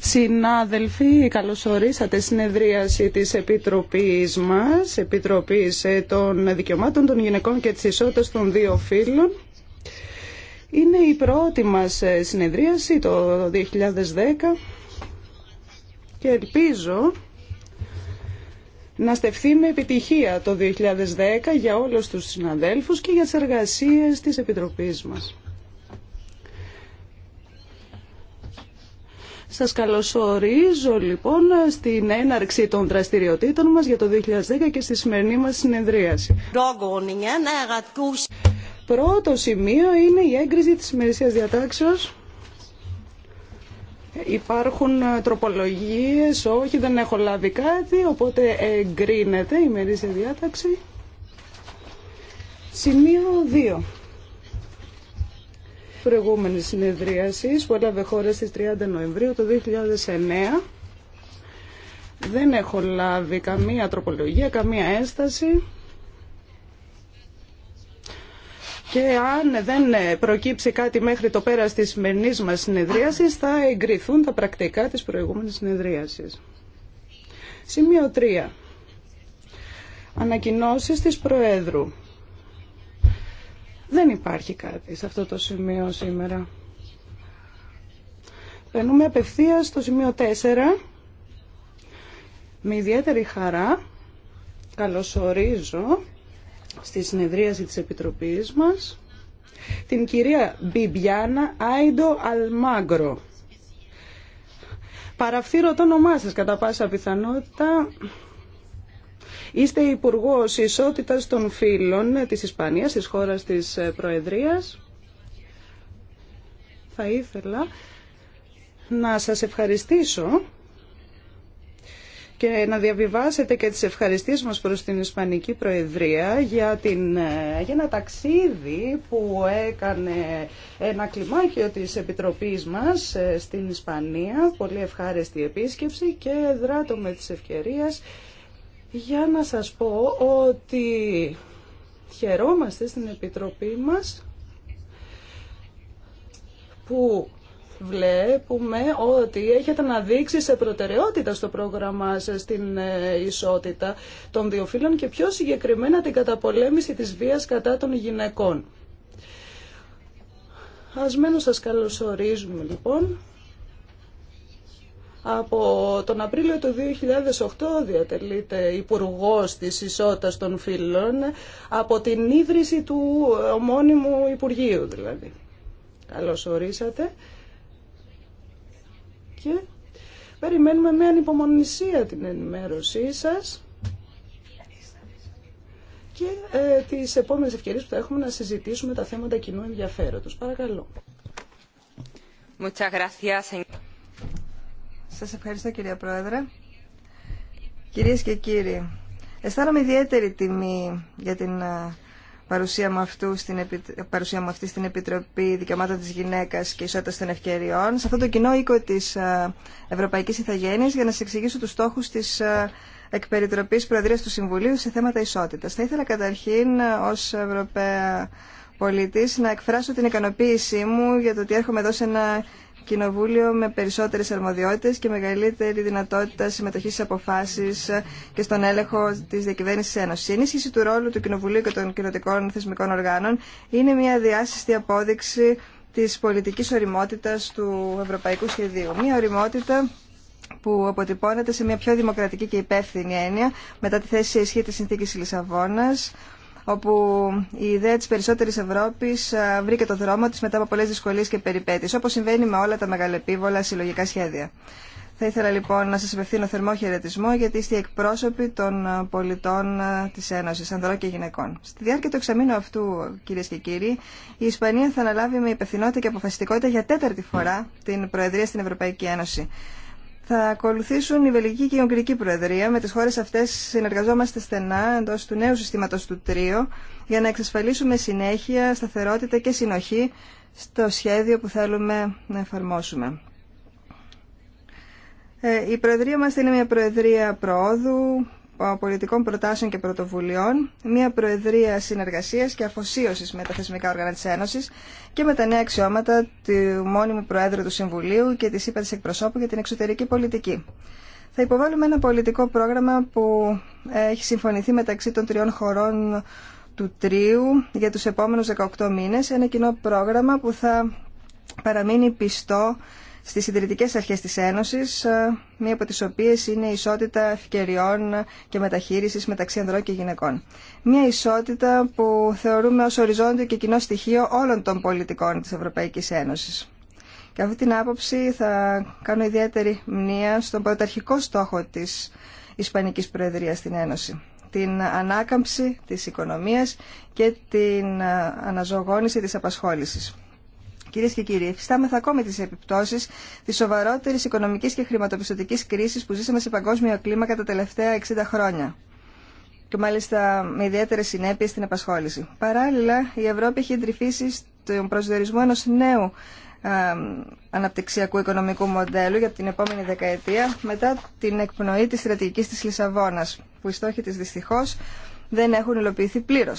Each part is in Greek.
Συνάδελφοι, καλώς ορίσατε συνεδρίαση της Επιτροπής μας, Επιτροπής ε, των Δικαιωμάτων των Γυναικών και της Ισότητας των Δύο Φύλων. Είναι η πρώτη μας ε, συνεδρίαση το 2010 και ελπίζω να στεφθεί με επιτυχία το 2010 για όλους τους συναδέλφους και για τις εργασίες της Επιτροπής μας. Σας καλωσορίζω λοιπόν στην έναρξη των δραστηριοτήτων μας για το 2010 και στη σημερινή μας συνεδρίαση. Πρώτο σημείο είναι η έγκριση της ημερησίας διατάξεως. Υπάρχουν τροπολογίες, όχι δεν έχω λάβει κάτι, οπότε εγκρίνεται η ημερήσια διάταξη. Σημείο 2 προηγούμενης συνεδρίασης που έλαβε χώρα στις 30 Νοεμβρίου του 2009. Δεν έχω λάβει καμία τροπολογία, καμία ένσταση. Και αν δεν προκύψει κάτι μέχρι το πέρας της σημερινής μας συνεδρίασης, θα εγκριθούν τα πρακτικά της προηγούμενης συνεδρίασης. Σημείο 3. Ανακοινώσεις της Προέδρου. Δεν υπάρχει κάτι σε αυτό το σημείο σήμερα. Περνούμε απευθείας στο σημείο 4. Με ιδιαίτερη χαρά καλωσορίζω στη συνεδρίαση της Επιτροπής μας την κυρία Μπιμπιάνα Άιντο Αλμάγκρο. Παραφθύρω το όνομά σας κατά πάσα πιθανότητα. Είστε Υπουργό Ισότητα των Φίλων τη Ισπανία, τη χώρα τη ε, Προεδρία. Θα ήθελα να σας ευχαριστήσω και να διαβιβάσετε και τις ευχαριστήσεις μας προς την Ισπανική Προεδρία για, την, ε, για ένα ταξίδι που έκανε ένα κλιμάκιο της Επιτροπής μας ε, στην Ισπανία. Πολύ ευχάριστη επίσκεψη και δράτω με της για να σας πω ότι χαιρόμαστε στην Επιτροπή μας που βλέπουμε ότι έχετε αναδείξει σε προτεραιότητα στο πρόγραμμά σας την ε, ισότητα των δύο φύλων και πιο συγκεκριμένα την καταπολέμηση της βίας κατά των γυναικών. Ας μένω σας καλωσορίζουμε λοιπόν από τον Απρίλιο του 2008 διατελείται υπουργό τη Ισότητα των Φύλων από την ίδρυση του ομώνυμου Υπουργείου δηλαδή. Καλώς ορίσατε. Και περιμένουμε με ανυπομονησία την ενημέρωσή σας και ε, τις επόμενες ευκαιρίες που θα έχουμε να συζητήσουμε τα θέματα κοινού ενδιαφέροντος. Παρακαλώ. Σας ευχαριστώ κυρία Πρόεδρε. Κυρίες και κύριοι, αισθάνομαι ιδιαίτερη τιμή για την παρουσία μου, στην, παρουσία μου αυτή στην Επιτροπή Δικαιωμάτων της Γυναίκας και Ισότητας των Ευκαιριών, σε αυτό το κοινό οίκο της Ευρωπαϊκής Ιθαγένειας για να σας εξηγήσω τους στόχους της εκπεριτροπής Προεδρίας του Συμβουλίου σε θέματα ισότητας. Θα ήθελα καταρχήν ως Ευρωπαία Πολίτης να εκφράσω την ικανοποίησή μου για το ότι έρχομαι εδώ σε ένα κοινοβούλιο με περισσότερες αρμοδιότητες και μεγαλύτερη δυνατότητα συμμετοχής στις αποφάσεις και στον έλεγχο της διακυβέρνησης Ένωσης. Η ενίσχυση του ρόλου του Κοινοβουλίου και των κοινοτικών θεσμικών οργάνων είναι μια διάσυστη απόδειξη της πολιτικής οριμότητας του ευρωπαϊκού σχεδίου. Μια οριμότητα που αποτυπώνεται σε μια πιο δημοκρατική και υπεύθυνη έννοια μετά τη θέση σε ισχύ της συνθήκης Λισαβόνας όπου η ιδέα της περισσότερης Ευρώπης ε, βρήκε το δρόμο της μετά από πολλές δυσκολίες και περιπέτειες, όπως συμβαίνει με όλα τα μεγαλεπίβολα συλλογικά σχέδια. Θα ήθελα λοιπόν να σας απευθύνω θερμό χαιρετισμό γιατί είστε εκπρόσωποι των ε, πολιτών ε, της Ένωσης, ανδρών και γυναικών. Στη διάρκεια του εξαμήνου αυτού, κυρίες και κύριοι, η Ισπανία θα αναλάβει με υπευθυνότητα και αποφασιστικότητα για τέταρτη φορά την Προεδρία στην Ευρωπαϊκή Ένωση. Θα ακολουθήσουν η Βελγική και η Ουγγρική Προεδρία. Με τι χώρε αυτέ συνεργαζόμαστε στενά εντό του νέου συστηματο του τριο για να εξασφαλίσουμε συνέχεια, σταθερότητα και συνοχή στο σχέδιο που θέλουμε να εφαρμόσουμε. Ε, η Προεδρία μας είναι μια Προεδρία προόδου πολιτικών προτάσεων και πρωτοβουλειών, μια προεδρία συνεργασία και αφοσίωση με τα θεσμικά όργανα τη Ένωση και με τα νέα αξιώματα του μόνιμου Προέδρου του Συμβουλίου και τη ΥΠΑ τη Εκπροσώπου για την Εξωτερική Πολιτική. Θα υποβάλουμε ένα πολιτικό πρόγραμμα που έχει συμφωνηθεί μεταξύ των τριών χωρών του Τρίου για τους επόμενους 18 μήνες, ένα κοινό πρόγραμμα που θα παραμείνει πιστό στις ιδρυτικές αρχές της Ένωσης, ε, μία από τις οποίες είναι η ισότητα ευκαιριών και μεταχείρισης μεταξύ ανδρών και γυναικών. Μία ισότητα που θεωρούμε ως οριζόντιο και κοινό στοιχείο όλων των πολιτικών της Ευρωπαϊκής Ένωσης. Και αυτή την άποψη θα κάνω ιδιαίτερη μνήα στον πρωταρχικό στόχο της Ισπανικής Προεδρίας στην Ένωση την ανάκαμψη της οικονομίας και την ε, αναζωογόνηση της απασχόλησης. Κυρίε και κύριοι, εφιστάμεθα ακόμη τι επιπτώσει τη σοβαρότερη οικονομική και χρηματοπιστωτική κρίση που ζήσαμε σε παγκόσμιο κλίμακα τα τελευταία 60 χρόνια και μάλιστα με ιδιαίτερε συνέπειε στην απασχόληση. Παράλληλα, η Ευρώπη έχει εντρυφήσει στον προσδιορισμό ενό νέου αναπτυξιακού οικονομικού μοντέλου για την επόμενη δεκαετία μετά την εκπνοή τη στρατηγική τη Λισαβόνα, που οι στόχοι τη δυστυχώ δεν έχουν υλοποιηθεί πλήρω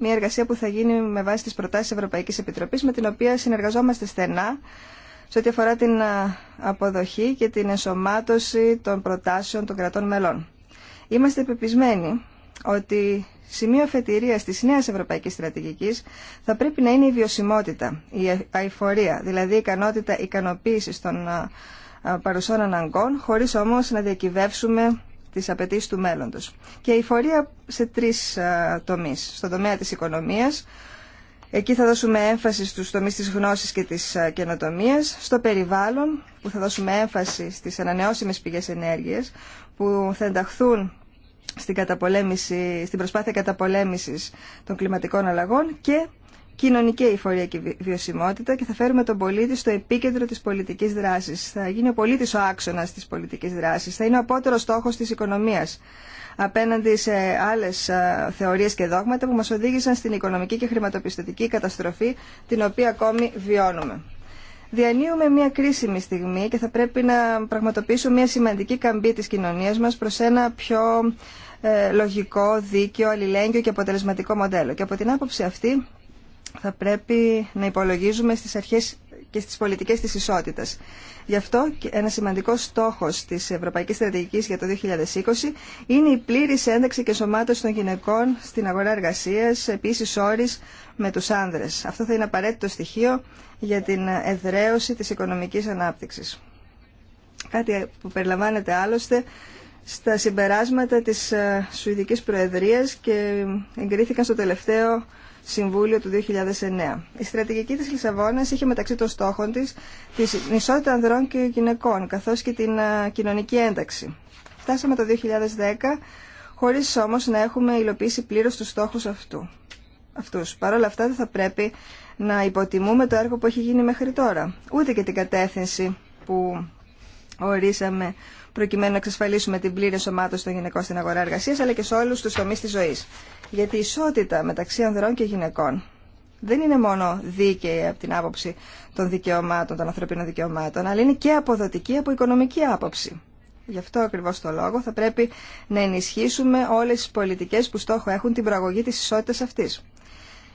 μια εργασία που θα γίνει με βάση τις προτάσεις Ευρωπαϊκής Επιτροπής με την οποία συνεργαζόμαστε στενά σε ό,τι αφορά την αποδοχή και την ενσωμάτωση των προτάσεων των κρατών μελών. Είμαστε επιπισμένοι ότι σημείο φετηρία τη νέα ευρωπαϊκή στρατηγική θα πρέπει να είναι η βιωσιμότητα, η αηφορία, δηλαδή η ικανότητα ικανοποίηση των παρουσών αναγκών, χωρί όμω να διακυβεύσουμε τις απαιτήσει του μέλλοντος. Και η φορεία σε τρεις ε, τομείς. Στον τομέα της οικονομίας, εκεί θα δώσουμε έμφαση στους τομείς της γνώσης και της ε, καινοτομίας. Στο περιβάλλον, που θα δώσουμε έμφαση στις ανανεώσιμες πηγές ενέργειας, που θα ενταχθούν στην, καταπολέμηση, στην προσπάθεια καταπολέμησης των κλιματικών αλλαγών και κοινωνική εφορία και βιωσιμότητα και θα φέρουμε τον πολίτη στο επίκεντρο της πολιτικής δράσης. Θα γίνει ο πολίτης ο άξονας της πολιτικής δράσης. Θα είναι ο απότερος στόχος της οικονομίας απέναντι σε άλλες θεωρίες και δόγματα που μας οδήγησαν στην οικονομική και χρηματοπιστωτική καταστροφή την οποία ακόμη βιώνουμε. Διανύουμε μια κρίσιμη στιγμή και θα πρέπει να πραγματοποιήσουμε μια σημαντική καμπή της κοινωνίας μας προς ένα πιο ε, λογικό, δίκαιο, αλληλέγγυο και αποτελεσματικό μοντέλο. Και από την άποψη αυτή θα πρέπει να υπολογίζουμε στις αρχές και στις πολιτικές της ισότητας. Γι' αυτό ένα σημαντικό στόχος της Ευρωπαϊκής Στρατηγικής για το 2020 είναι η πλήρης ένταξη και σωμάτωση των γυναικών στην αγορά εργασίας, επίσης όρις με τους άνδρες. Αυτό θα είναι απαραίτητο στοιχείο για την εδραίωση της οικονομικής ανάπτυξης. Κάτι που περιλαμβάνεται άλλωστε στα συμπεράσματα της ε, Σουηδικής Προεδρίας και εγκρίθηκαν στο τελευταίο Συμβούλιο του 2009. Η στρατηγική της Λισαβόνας είχε μεταξύ των στόχων της τη ισότητα ανδρών και γυναικών, καθώς και την κοινωνική ένταξη. Φτάσαμε το 2010, χωρίς όμως να έχουμε υλοποιήσει πλήρως τους στόχους αυτού. αυτούς. Παρ' όλα αυτά δεν θα πρέπει να υποτιμούμε το έργο που έχει γίνει μέχρι τώρα, ούτε και την κατεύθυνση που ορίσαμε προκειμένου να εξασφαλίσουμε την πλήρη ενσωμάτωση των γυναικών στην αγορά εργασία, αλλά και σε όλου του τομεί τη ζωή. Γιατί η ισότητα μεταξύ ανδρών και γυναικών δεν είναι μόνο δίκαιη από την άποψη των δικαιωμάτων, των ανθρωπίνων δικαιωμάτων, αλλά είναι και αποδοτική από οικονομική άποψη. Γι' αυτό ακριβώ το λόγο θα πρέπει να ενισχύσουμε όλε τι πολιτικέ που στόχο έχουν την προαγωγή τη ισότητας αυτή.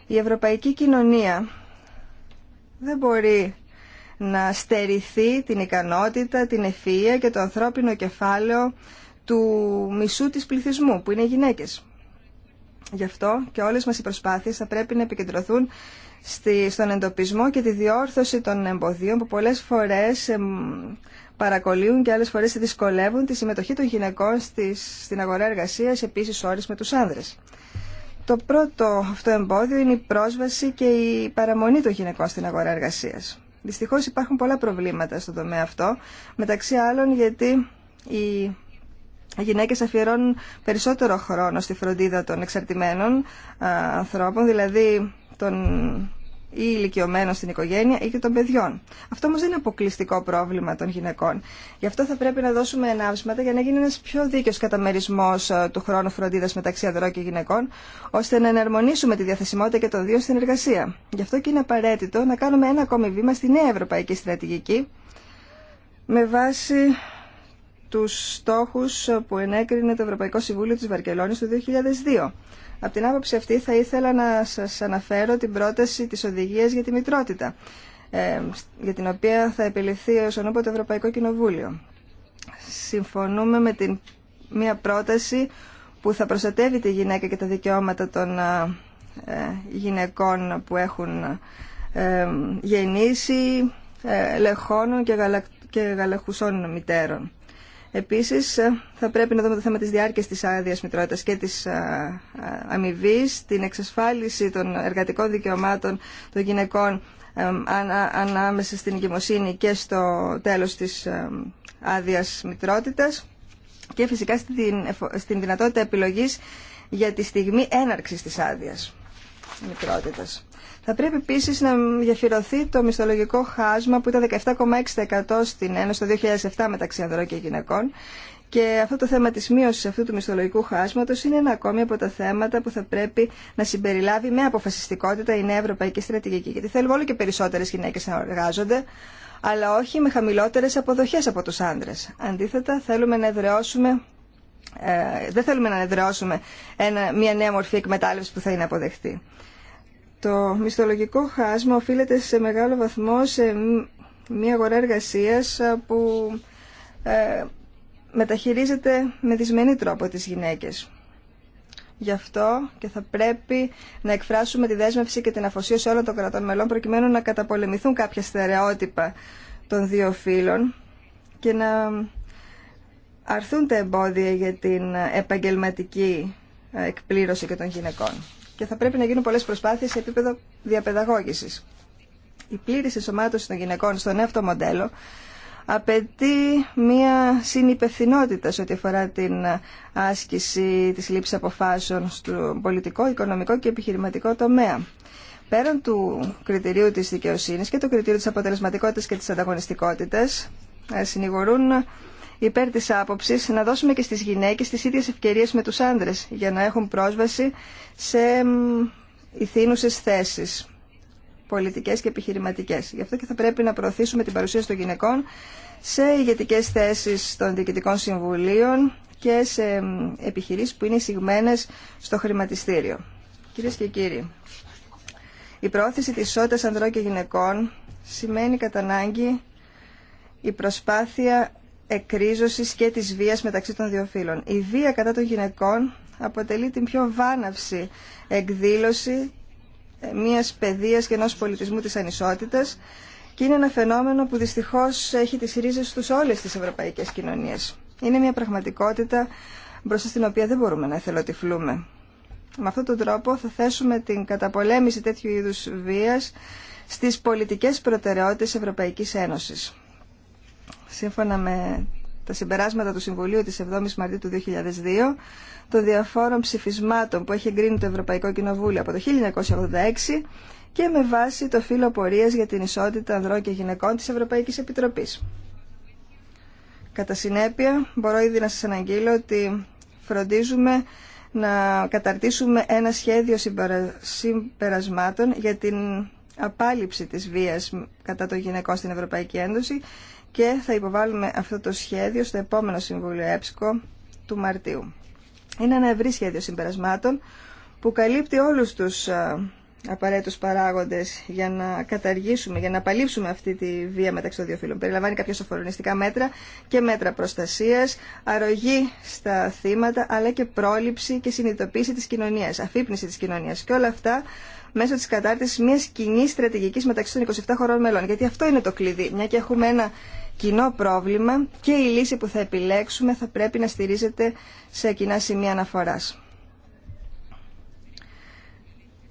Η ευρωπαϊκή κοινωνία δεν μπορεί να στερηθεί την ικανότητα, την ευφυΐα και το ανθρώπινο κεφάλαιο του μισού της πληθυσμού, που είναι οι γυναίκες. Γι' αυτό και όλες μας οι προσπάθειες θα πρέπει να επικεντρωθούν στον εντοπισμό και τη διόρθωση των εμποδίων που πολλές φορές παρακολύουν και άλλες φορές δυσκολεύουν τη συμμετοχή των γυναικών στην αγορά εργασίας, επίσης όρις με τους άνδρες. Το πρώτο αυτό εμπόδιο είναι η πρόσβαση και η παραμονή των γυναικών στην αγορά εργασίας. Δυστυχώς υπάρχουν πολλά προβλήματα στον τομέα αυτό, μεταξύ άλλων γιατί οι γυναίκες αφιερώνουν περισσότερο χρόνο στη φροντίδα των εξαρτημένων ανθρώπων, δηλαδή των ή ηλικιωμένων στην οικογένεια ή και των παιδιών. Αυτό όμω δεν είναι αποκλειστικό πρόβλημα των γυναικών. Γι' αυτό θα πρέπει να δώσουμε ενάψματα για να γίνει ένα πιο δίκαιο καταμερισμό ε, του χρόνου φροντίδα μεταξύ ανδρών και γυναικών, ώστε να εναρμονίσουμε τη διαθεσιμότητα και των δύο στην εργασία. Γι' αυτό και είναι απαραίτητο να κάνουμε ένα ακόμη βήμα στη νέα ευρωπαϊκή στρατηγική με βάση τους στόχους που ενέκρινε το Ευρωπαϊκό Συμβούλιο της Βαρκελόνης το 2002 από την άποψη αυτή θα ήθελα να σας αναφέρω την πρόταση της οδηγίας για τη μητρότητα, ε, για την οποία θα επιληθεί ως ονόπο το Ευρωπαϊκό Κοινοβούλιο. Συμφωνούμε με την, μια πρόταση που θα προστατεύει τη γυναίκα και τα δικαιώματα των ε, γυναικών που έχουν ε, γεννήσει, λεχώνων και γαλα, και γαλαχουσών μητέρων. Επίσης, ε, θα πρέπει να δούμε το θέμα της διάρκεια της άδεια μητρότητα και της ε, ε, αμοιβή, την εξασφάλιση των εργατικών δικαιωμάτων των γυναικών ανάμεσα στην εγκυμοσύνη και στο τέλος της άδεια μητρότητας και φυσικά στην δυνατότητα επιλογής για τη στιγμή έναρξης της άδεια μητρότητας. Θα πρέπει επίση να γεφυρωθεί το μισθολογικό χάσμα που ήταν 17,6% στην Ένωση το 2007 μεταξύ ανδρών και γυναικών. Και αυτό το θέμα της μείωσης αυτού του μισθολογικού χάσματος είναι ένα ακόμη από τα θέματα που θα πρέπει να συμπεριλάβει με αποφασιστικότητα η νέα ευρωπαϊκή στρατηγική. Γιατί θέλουμε όλο και περισσότερες γυναίκες να εργάζονται, αλλά όχι με χαμηλότερες αποδοχές από τους άντρες. Αντίθετα, θέλουμε να εδραιώσουμε ε, δεν θέλουμε να εδραιώσουμε ένα, μια νέα μορφή εκμετάλλευση που θα είναι αποδεκτή. Το μισθολογικό χάσμα οφείλεται σε μεγάλο βαθμό σε μια αγορά εργασία που ε, μεταχειρίζεται με δυσμενή τρόπο τις γυναίκες. Γι' αυτό και θα πρέπει να εκφράσουμε τη δέσμευση και την αφοσίωση όλων των κρατών μελών προκειμένου να καταπολεμηθούν κάποια στερεότυπα των δύο φύλων και να αρθούν τα εμπόδια για την επαγγελματική ε, εκπλήρωση και των γυναικών και θα πρέπει να γίνουν πολλές προσπάθειες σε επίπεδο διαπαιδαγώγησης. Η πλήρη ενσωμάτωση των γυναικών στον νέο μοντέλο απαιτεί μία συνυπευθυνότητα σε ό,τι αφορά την άσκηση της λήψη αποφάσεων στο πολιτικό, οικονομικό και επιχειρηματικό τομέα. Πέραν του κριτηρίου της δικαιοσύνης και του κριτήριου της αποτελεσματικότητας και της ανταγωνιστικότητας, ε, συνηγορούν υπέρ της άποψης να δώσουμε και στις γυναίκες τις ίδιες ευκαιρίες με τους άνδρες για να έχουν πρόσβαση σε ηθήνουσες θέσεις πολιτικές και επιχειρηματικές. Γι' αυτό και θα πρέπει να προωθήσουμε την παρουσία των γυναικών σε ηγετικέ θέσεις των διοικητικών συμβουλίων και σε επιχειρήσεις που είναι εισηγμένες στο χρηματιστήριο. Κυρίε και κύριοι, η προώθηση της ισότητας ανδρών και γυναικών σημαίνει κατά ανάγκη η προσπάθεια εκρίζωσης και της βίας μεταξύ των δύο φύλων. Η βία κατά των γυναικών αποτελεί την πιο βάναυση εκδήλωση ε, μιας παιδείας και ενός πολιτισμού της ανισότητας και είναι ένα φαινόμενο που δυστυχώς έχει τις ρίζες τους όλες τις ευρωπαϊκές κοινωνίες. Είναι μια πραγματικότητα μπροστά στην οποία δεν μπορούμε να εθελοτυφλούμε. Με αυτόν τον τρόπο θα θέσουμε την καταπολέμηση τέτοιου είδους βίας στις πολιτικές προτεραιότητες Ευρωπαϊκής Ένωσης σύμφωνα με τα συμπεράσματα του Συμβουλίου της 7ης Μαρτίου του 2002, των διαφόρων ψηφισμάτων που έχει εγκρίνει το Ευρωπαϊκό Κοινοβούλιο από το 1986 και με βάση το φύλλο πορείας για την ισότητα ανδρών και γυναικών της Ευρωπαϊκής Επιτροπής. Κατά συνέπεια, μπορώ ήδη να σας αναγγείλω ότι φροντίζουμε να καταρτήσουμε ένα σχέδιο συμπερασμάτων για την απάλληψη της βίας κατά των γυναικών στην Ευρωπαϊκή Ένωση και θα υποβάλουμε αυτό το σχέδιο στο επόμενο Συμβούλιο ΕΠΣΚΟ του Μαρτίου. Είναι ένα ευρύ σχέδιο συμπερασμάτων που καλύπτει όλους τους απαραίτητους παράγοντες για να καταργήσουμε, για να απαλείψουμε αυτή τη βία μεταξύ των δύο φύλων. Περιλαμβάνει κάποια σοφορονιστικά μέτρα και μέτρα προστασίας, αρρωγή στα θύματα, αλλά και πρόληψη και συνειδητοποίηση της κοινωνίας, αφύπνιση της κοινωνίας. Και όλα αυτά μέσω της κατάρτισης μιας κοινή στρατηγικής μεταξύ των 27 χωρών μελών. Γιατί αυτό είναι το κλειδί, μια και έχουμε ένα κοινό πρόβλημα και η λύση που θα επιλέξουμε θα πρέπει να στηρίζεται σε κοινά σημεία αναφοράς.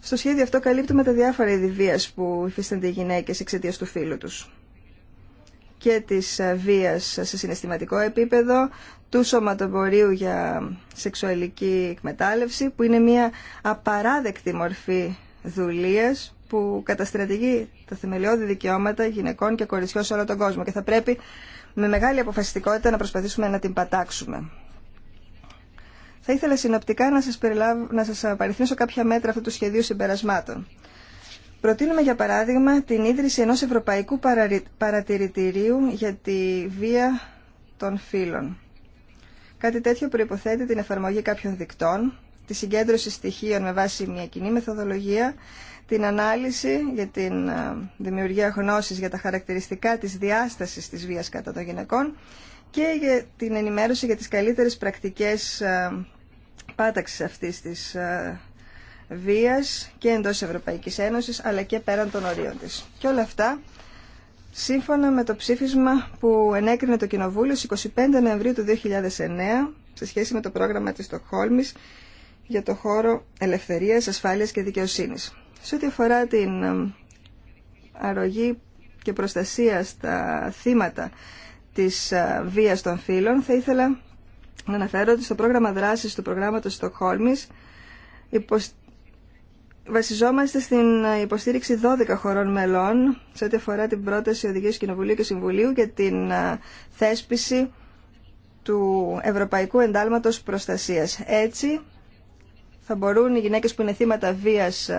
Στο σχέδιο αυτό καλύπτουμε τα διάφορα είδη που υφίστανται οι γυναίκες εξαιτία του φίλου τους και της ε, βίας σε συναισθηματικό επίπεδο, του σωματοπορίου για σεξουαλική εκμετάλλευση, που είναι μια απαράδεκτη μορφή δουλείας που καταστρατηγεί τα θεμελιώδη δικαιώματα γυναικών και κοριτσιών σε όλο τον κόσμο και θα πρέπει με μεγάλη αποφασιστικότητα να προσπαθήσουμε να την πατάξουμε. Θα ήθελα συνοπτικά να σας, περιλάβω, να σας απαριθμίσω κάποια μέτρα αυτού του σχεδίου συμπερασμάτων. Προτείνουμε για παράδειγμα την ίδρυση ενός Ευρωπαϊκού Παρατηρητηρίου για τη βία των φύλων. Κάτι τέτοιο προϋποθέτει την εφαρμογή κάποιων δικτών, τη συγκέντρωση στοιχείων με βάση μια κοινή μεθοδολογία την ανάλυση για την ε, δημιουργία γνώσης για τα χαρακτηριστικά της διάστασης της βίας κατά των γυναικών και για την ενημέρωση για τις καλύτερες πρακτικές ε, πάταξης αυτής της ε, βίας και εντός Ευρωπαϊκής Ένωσης αλλά και πέραν των ορίων της. Και όλα αυτά σύμφωνα με το ψήφισμα που ενέκρινε το Κοινοβούλιο στις 25 Νοεμβρίου του 2009 σε σχέση με το πρόγραμμα της Στοκχόλμης για το χώρο ελευθερίας, ασφάλειας και δικαιοσύνης. Σε ό,τι αφορά την ε, αρρωγή και προστασία στα θύματα της ε, βίας των φύλων, θα ήθελα να αναφέρω ότι στο πρόγραμμα δράσης του προγράμματος Στοκχόλμης βασιζόμαστε στην ε, υποστήριξη 12 χωρών μελών σε ό,τι αφορά την πρόταση οδηγίας Κοινοβουλίου και Συμβουλίου για την θέσπιση του Ευρωπαϊκού Εντάλματος Προστασίας. Έτσι, θα μπορούν οι γυναίκες που είναι θύματα βίας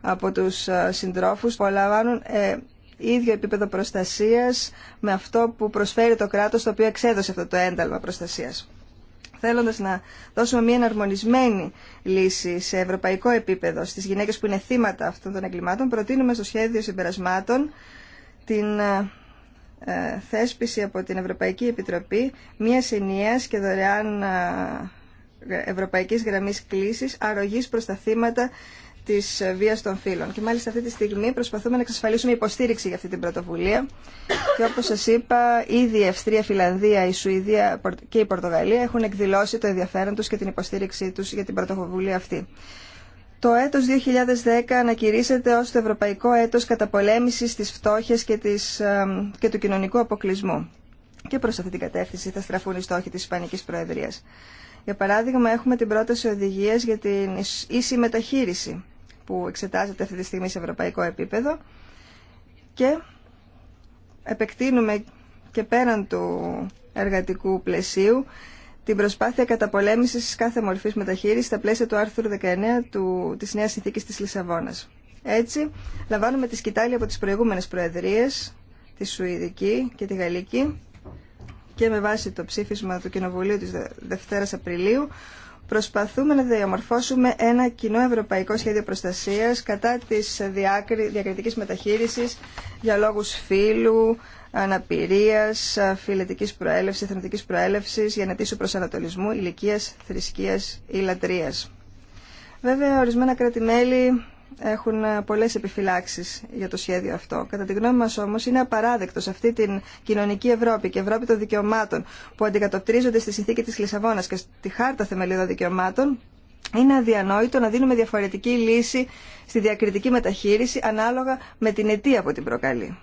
από τους συντρόφους που λαμβάνουν ε, ίδιο επίπεδο προστασίας με αυτό που προσφέρει το κράτος το οποίο εξέδωσε αυτό το ένταλμα προστασίας. Θέλοντας να δώσουμε μια εναρμονισμένη λύση σε ευρωπαϊκό επίπεδο στις γυναίκες που είναι θύματα αυτών των εγκλημάτων, προτείνουμε στο σχέδιο συμπερασμάτων την ε, θέσπιση από την Ευρωπαϊκή Επιτροπή μια ενιαία και δωρεάν Ευρωπαϊκής Γραμμής Κλήσης αρρωγής προς τα θύματα της βίας των φύλων. Και μάλιστα αυτή τη στιγμή προσπαθούμε να εξασφαλίσουμε υποστήριξη για αυτή την πρωτοβουλία. Και όπως σας είπα, ήδη η Ευστρία, η Φιλανδία, η Σουηδία και η Πορτογαλία έχουν εκδηλώσει το ενδιαφέρον τους και την υποστήριξή τους για την πρωτοβουλία αυτή. Το έτος 2010 ανακηρύσσεται ως το Ευρωπαϊκό Έτος Καταπολέμησης της Φτώχειας και, της, και του Κοινωνικού Αποκλεισμού. Και προς αυτή την κατεύθυνση θα στραφούν οι στόχοι της Ισπανικής Προεδρίας. Για παράδειγμα, έχουμε την πρόταση οδηγίας για την ίση μεταχείριση που εξετάζεται αυτή τη στιγμή σε ευρωπαϊκό επίπεδο και επεκτείνουμε και πέραν του εργατικού πλαισίου την προσπάθεια καταπολέμησης κάθε μορφής μεταχείρισης στα πλαίσια του άρθρου 19 του, της Νέας Συνθήκης της Λισαβόνας. Έτσι, λαμβάνουμε τη σκητάλη από τις προηγούμενες προεδρίες, τη Σουηδική και τη Γαλλική, και με βάση το ψήφισμα του Κοινοβουλίου της Δευτέρας Απριλίου προσπαθούμε να διαμορφώσουμε ένα κοινό ευρωπαϊκό σχέδιο προστασίας κατά της διακριτικής μεταχείρισης για λόγους φύλου, αναπηρίας, φιλετικής προέλευσης, εθνικής προέλευσης, γενετήσου προσανατολισμού, ηλικίας, θρησκείας ή λατρείας. Βέβαια, ορισμένα κράτη-μέλη έχουν ε, πολλές επιφυλάξεις για το σχέδιο αυτό. Κατά τη γνώμη μας όμως είναι απαράδεκτο σε αυτή την κοινωνική Ευρώπη και Ευρώπη των δικαιωμάτων που αντικατοπτρίζονται στη συνθήκη της Λισαβόνας και στη Χάρτα Θεμελιωδών Δικαιωμάτων είναι αδιανόητο να δίνουμε διαφορετική λύση στη διακριτική μεταχείριση ανάλογα με την αιτία που την προκαλεί.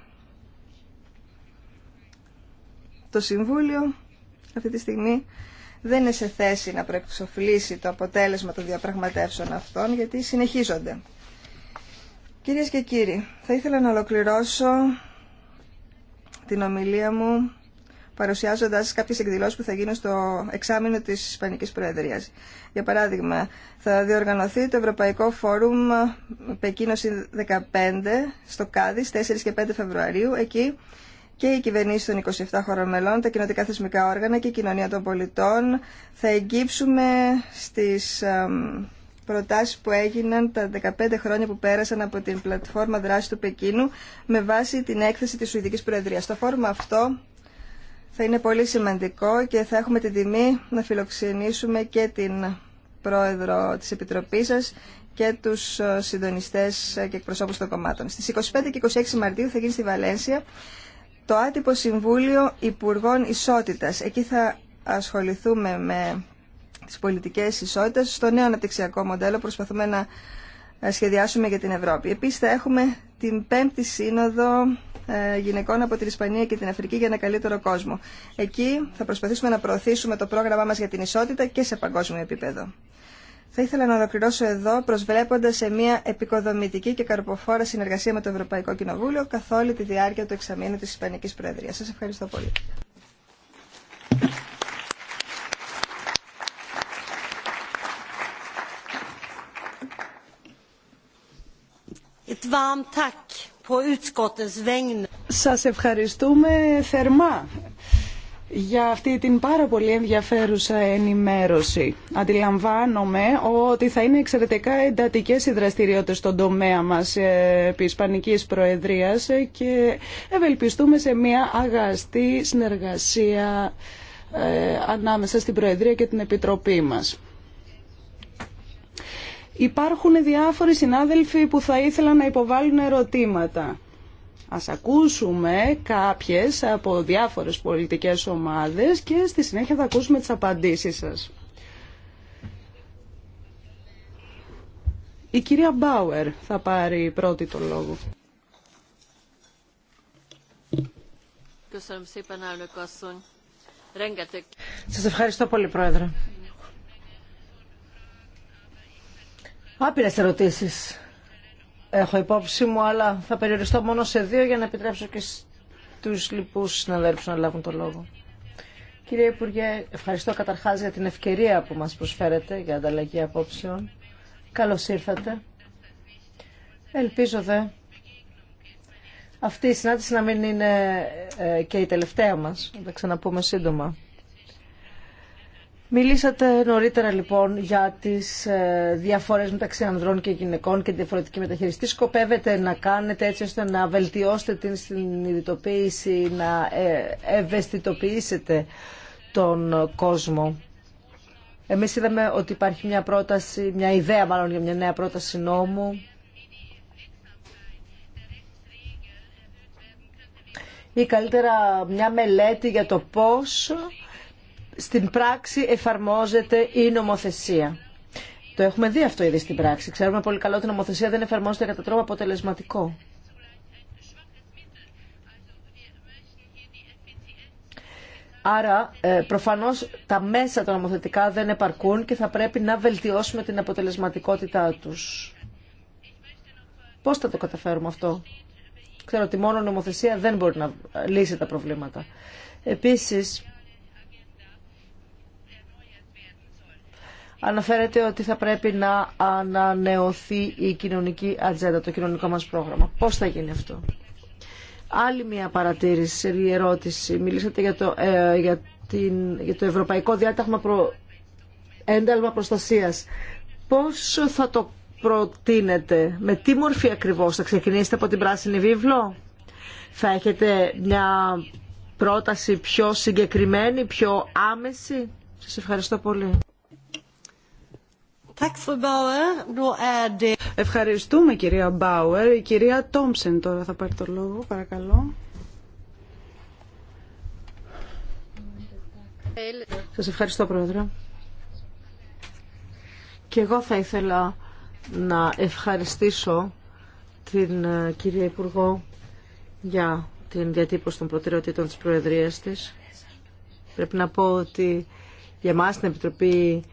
Το Συμβούλιο αυτή τη στιγμή δεν είναι σε θέση να προεξοφλήσει το αποτέλεσμα των διαπραγματεύσεων αυτών γιατί συνεχίζονται. Κυρίες και κύριοι, θα ήθελα να ολοκληρώσω την ομιλία μου παρουσιάζοντας κάποιες εκδηλώσεις που θα γίνουν στο εξάμεινο της Ισπανική Προεδρίας. Για παράδειγμα, θα διοργανωθεί το Ευρωπαϊκό Φόρουμ πεκίνος 15 στο Κάδι, 4 και 5 Φεβρουαρίου. Εκεί και οι κυβερνήσει των 27 χωρών μελών, τα κοινωτικά θεσμικά όργανα και η κοινωνία των πολιτών θα εγγύψουμε στις προτάσεις που έγιναν τα 15 χρόνια που πέρασαν από την πλατφόρμα δράση του Πεκίνου με βάση την έκθεση της Σουηδικής Προεδρίας. Το φόρμα αυτό θα είναι πολύ σημαντικό και θα έχουμε την τιμή να φιλοξενήσουμε και την Πρόεδρο της Επιτροπής σας και τους ε, συντονιστές ε, και εκπροσώπους των κομμάτων. Στις 25 και 26 Μαρτίου θα γίνει στη Βαλένσια το άτυπο Συμβούλιο Υπουργών Ισότητας. Εκεί θα ασχοληθούμε με τις πολιτικές ισότητες στο νέο αναπτυξιακό μοντέλο που προσπαθούμε να ε, σχεδιάσουμε για την Ευρώπη. Επίσης θα έχουμε την πέμπτη σύνοδο ε, γυναικών από την Ισπανία και την Αφρική για ένα καλύτερο κόσμο. Εκεί θα προσπαθήσουμε να προωθήσουμε το πρόγραμμά μας για την ισότητα και σε παγκόσμιο επίπεδο. Θα ήθελα να ολοκληρώσω εδώ προσβλέποντα σε μια επικοδομητική και καρποφόρα συνεργασία με το Ευρωπαϊκό Κοινοβούλιο καθ' όλη τη διάρκεια του εξαμήνου τη Ισπανική Προεδρία. Σα ευχαριστώ πολύ. Σας ευχαριστούμε θερμά για αυτή την πάρα πολύ ενδιαφέρουσα ενημέρωση. Αντιλαμβάνομαι ότι θα είναι εξαιρετικά εντατικές οι δραστηριότητες στον τομέα μας ε, επί Ισπανικής Προεδρίας και ευελπιστούμε σε μια αγαστή συνεργασία ε, ανάμεσα στην Προεδρία και την Επιτροπή μας. Υπάρχουν διάφοροι συνάδελφοι που θα ήθελαν να υποβάλουν ερωτήματα. Ας ακούσουμε κάποιες από διάφορες πολιτικές ομάδες και στη συνέχεια θα ακούσουμε τις απαντήσεις σας. Η κυρία Μπάουερ θα πάρει πρώτη το λόγο. Σας ευχαριστώ πολύ, Πρόεδρε. Άπειρε ερωτήσει έχω υπόψη μου, αλλά θα περιοριστώ μόνο σε δύο για να επιτρέψω και στου λοιπού συναδέλφου να λάβουν το λόγο. Κύριε Υπουργέ, ευχαριστώ καταρχά για την ευκαιρία που μα προσφέρετε για ανταλλαγή απόψεων. Καλώ ήρθατε. Ελπίζω δε αυτή η συνάντηση να μην είναι ε, και η τελευταία μας. Θα ξαναπούμε σύντομα. Μιλήσατε νωρίτερα λοιπόν για τις ε, διαφορές μεταξύ ανδρών και γυναικών και τη διαφορετική μεταχειριστή. σκοπεύετε να κάνετε έτσι ώστε να βελτιώσετε την συνειδητοποίηση, να ε, ευαισθητοποιήσετε τον κόσμο. Εμείς είδαμε ότι υπάρχει μια πρόταση, μια ιδέα μάλλον για μια νέα πρόταση νόμου. Ή καλύτερα μια μελέτη για το πώς στην πράξη εφαρμόζεται η νομοθεσία. Το έχουμε δει αυτό ήδη στην πράξη. Ξέρουμε πολύ καλό ότι η νομοθεσία δεν εφαρμόζεται κατά τρόπο αποτελεσματικό. Άρα, ε, προφανώς, τα μέσα τα νομοθετικά δεν επαρκούν και θα πρέπει να βελτιώσουμε την αποτελεσματικότητά τους. Πώς θα το καταφέρουμε αυτό. Ξέρω ότι μόνο νομοθεσία δεν μπορεί να λύσει τα προβλήματα. Επίσης, αναφέρεται ότι θα πρέπει να ανανεωθεί η κοινωνική ατζέντα, το κοινωνικό μας πρόγραμμα. Πώς θα γίνει αυτό. Άλλη μια παρατήρηση, η ερώτηση. Μιλήσατε για το, ε, για την, για το Ευρωπαϊκό Διάταγμα προ... Ένταλμα Προστασίας. Πώς θα το προτείνετε, με τι μορφή ακριβώς, θα ξεκινήσετε από την πράσινη βίβλο, θα έχετε μια πρόταση πιο συγκεκριμένη, πιο άμεση. Σας ευχαριστώ πολύ. Ευχαριστούμε κυρία Μπάουερ. Η κυρία Τόμψεν τώρα θα πάρει το λόγο, παρακαλώ. Σας ευχαριστώ πρόεδρε. Και εγώ θα ήθελα να ευχαριστήσω την ε, κυρία Υπουργό για την διατύπωση των προτεραιοτήτων της Προεδρίας της. Πρέπει να πω ότι για μας την Επιτροπή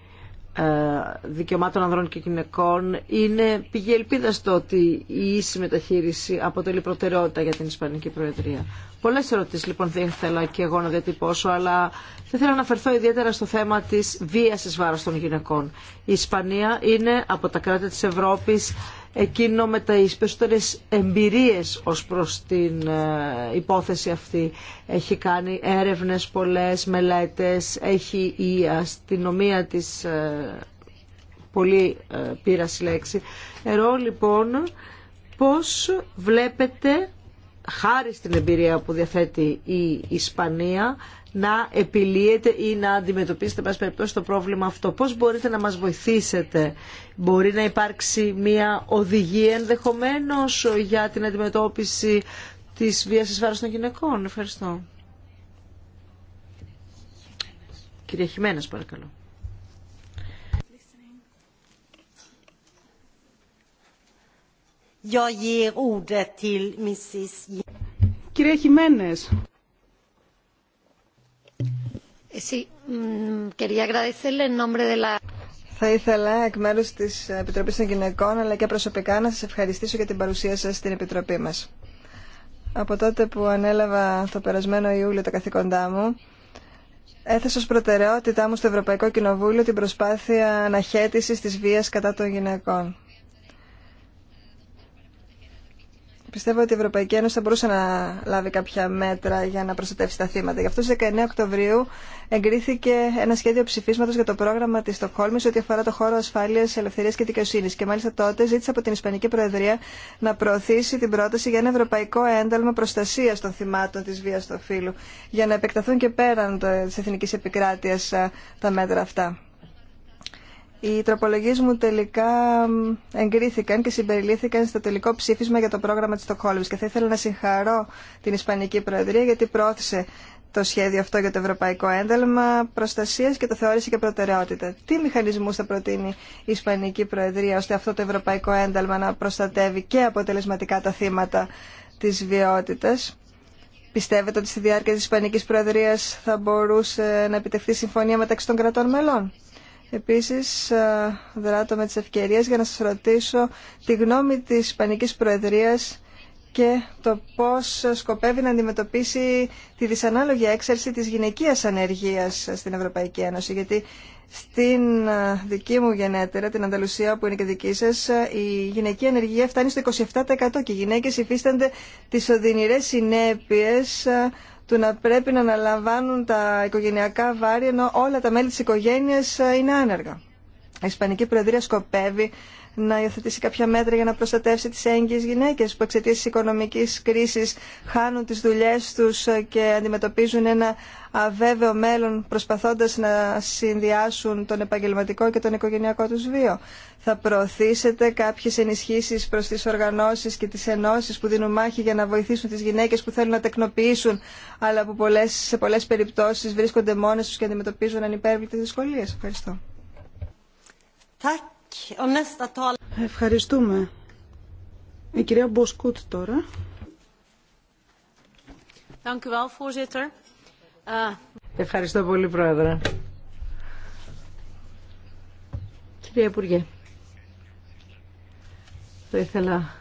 ε, δικαιωμάτων ανδρών και γυναικών είναι πηγή ελπίδα στο ότι η ίση μεταχείριση αποτελεί προτεραιότητα για την Ισπανική Προεδρία. Πολλές ερωτήσεις λοιπόν δεν ήθελα και εγώ να διατυπώσω, αλλά θα ήθελα να αναφερθώ ιδιαίτερα στο θέμα της βίας βάρος των γυναικών. Η Ισπανία είναι από τα κράτη της Ευρώπης εκείνο με τα περισσότερες εμπειρίες ως προς την ε, υπόθεση αυτή. Έχει κάνει έρευνες πολλές, μελέτες, έχει η αστυνομία της ε, πολύ ε, πείραση λέξη. Ερώ λοιπόν πώς βλέπετε χάρη στην εμπειρία που διαθέτει η Ισπανία να επιλύεται ή να αντιμετωπίσετε μας περιπτώσει το πρόβλημα αυτό. Πώς μπορείτε να μας βοηθήσετε. Μπορεί να υπάρξει μια οδηγία ενδεχομένως για την αντιμετώπιση της βίας εις των γυναικών. Ευχαριστώ. Κυρία Χιμένας, παρακαλώ. Κυρία Χιμένες, ε, mm, Θα ήθελα εκ μέρους της Επιτροπής των Γυναικών αλλά και προσωπικά να σα ευχαριστήσω για την παρουσία σας στην Επιτροπή μας. Από τότε που ανέλαβα το περασμένο Ιούλιο τα καθήκοντά μου, έθεσα ως προτεραιότητά μου στο Ευρωπαϊκό Κοινοβούλιο την προσπάθεια αναχέτησης της βίας κατά των γυναικών. Πιστεύω ότι η Ευρωπαϊκή Ένωση θα μπορούσε να λάβει κάποια μέτρα για να προστατεύσει τα θύματα. Γι' αυτό στις 19 Οκτωβρίου εγκρίθηκε ένα σχέδιο ψηφίσματος για το πρόγραμμα της Στοκχόλμης ό,τι αφορά το χώρο ασφάλειας, ελευθερίας και δικαιοσύνης. Και μάλιστα τότε ζήτησε από την Ισπανική Προεδρία να προωθήσει την πρόταση για ένα ευρωπαϊκό ένταλμα προστασίας των θυμάτων της βίας στο φύλου, για να επεκταθούν και πέραν της εθνικής επικράτειας τα μέτρα αυτά. Οι τροπολογίε μου τελικά εγκρίθηκαν και συμπεριλήθηκαν στο τελικό ψήφισμα για το πρόγραμμα τη Στοκχόλμη. και θα ήθελα να συγχαρώ την Ισπανική Προεδρία γιατί πρόθεσε το σχέδιο αυτό για το Ευρωπαϊκό Ένταλμα προστασία και το θεώρησε και προτεραιότητα. Τι μηχανισμού θα προτείνει η Ισπανική Προεδρία ώστε αυτό το Ευρωπαϊκό Ένταλμα να προστατεύει και αποτελεσματικά τα θύματα τη βιότητα. Πιστεύετε ότι στη διάρκεια τη Ισπανική Προεδρία θα μπορούσε να επιτευχθεί συμφωνία μεταξύ των κρατών μελών. Επίσης, ε, δράτω με τις ευκαιρίες για να σας ρωτήσω τη γνώμη της Ισπανικής Προεδρίας και το πώς σκοπεύει να αντιμετωπίσει τη δυσανάλογη έξαρση της γυναικείας ανεργίας στην Ευρωπαϊκή Ένωση. Γιατί στην ε, δική μου γενέτερα, την Ανταλουσία που είναι και δική σας, ε, η γυναική ανεργία φτάνει στο 27% και οι γυναίκες υφίστανται τις οδυνηρές συνέπειες του να πρέπει να αναλαμβάνουν τα οικογενειακά βάρη ενώ όλα τα μέλη της οικογένειας ε, είναι άνεργα. Η Ισπανική Προεδρία σκοπεύει να υιοθετήσει κάποια μέτρα για να προστατεύσει τις έγκυες γυναίκες που εξαιτίας της οικονομικής κρίσης χάνουν τις δουλειές τους και αντιμετωπίζουν ένα αβέβαιο μέλλον προσπαθώντας να συνδυάσουν τον επαγγελματικό και τον οικογενειακό τους βίο. Θα προωθήσετε κάποιες ενισχύσεις προς τις οργανώσεις και τις ενώσεις που δίνουν μάχη για να βοηθήσουν τις γυναίκες που θέλουν να τεκνοποιήσουν αλλά που πολλές, σε πολλές περιπτώσεις βρίσκονται μόνες τους και αντιμετωπίζουν ανυπέρβλητες δυσκολίες. Ευχαριστώ. Ευχαριστούμε. Η κυρία Μποσκούτ τώρα. Ε, ευχαριστώ πολύ, Πρόεδρε. Κυρία Υπουργέ, θα ήθελα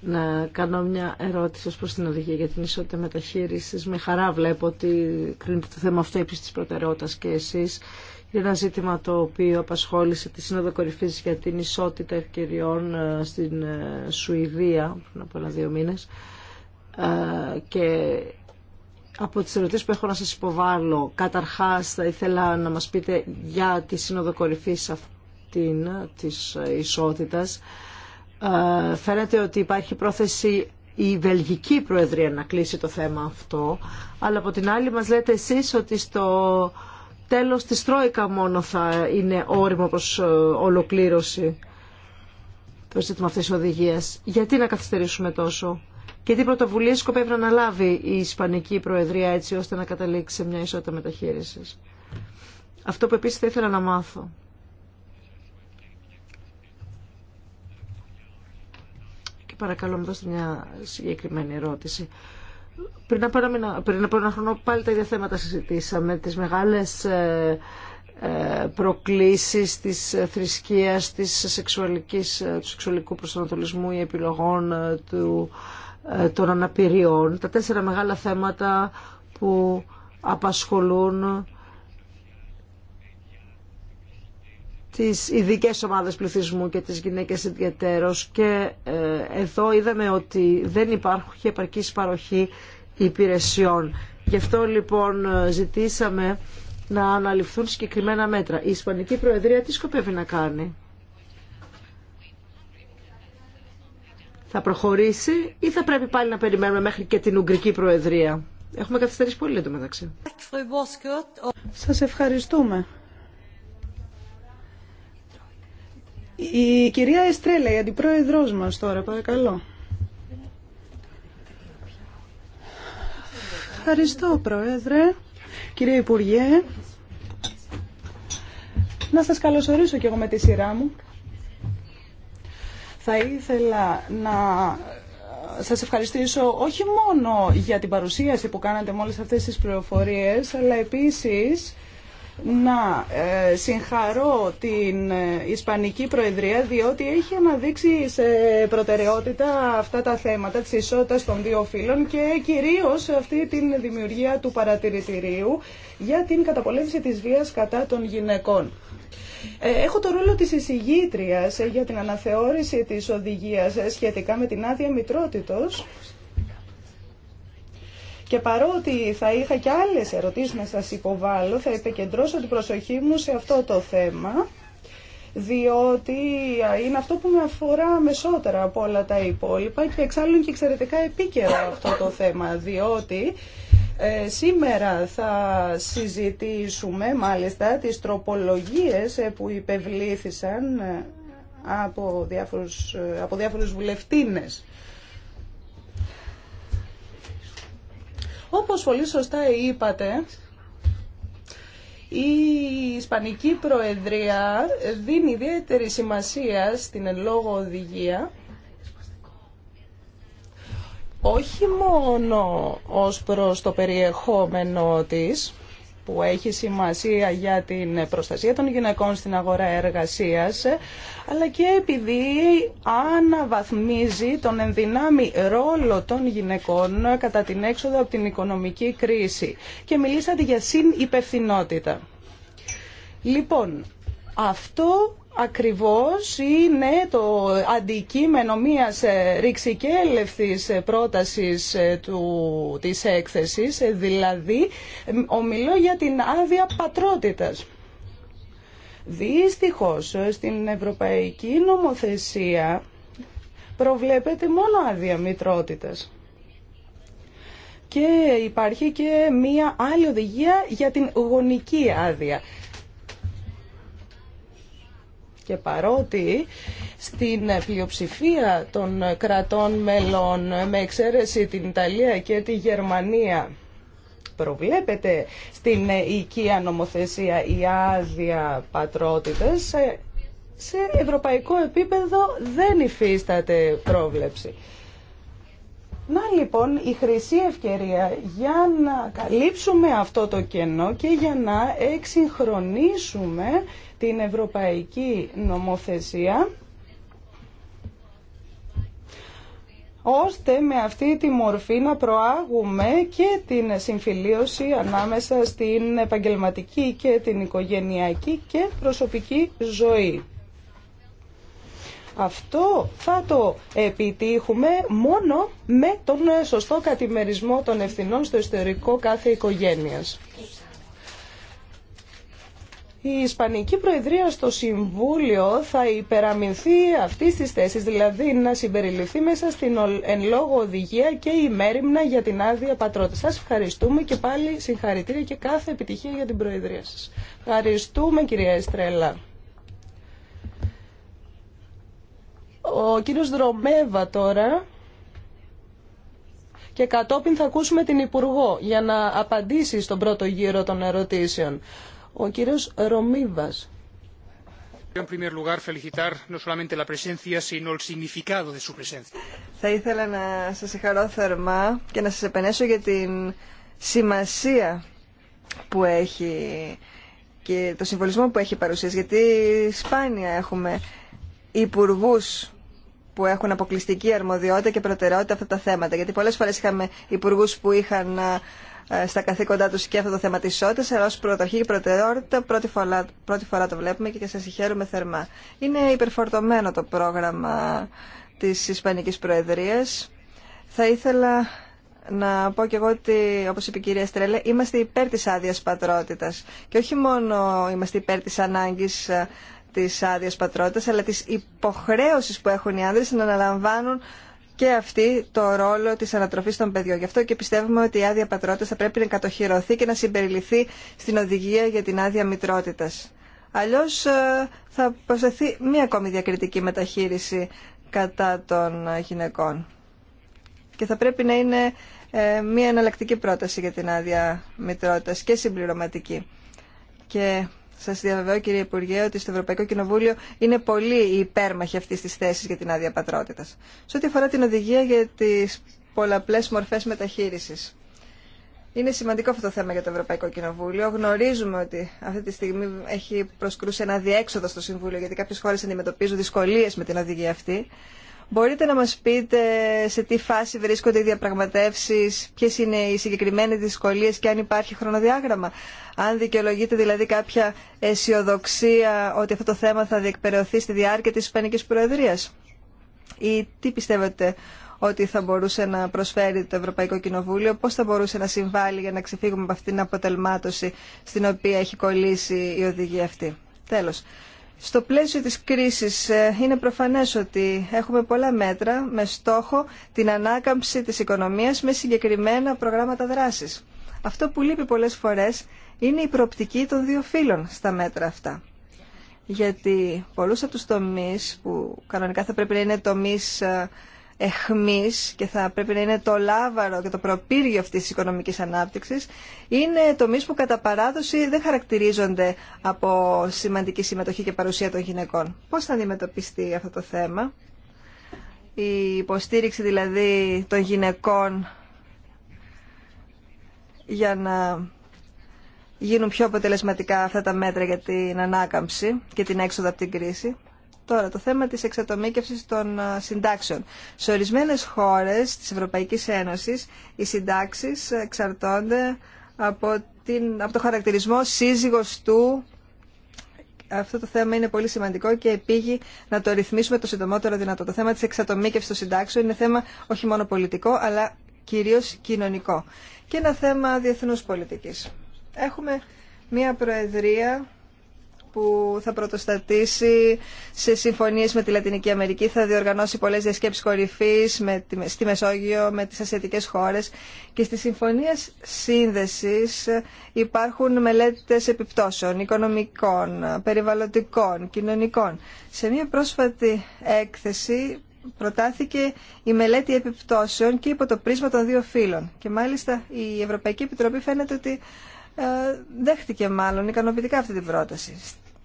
να κάνω μια ερώτηση ως προς την οδηγία για την ισότητα μεταχείρισης. Με χαρά βλέπω ότι κρίνεται το θέμα αυτό επίσης της προτεραιότητας και εσείς ένα ζήτημα το οποίο απασχόλησε τη Σύνοδο Κορυφή για την ισότητα ευκαιριών ε, στην ε, Σουηδία πριν από ένα-δύο μήνε. Ε, και από τι ερωτήσει που έχω να σας υποβάλω κάταρχα, θα ήθελα να μας πείτε για τη Σύνοδο Κορυφή αυτήν της ισότητας φαίνεται ότι υπάρχει πρόθεση η Βελγική Προεδρία να κλείσει το θέμα αυτό αλλά από την άλλη μας λέτε εσείς ότι στο τέλος της Τρόικα μόνο θα είναι όριμο προς ε, ολοκλήρωση το ζήτημα αυτής της οδηγίας. Γιατί να καθυστερήσουμε τόσο και τι πρωτοβουλίες σκοπεύει να λάβει η Ισπανική Προεδρία έτσι ώστε να καταλήξει σε μια ισότητα μεταχείρισης. Αυτό που επίσης θα ήθελα να μάθω. Και παρακαλώ μου δώστε μια συγκεκριμένη ερώτηση. Πριν από, ένα, πριν από χρόνο πάλι τα ίδια θέματα συζητήσαμε, τις μεγάλες ε, ε, προκλήσεις της θρησκείας, της σεξουαλικής, ε, του σεξουαλικού προσανατολισμού ή επιλογών του, των αναπηριών. Τα τέσσερα μεγάλα θέματα που απασχολούν τις ειδικέ ομάδες πληθυσμού και τις γυναίκες ιδιαίτερως και ε, εδώ είδαμε ότι δεν υπάρχει επαρκής παροχή υπηρεσιών. Γι' αυτό λοιπόν ζητήσαμε να αναλυφθούν συγκεκριμένα μέτρα. Η Ισπανική Προεδρία τι σκοπεύει να κάνει. Θα προχωρήσει ή θα πρέπει πάλι να περιμένουμε μέχρι και την Ουγγρική Προεδρία. Έχουμε καθυστερήσει πολύ εδώ μεταξύ. Σας ευχαριστούμε. Η κυρία Εστρέλα, η αντιπρόεδρός μας τώρα, παρακαλώ. Ευχαριστώ, Πρόεδρε. Κύριε Υπουργέ, να σας καλωσορίσω κι εγώ με τη σειρά μου. Θα ήθελα να σας ευχαριστήσω όχι μόνο για την παρουσίαση που κάνατε με όλες αυτές τις πληροφορίες, αλλά επίσης να ε, συγχαρώ την ε, Ισπανική Προεδρία διότι έχει αναδείξει σε προτεραιότητα αυτά τα θέματα της ισότητας των δύο φύλων και κυρίως αυτή την δημιουργία του παρατηρητηρίου για την καταπολέμηση της βίας κατά των γυναικών. Ε, έχω το ρόλο της εισηγήτριας για την αναθεώρηση της οδηγίας σχετικά με την άδεια μητρότητος και παρότι θα είχα και άλλες ερωτήσεις να σας υποβάλω, θα επικεντρώσω την προσοχή μου σε αυτό το θέμα, διότι είναι αυτό που με αφορά μεσότερα από όλα τα υπόλοιπα και εξάλλου και εξαιρετικά επίκαιρο αυτό το θέμα, διότι ε, σήμερα θα συζητήσουμε μάλιστα τις τροπολογίες ε, που υπευλήθησαν ε, από διάφορους, από διάφορους βουλευτίνες. Όπως πολύ σωστά είπατε, η Ισπανική Προεδρία δίνει ιδιαίτερη σημασία στην λόγω οδηγία όχι μόνο ως προς το περιεχόμενο της, που έχει σημασία για την προστασία των γυναικών στην αγορά εργασίας, αλλά και επειδή αναβαθμίζει τον ενδυνάμει ρόλο των γυναικών κατά την έξοδο από την οικονομική κρίση. Και μιλήσατε για συνυπευθυνότητα. Λοιπόν, αυτό ακριβώς είναι το αντικείμενο μιας ε, ρηξικέλευθης ε, πρότασης ε, του, της έκθεσης, δηλαδή ομιλώ για την άδεια πατρότητας. Δυστυχώς στην Ευρωπαϊκή Νομοθεσία προβλέπεται μόνο άδεια μητρότητας. Και υπάρχει και μία άλλη οδηγία για την γονική άδεια. Και παρότι στην πλειοψηφία των κρατών μελών, με εξαίρεση την Ιταλία και τη Γερμανία, προβλέπεται στην οικία νομοθεσία η άδεια πατρότητας, σε ευρωπαϊκό επίπεδο δεν υφίσταται πρόβλεψη. Να λοιπόν η χρυσή ευκαιρία για να καλύψουμε αυτό το κενό και για να εξυγχρονίσουμε την ευρωπαϊκή νομοθεσία ώστε με αυτή τη μορφή να προάγουμε και την συμφιλίωση ανάμεσα στην επαγγελματική και την οικογενειακή και προσωπική ζωή. Αυτό θα το επιτύχουμε μόνο με τον σωστό κατημερισμό των ευθυνών στο ιστορικό κάθε οικογένειας. Η Ισπανική Προεδρία στο Συμβούλιο θα υπεραμεινθεί αυτή τη θέση, δηλαδή να συμπεριληφθεί μέσα στην εν λόγω οδηγία και η μέρημνα για την άδεια πατρότητα. Σα ευχαριστούμε και πάλι συγχαρητήρια και κάθε επιτυχία για την Προεδρία σα. Ευχαριστούμε κυρία Εστρέλα. Ο κύριος Δρομέβα τώρα και κατόπιν θα ακούσουμε την Υπουργό για να απαντήσει στον πρώτο γύρο των ερωτήσεων. Ο κύριος Ρομίβας. Θα ήθελα να σας συγχαρώ θερμά και να σας επενέσω για την σημασία που έχει και το συμβολισμό που έχει παρουσίαση. γιατί σπάνια έχουμε υπουργούς που έχουν αποκλειστική αρμοδιότητα και προτεραιότητα αυτά τα θέματα. Γιατί πολλέ φορέ είχαμε υπουργού που είχαν ε, στα καθήκοντά του και αυτό το θέμα τη ισότητα, αλλά ως και προτεραιότητα πρώτη φορά, πρώτη φορά το βλέπουμε και σα συγχαίρουμε θερμά. Είναι υπερφορτωμένο το πρόγραμμα τη ισπανική προεδρία. Θα ήθελα να πω και εγώ ότι, όπω είπε η κυρία Στρέλε, είμαστε υπέρ της άδεια πατρότητα. Και όχι μόνο είμαστε υπέρ τη ανάγκη της άδεια πατρότητας, αλλά της υποχρέωσης που έχουν οι άνδρες να αναλαμβάνουν και αυτή το ρόλο της ανατροφής των παιδιών. Γι' αυτό και πιστεύουμε ότι η άδεια πατρότητας θα πρέπει να κατοχυρωθεί και να συμπεριληφθεί στην οδηγία για την άδεια μητρότητας. Αλλιώς ε, θα προσθεθεί μία ακόμη διακριτική μεταχείριση κατά των ε, γυναικών. Και θα πρέπει να είναι ε, μία εναλλακτική πρόταση για την άδεια μητρότητας και συμπληρωματική. Και Σα διαβεβαιώ κύριε Υπουργέ ότι στο Ευρωπαϊκό Κοινοβούλιο είναι πολύ η υπέρμαχη αυτή τη θέση για την άδεια πατρότητα. Σε ό,τι αφορά την οδηγία για τι πολλαπλέ μορφέ μεταχείριση. Είναι σημαντικό αυτό το θέμα για το Ευρωπαϊκό Κοινοβούλιο. Γνωρίζουμε ότι αυτή τη στιγμή έχει προσκρούσει ένα διέξοδο στο Συμβούλιο, γιατί κάποιε χώρε αντιμετωπίζουν δυσκολίε με την οδηγία αυτή. Μπορείτε να μας πείτε σε τι φάση βρίσκονται οι διαπραγματεύσεις, ποιες είναι οι συγκεκριμένες δυσκολίες και αν υπάρχει χρονοδιάγραμμα. Αν δικαιολογείται δηλαδή κάποια αισιοδοξία ότι αυτό το θέμα θα διεκπαιρεωθεί στη διάρκεια της Ισπανικής Προεδρίας. Ή τι πιστεύετε ότι θα μπορούσε να προσφέρει το Ευρωπαϊκό Κοινοβούλιο, πώς θα μπορούσε να συμβάλλει για να ξεφύγουμε από αυτήν την αποτελμάτωση στην οποία έχει κολλήσει η οδηγία αυτή. Τέλος. Στο πλαίσιο της κρίσης ε, είναι προφανές ότι έχουμε πολλά μέτρα με στόχο την ανάκαμψη της οικονομίας με συγκεκριμένα προγράμματα δράσης. Αυτό που λείπει πολλές φορές είναι η προοπτική των δύο φύλων στα μέτρα αυτά. Γιατί πολλούς από τους τομείς που κανονικά θα πρέπει να είναι τομείς ε, εχμής και θα πρέπει να είναι το λάβαρο και το προπύργιο αυτής της οικονομικής ανάπτυξης είναι τομείς που κατά παράδοση δεν χαρακτηρίζονται από σημαντική συμμετοχή και παρουσία των γυναικών. Πώς θα αντιμετωπιστεί αυτό το θέμα, η υποστήριξη δηλαδή των γυναικών για να γίνουν πιο αποτελεσματικά αυτά τα μέτρα για την ανάκαμψη και την έξοδο από την κρίση. Τώρα, το θέμα της εξατομίκευσης των ε, συντάξεων. Σε ορισμένες χώρες της Ευρωπαϊκής Ένωσης οι συντάξεις εξαρτώνται από, την, από το χαρακτηρισμό σύζυγος του. Αυτό το θέμα είναι πολύ σημαντικό και επίγει να το ρυθμίσουμε το συντομότερο δυνατό. Το θέμα της εξατομίκευσης των συντάξεων είναι θέμα όχι μόνο πολιτικό αλλά κυρίως κοινωνικό. Και ένα θέμα διεθνούς πολιτικής. Έχουμε μια προεδρία που θα πρωτοστατήσει σε συμφωνίες με τη Λατινική Αμερική, θα διοργανώσει πολλές διασκέψεις κορυφής με, στη Μεσόγειο, με τις ασιατικές χώρες και στις συμφωνίες σύνδεσης υπάρχουν μελέτες επιπτώσεων, οικονομικών, περιβαλλοντικών, κοινωνικών. Σε μια πρόσφατη έκθεση προτάθηκε η μελέτη επιπτώσεων και υπό το πρίσμα των δύο φύλων. Και μάλιστα η Ευρωπαϊκή Επιτροπή φαίνεται ότι ε, δέχτηκε μάλλον ικανοποιητικά αυτή την πρόταση.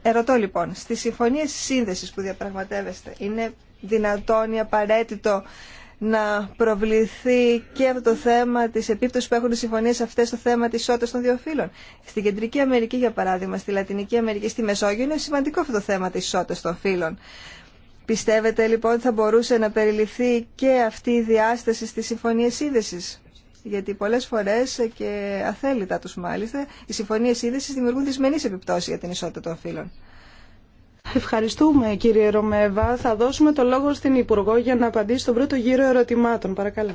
Ερωτώ λοιπόν, στι συμφωνίε σύνδεση που διαπραγματεύεστε, είναι δυνατόν ή απαραίτητο να προβληθεί και από το θέμα της επίπτωσης που έχουν οι συμφωνίες αυτές στο θέμα της ισότητας των δύο φύλων. Στην Κεντρική Αμερική, για παράδειγμα, στη Λατινική Αμερική, στη Μεσόγειο, είναι σημαντικό αυτό το θέμα της ισότητας των φύλων. Πιστεύετε λοιπόν ότι θα μπορούσε να περιληφθεί και αυτή η απαραιτητο να προβληθει και απο το θεμα της επίπτωση που εχουν οι συμφωνιες αυτες στο θεμα της ισοτητα των δυο φυλων στην κεντρικη αμερικη για παραδειγμα στη λατινικη αμερικη στη μεσογειο ειναι σημαντικο αυτο το θεμα της ισοτητα των φυλων πιστευετε λοιπον οτι θα μπορουσε να περιληφθει και αυτη η διασταση στι συμφωνίε σύνδεση γιατί πολλές φορές και αθέλητα τους μάλιστα οι συμφωνίες είδησης δημιουργούν δυσμενείς επιπτώσει για την ισότητα των φύλων. Ευχαριστούμε κύριε Ρωμέβα. Θα δώσουμε το λόγο στην Υπουργό για να απαντήσει στον πρώτο γύρο ερωτημάτων. Παρακαλώ.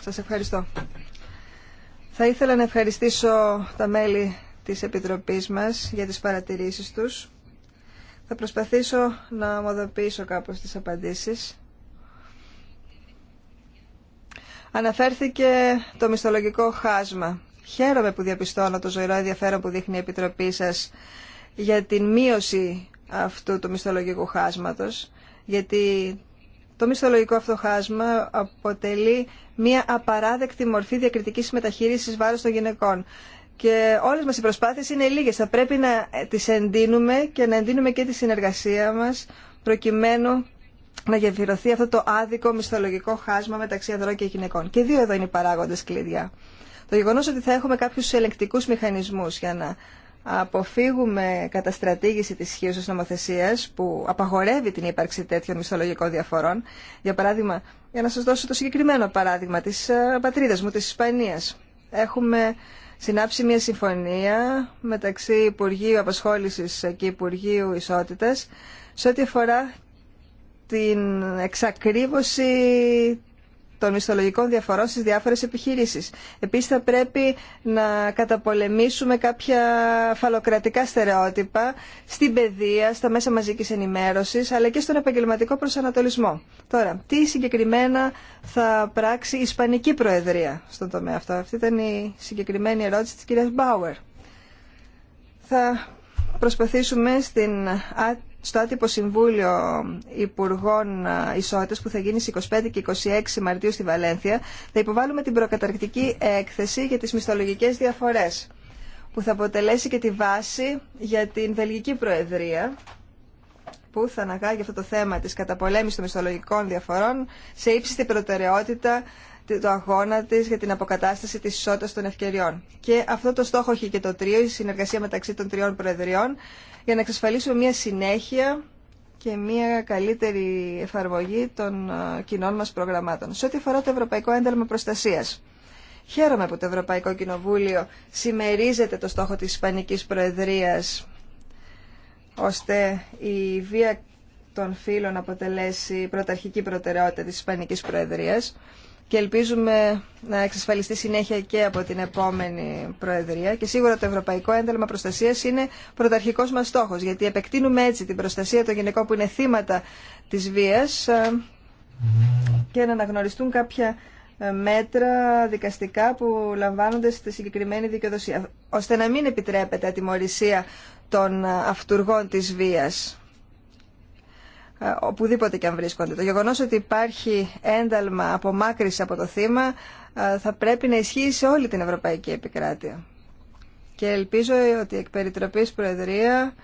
Σας ευχαριστώ. Θα ήθελα να ευχαριστήσω τα μέλη της Επιτροπής μας για τις παρατηρήσεις τους. Θα προσπαθήσω να ομοδοποιήσω κάπως τις απαντήσεις. Αναφέρθηκε το μισθολογικό χάσμα. Χαίρομαι που διαπιστώνω το ζωηρό ενδιαφέρον που δείχνει η Επιτροπή σας για την μείωση αυτού του μισθολογικού χάσματος, γιατί το μισθολογικό αυτό χάσμα αποτελεί μια απαράδεκτη μορφή διακριτικής μεταχείρισης βάρος των γυναικών. Και όλες μας οι προσπάθειες είναι λίγες. Θα πρέπει να τις εντείνουμε και να εντείνουμε και τη συνεργασία μας προκειμένου να γεφυρωθεί αυτό το άδικο μισθολογικό χάσμα μεταξύ ανδρών και γυναικών. Και δύο εδώ είναι οι παράγοντες κλειδιά. Το γεγονός ότι θα έχουμε κάποιους ελεκτικούς μηχανισμούς για να αποφύγουμε καταστρατήγηση της ισχύωσης νομοθεσίας που απαγορεύει την ύπαρξη τέτοιων μισθολογικών διαφορών. Για παράδειγμα, για να σας δώσω το συγκεκριμένο παράδειγμα της ε, πατρίδας μου, της Ισπανίας. Έχουμε συνάψει μια συμφωνία μεταξύ Υπουργείου Απασχόλησης και Υπουργείου Ισότητας σε ό,τι αφορά την εξακρίβωση των μισθολογικών διαφορών στις διάφορες επιχειρήσεις. Επίσης θα πρέπει να καταπολεμήσουμε κάποια φαλοκρατικά στερεότυπα στην παιδεία, στα μέσα μαζικής ενημέρωσης, αλλά και στον επαγγελματικό προσανατολισμό. Τώρα, τι συγκεκριμένα θα πράξει η Ισπανική Προεδρία στον τομέα αυτό. Αυτή ήταν η συγκεκριμένη ερώτηση της κυρίας Μπάουερ. Θα προσπαθήσουμε στην στο άτυπο Συμβούλιο Υπουργών ε, Ισότητας που θα γίνει στις 25 και 26 Μαρτίου στη Βαλένθια θα υποβάλουμε την προκαταρκτική έκθεση για τις μισθολογικές διαφορές που θα αποτελέσει και τη βάση για την Βελγική Προεδρία που θα αναγάγει αυτό το θέμα της καταπολέμησης των μισθολογικών διαφορών σε ύψιστη προτεραιότητα το αγώνα τη για την αποκατάσταση τη ισότητα των ευκαιριών. Και αυτό το στόχο έχει και το τρίο, η συνεργασία μεταξύ των τριών προεδριών, για να εξασφαλίσουμε μια συνέχεια και μια καλύτερη εφαρμογή των ε, κοινών μα προγραμμάτων. Σε ό,τι αφορά το Ευρωπαϊκό Ένταλμα Προστασία. Χαίρομαι που το Ευρωπαϊκό Κοινοβούλιο συμμερίζεται το στόχο της Ισπανικής Προεδρίας ώστε η βία των φύλων αποτελέσει πρωταρχική προτεραιότητα της Ισπανικής Προεδρίας και ελπίζουμε να εξασφαλιστεί συνέχεια και από την επόμενη Προεδρία. Και σίγουρα το Ευρωπαϊκό Ένταλμα Προστασία είναι πρωταρχικό μα στόχο, γιατί επεκτείνουμε έτσι την προστασία των γυναικών που είναι θύματα τη βία ε, και να αναγνωριστούν κάποια ε, μέτρα δικαστικά που λαμβάνονται στη συγκεκριμένη δικαιοδοσία, ώστε να μην επιτρέπεται ατιμορρησία των ε, αυτούργων της βίας. Ε, οπουδήποτε και αν βρίσκονται. Το γεγονός ότι υπάρχει ένταλμα απομάκρυση από το θύμα ε, θα πρέπει να ισχύει σε όλη την Ευρωπαϊκή Επικράτεια. Και ελπίζω ότι εκ περιτροπής Προεδρία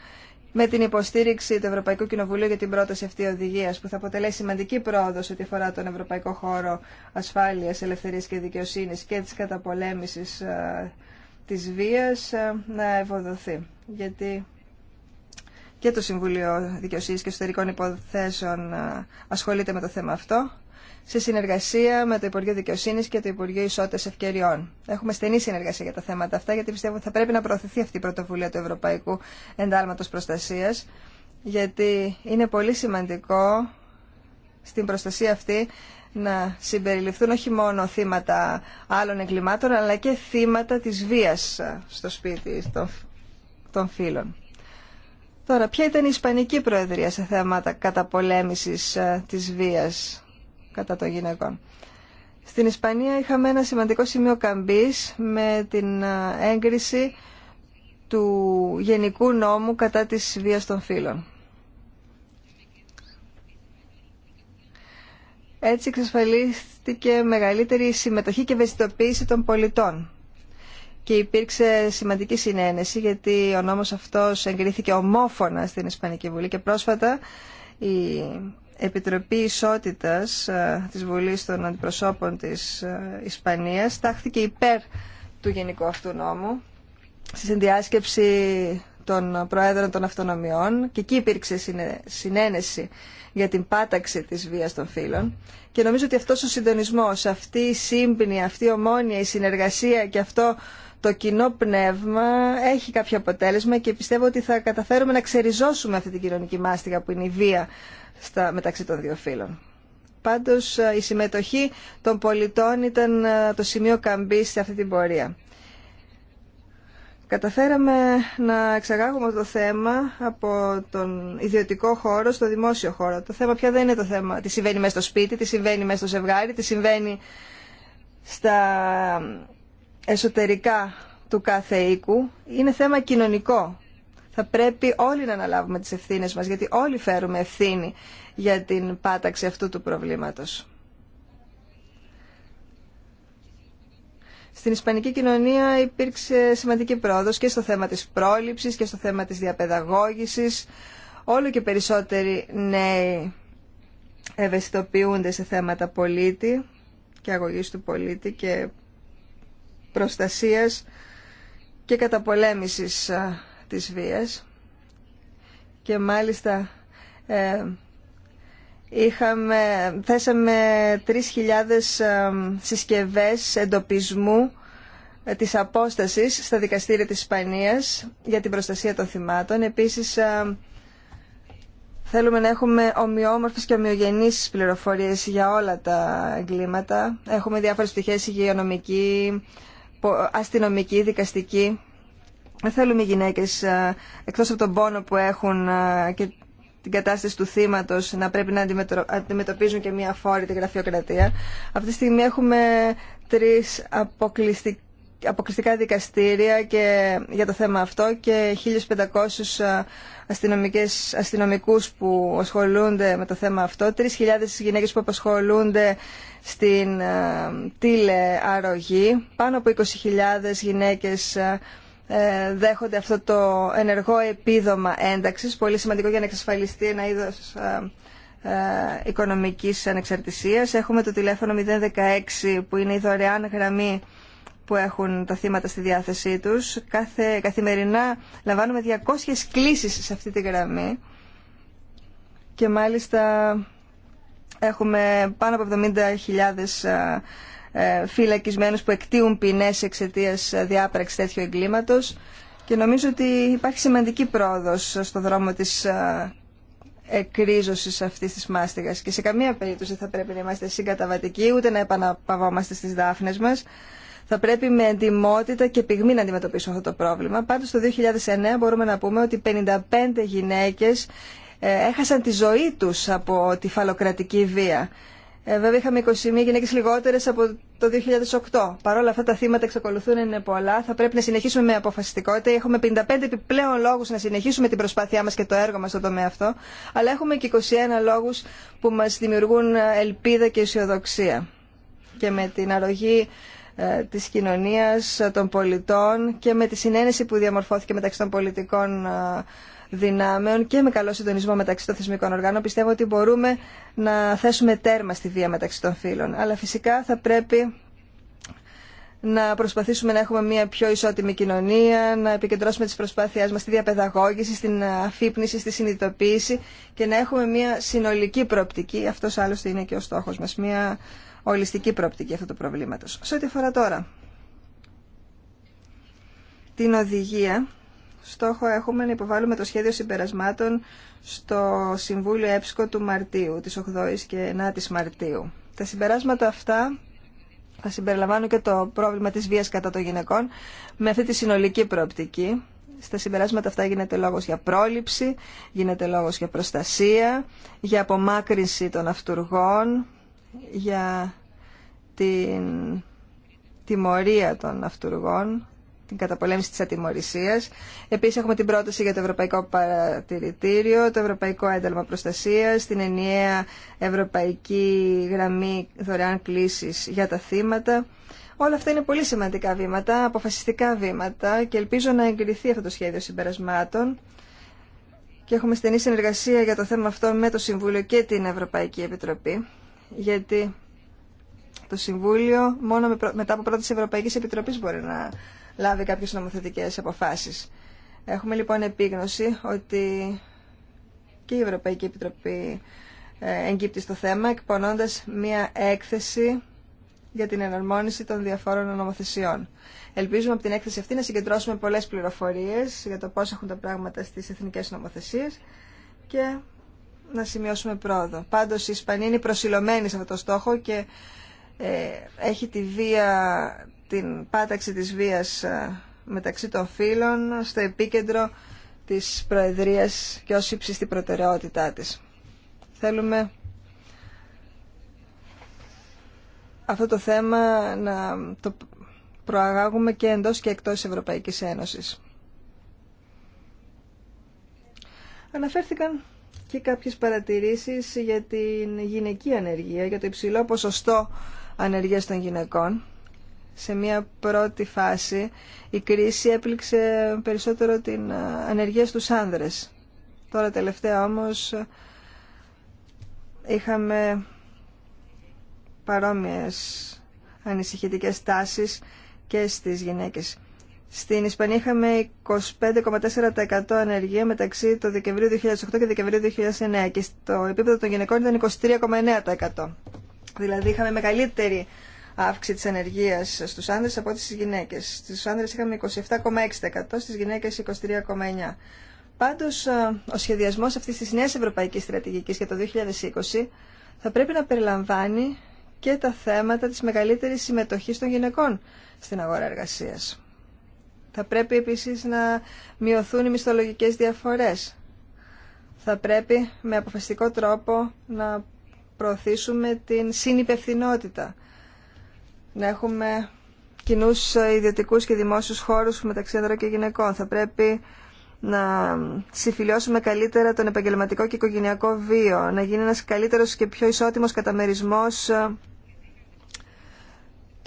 με την υποστήριξη του Ευρωπαϊκού Κοινοβουλίου για την πρόταση αυτή οδηγία, που θα αποτελέσει σημαντική πρόοδο ό,τι αφορά τον Ευρωπαϊκό χώρο ασφάλεια, ελευθερία και δικαιοσύνη και τη καταπολέμηση ε, τη βία, να ευοδοθεί. Γιατί και το Συμβουλίο Δικαιοσύνης και Εσωτερικών Υποθέσεων ε, ασχολείται με το θέμα αυτό σε συνεργασία με το Υπουργείο Δικαιοσύνη και το Υπουργείο Ισότητα Ευκαιριών. Έχουμε στενή συνεργασία για τα θέματα αυτά, γιατί πιστεύω ότι θα πρέπει να προωθηθεί αυτή η πρωτοβουλία του Ευρωπαϊκού Εντάλματο Προστασία, γιατί είναι πολύ σημαντικό στην προστασία αυτή να συμπεριληφθούν όχι μόνο θύματα άλλων εγκλημάτων, αλλά και θύματα τη βία ε, στο σπίτι των φίλων. Τώρα, ποια ήταν η Ισπανική Προεδρία σε θέματα καταπολέμησης ε, της βίας κατά των γυναικών. Στην Ισπανία είχαμε ένα σημαντικό σημείο καμπής με την ε, έγκριση του Γενικού Νόμου κατά της βίας των φύλων. Έτσι εξασφαλίστηκε μεγαλύτερη συμμετοχή και ευαισθητοποίηση των πολιτών και υπήρξε σημαντική συνένεση γιατί ο νόμος αυτός εγκρίθηκε ομόφωνα στην Ισπανική Βουλή και πρόσφατα η Επιτροπή Ισότητας ε, της Βουλής των Αντιπροσώπων της ε, Ισπανίας τάχθηκε υπέρ του γενικού αυτού νόμου στη συνδιάσκεψη των Προέδρων των Αυτονομιών και εκεί υπήρξε συνένεση για την πάταξη της βίας των φύλων και νομίζω ότι αυτός ο συντονισμός, αυτή η σύμπνη, αυτή η ομόνια, η συνεργασία και αυτό το κοινό πνεύμα έχει κάποιο αποτέλεσμα και πιστεύω ότι θα καταφέρουμε να ξεριζώσουμε αυτή την κοινωνική μάστιγα που είναι η βία στα, μεταξύ των δύο φύλων. Πάντως ε, η συμμετοχή των πολιτών ήταν ε, το σημείο καμπής σε αυτή την πορεία. Καταφέραμε να εξαγάγουμε το θέμα από τον ιδιωτικό χώρο στο δημόσιο χώρο. Το θέμα πια δεν είναι το θέμα τι συμβαίνει μέσα στο σπίτι, τι συμβαίνει μέσα στο ζευγάρι, τι συμβαίνει στα εσωτερικά του κάθε οίκου είναι θέμα κοινωνικό. Θα πρέπει όλοι να αναλάβουμε τις ευθύνες μας, γιατί όλοι φέρουμε ευθύνη για την πάταξη αυτού του προβλήματος. Στην Ισπανική κοινωνία υπήρξε σημαντική πρόοδος και στο θέμα της πρόληψης και στο θέμα της διαπαιδαγώγησης. Όλο και περισσότεροι νέοι ευαισθητοποιούνται σε θέματα πολίτη και αγωγής του πολίτη και προστασίας και καταπολέμησης της βίας και μάλιστα ε, είχαμε, θέσαμε 3.000 ε, συσκευές εντοπισμού ε, της απόστασης στα δικαστήρια της Ισπανίας για την προστασία των θυμάτων. Επίσης θέλουμε να έχουμε ομοιόμορφες και ομοιογενείς πληροφορίες για όλα τα εγκλήματα. Έχουμε διάφορες πτυχές υγειονομική, αστυνομική, δικαστική. Δεν θέλουμε οι γυναίκες, ε, εκτός από τον πόνο που έχουν ε, και την κατάσταση του θύματος, να πρέπει να αντιμετωπίζουν και μια φόρητη γραφειοκρατία. Αυτή τη στιγμή έχουμε τρεις αποκλειστικέ αποκλειστικά δικαστήρια και για το θέμα αυτό και 1.500 ε, αστυνομικές, αστυνομικούς που ασχολούνται με το θέμα αυτό, 3.000 γυναίκες που απασχολούνται στην ε, τηλεαρρωγή πάνω από 20.000 γυναίκες ε, δέχονται αυτό το ενεργό επίδομα ένταξης, πολύ σημαντικό για να εξασφαλιστεί ένα είδος οικονομικής ανεξαρτησίας. Έχουμε το τηλέφωνο 016 που είναι η δωρεάν γραμμή που έχουν τα θύματα στη διάθεσή τους. Κάθε, καθημερινά λαμβάνουμε 200 κλήσεις σε αυτή τη γραμμή και μάλιστα έχουμε πάνω από 70.000 ε, φυλακισμένους που εκτίουν ποινές εξαιτία διάπραξη τέτοιου εγκλήματος και νομίζω ότι υπάρχει σημαντική πρόοδος στο δρόμο της εκρίζωσης αυτής της μάστιγας και σε καμία περίπτωση θα πρέπει να είμαστε συγκαταβατικοί ούτε να επαναπαυόμαστε στις δάφνες μας θα πρέπει με εντυμότητα και πυγμή να αντιμετωπίσουμε αυτό το πρόβλημα. Πάντω το 2009 μπορούμε να πούμε ότι 55 γυναίκες ε, έχασαν τη ζωή του από τη φαλοκρατική βία. Ε, βέβαια είχαμε 21 γυναίκε λιγότερε από το 2008. Παρ' όλα αυτά τα θύματα εξακολουθούν είναι πολλά. Θα πρέπει να συνεχίσουμε με αποφασιστικότητα. Έχουμε 55 επιπλέον λόγου να συνεχίσουμε την προσπάθειά μα και το έργο μα στο τομέα αυτό. Αλλά έχουμε και 21 λόγου που μα δημιουργούν ε, ελπίδα και αισιοδοξία. Και με την αρρωγή ε, της κοινωνίας ε, των πολιτών και με τη συνένεση που διαμορφώθηκε μεταξύ των πολιτικών ε, δυνάμεων και με καλό συντονισμό μεταξύ των θεσμικών οργάνων πιστεύω ότι μπορούμε να θέσουμε τέρμα στη βία μεταξύ των φύλων. Αλλά φυσικά θα πρέπει να προσπαθήσουμε να έχουμε μια πιο ισότιμη κοινωνία, να επικεντρώσουμε τις προσπάθειές μας στη διαπαιδαγώγηση, στην αφύπνιση, στη συνειδητοποίηση και να έχουμε μια συνολική προοπτική. Αυτός άλλωστε είναι και ο στόχος μας. Μια ολιστική πρόπτικη αυτού του προβλήματος. Σε ό,τι αφορά τώρα την οδηγία, στόχο έχουμε να υποβάλουμε το σχέδιο συμπερασμάτων στο Συμβούλιο ΕΠΣΚΟ του Μαρτίου, της 8ης και 9ης Μαρτίου. Τα συμπεράσματα αυτά θα συμπεριλαμβάνουν και το πρόβλημα της βίας κατά των γυναικών με αυτή τη συνολική προοπτική. Στα συμπεράσματα αυτά γίνεται λόγος για πρόληψη, γίνεται λόγος για προστασία, για απομάκρυνση των αυτούργων, για την τιμωρία των αυτούργων, την καταπολέμηση της ατιμωρησίας. Επίσης έχουμε την πρόταση για το Ευρωπαϊκό Παρατηρητήριο, το Ευρωπαϊκό Ένταλμα Προστασίας, την ενιαία Ευρωπαϊκή Γραμμή Δωρεάν Κλήσης για τα θύματα. Όλα αυτά είναι πολύ σημαντικά βήματα, αποφασιστικά βήματα και ελπίζω να εγκριθεί αυτό το σχέδιο συμπερασμάτων και έχουμε στενή συνεργασία για το θέμα αυτό με το Συμβούλιο και την Ευρωπαϊκή Επιτροπή γιατί το Συμβούλιο μόνο μετά από πρώτη Ευρωπαϊκής Επιτροπής μπορεί να λάβει κάποιες νομοθετικέ αποφάσεις. Έχουμε λοιπόν επίγνωση ότι και η Ευρωπαϊκή Επιτροπή ε, εγκύπτει στο θέμα εκπονώντας μία έκθεση για την εναρμόνιση των διαφόρων νομοθεσιών. Ελπίζουμε από την έκθεση αυτή να συγκεντρώσουμε πολλές πληροφορίες για το πώς έχουν τα πράγματα στις εθνικές νομοθεσίες και να σημειώσουμε πρόοδο. Πάντως η Ισπανία είναι προσιλωμένη σε αυτό το στόχο και ε, έχει τη βία, την πάταξη της βίας ε, μεταξύ των φίλων στο επίκεντρο της Προεδρίας και ως ύψιστη προτεραιότητά της. Θέλουμε αυτό το θέμα να το προαγάγουμε και εντός και εκτός Ευρωπαϊκής Ένωσης. Αναφέρθηκαν και κάποιες παρατηρήσεις για την γυναική ανεργία, για το υψηλό ποσοστό ανεργίας των γυναικών. Σε μια πρώτη φάση η κρίση έπληξε περισσότερο την ε, ανεργία στους άνδρες. Τώρα τελευταία όμως είχαμε παρόμοιες ανησυχητικές τάσεις και στις γυναίκες. Στην Ισπανία είχαμε 25,4% ανεργία μεταξύ το Δεκεμβρίου 2008 και Δεκεμβρίου 2009 και στο επίπεδο των γυναικών ήταν 23,9%. Δηλαδή είχαμε μεγαλύτερη αύξηση της ανεργίας στους άνδρες από ό,τι στις γυναίκες. Στους άνδρες είχαμε 27,6%, στις γυναίκες 23,9%. Πάντως, ο σχεδιασμός αυτής της νέας ευρωπαϊκής στρατηγικής για το 2020 θα πρέπει να περιλαμβάνει και τα θέματα τη μεγαλύτερη συμμετοχή των γυναικών στην αγορά εργασία. Θα πρέπει επίσης να μειωθούν οι μισθολογικές διαφορές. Θα πρέπει με αποφασιστικό τρόπο να προωθήσουμε την συνυπευθυνότητα. Να έχουμε κοινού ιδιωτικούς και δημόσιους χώρους μεταξύ ανδρών και γυναικών. Θα πρέπει να συμφιλιώσουμε καλύτερα τον επαγγελματικό και οικογενειακό βίο, να γίνει ένας καλύτερος και πιο ισότιμος καταμερισμός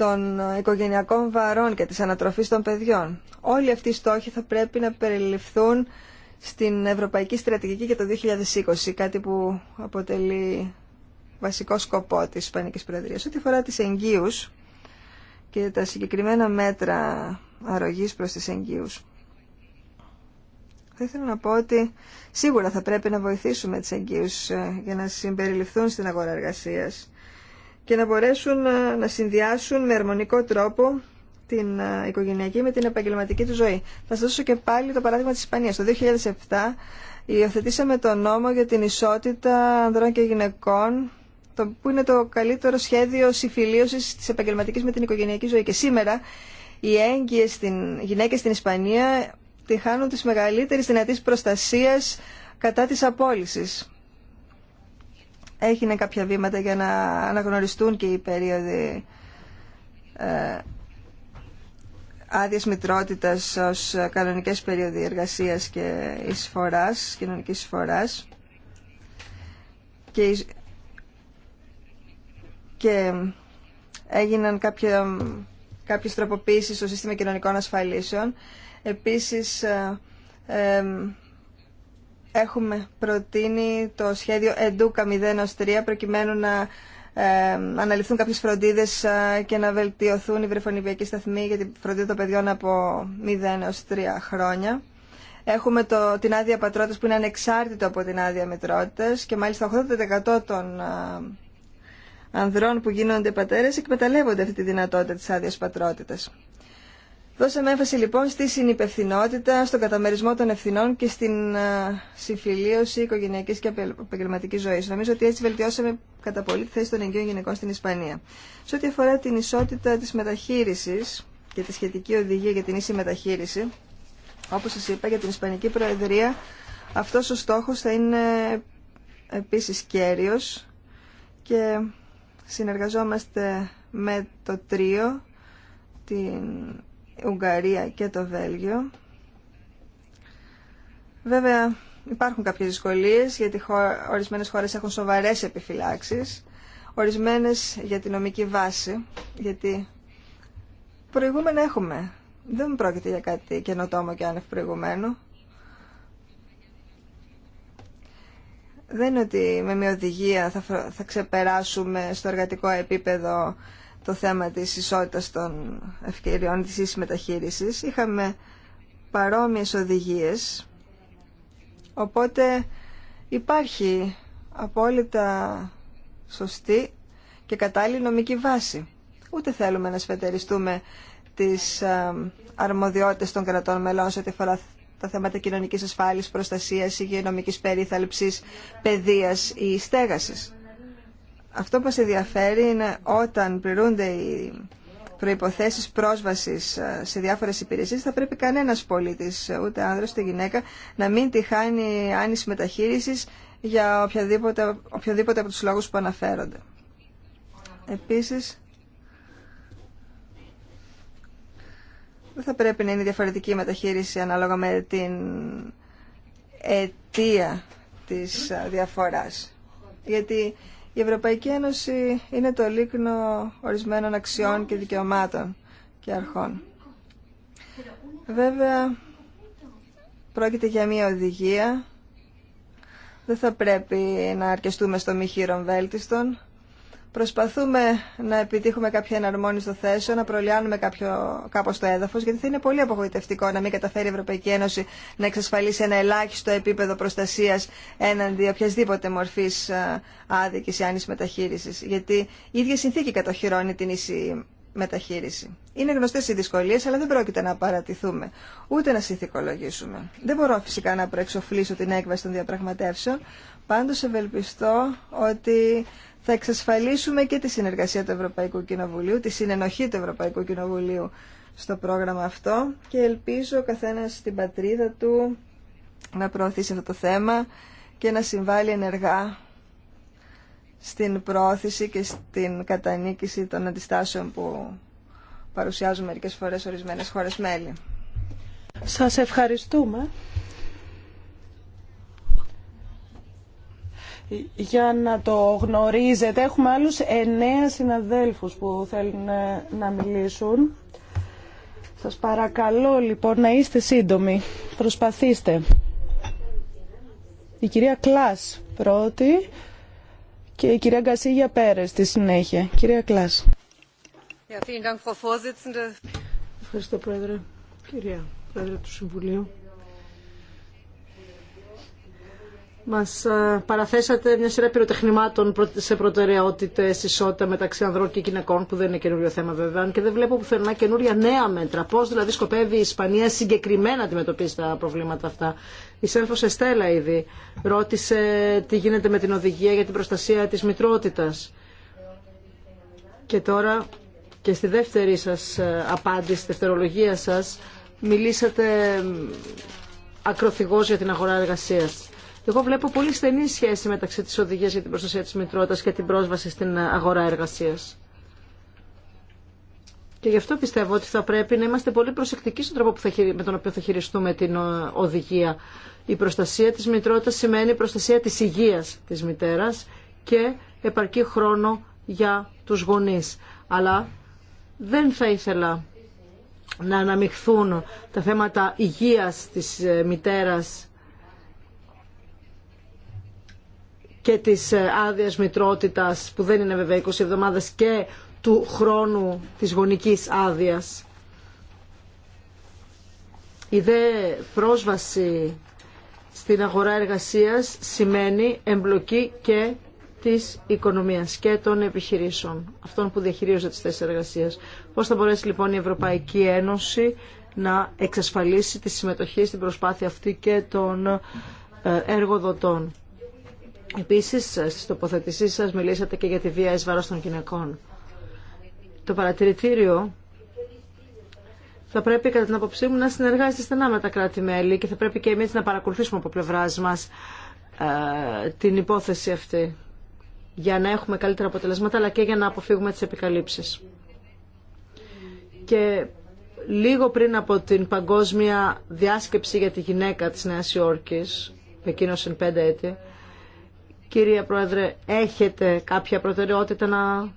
των οικογενειακών βαρών και της ανατροφής των παιδιών. Όλοι αυτοί οι στόχοι θα πρέπει να περιληφθούν στην Ευρωπαϊκή Στρατηγική για το 2020, κάτι που αποτελεί βασικό σκοπό της Ισπανικής Προεδρίας. Ό,τι αφορά τις εγγύους και τα συγκεκριμένα μέτρα αρρωγής προς τις εγγύους. Θα ήθελα να πω ότι σίγουρα θα πρέπει να βοηθήσουμε τις εγγύους ε, για να συμπεριληφθούν στην αγορά εργασίας και να μπορέσουν ε, να συνδυάσουν με αρμονικό τρόπο την ε, οικογενειακή με την επαγγελματική του ζωή. Θα σας δώσω και πάλι το παράδειγμα της Ισπανίας. Το 2007 υιοθετήσαμε το νόμο για την ισότητα ανδρών και γυναικών που είναι το καλύτερο σχέδιο συμφιλίωσης της επαγγελματικής με την οικογενειακή ζωή. Και σήμερα οι έγκυες στην, γυναίκες στην Ισπανία τη χάνουν της μεγαλύτερης δυνατής προστασίας κατά της απόλυσης. Έγινε κάποια βήματα για να αναγνωριστούν και οι περίοδοι ε, άδειας μητρότητας ως κανονικές περίοδοι εργασίας και εισφοράς, κοινωνικής εισφοράς. Και, και έγιναν κάποια, κάποιες τροποποίησεις στο σύστημα κοινωνικών ασφαλίσεων. Επίσης, ε, ε, έχουμε προτείνει το σχέδιο ΕΝΤΟΥΚΑ 0-3 προκειμένου να ε, αναλυθούν κάποιες φροντίδες ε, και να βελτιωθούν οι βρεφονιβιακοί σταθμοί για την φροντίδα των παιδιών από 0 3 χρόνια. Έχουμε το, την άδεια πατρότητας που είναι ανεξάρτητο από την άδεια μετρότητας και μάλιστα 80% των ε, ανδρών που γίνονται πατέρες εκμεταλλεύονται αυτή τη δυνατότητα της άδειας πατρότητας. Δώσαμε έμφαση λοιπόν στη συνυπευθυνότητα, στον καταμερισμό των ευθυνών και στην ε, συμφιλίωση οικογενειακή και επαγγελματική ζωή. Νομίζω ότι έτσι βελτιώσαμε κατά πολύ τη θέση των εγγύων γυναικών στην Ισπανία. Σε ό,τι αφορά την ισότητα τη μεταχείριση και τη σχετική οδηγία για την ίση μεταχείριση, όπω σα είπα για την Ισπανική Προεδρία, αυτό ο στόχο θα είναι επίση κέριο και συνεργαζόμαστε με το τρίο την Ουγγαρία και το Βέλγιο. Βέβαια υπάρχουν κάποιες δυσκολίες γιατί ορισμένες χώρες έχουν σοβαρές επιφυλάξεις, ορισμένες για την νομική βάση, γιατί προηγούμενα έχουμε. Δεν πρόκειται για κάτι καινοτόμο και άνευ προηγουμένου. Δεν είναι ότι με μια οδηγία θα, ξεπεράσουμε στο εργατικό επίπεδο το θέμα της ισότητας των ευκαιριών της ίσης μεταχείρισης. Είχαμε παρόμοιες οδηγίες, οπότε υπάρχει απόλυτα σωστή και κατάλληλη νομική βάση. Ούτε θέλουμε να σφετεριστούμε τις αρμοδιότητες των κρατών μελών σε ό,τι αφορά τα θέματα κοινωνικής ασφάλειας, προστασίας, υγειονομικής περίθαλψης, παιδείας ή στέγασης. Αυτό που μας ενδιαφέρει είναι όταν πληρούνται οι προϋποθέσεις πρόσβασης ε, σε διάφορες υπηρεσίες θα πρέπει κανένας πολίτης, ε, ούτε άνδρας ούτε γυναίκα, να μην τη χάνει άνηση μεταχείρισης για οποιαδήποτε οποιοδήποτε από τους λόγους που αναφέρονται. Επίσης, δεν θα πρέπει να είναι διαφορετική η μεταχείριση ανάλογα με την αιτία της ε, διαφοράς. Γιατί η Ευρωπαϊκή Ένωση είναι το λίκνο ορισμένων αξιών και δικαιωμάτων και αρχών. Βέβαια, πρόκειται για μια οδηγία. Δεν θα πρέπει να αρκεστούμε στο μη χείρον βέλτιστον προσπαθούμε να επιτύχουμε κάποια εναρμόνιση στο θέσιο, να προλιάνουμε κάποιο, κάπως το έδαφος, γιατί θα είναι πολύ απογοητευτικό να μην καταφέρει η Ευρωπαϊκή Ένωση να εξασφαλίσει ένα ελάχιστο επίπεδο προστασίας έναντι οποιασδήποτε μορφής ε, άδικης ή άνης μεταχείρισης, γιατί η ίδια συνθήκη κατοχυρώνει την ίση μεταχείριση. Είναι γνωστέ οι δυσκολίε, αλλά δεν πρόκειται να παρατηθούμε, ούτε να συνθηκολογήσουμε. Δεν μπορώ φυσικά να προεξοφλήσω την έκβαση των διαπραγματεύσεων, πάντω ευελπιστώ ότι θα εξασφαλίσουμε και τη συνεργασία του Ευρωπαϊκού Κοινοβουλίου, τη συνενοχή του Ευρωπαϊκού Κοινοβουλίου στο πρόγραμμα αυτό και ελπίζω ο καθένας στην πατρίδα του να προωθήσει αυτό το θέμα και να συμβάλλει ενεργά στην προώθηση και στην κατανίκηση των αντιστάσεων που παρουσιάζουν μερικές φορές ορισμένες χώρες μέλη. Σας ευχαριστούμε. για να το γνωρίζετε. Έχουμε άλλους εννέα συναδέλφους που θέλουν ε, να μιλήσουν. Σας παρακαλώ λοιπόν να είστε σύντομοι. Προσπαθήστε. Η κυρία Κλάς πρώτη και η κυρία Γκασίγια Πέρες στη συνέχεια. Κυρία Κλάς. Ευχαριστώ Πρόεδρε. Κυρία Πρόεδρε του Συμβουλίου. Μας ε, παραθέσατε μια σειρά πυροτεχνημάτων σε προτεραιότητες ισότητα μεταξύ ανδρών και γυναικών που δεν είναι καινούριο θέμα βέβαια και δεν βλέπω πουθενά καινούρια νέα μέτρα. Πώς δηλαδή σκοπεύει η Ισπανία συγκεκριμένα να αντιμετωπίσει τα προβλήματα αυτά. Η Σέλφος Εστέλα ήδη ρώτησε τι γίνεται με την οδηγία για την προστασία της μητρότητας. Και τώρα και στη δεύτερη σας ε, απάντηση, στη δευτερολογία σας, μιλήσατε ακροθυγώς για την αγορά εργασίας. Εγώ βλέπω πολύ στενή σχέση μεταξύ της οδηγίας για την προστασία της μητρότητα και την πρόσβαση στην αγορά εργασίας. Και γι' αυτό πιστεύω ότι θα πρέπει να είμαστε πολύ προσεκτικοί στον τρόπο που με τον οποίο θα χειριστούμε την ε, οδηγία. Η προστασία της μητρότητα σημαίνει προστασία της υγείας της μητέρας και επαρκή χρόνο για τους γονείς. Αλλά δεν θα ήθελα να αναμειχθούν τα θέματα υγείας της ε, μητέρας και της ε, άδεια μητρότητα που δεν είναι βέβαια 20 εβδομάδες και του χρόνου της γονικής άδεια. Η δε πρόσβαση στην αγορά εργασίας σημαίνει εμπλοκή και της οικονομίας και των επιχειρήσεων, αυτών που διαχειρίζονται τις θέσεις εργασίας. Πώς θα μπορέσει λοιπόν η Ευρωπαϊκή Ένωση να εξασφαλίσει τη συμμετοχή στην προσπάθεια αυτή και των ε, εργοδοτών. Επίσης, στις τοποθετήσεις σας μιλήσατε και για τη βία εις βάρος των γυναικών. Το παρατηρητήριο θα πρέπει κατά την άποψή μου να συνεργάζεται στενά με τα κράτη-μέλη και θα πρέπει και εμείς να παρακολουθήσουμε από πλευρά μας ε, την υπόθεση αυτή για να έχουμε καλύτερα αποτελέσματα αλλά και για να αποφύγουμε τις επικαλύψεις. Και λίγο πριν από την παγκόσμια διάσκεψη για τη γυναίκα της Νέας Υόρκης, εκείνος είναι πέντε έτη, Κυρία Πρόεδρε, έχετε κάποια προτεραιότητα να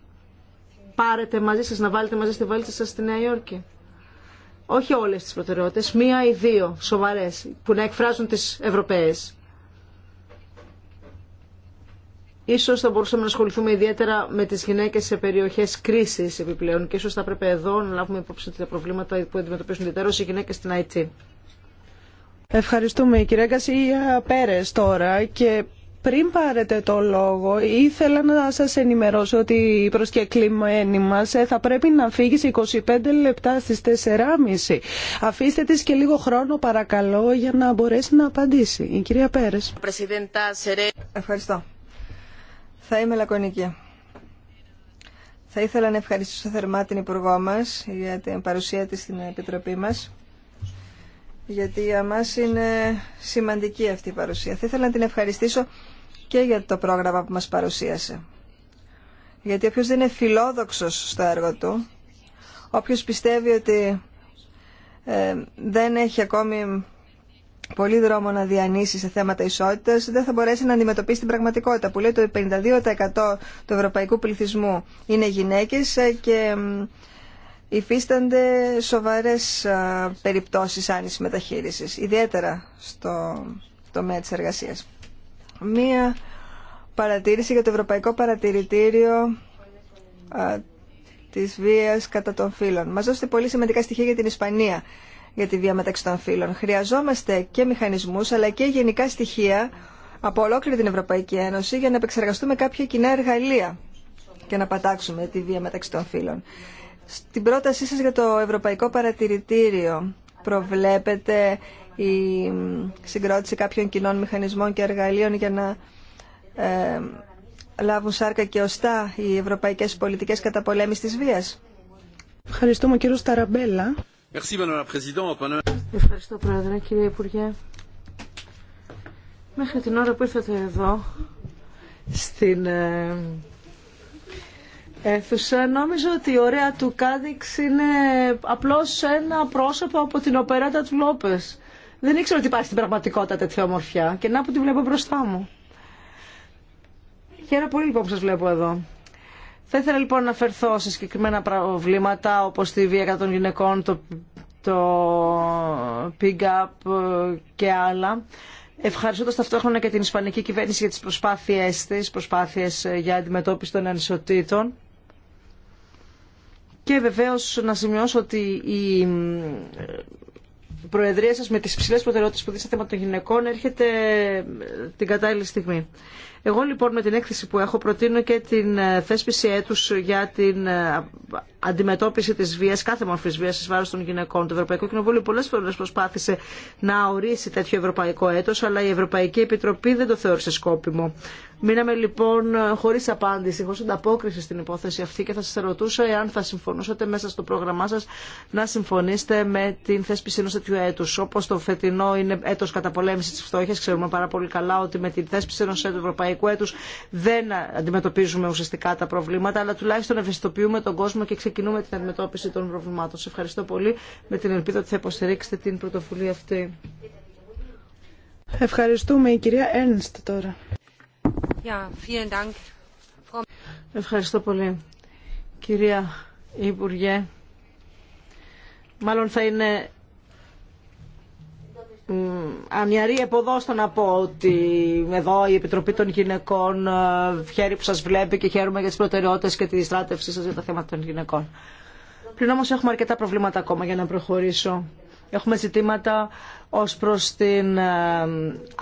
πάρετε μαζί σας, να βάλετε μαζί στη βαλίτσα σας στη Νέα Υόρκη. Όχι όλες τις προτεραιότητες, μία ή δύο σοβαρές που να εκφράζουν τις Ευρωπαίες. Ίσως θα μπορούσαμε να ασχοληθούμε ιδιαίτερα με τις γυναίκες σε περιοχές κρίσης επιπλέον και ίσως θα πρέπει εδώ να λάβουμε υπόψη τα προβλήματα που αντιμετωπίζουν ιδιαίτερως οι γυναίκες στην IT. Ευχαριστούμε. κυρία Κασία Πέρες τώρα και πριν πάρετε το λόγο, ήθελα να σα ενημερώσω ότι η προσκεκλημένη μα ε, θα πρέπει να φύγει σε 25 λεπτά στι 4.30. Αφήστε τη και λίγο χρόνο παρακαλώ για να μπορέσει να απαντήσει. Η κυρία Πέρες. Ευχαριστώ. Θα είμαι λακωνική. Θα ήθελα να ευχαριστήσω θερμά την Υπουργό μας για την παρουσία της στην Επιτροπή μας γιατί για μας είναι σημαντική αυτή η παρουσία. Θα ήθελα να την ευχαριστήσω και για το πρόγραμμα που μας παρουσίασε. Γιατί όποιος δεν είναι φιλόδοξος στο έργο του, όποιος πιστεύει ότι ε, δεν έχει ακόμη πολύ δρόμο να διανύσει σε θέματα ισότητας, δεν θα μπορέσει να αντιμετωπίσει την πραγματικότητα που λέει το 52% του ευρωπαϊκού πληθυσμού είναι γυναίκες ε, και υφίστανται σοβαρές ε, περιπτώσεις άνηση μεταχείρισης, ιδιαίτερα στο τομέα της εργασίας μία παρατήρηση για το Ευρωπαϊκό Παρατηρητήριο της βίας κατά των φύλων. Μας δώσετε πολύ σημαντικά στοιχεία για την Ισπανία για τη βία μεταξύ των φύλων. Χρειαζόμαστε και μηχανισμούς αλλά και γενικά στοιχεία από ολόκληρη την Ευρωπαϊκή Ένωση για να επεξεργαστούμε κάποια κοινά εργαλεία και να πατάξουμε τη βία μεταξύ των φύλων. Στην πρότασή σας για το Ευρωπαϊκό Παρατηρητήριο προβλέπετε η συγκρότηση κάποιων κοινών μηχανισμών και εργαλείων για να ε, λάβουν σάρκα και οστά οι ευρωπαϊκές πολιτικές καταπολέμησης της βίας. Ευχαριστούμε κύριο Σταραμπέλα. Ευχαριστώ πρόεδρε κύριε Υπουργέ. Μέχρι την ώρα που ήρθατε εδώ στην ε, αίθουσα νόμιζα ότι η ωραία του Κάδηξ είναι απλώς ένα πρόσωπο από την οπεράτα του Λόπες. Δεν ήξερα ότι υπάρχει στην πραγματικότητα τέτοια ομορφιά και να που τη βλέπω μπροστά μου. Χαίρομαι πολύ λοιπόν που σα βλέπω εδώ. Θα ήθελα λοιπόν να αναφερθώ σε συγκεκριμένα προβλήματα όπω τη βία κατά των γυναικών, το, το pick-up ε, και άλλα. Ευχαριστώ ταυτόχρονα και την Ισπανική κυβέρνηση για τι προσπάθειε τη προσπάθειε για αντιμετώπιση των ανισοτήτων. Και βεβαίως να σημειώσω ότι η Προεδρία σα με τις ψηλές προτεραιότητε που δίνει με των γυναικών έρχεται ε, την κατάλληλη στιγμή. Εγώ λοιπόν με την έκθεση που έχω προτείνω και την ε, θέσπιση έτους για την ε, αντιμετώπιση της βίας, κάθε μορφής βίας εις βάρος των γυναικών. Το Ευρωπαϊκό Κοινοβούλιο πολλές φορές προσπάθησε να ορίσει τέτοιο ευρωπαϊκό έτος, αλλά η Ευρωπαϊκή Επιτροπή δεν το θεώρησε σκόπιμο. Μείναμε λοιπόν χωρίς απάντηση, χωρίς ανταπόκριση στην υπόθεση αυτή και θα σας ρωτούσα εάν θα συμφωνούσατε μέσα στο πρόγραμμά σα να συμφωνήσετε με την θέσπιση ενό τέτοιου το φετινό είναι ξέρουμε πάρα πολύ καλά ότι με θέσπιση έτου ευρωπαϊκού δεν αντιμετωπίζουμε ουσιαστικά τα προβλήματα, αλλά τουλάχιστον ευαισθητοποιούμε τον κόσμο και ξεκινούμε την αντιμετώπιση των προβλημάτων. Σε ευχαριστώ πολύ με την ελπίδα ότι θα υποστηρίξετε την πρωτοβουλία αυτή. Ευχαριστούμε η κυρία Έρνστ τώρα. Ευχαριστώ πολύ. Κυρία Υπουργέ, μάλλον θα είναι Ανιαρή εποδός να πω ότι εδώ η Επιτροπή των Γυναικών χαίρει που σας βλέπει και χαίρομαι για τις προτεραιότητες και τη στράτευσή σας για τα θέματα των γυναικών. Πριν όμως έχουμε αρκετά προβλήματα ακόμα για να προχωρήσω. Έχουμε ζητήματα ως προς την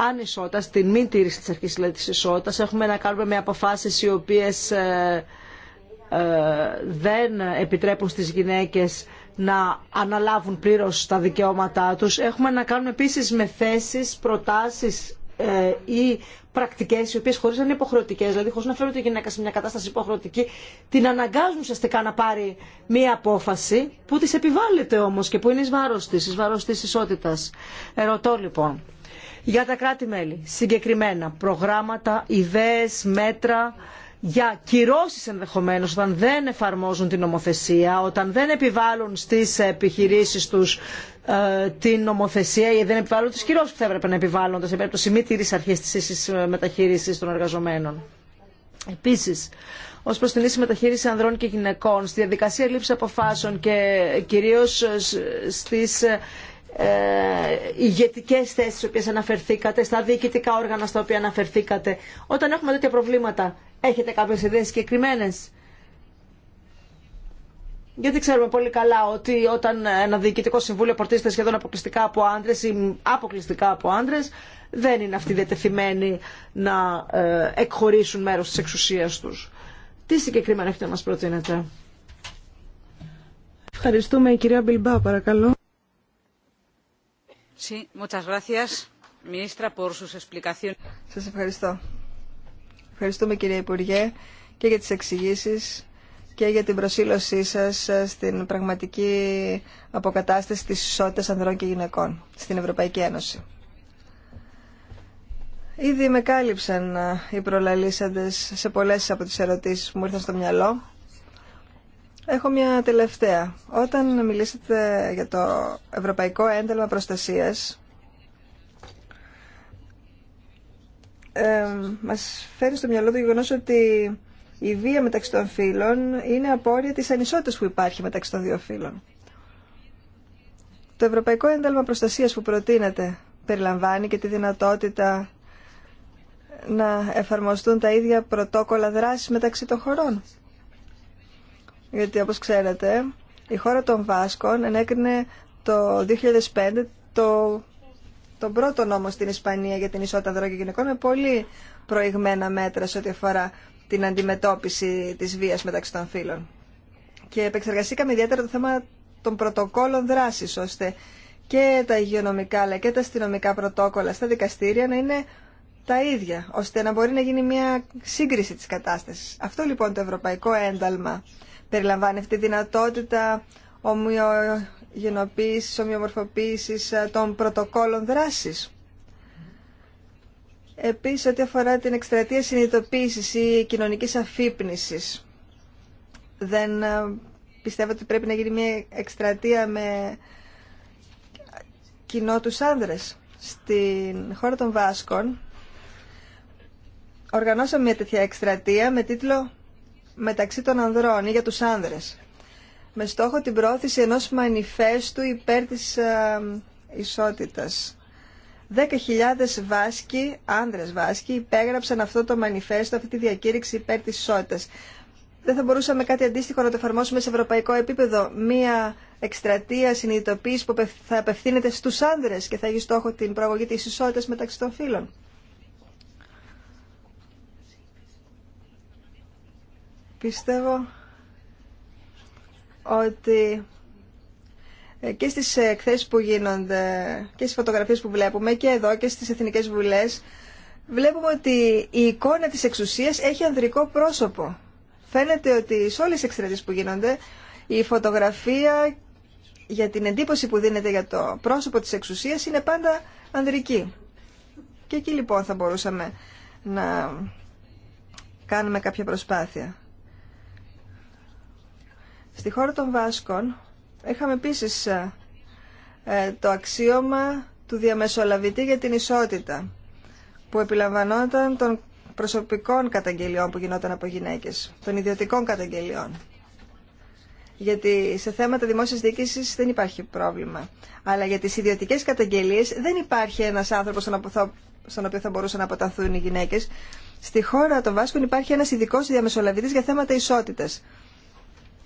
ανισότητα, την μη τήρηση της αρχής δηλαδή, της ισότητας. Έχουμε να κάνουμε με αποφάσεις οι οποίες ε, ε, δεν επιτρέπουν στις γυναίκες να αναλάβουν πλήρως τα δικαιώματά τους. Έχουμε να κάνουμε επίσης με θέσεις, προτάσεις ε, ή πρακτικέ οι οποίε χωρί να είναι υποχρεωτικέ, δηλαδή χωρί να φέρουν τη γυναίκα σε μια κατάσταση υποχρεωτική, την αναγκάζουν ουσιαστικά να πάρει μια απόφαση που τη επιβάλλεται όμω και που είναι ει βάρο τη, ει τη ισότητα. Ερωτώ λοιπόν. Για τα κράτη-μέλη, συγκεκριμένα προγράμματα, ιδέες, μέτρα, για κυρώσεις ενδεχομένως όταν δεν εφαρμόζουν την νομοθεσία, όταν δεν επιβάλλουν στις επιχειρήσεις τους ε, την νομοθεσία ή δεν επιβάλλουν τις κυρώσεις που θα έπρεπε να επιβάλλονται σε περίπτωση μη τήρης αρχές της ίσης ε, μεταχείρισης των εργαζομένων. Επίσης, ως προς την ίση μεταχείριση ανδρών και γυναικών, στη διαδικασία λήψη αποφάσεων και ε, κυρίως στις ε, ηγετικέ θέσει στι οποίε αναφερθήκατε, στα διοικητικά όργανα στα οποία αναφερθήκατε, όταν έχουμε τέτοια προβλήματα, Έχετε κάποιες ιδέες συγκεκριμένε. Γιατί ξέρουμε πολύ καλά ότι όταν ένα διοικητικό συμβούλιο πορτίζεται σχεδόν αποκλειστικά από άντρε ή αποκλειστικά από άντρε, δεν είναι αυτοί διατεθειμένοι να ε, εκχωρήσουν μέρο τη εξουσία του. Τι συγκεκριμένα έχετε να μα προτείνετε. Ευχαριστούμε. Η κυρία Μπιλμπά, παρακαλώ. Sí, muchas gracias, ministra, por Σας ευχαριστώ. Ευχαριστούμε κύριε Υπουργέ και για τις εξηγήσει και για την προσήλωσή σας ε, στην πραγματική αποκατάσταση της ισότητας ανδρών και γυναικών στην Ευρωπαϊκή Ένωση. Ήδη με κάλυψαν ε, οι προλαλήσαντες σε πολλές από τις ερωτήσεις που μου ήρθαν στο μυαλό. Έχω μια τελευταία. Όταν μιλήσατε για το Ευρωπαϊκό Ένταλμα Προστασίας, ε, μας φέρει στο μυαλό το γεγονός ότι η βία μεταξύ των φύλων είναι απόρρια της ανισότητας που υπάρχει μεταξύ των δύο φύλων. Το Ευρωπαϊκό Ένταλμα Προστασίας που προτείνεται περιλαμβάνει και τη δυνατότητα να εφαρμοστούν τα ίδια πρωτόκολλα δράσης μεταξύ των χωρών. Γιατί όπως ξέρετε η χώρα των Βάσκων ενέκρινε το 2005 το τον πρώτο νόμο στην Ισπανία για την ισότητα ανδρών γυναικών με πολύ προηγμένα μέτρα σε ό,τι αφορά την αντιμετώπιση της βίας μεταξύ των φύλων. Και επεξεργαστήκαμε ιδιαίτερα το θέμα των πρωτοκόλων δράσης, ώστε και τα υγειονομικά αλλά και τα αστυνομικά πρωτόκολλα στα δικαστήρια να είναι τα ίδια, ώστε να μπορεί να γίνει μια σύγκριση της κατάστασης. Αυτό λοιπόν το ευρωπαϊκό ένταλμα περιλαμβάνει αυτή τη δυνατότητα ομοιο γενοποίησης, ομοιομορφοποίησης ε, των πρωτοκόλων δράσης. Επίσης, ό,τι αφορά την εκστρατεία συνειδητοποίησης ή κοινωνικής αφύπνισης, δεν ε, πιστεύω ότι πρέπει να γίνει μια εκστρατεία με κοινό τους άνδρες. Στην χώρα των Βάσκων οργανώσαμε μια τέτοια εκστρατεία με τίτλο «Μεταξύ των ανδρών» ή για τους άνδρες με στόχο την πρόθεση ενός μανιφέστου υπέρ της ε, ισότητας. 10.000 βάσκοι, άνδρες βάσκοι, υπέγραψαν αυτό το μανιφέστο, αυτή τη διακήρυξη υπέρ της ισότητας. Δεν θα μπορούσαμε κάτι αντίστοιχο να το εφαρμόσουμε σε ευρωπαϊκό επίπεδο. Μία εκστρατεία συνειδητοποίηση που θα απευθύνεται στους άνδρες και θα έχει στόχο την προαγωγή της ισότητας μεταξύ των φύλων. Πιστεύω ότι ε, και στις εκθέσεις που γίνονται και στις φωτογραφίες που βλέπουμε και εδώ και στις εθνικές βουλές βλέπουμε ότι η εικόνα της εξουσίας έχει ανδρικό πρόσωπο. Φαίνεται ότι σε όλες τις εκστρατείες που γίνονται η φωτογραφία για την εντύπωση που δίνεται για το πρόσωπο της εξουσίας είναι πάντα ανδρική. Και εκεί λοιπόν θα μπορούσαμε να κάνουμε κάποια προσπάθεια. Στη χώρα των Βάσκων είχαμε επίσης ε, ε, το αξίωμα του διαμεσολαβητή για την ισότητα που επιλαμβανόταν των προσωπικών καταγγελιών που γινόταν από γυναίκες, των ιδιωτικών καταγγελιών. Γιατί σε θέματα δημόσιας διοίκησης δεν υπάρχει πρόβλημα. Αλλά για τις ιδιωτικές καταγγελίες δεν υπάρχει ένας άνθρωπος στον οποίο θα μπορούσαν να αποταθούν οι γυναίκες. Στη χώρα των Βάσκων υπάρχει ένας ειδικό διαμεσολαβητής για θέματα ισότητας.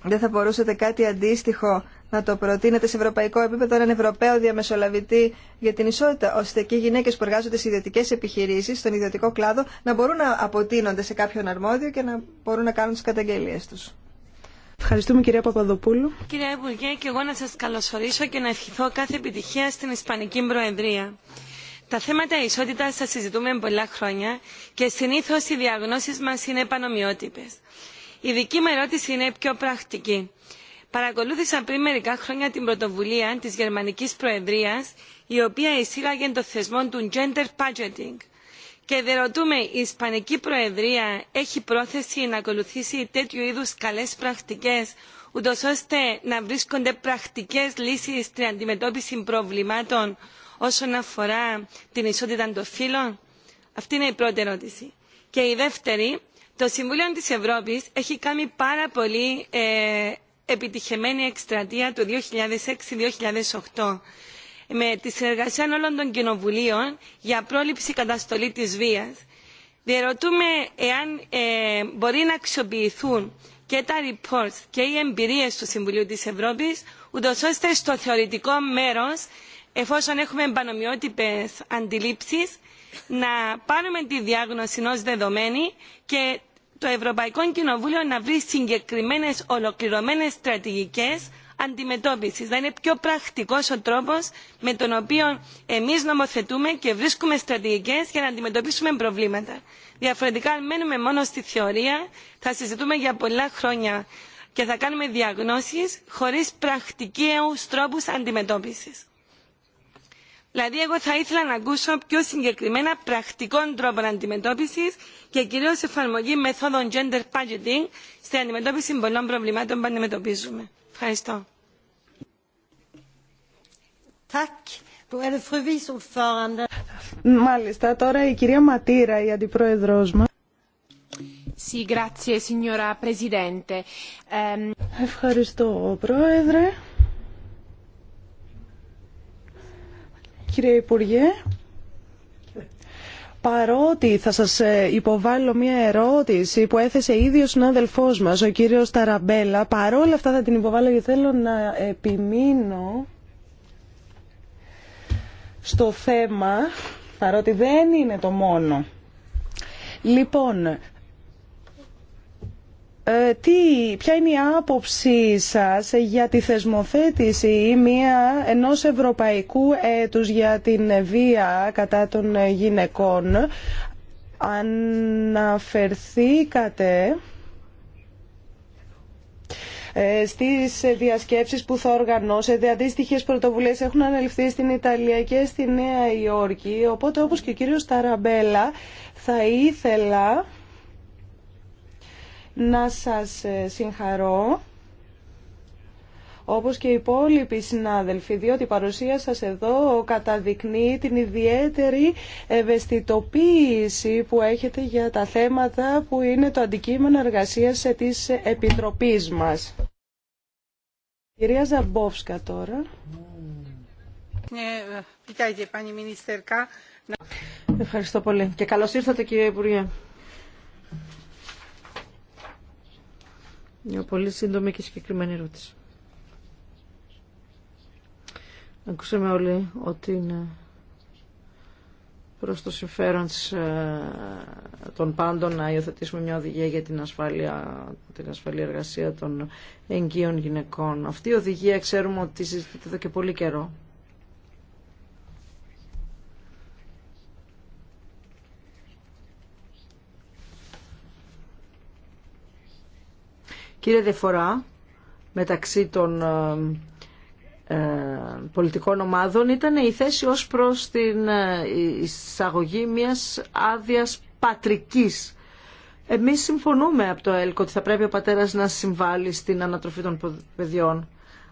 Δεν θα μπορούσατε κάτι αντίστοιχο να το προτείνετε σε ευρωπαϊκό επίπεδο έναν Ευρωπαίο διαμεσολαβητή για την ισότητα, ώστε και οι γυναίκε που εργάζονται σε ιδιωτικέ επιχειρήσει, στον ιδιωτικό κλάδο, να μπορούν να αποτείνονται σε κάποιον αρμόδιο και να μπορούν να κάνουν τι καταγγελίε του. Ευχαριστούμε κυρία Παπαδοπούλου. Κυρία Υπουργέ, και εγώ να σα καλωσορίσω και να ευχηθώ κάθε επιτυχία στην Ισπανική Προεδρία. Τα θέματα ισότητα τα συζητούμε πολλά χρόνια και συνήθω οι διαγνώσει μα είναι πανομοιότυπε. Η δική μου ερώτηση είναι πιο πρακτική. Παρακολούθησα πριν μερικά χρόνια την πρωτοβουλία της Γερμανικής Προεδρίας, η οποία εισήγαγε το θεσμό του gender budgeting. Και διερωτούμε, η Ισπανική Προεδρία έχει πρόθεση να ακολουθήσει τέτοιου είδους καλές πρακτικές, ούτω ώστε να βρίσκονται πρακτικές λύσεις στην αντιμετώπιση προβλημάτων όσον αφορά την ισότητα των φύλων. Αυτή είναι η πρώτη ερώτηση. Και η δεύτερη, το Συμβούλιο της Ευρώπης έχει κάνει πάρα πολύ ε, επιτυχημένη εκστρατεία του 2006-2008 με τη συνεργασία όλων των κοινοβουλίων για πρόληψη καταστολή της βίας. Διερωτούμε εάν ε, μπορεί να αξιοποιηθούν και τα reports και οι εμπειρίες του Συμβουλίου της Ευρώπης ούτως ώστε στο θεωρητικό μέρος εφόσον έχουμε πανομοιότυπες αντιλήψεις να πάρουμε τη διάγνωση ως δεδομένη και το ευρωπαϊκό κοινοβούλιο να βρει συγκεκριμένε ολοκληρωμένε στρατηγικέ αντιμετώπιση να είναι πιο πρακτικό ο τρόπο με τον οποίο εμεί νομοθετούμε και βρίσκουμε στρατηγικέ για να αντιμετωπίσουμε προβλήματα. διαφορετικά αν μένουμε μόνο στη θεωρία θα συζητούμε για πολλά χρόνια και θα κάνουμε διαγνώσει χωρί πρακτικού τρόπου αντιμετώπιση. Δηλαδή, εγώ θα ήθελα να ακούσω πιο συγκεκριμένα πρακτικών τρόπων αντιμετώπιση και κυρίω εφαρμογή μεθόδων gender budgeting στην αντιμετώπιση πολλών προβλημάτων που αντιμετωπίζουμε. Ευχαριστώ. Μάλιστα, τώρα η κυρία Ματήρα, η αντιπρόεδρός μας. Ehm, Ευχαριστώ, Πρόεδρε. κύριε Υπουργέ. Παρότι θα σας ε, υποβάλω μια ερώτηση που έθεσε ήδη ο συνάδελφός μας, ο κύριος Ταραμπέλα, παρόλα αυτά θα την υποβάλω γιατί θέλω να επιμείνω στο θέμα, παρότι δεν είναι το μόνο. Λοιπόν, ε, τι, ποια είναι η άποψή σας για τη θεσμοθέτηση μια, ενός ευρωπαϊκού έτους για την βία κατά των γυναικών. Αναφερθήκατε ε, στις διασκέψεις που θα οργανώσετε. Αντίστοιχες πρωτοβουλίες έχουν αναλυφθεί στην Ιταλία και στη Νέα Υόρκη. Οπότε, όπως και ο κύριος Ταραμπέλα, θα ήθελα να σας ε, συγχαρώ όπως και οι υπόλοιποι συνάδελφοι, διότι η παρουσία σας εδώ καταδεικνύει την ιδιαίτερη ευαισθητοποίηση που έχετε για τα θέματα που είναι το αντικείμενο εργασίας της Επιτροπής μας. Κυρία Ζαμπόφσκα τώρα. Ε, ε, Ευχαριστώ πολύ και καλώς ήρθατε κύριε Υπουργέ. Μια πολύ σύντομη και συγκεκριμένη ερώτηση. Ακούσαμε όλοι ότι είναι προς το συμφέρον ε, των πάντων να υιοθετήσουμε μια οδηγία για την ασφάλεια, την ασφαλή εργασία των εγγύων γυναικών. Αυτή η οδηγία ξέρουμε ότι συζητείται εδώ και πολύ καιρό. Κύριε Δεφορά, μεταξύ των ε, ε, πολιτικών ομάδων ήταν η θέση ως προς την ε, εισαγωγή μιας άδεια πατρικής. Εμείς συμφωνούμε από το ΕΛΚΟ ότι θα πρέπει ο πατέρας να συμβάλλει στην ανατροφή των παιδιών.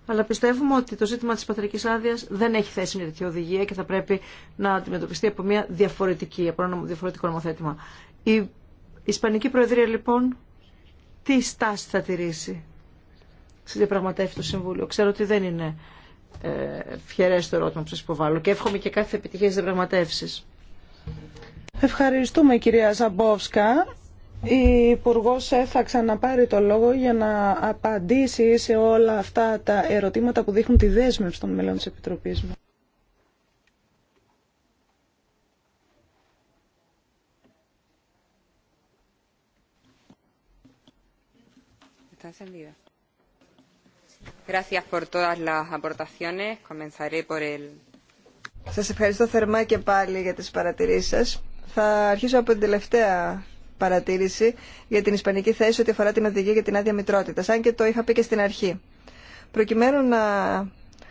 Αλλά πιστεύουμε ότι το ζήτημα της πατρικής άδειας δεν έχει θέση μια τέτοια οδηγία και θα πρέπει να αντιμετωπιστεί από μια διαφορετική, από ένα διαφορετικό νομοθέτημα. Η Ισπανική Προεδρία λοιπόν τι στάση θα τηρήσει στη διαπραγματεύσει του Συμβούλιο. Ξέρω ότι δεν είναι ε, το ερώτημα που σας υποβάλλω και εύχομαι και κάθε επιτυχία στις διαπραγματεύσεις. Ευχαριστούμε κυρία Ζαμπόφσκα. Η Υπουργό ε θα ξαναπάρει το λόγο για να απαντήσει σε όλα αυτά τα ερωτήματα που δείχνουν τη δέσμευση των μελών της Επιτροπής μας. Σα ευχαριστώ θερμά και πάλι για τι παρατηρήσει σα. Θα αρχίσω από την τελευταία παρατήρηση για την ισπανική θέση ότι αφορά την οδηγία για την άδεια μητρότητα. Αν και το είχα πει και στην αρχή. Προκειμένου να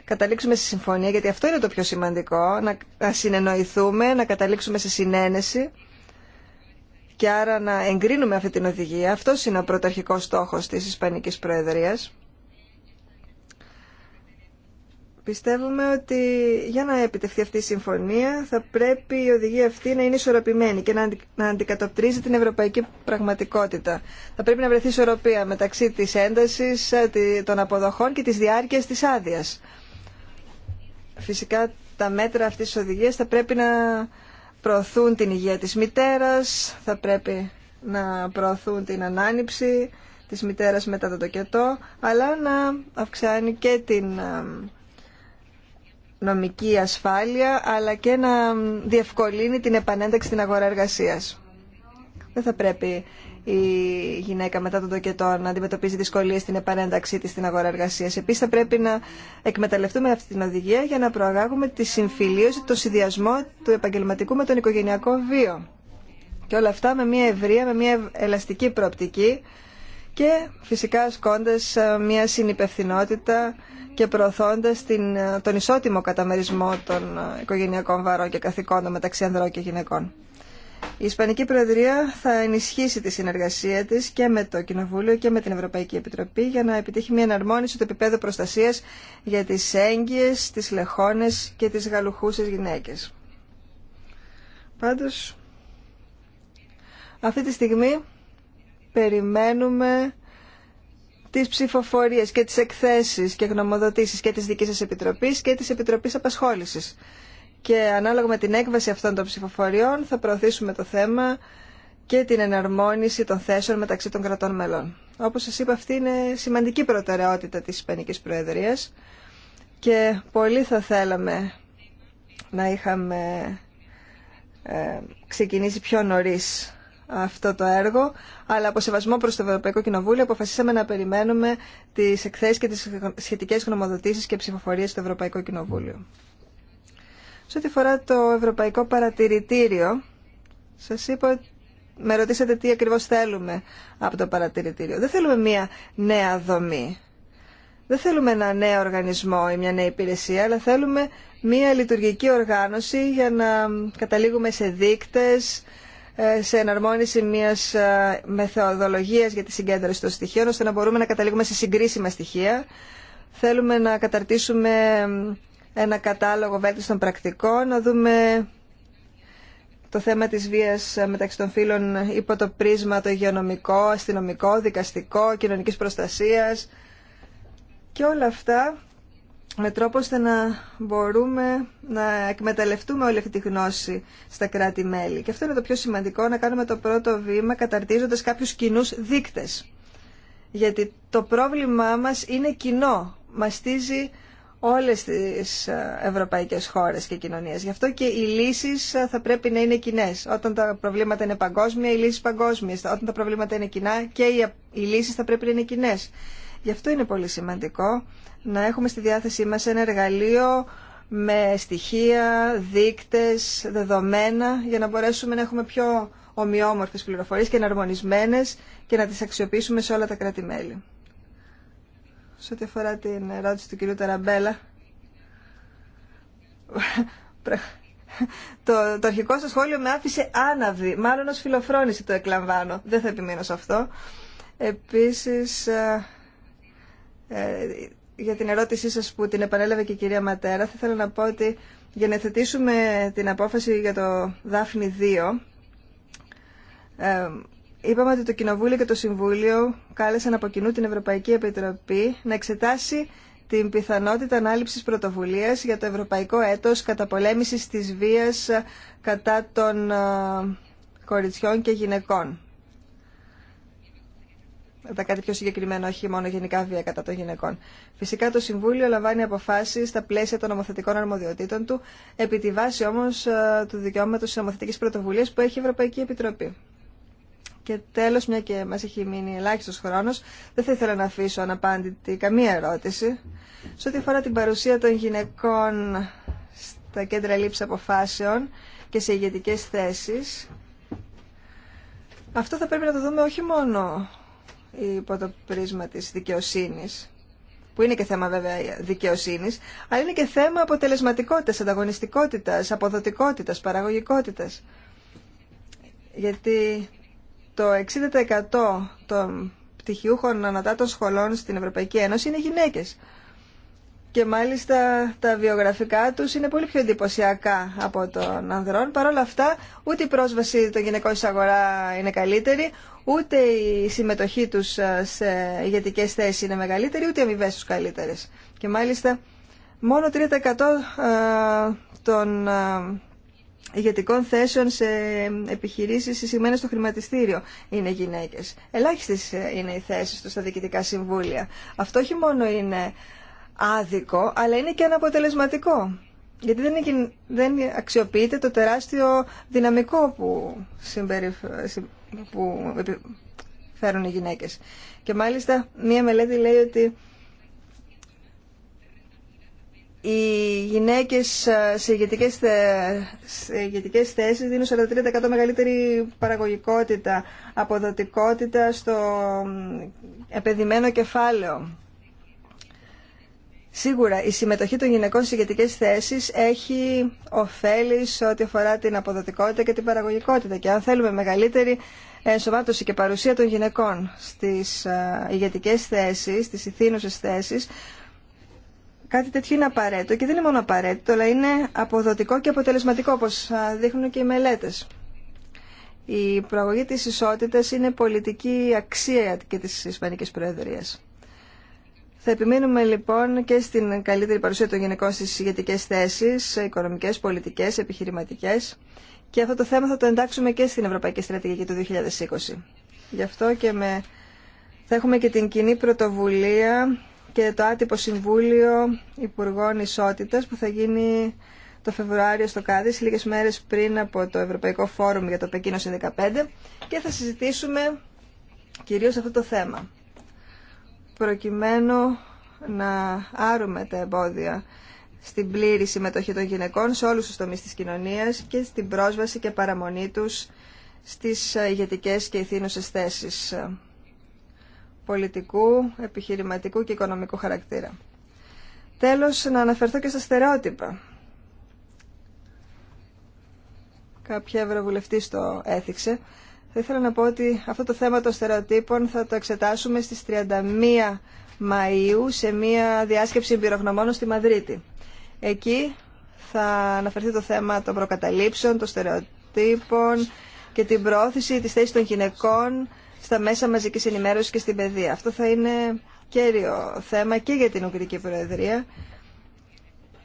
καταλήξουμε στη συμφωνία, γιατί αυτό είναι το πιο σημαντικό, να συνεννοηθούμε, να καταλήξουμε σε συνένεση και άρα να εγκρίνουμε αυτή την οδηγία. Αυτό είναι ο πρωταρχικός στόχος της Ισπανικής Προεδρίας. Πιστεύουμε ότι για να επιτευχθεί αυτή η συμφωνία θα πρέπει η οδηγία αυτή να είναι ισορροπημένη και να αντικατοπτρίζει την ευρωπαϊκή πραγματικότητα. Θα πρέπει να βρεθεί ισορροπία μεταξύ της έντασης ε, των αποδοχών και της διάρκειας της άδεια. Φυσικά τα μέτρα αυτής της οδηγίας θα πρέπει να προωθούν την υγεία της μητέρας, θα πρέπει να προωθούν την ανάνυψη της μητέρας μετά το τοκετό, αλλά να αυξάνει και την ε, νομική ασφάλεια, αλλά και να διευκολύνει την επανένταξη στην αγορά εργασίας. θα πρέπει η γυναίκα μετά τον τοκετό να αντιμετωπίζει δυσκολίε στην επανένταξή τη στην αγορά εργασία. Επίση, θα πρέπει να εκμεταλλευτούμε αυτή την οδηγία για να προαγάγουμε τη συμφιλίωση, το συνδυασμό του επαγγελματικού με τον οικογενειακό βίο. Και όλα αυτά με μια ευρεία, με μια ελαστική προοπτική και φυσικά ασκώντα ε, μια συνυπευθυνότητα και προωθώντα ε, τον ισότιμο καταμερισμό των ε, οικογενειακών βαρών και καθηκόντων μεταξύ ανδρών και γυναικών. Η Ισπανική Προεδρία θα ενισχύσει τη συνεργασία τη και με το Κοινοβούλιο και με την Ευρωπαϊκή Επιτροπή για να επιτύχει μια εναρμόνιση του επίπεδου προστασία για τι έγκυε, τι λεχόνε και τι γαλουχούσε γυναίκε. Πάντω, αυτή τη στιγμή περιμένουμε τις ψηφοφορίες και τις εκθέσεις και γνωμοδοτήσεις και της δικής σας Επιτροπής και της Επιτροπής Απασχόλησης και ανάλογα με την έκβαση αυτών των ψηφοφοριών θα προωθήσουμε το θέμα και την εναρμόνιση των θέσεων μεταξύ των κρατών μελών. Όπως σας είπα αυτή είναι σημαντική προτεραιότητα της Ισπανικής Προεδρίας και πολύ θα θέλαμε να είχαμε ε, ξεκινήσει πιο νωρίς αυτό το έργο, αλλά από σεβασμό προς το Ευρωπαϊκό Κοινοβούλιο αποφασίσαμε να περιμένουμε τις εκθέσεις και τις σχετικές γνωμοδοτήσεις και ψηφοφορίες στο Ευρωπαϊκό Κοινοβούλιο. Σε ό,τι φορά το Ευρωπαϊκό Παρατηρητήριο, σας είπα με ρωτήσατε τι ακριβώς θέλουμε από το παρατηρητήριο. Δεν θέλουμε μια νέα δομή. Δεν θέλουμε ένα νέο οργανισμό ή μια νέα υπηρεσία, αλλά θέλουμε μια λειτουργική οργάνωση για να καταλήγουμε σε δείκτες, ε, σε εναρμόνιση μιας ε, μεθοδολογίας για τη συγκέντρωση των στοιχείων, ώστε να μπορούμε να καταλήγουμε σε συγκρίσιμα στοιχεία. Θέλουμε να καταρτήσουμε ένα κατάλογο των πρακτικών, να δούμε το θέμα της βίας μεταξύ των φύλων υπό το πρίσμα το υγειονομικό, αστυνομικό, δικαστικό, κοινωνικής προστασίας και όλα αυτά με τρόπο ώστε να μπορούμε να εκμεταλλευτούμε όλη αυτή τη γνώση στα κράτη-μέλη. Και αυτό είναι το πιο σημαντικό, να κάνουμε το πρώτο βήμα καταρτίζοντας κάποιους κοινούς δείκτες. Γιατί το πρόβλημά μας είναι κοινό, μαστίζει όλες τις ε, ευρωπαϊκές χώρες και κοινωνίες. Γι' αυτό και οι λύσεις ε, θα πρέπει να είναι κοινέ. Όταν τα προβλήματα είναι παγκόσμια, οι λύσεις παγκόσμιες. Όταν τα προβλήματα είναι κοινά και οι λύσεις θα πρέπει να είναι κοινέ. Γι' αυτό είναι πολύ σημαντικό να έχουμε στη διάθεσή μας ένα εργαλείο με στοιχεία, δείκτες, δεδομένα για να μπορέσουμε να έχουμε πιο ομοιόμορφες πληροφορίες και εναρμονισμένες και να τις αξιοποιήσουμε σε όλα τα κράτη-μέλη σε ό,τι αφορά την ερώτηση του κυρίου Ταραμπέλα, το, το αρχικό σας σχόλιο με άφησε άναβη. μάλλον ως φιλοφρόνηση το εκλαμβάνω. Δεν θα επιμείνω σε αυτό. Επίσης, ε, ε, για την ερώτησή σας που την επανέλαβε και η κυρία Ματέρα, θα ήθελα να πω ότι για να θετήσουμε την απόφαση για το Δάφνη 2, Είπαμε ότι το Κοινοβούλιο και το Συμβούλιο κάλεσαν από κοινού την Ευρωπαϊκή Επιτροπή να εξετάσει την πιθανότητα ανάληψης πρωτοβουλίας για το Ευρωπαϊκό Έτος καταπολέμησης της βίας κατά των ε, κοριτσιών και γυναικών. Τα κάτι πιο συγκεκριμένο, όχι μόνο γενικά βία κατά των γυναικών. Φυσικά το Συμβούλιο λαμβάνει αποφάσεις στα πλαίσια των νομοθετικών αρμοδιοτήτων του, επί τη βάση όμως ε, του δικαιώματος της νομοθετικής πρωτοβουλίας που έχει η Ευρωπαϊκή Επιτροπή. Και τέλος, μια και μας έχει μείνει ελάχιστο χρόνος, δεν θα ήθελα να αφήσω αναπάντητη καμία ερώτηση. Σε ό,τι αφορά την παρουσία των γυναικών στα κέντρα λήψη αποφάσεων και σε ηγετικέ θέσεις, αυτό θα πρέπει να το δούμε όχι μόνο υπό το πρίσμα της δικαιοσύνης, που είναι και θέμα βέβαια δικαιοσύνης, αλλά είναι και θέμα αποτελεσματικότητα, ανταγωνιστικότητα, αποδοτικότητα, παραγωγικότητα. Γιατί το 60% των πτυχιούχων ανατάτων σχολών στην Ευρωπαϊκή Ένωση είναι γυναίκες. Και μάλιστα τα βιογραφικά τους είναι πολύ πιο εντυπωσιακά από των ανδρών. Παρ' όλα αυτά, ούτε η πρόσβαση των γυναικών στην αγορά είναι καλύτερη, ούτε η συμμετοχή τους ε, σε ηγετικές θέσεις είναι μεγαλύτερη, ούτε οι αμοιβέ τους καλύτερες. Και μάλιστα, μόνο 3% ε, των ε, ηγετικών θέσεων σε επιχειρήσεις σημαίνει στο χρηματιστήριο είναι γυναίκες. Ελάχιστες ε, είναι οι θέσεις του στα διοικητικά συμβούλια. Αυτό όχι μόνο είναι άδικο, αλλά είναι και αναποτελεσματικό. Γιατί δεν, δεν αξιοποιείται το τεράστιο δυναμικό που, συμπεριφ... που φέρουν οι γυναίκες. Και μάλιστα μία μελέτη λέει ότι οι γυναίκες σε ηγετικές, σε ηγετικές θέσεις δίνουν 43% μεγαλύτερη παραγωγικότητα, αποδοτικότητα στο επενδυμένο κεφάλαιο. Σίγουρα η συμμετοχή των γυναικών σε ηγετικές θέσεις έχει ωφέλη σε ό,τι αφορά την αποδοτικότητα και την παραγωγικότητα. Και αν θέλουμε μεγαλύτερη ενσωμάτωση και παρουσία των γυναικών στις ε, ηγετικές θέσεις, στις ηθήνουσε θέσεις, Κάτι τέτοιο είναι απαραίτητο και δεν είναι μόνο απαραίτητο, αλλά είναι αποδοτικό και αποτελεσματικό, όπως δείχνουν και οι μελέτες. Η προαγωγή της ισότητας είναι πολιτική αξία και της Ισπανικής Προεδρίας. Θα επιμείνουμε λοιπόν και στην καλύτερη παρουσία των γυναικών στις ηγετικές θέσεις, οικονομικές, πολιτικές, επιχειρηματικές και αυτό το θέμα θα το εντάξουμε και στην Ευρωπαϊκή Στρατηγική του 2020. Γι' αυτό και με... θα έχουμε και την κοινή πρωτοβουλία και το άτυπο Συμβούλιο Υπουργών Ισότητας που θα γίνει το Φεβρουάριο στο Κάδη λίγες μέρες πριν από το Ευρωπαϊκό Φόρουμ για το Πεκίνο σε 15 και θα συζητήσουμε κυρίως αυτό το θέμα προκειμένου να άρουμε τα εμπόδια στην πλήρη συμμετοχή των γυναικών σε όλους τους τομείς της κοινωνίας και στην πρόσβαση και παραμονή τους στις ηγετικές και ηθήνωσες θέσεις πολιτικού, επιχειρηματικού και οικονομικού χαρακτήρα. Τέλος, να αναφερθώ και στα στερεότυπα. Κάποια ευρωβουλευτή το έθιξε. Θα ήθελα να πω ότι αυτό το θέμα των στερεοτύπων θα το εξετάσουμε στις 31 Μαΐου σε μια διάσκεψη εμπειρογνωμόνων στη Μαδρίτη. Εκεί θα αναφερθεί το θέμα των προκαταλήψεων, των στερεοτύπων και την πρόθεση της θέσης των γυναικών στα μέσα μαζική ενημέρωση και στην παιδεία. Αυτό θα είναι κέριο θέμα και για την Ουγγρική Προεδρία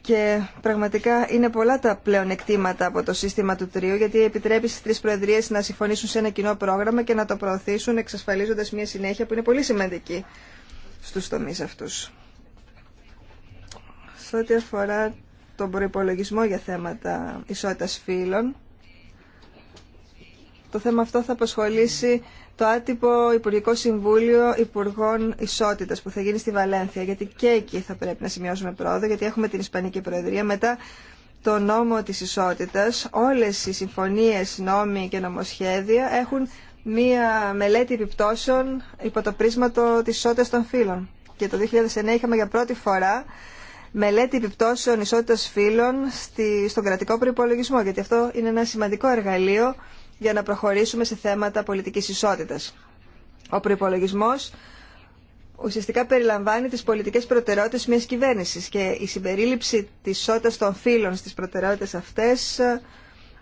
και πραγματικά είναι πολλά τα πλεονεκτήματα από το σύστημα του τρίου γιατί επιτρέπει στις τρεις προεδρίες να συμφωνήσουν σε ένα κοινό πρόγραμμα και να το προωθήσουν εξασφαλίζοντας μια συνέχεια που είναι πολύ σημαντική στους τομείς αυτούς. Σε ό,τι αφορά τον προπολογισμό για θέματα ισότητα φύλων, το θέμα αυτό θα απασχολήσει το άτυπο Υπουργικό Συμβούλιο Υπουργών Ισότητα που θα γίνει στη Βαλένθια. Γιατί και εκεί θα πρέπει να σημειώσουμε πρόοδο, γιατί έχουμε την Ισπανική Προεδρία. Μετά το νόμο τη ισότητα, όλε οι συμφωνίε, νόμοι και νομοσχέδια έχουν μία μελέτη επιπτώσεων υπό το πρίσμα τη ισότητα των φύλων. Και το 2009 είχαμε για πρώτη φορά μελέτη επιπτώσεων ισότητας φύλων στον κρατικό προϋπολογισμό, γιατί αυτό είναι ένα σημαντικό εργαλείο για να προχωρήσουμε σε θέματα πολιτικής ισότητας. Ο προπολογισμό ουσιαστικά περιλαμβάνει τις πολιτικές προτεραιότητες μιας κυβέρνησης και η συμπερίληψη της ισότητας των φύλων στις προτεραιότητες αυτές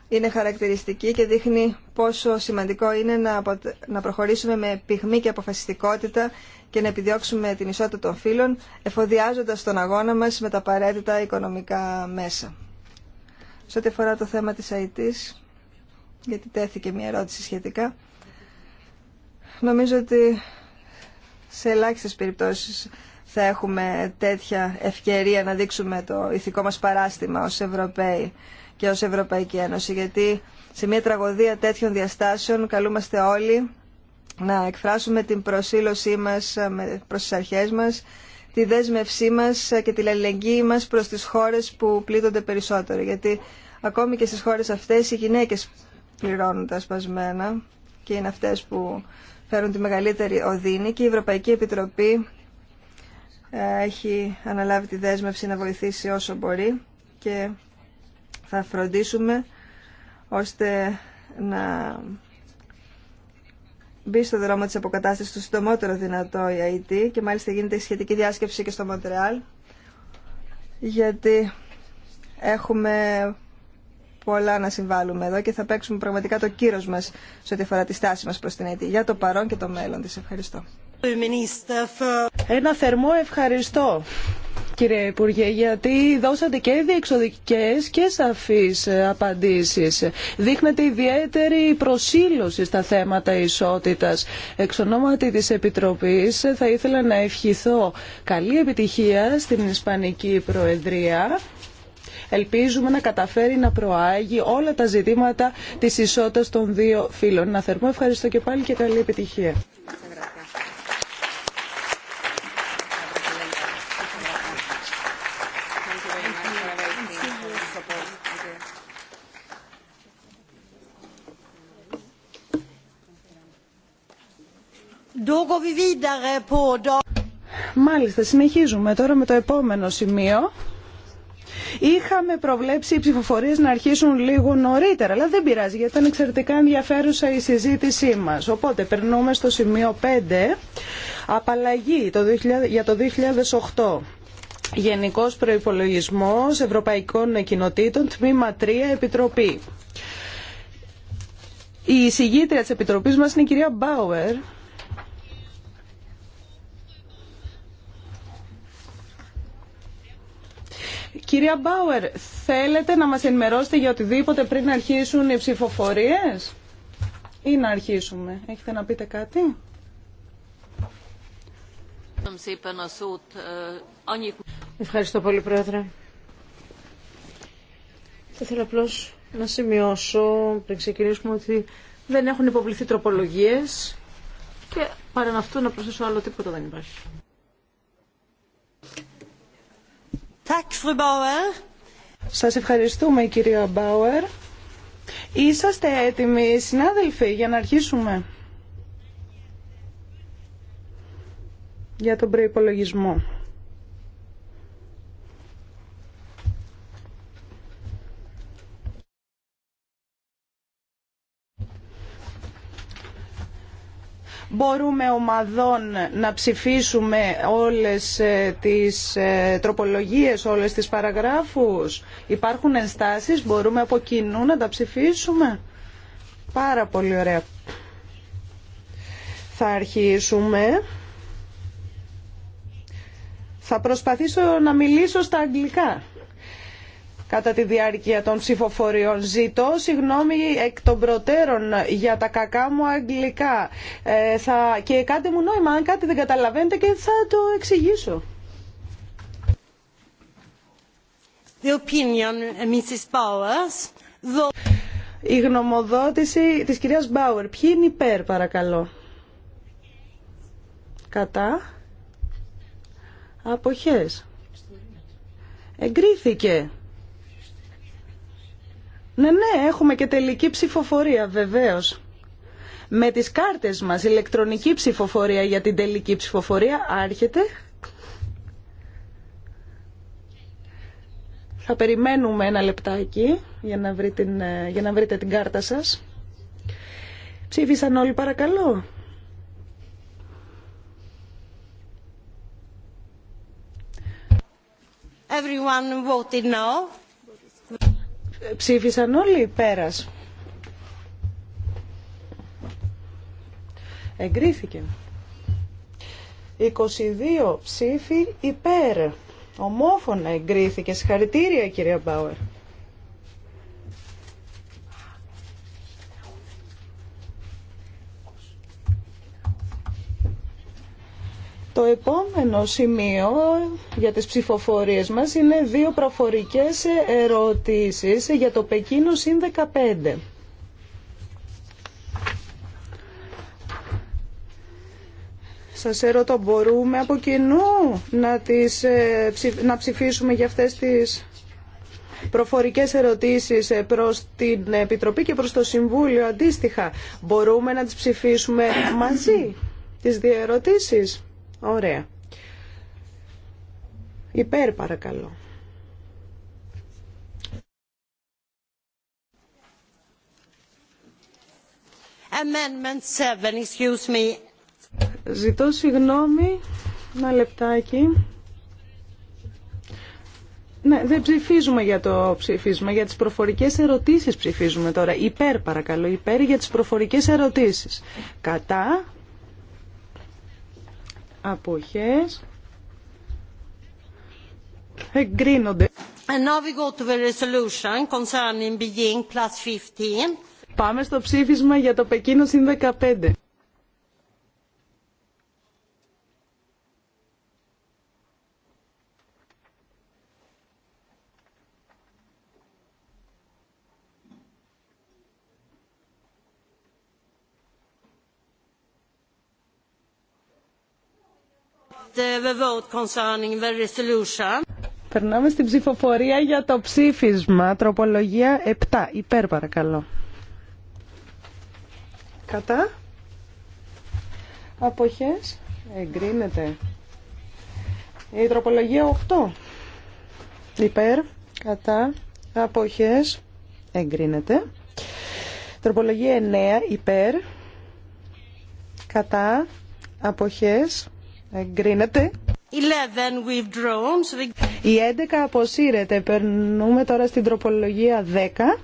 είναι χαρακτηριστική και δείχνει πόσο σημαντικό είναι να, προχωρήσουμε με πυγμή και αποφασιστικότητα και να επιδιώξουμε την ισότητα των φύλων, εφοδιάζοντας τον αγώνα μας με τα απαραίτητα οικονομικά μέσα. Σε ό,τι αφορά το θέμα της ΑΕΤΗΣ, γιατί τέθηκε μια ερώτηση σχετικά. Νομίζω ότι σε ελάχιστες περιπτώσεις θα έχουμε τέτοια ευκαιρία να δείξουμε το ηθικό μας παράστημα ως Ευρωπαίοι και ως Ευρωπαϊκή Ένωση, γιατί σε μια τραγωδία τέτοιων διαστάσεων καλούμαστε όλοι να εκφράσουμε την προσήλωσή μας ε, προς τις αρχές μας, τη δέσμευσή μας ε, και τη αλληλεγγύη μας προς τις χώρες που πλήττονται περισσότερο. Γιατί ακόμη και στις χώρες αυτές οι γυναίκες πληρώνουν τα σπασμένα και είναι αυτές που φέρουν τη μεγαλύτερη οδύνη και η Ευρωπαϊκή Επιτροπή ε, έχει αναλάβει τη δέσμευση να βοηθήσει όσο μπορεί και θα φροντίσουμε ώστε να μπει στο δρόμο της αποκατάστασης το συντομότερο δυνατό η ΑΕΤ και μάλιστα γίνεται σχετική διάσκεψη και στο Μοντρεάλ γιατί έχουμε πολλά να συμβάλλουμε εδώ και θα παίξουμε πραγματικά το κύρος μας σε ό,τι αφορά τη στάση μας προς την αιτία. Για το παρόν και το μέλλον της. Ευχαριστώ. Ένα θερμό ευχαριστώ κύριε Υπουργέ, γιατί δώσατε και διεξοδικές και σαφείς απαντήσεις. Δείχνετε ιδιαίτερη προσήλωση στα θέματα ισότητας. Εξ ονόματι της Επιτροπής θα ήθελα να ευχηθώ καλή επιτυχία στην Ισπανική Προεδρία Ελπίζουμε να καταφέρει να προάγει όλα τα ζητήματα της ισότητας των δύο φύλων. Να θερμό ευχαριστώ και πάλι και καλή επιτυχία. Μάλιστα, συνεχίζουμε τώρα με το επόμενο σημείο. Είχαμε προβλέψει οι ψηφοφορίε να αρχίσουν λίγο νωρίτερα, αλλά δεν πειράζει γιατί ήταν εξαιρετικά ενδιαφέρουσα η συζήτησή μα. Οπότε περνούμε στο σημείο 5, απαλλαγή για το 2008. Γενικός Προϋπολογισμός Ευρωπαϊκών Κοινοτήτων, Τμήμα 3, Επιτροπή. Η συγγήτρια της Επιτροπής μας είναι η κυρία Μπάουερ. Κυρία Μπάουερ, θέλετε να μας ενημερώσετε για οτιδήποτε πριν να αρχίσουν οι ψηφοφορίες ή να αρχίσουμε. Έχετε να πείτε κάτι. Ευχαριστώ πολύ, Πρόεδρε. Θα ήθελα απλώ να σημειώσω πριν ξεκινήσουμε ότι δεν έχουν υποβληθεί τροπολογίες και παρά αυτό να προσθέσω άλλο τίποτα δεν υπάρχει. Σας ευχαριστούμε κυρία Μπάουερ. Είσαστε έτοιμοι συνάδελφοι για να αρχίσουμε. Για τον προϋπολογισμό. μπορούμε ομαδών να ψηφίσουμε όλες ε, τις ε, τροπολογίες, όλες τις παραγράφους. Υπάρχουν ενστάσεις, μπορούμε από κοινού να τα ψηφίσουμε. Πάρα πολύ ωραία. Θα αρχίσουμε. Θα προσπαθήσω να μιλήσω στα αγγλικά κατά τη διάρκεια των ψηφοφοριών. Ζητώ συγγνώμη εκ των προτέρων για τα κακά μου αγγλικά ε, θα... και κάντε μου νόημα αν κάτι δεν καταλαβαίνετε και θα το εξηγήσω. The opinion, uh, Mrs. Powers, Η γνωμοδότηση της κυρίας Μπάουερ. Ποιοι είναι υπέρ παρακαλώ. Κατά. Αποχές. Εγκρίθηκε. Ναι, ναι, έχουμε και τελική ψηφοφορία βεβαίω. Με τις κάρτες μας, ηλεκτρονική ψηφοφορία για την τελική ψηφοφορία, άρχεται. Θα περιμένουμε ένα λεπτάκι για να, ε, για να βρείτε την κάρτα σας. Ψήφισαν όλοι παρακαλώ. Everyone voted no. Ψήφισαν όλοι πέρας. Εγκρίθηκε. 22 ψήφοι υπέρ. Ομόφωνα εγκρίθηκε. Συγχαρητήρια κυρία Μπάουερ. Το επόμενο σημείο για τις ψηφοφορίες μας είναι δύο προφορικές ερωτήσεις για το Πεκίνο ΣΥΝ 15. Σας ερωτώ, μπορούμε από κοινού να, τις, ε, να ψηφίσουμε για αυτές τις προφορικές ερωτήσεις ε, προς την Επιτροπή και προς το Συμβούλιο αντίστοιχα. Μπορούμε να τις ψηφίσουμε μαζί, τις δύο ερωτήσεις. Ωραία. Υπέρ παρακαλώ. Amendment 7, excuse me. Ζητώ συγγνώμη, ένα λεπτάκι. Ναι, δεν ψηφίζουμε για το ψήφισμα, για τις προφορικές ερωτήσεις ψηφίζουμε τώρα. Υπέρ παρακαλώ, υπέρ για τις προφορικές ερωτήσεις. Κατά, αποχές εγκρίνονται. And now we go to the resolution concerning Beijing plus 15. Πάμε στο ψήφισμα για το Πεκίνο συν 15. Περνάμε στην ψηφοφορία για το ψήφισμα. Τροπολογία 7. Υπέρ παρακαλώ. Κατά. Αποχές. Εγκρίνεται. Η τροπολογία 8. Υπέρ. Κατά. Αποχές. Εγκρίνεται. Τροπολογία 9. Υπέρ. Κατά. Αποχές. Εγκρίνεται. Η 11 αποσύρεται. Περνούμε τώρα στην τροπολογία 10.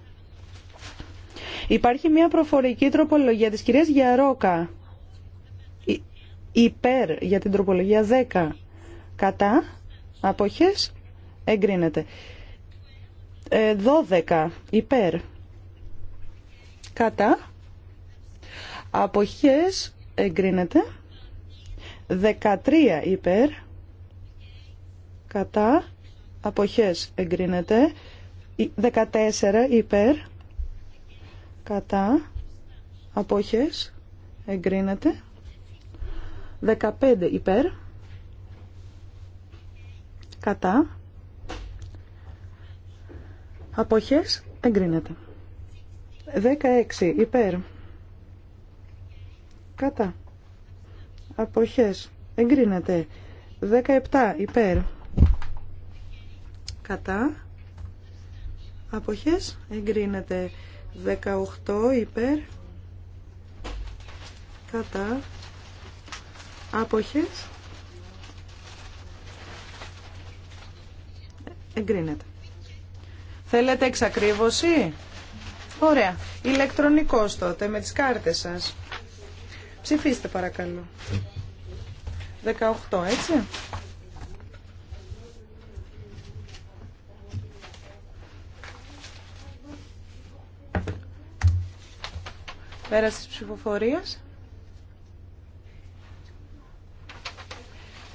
Υπάρχει μια προφορική τροπολογία της κυρίας Γιαρόκα. Υπέρ για την τροπολογία 10. Κατά. Αποχές. Εγκρίνεται. 12. Ε, υπέρ. Κατά. Αποχές. Εγκρίνεται. 13 υπέρ κατά αποχές εγκρίνεται 14 υπέρ κατά αποχές εγκρίνεται 15 υπέρ κατά αποχές εγκρίνεται 16 υπέρ κατά αποχές εγκρίνεται 17 υπέρ κατά αποχές εγκρίνεται 18 υπέρ κατά άποχες εγκρίνεται θέλετε εξακρίβωση ωραία ηλεκτρονικός τότε με τις κάρτες σας Ψηφίστε παρακαλώ. 18, έτσι. Πέραση της ψηφοφορίας.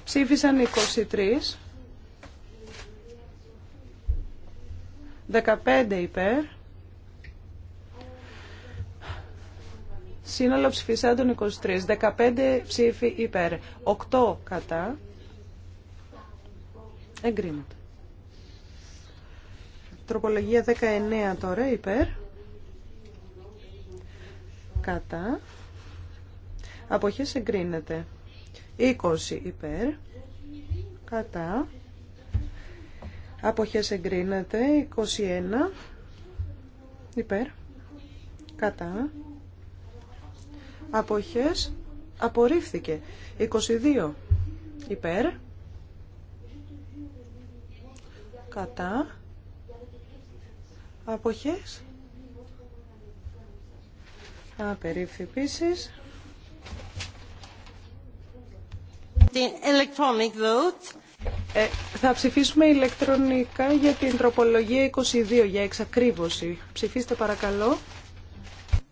Ψήφισαν 23. 15 υπέρ. Σύνολο ψηφισάντων 23. 15 ψήφοι υπέρ. 8 κατά. Εγκρίνεται. Τροπολογία 19 τώρα υπέρ. Κατά. Αποχές εγκρίνεται. 20 υπέρ. Κατά. Αποχές εγκρίνεται. 21 υπέρ. Κατά αποχές απορρίφθηκε 22 υπέρ κατά αποχές απερίφθη επίση. The electronic vote. Ε, θα ψηφίσουμε ηλεκτρονικά για την τροπολογία 22 για εξακρίβωση. Ψηφίστε παρακαλώ.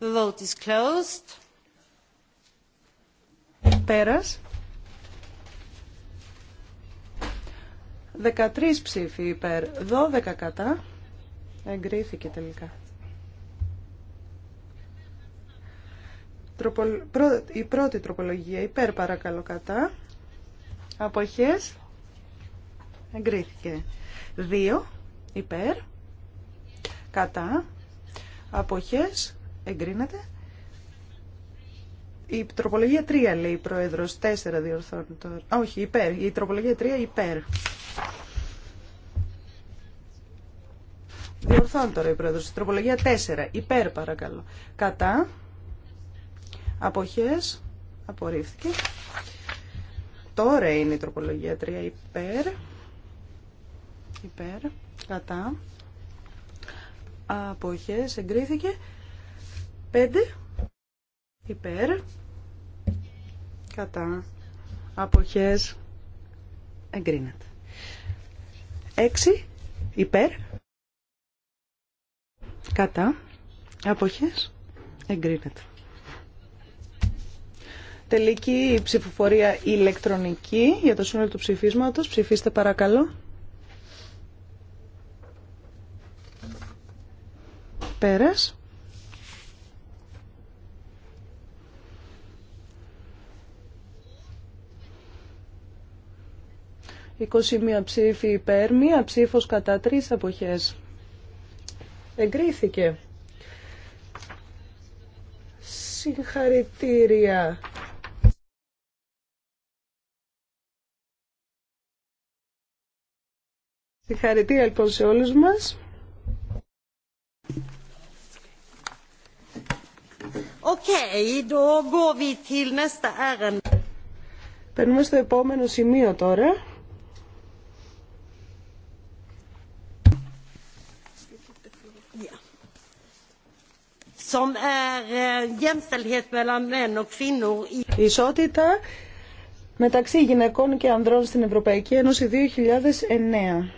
The vote is closed. Πέρας. 13 ψήφοι υπέρ, 12 κατά. Εγκρίθηκε τελικά. Η πρώτη τροπολογία υπέρ παρακαλώ κατά. Αποχές. Εγκρίθηκε. 2 υπέρ. Κατά. Αποχές. Εγκρίνεται. Η τροπολογία 3 λέει η πρόεδρο. 4 διορθώνει τώρα. Όχι, υπέρ. Η τροπολογία 3 υπέρ. Διορθώνει τώρα η πρόεδρο. Η τροπολογία 4 υπέρ παρακαλώ. Κατά. Αποχέ. Απορρίφθηκε. Τώρα είναι η τροπολογία 3 υπέρ. Υπέρ. Κατά. Αποχέ. Εγκρίθηκε. 5 υπέρ κατά αποχές εγκρίνεται Έξι, υπέρ κατά αποχές εγκρίνεται Τελική ψηφοφορία ηλεκτρονική για το σύνολο του ψηφίσματος. Ψηφίστε παρακαλώ. Πέρας. 21 ψήφοι υπέρ, μία ψήφος κατά τρεις αποχές. Εγκρίθηκε. Συγχαρητήρια. Συγχαρητήρια λοιπόν σε όλους μας. Okay, då går vi till nästa Περνούμε στο επόμενο σημείο τώρα. som er, eh, Ισότητα μεταξύ γυναικών και ανδρών στην Ευρωπαϊκή Ένωση 2009.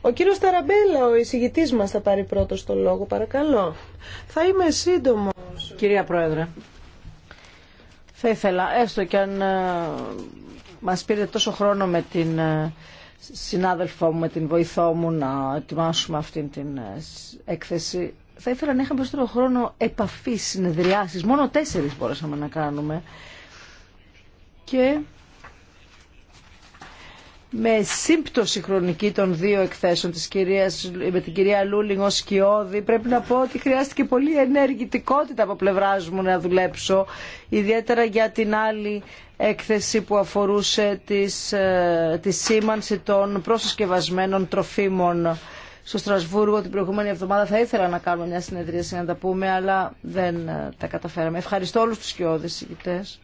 Ο κύριος Ταραμπέλα, ο εισηγητής μας, θα πάρει πρώτος το λόγο, παρακαλώ. Θα είμαι σύντομο. Κυρία Πρόεδρε, θα ήθελα, έστω και αν ε, μας πήρε τόσο χρόνο με την ε, συνάδελφό μου με την βοηθό μου να ετοιμάσουμε αυτήν την ε, έκθεση. Θα ήθελα να είχαμε περισσότερο χρόνο επαφή, συνεδριάσεις. Μόνο τέσσερις μπορέσαμε να κάνουμε. Και με σύμπτωση χρονική των δύο εκθέσεων της κυρίας, με την κυρία Λούλινγκ ως κοιόδη πρέπει να πω ότι χρειάστηκε πολύ ενεργητικότητα από πλευράς μου να δουλέψω ιδιαίτερα για την άλλη έκθεση που αφορούσε τις, ε, τη σήμανση των προσυσκευασμένων τροφίμων στο Στρασβούργο την προηγούμενη εβδομάδα. Θα ήθελα να κάνουμε μια συνεδρίαση να τα πούμε, αλλά δεν ε, τα καταφέραμε. Ευχαριστώ όλους τους σκιώδες συγκητές,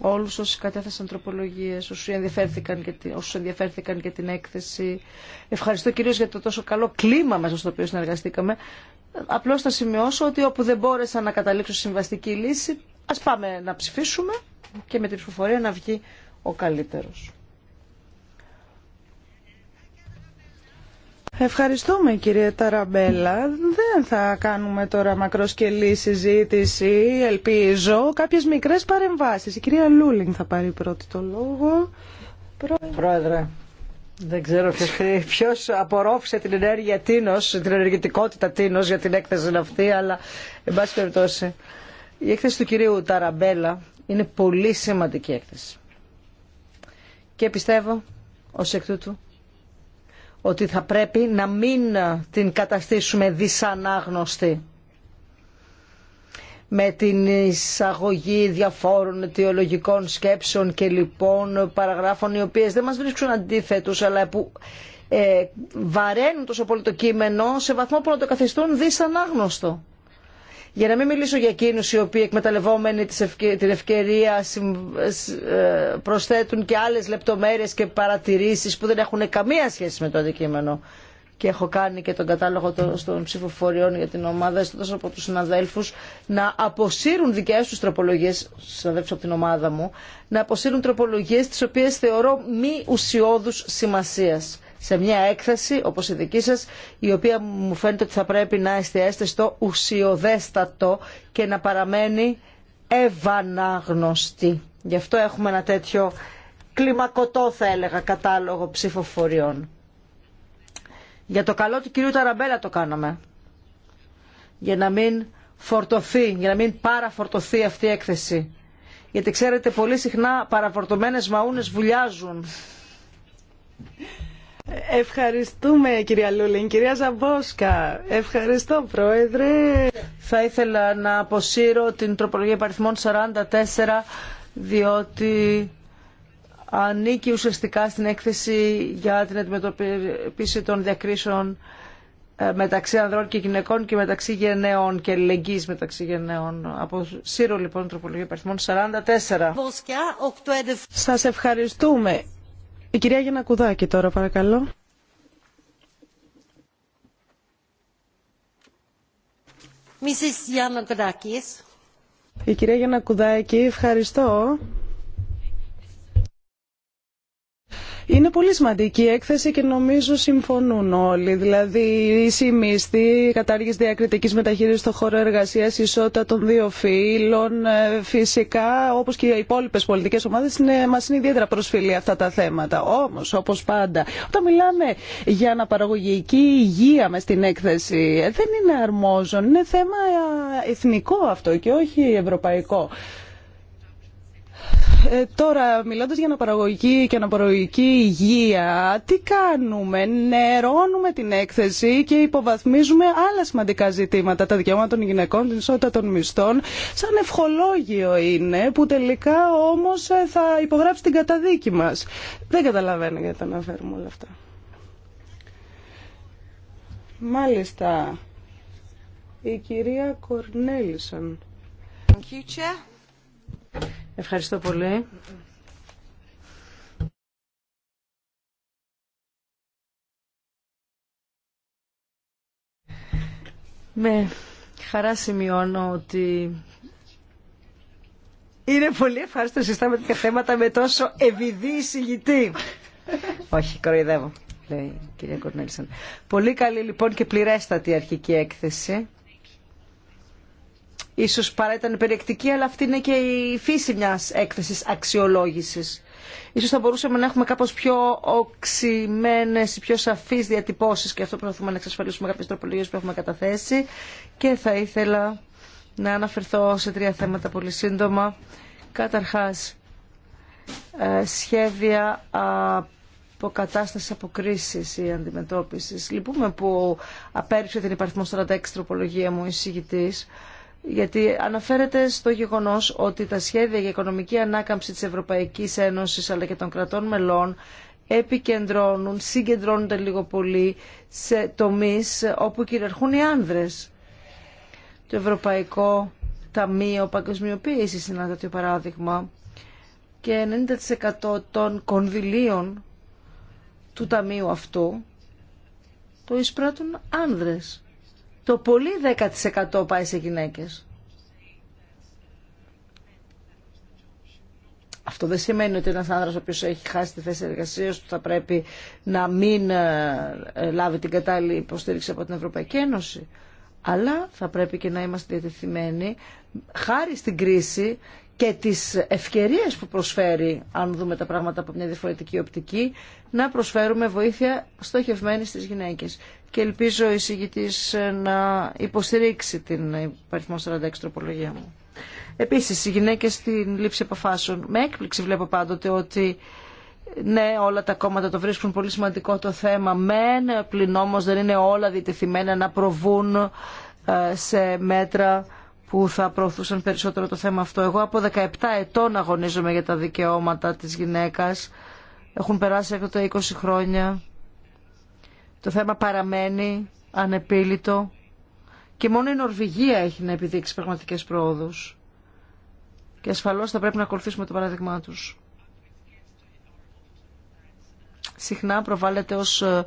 όλους όσοι κατέθεσαν τροπολογίες, όσους ενδιαφέρθηκαν, και την, όσους ενδιαφέρθηκαν και την έκθεση. Ευχαριστώ κυρίως για το τόσο καλό κλίμα μέσα στο οποίο συνεργαστήκαμε. Απλώς θα σημειώσω ότι όπου δεν μπόρεσα να καταλήξω συμβαστική λύση, ας πάμε να ψηφίσουμε και με την ψηφοφορία να βγει ο καλύτερος. Ευχαριστούμε κύριε Ταραμπέλα. Δεν θα κάνουμε τώρα μακροσκελή συζήτηση, ελπίζω. Κάποιες μικρές παρεμβάσεις. Η κυρία Λούλινγκ θα πάρει πρώτη το λόγο. Πρόεδρε. Δεν ξέρω ποιος, ποιος απορρόφησε την ενέργεια Τίνος, την ενεργητικότητα Τίνος για την έκθεση αυτή, αλλά εν πάση περιπτώσει. Η έκθεση του κυρίου Ταραμπέλα είναι πολύ σημαντική έκθεση. Και πιστεύω ως εκ τούτου ότι θα πρέπει να μην την καταστήσουμε δυσανάγνωστη με την εισαγωγή διαφόρων αιτιολογικών σκέψεων και λοιπόν παραγράφων οι οποίες δεν μας βρίσκουν αντίθετους αλλά που ε, βαραίνουν τόσο πολύ το κείμενο σε βαθμό που να το καθιστούν δυσανάγνωστο. Για να μην μιλήσω για εκείνους οι οποίοι εκμεταλλευόμενοι την ευκαιρία ε, προσθέτουν και άλλες λεπτομέρειες και παρατηρήσεις που δεν έχουν καμία σχέση με το αντικείμενο. Και έχω κάνει και τον κατάλογο των ψηφοφοριών για την ομάδα, τόσο από τους συναδέλφους να αποσύρουν δικές τους τροπολογίες, συναδέλφους από την ομάδα μου, να αποσύρουν τροπολογίες τις οποίες θεωρώ μη ουσιώδους σημασίας σε μια έκθεση όπως η δική σας η οποία μου φαίνεται ότι θα πρέπει να εστιάσετε στο ουσιοδέστατο και να παραμένει ευανάγνωστη. Γι' αυτό έχουμε ένα τέτοιο κλιμακωτό θα έλεγα κατάλογο ψηφοφοριών. Για το καλό του κυρίου Ταραμπέλα το κάναμε. Για να μην φορτωθεί, για να μην παραφορτωθεί αυτή η έκθεση. Γιατί ξέρετε πολύ συχνά παραφορτωμένες μαούνες βουλιάζουν. Ευχαριστούμε κυρία Λούλιν. Κυρία Ζαμπόσκα, ευχαριστώ πρόεδρε. Θα ήθελα να αποσύρω την τροπολογία παριθμών 44 διότι ανήκει ουσιαστικά στην έκθεση για την αντιμετωπίση των διακρίσεων ε, μεταξύ ανδρών και γυναικών και μεταξύ γενναίων και λεγγύης μεταξύ γενναίων. Από Σύρο λοιπόν τροπολογία παριθμών 44. Σας ευχαριστούμε. Η κυρία Γιάννα Κουδάκη τώρα παρακαλώ. Η κυρία Γιάννα Κουδάκη, ευχαριστώ. Είναι πολύ σημαντική η έκθεση και νομίζω συμφωνούν όλοι. Δηλαδή, η σημίστη η κατάργηση διακριτική μεταχείριση στον χώρο εργασία, η ισότητα των δύο φύλων, ε, φυσικά, όπω και οι υπόλοιπε πολιτικέ ομάδε, μα είναι ιδιαίτερα προσφυλή αυτά τα θέματα. Όμω, όπω πάντα, όταν μιλάμε για αναπαραγωγική υγεία με στην έκθεση, ε, δεν είναι αρμόζον. Είναι θέμα ε, εθνικό αυτό και όχι ευρωπαϊκό. Ε, τώρα, μιλώντας για αναπαραγωγική και αναπαραγωγική υγεία, τι κάνουμε, νερώνουμε την έκθεση και υποβαθμίζουμε άλλα σημαντικά ζητήματα, τα δικαιώματα των γυναικών, την ισότητα των μισθών, σαν ευχολόγιο είναι, που τελικά όμως ε, θα υπογράψει την καταδίκη μας. Δεν καταλαβαίνω γιατί τα αναφέρουμε όλα αυτά. Μάλιστα, η κυρία Κορνέλισον. Ευχαριστώ πολύ. Με χαρά σημειώνω ότι είναι πολύ ευχάριστο να συζητάμε τέτοια θέματα με τόσο ευηδή εισηγητή. Όχι, κοροϊδεύω, λέει η κυρία Κορνέλισαν. Πολύ καλή λοιπόν και πληρέστατη αρχική έκθεση. Ίσως παρά ήταν περιεκτική, αλλά αυτή είναι και η φύση μιας έκθεσης αξιολόγησης. Ίσως θα μπορούσαμε να έχουμε κάπως πιο οξυμένες ή πιο σαφείς διατυπώσεις και αυτό προσπαθούμε να εξασφαλίσουμε κάποιες τροπολογίες που έχουμε καταθέσει και θα ήθελα να αναφερθώ σε τρία θέματα πολύ σύντομα. Καταρχάς, ε, σχέδια αποκατάσταση αποκρίσεις ή αντιμετώπισης. Λυπούμε που απέρριψε την υπαριθμό 46 τροπολογία μου εισηγητής γιατί αναφέρεται στο γεγονός ότι τα σχέδια για οικονομική ανάκαμψη της Ευρωπαϊκής Ένωσης αλλά και των κρατών μελών επικεντρώνουν, συγκεντρώνονται λίγο πολύ σε τομείς όπου κυριαρχούν οι άνδρες. Το Ευρωπαϊκό Ταμείο Παγκοσμιοποίησης είναι ένα τέτοιο παράδειγμα και 90% των κονδυλίων του ταμείου αυτού το εισπράττουν άνδρες το πολύ 10% πάει σε γυναίκες. Αυτό δεν σημαίνει ότι ένας άνδρας ο οποίος έχει χάσει τη θέση εργασία του θα πρέπει να μην ε, ε, λάβει την κατάλληλη υποστήριξη από την Ευρωπαϊκή Ένωση. Αλλά θα πρέπει και να είμαστε διατεθειμένοι, χάρη στην κρίση και τις ευκαιρίες που προσφέρει, αν δούμε τα πράγματα από μια διαφορετική οπτική, να προσφέρουμε βοήθεια στοχευμένη στις γυναίκες και ελπίζω ο εισηγητής να υποστηρίξει την υπαριθμό 46 τροπολογία μου. Επίσης, οι γυναίκες στην λήψη αποφάσεων. Με έκπληξη βλέπω πάντοτε ότι ναι, όλα τα κόμματα το βρίσκουν πολύ σημαντικό το θέμα. Μεν, πλην όμω δεν είναι όλα διτεθειμένα να προβούν ε, σε μέτρα που θα προωθούσαν περισσότερο το θέμα αυτό. Εγώ από 17 ετών αγωνίζομαι για τα δικαιώματα της γυναίκας. Έχουν περάσει έκτοτε 20 χρόνια. Το θέμα παραμένει ανεπίλητο και μόνο η Νορβηγία έχει να επιδείξει πραγματικές πρόοδους. Και ασφαλώς θα πρέπει να ακολουθήσουμε το παράδειγμά τους. Συχνά προβάλλεται ως ε,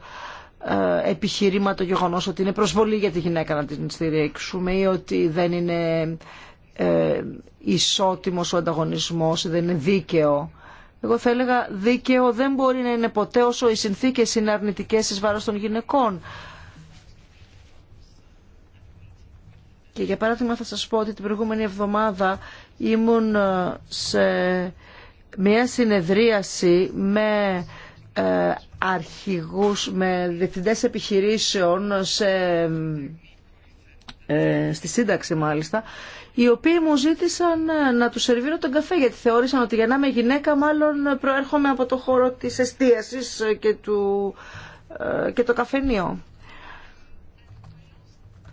ε, επιχειρήμα το γεγονός ότι είναι προσβολή για τη γυναίκα να την στηρίξουμε ή ότι δεν είναι ε, ισότιμος ο ανταγωνισμός, δεν είναι δίκαιο εγώ θα έλεγα δίκαιο δεν μπορεί να είναι ποτέ όσο οι συνθήκες είναι αρνητικές εις βάρος των γυναικών. Και για παράδειγμα θα σας πω ότι την προηγούμενη εβδομάδα ήμουν ε, σε μια συνεδρίαση με ε, αρχηγούς, με διευθυντές επιχειρήσεων σε, ε, στη σύνταξη μάλιστα οι οποίοι μου ζήτησαν ε, να του σερβίρω τον καφέ, γιατί θεώρησαν ότι για να είμαι γυναίκα μάλλον ε, προέρχομαι από το χώρο της εστίαση ε, και, και το καφενείο.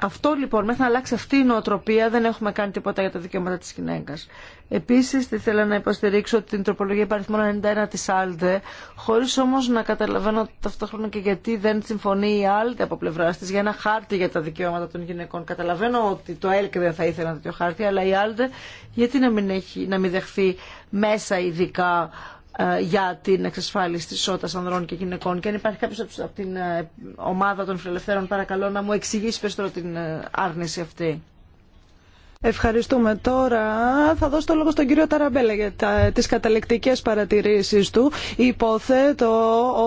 Αυτό λοιπόν, μέχρι να αλλάξει αυτή η νοοτροπία δεν έχουμε κάνει τίποτα για τα δικαιώματα της γυναίκας. Επίση, θα ήθελα να υποστηρίξω την τροπολογία υπαριθμών 91 τη ΑΛΔΕ, χωρί όμω να καταλαβαίνω ταυτόχρονα και γιατί δεν συμφωνεί η ΑΛΔΕ από πλευρά τη για ένα χάρτη για τα δικαιώματα των γυναικών. Καταλαβαίνω ότι το ΕΛΚ δεν θα ήθελε ένα τέτοιο χάρτη, αλλά η ΑΛΔΕ γιατί να μην, έχει, να μην δεχθεί μέσα ειδικά ε, για την εξασφάλιση τη ισότητα ανδρών και γυναικών. Και αν υπάρχει κάποιο από την ε, ομάδα των φιλελευθέρων, παρακαλώ να μου εξηγήσει περισσότερο την ε, άρνηση αυτή. Ευχαριστούμε. Τώρα θα δώσω το λόγο στον κύριο Ταραμπέλα για τα, τις καταλεκτικές παρατηρήσεις του. Υποθέτω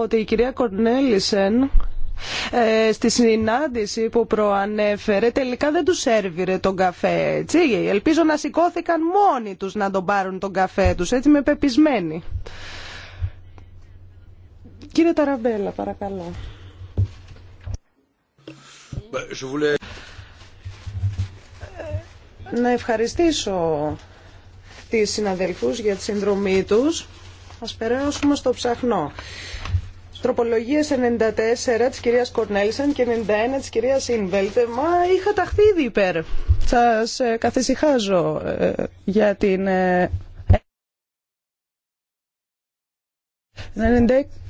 ότι η κυρία Κορνέλισεν ε, στη συνάντηση που προανέφερε τελικά δεν τους έρβηρε τον καφέ έτσι. ελπίζω να σηκώθηκαν μόνοι τους να τον πάρουν τον καφέ τους έτσι είμαι πεπισμένη Κύριε Ταραμπέλα παρακαλώ να ευχαριστήσω τις συναδελφούς για τη συνδρομή τους. Ας περάσουμε στο ψαχνό. Τροπολογίες 94 της κυρίας Κορνέλσεν και 91 της κυρίας Ινβέλτε. Μα είχα ταχθεί ήδη υπέρ. Σας ε, καθησυχάζω ε, για την... Ε,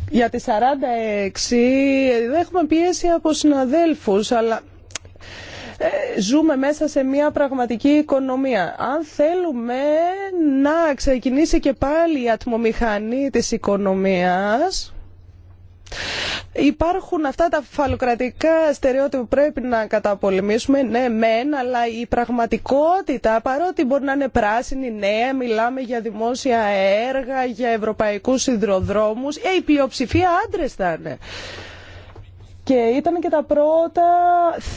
για τις 46 έχουμε πιέσει από συναδέλφους, αλλά ε, ζούμε μέσα σε μια πραγματική οικονομία. Αν θέλουμε να ξεκινήσει και πάλι η ατμομηχανή της οικονομίας, Υπάρχουν αυτά τα φαλοκρατικά στερεότυπα που πρέπει να καταπολεμήσουμε, ναι μεν, αλλά η πραγματικότητα παρότι μπορεί να είναι πράσινη, νέα, μιλάμε για δημόσια έργα, για ευρωπαϊκούς υδροδρόμους, ε, η πλειοψηφία άντρες θα είναι. Και ήταν και τα πρώτα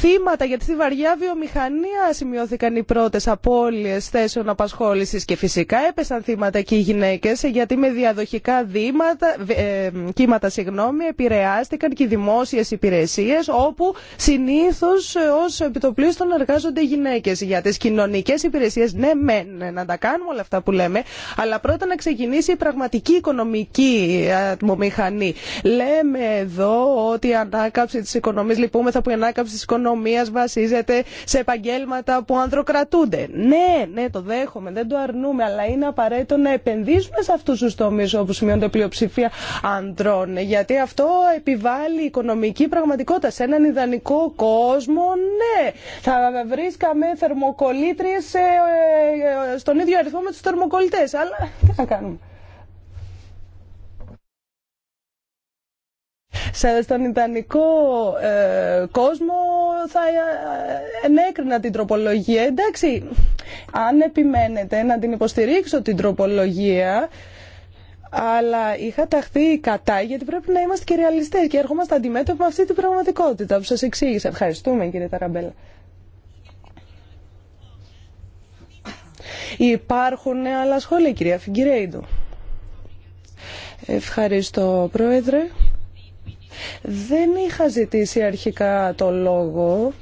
θύματα, γιατί στη βαριά βιομηχανία σημειώθηκαν οι πρώτες απώλειες θέσεων απασχόλησης και φυσικά έπεσαν θύματα και οι γυναίκες, γιατί με διαδοχικά δήματα, ε, κύματα συγγνώμη, επηρεάστηκαν και οι δημόσιες υπηρεσίες, όπου συνήθως ως επιτοπλίστων εργάζονται οι γυναίκες. Για τις κοινωνικές υπηρεσίες, ναι μεν, ναι, να τα κάνουμε όλα αυτά που λέμε, αλλά πρώτα να ξεκινήσει η πραγματική οικονομική ατμομηχανή. Ε, λέμε εδώ ότι αν ανάκαμψη τη οικονομία. Λυπούμεθα που η ανάκαμψη τη οικονομία βασίζεται σε επαγγέλματα που ανδροκρατούνται. Ναι, ναι, το δέχομαι, δεν το αρνούμε, αλλά είναι απαραίτητο να επενδύσουμε σε αυτού του τομεί όπου σημειώνεται πλειοψηφία ανδρών. Γιατί αυτό επιβάλλει οικονομική πραγματικότητα. Σε έναν ιδανικό κόσμο, ναι, θα βρίσκαμε θερμοκολήτριε ε, ε, στον ίδιο αριθμό με του θερμοκολλητές. Αλλά τι θα κάνουμε. Στον ιδανικό ε, κόσμο θα ε, ενέκρινα την τροπολογία. Εντάξει, αν επιμένετε να την υποστηρίξω την τροπολογία, αλλά είχα ταχθεί κατά γιατί πρέπει να είμαστε και ρεαλιστές και έρχομαστε αντιμέτωποι με αυτή την πραγματικότητα που σας εξήγησα. Ευχαριστούμε κύριε Ταραμπέλα. Υπάρχουν άλλα σχόλια κυρία Φιγκυρέιντου. Ευχαριστώ πρόεδρε. Δεν είχα ζητήσει αρχικά το λόγο,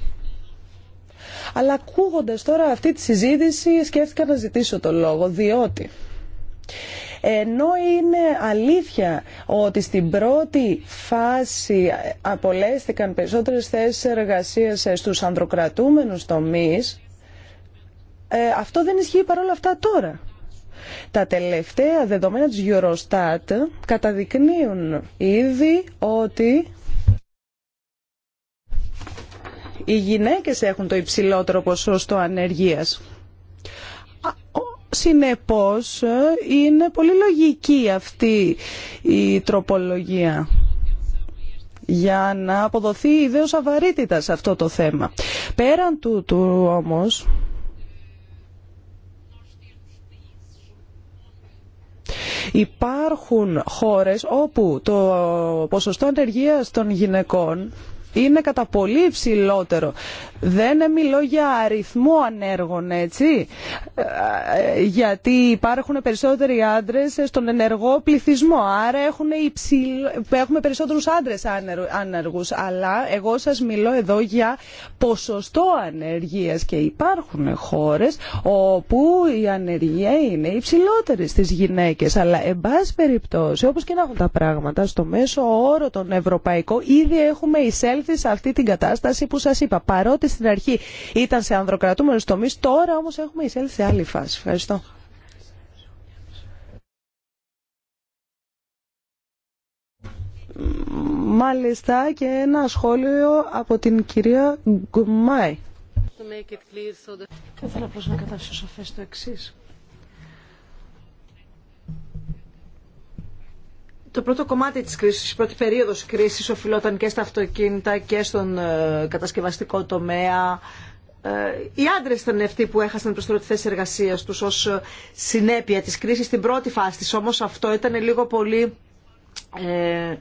αλλά ακούγοντας τώρα αυτή τη συζήτηση σκέφτηκα να ζητήσω το λόγο, διότι ενώ είναι αλήθεια ότι στην πρώτη φάση απολέστηκαν περισσότερες θέσεις εργασίας στους ανδροκρατούμενους τομείς, ε, αυτό δεν ισχύει παρόλα αυτά τώρα. Τα τελευταία δεδομένα της Eurostat καταδεικνύουν ήδη ότι οι γυναίκες έχουν το υψηλότερο ποσοστό ανεργίας. Συνεπώς ε, είναι πολύ λογική αυτή η τροπολογία για να αποδοθεί ιδέως αβαρύτητα σε αυτό το θέμα. Πέραν του όμως Υπάρχουν χώρες όπου το ποσοστό ανεργίας των γυναικών είναι κατά πολύ υψηλότερο. Δεν μιλώ για αριθμό ανέργων, έτσι, ε, γιατί υπάρχουν περισσότεροι άντρες στον ενεργό πληθυσμό, άρα έχουν έχουμε περισσότερους άντρες άνεργους, αλλά εγώ σας μιλώ εδώ για ποσοστό ανεργίας και υπάρχουν χώρες όπου η ανεργία είναι υψηλότερη στις γυναίκες, αλλά εν πάση περιπτώσει, όπως και να έχουν τα πράγματα, στο μέσο όρο τον ευρωπαϊκό ήδη έχουμε εισέλθει επανέλθει σε αυτή την κατάσταση που σα είπα. Παρότι στην αρχή ήταν σε ανδροκρατούμενου τομεί. τώρα όμω έχουμε εισέλθει σε άλλη φάση. Ευχαριστώ. Μάλιστα και ένα σχόλιο από την κυρία Γκουμάη. Θα ήθελα απλώ να καταφύσω σαφέ το εξή. το πρώτο κομμάτι της κρίσης, η πρώτη περίοδος κρίσης οφειλόταν και στα αυτοκίνητα και στον ε, κατασκευαστικό τομέα. Ε, οι άντρε ήταν αυτοί που έχασαν προ τη θέση εργασία του ω συνέπεια τη κρίση στην πρώτη φάση τη. Όμω αυτό ήταν λίγο πολύ ε,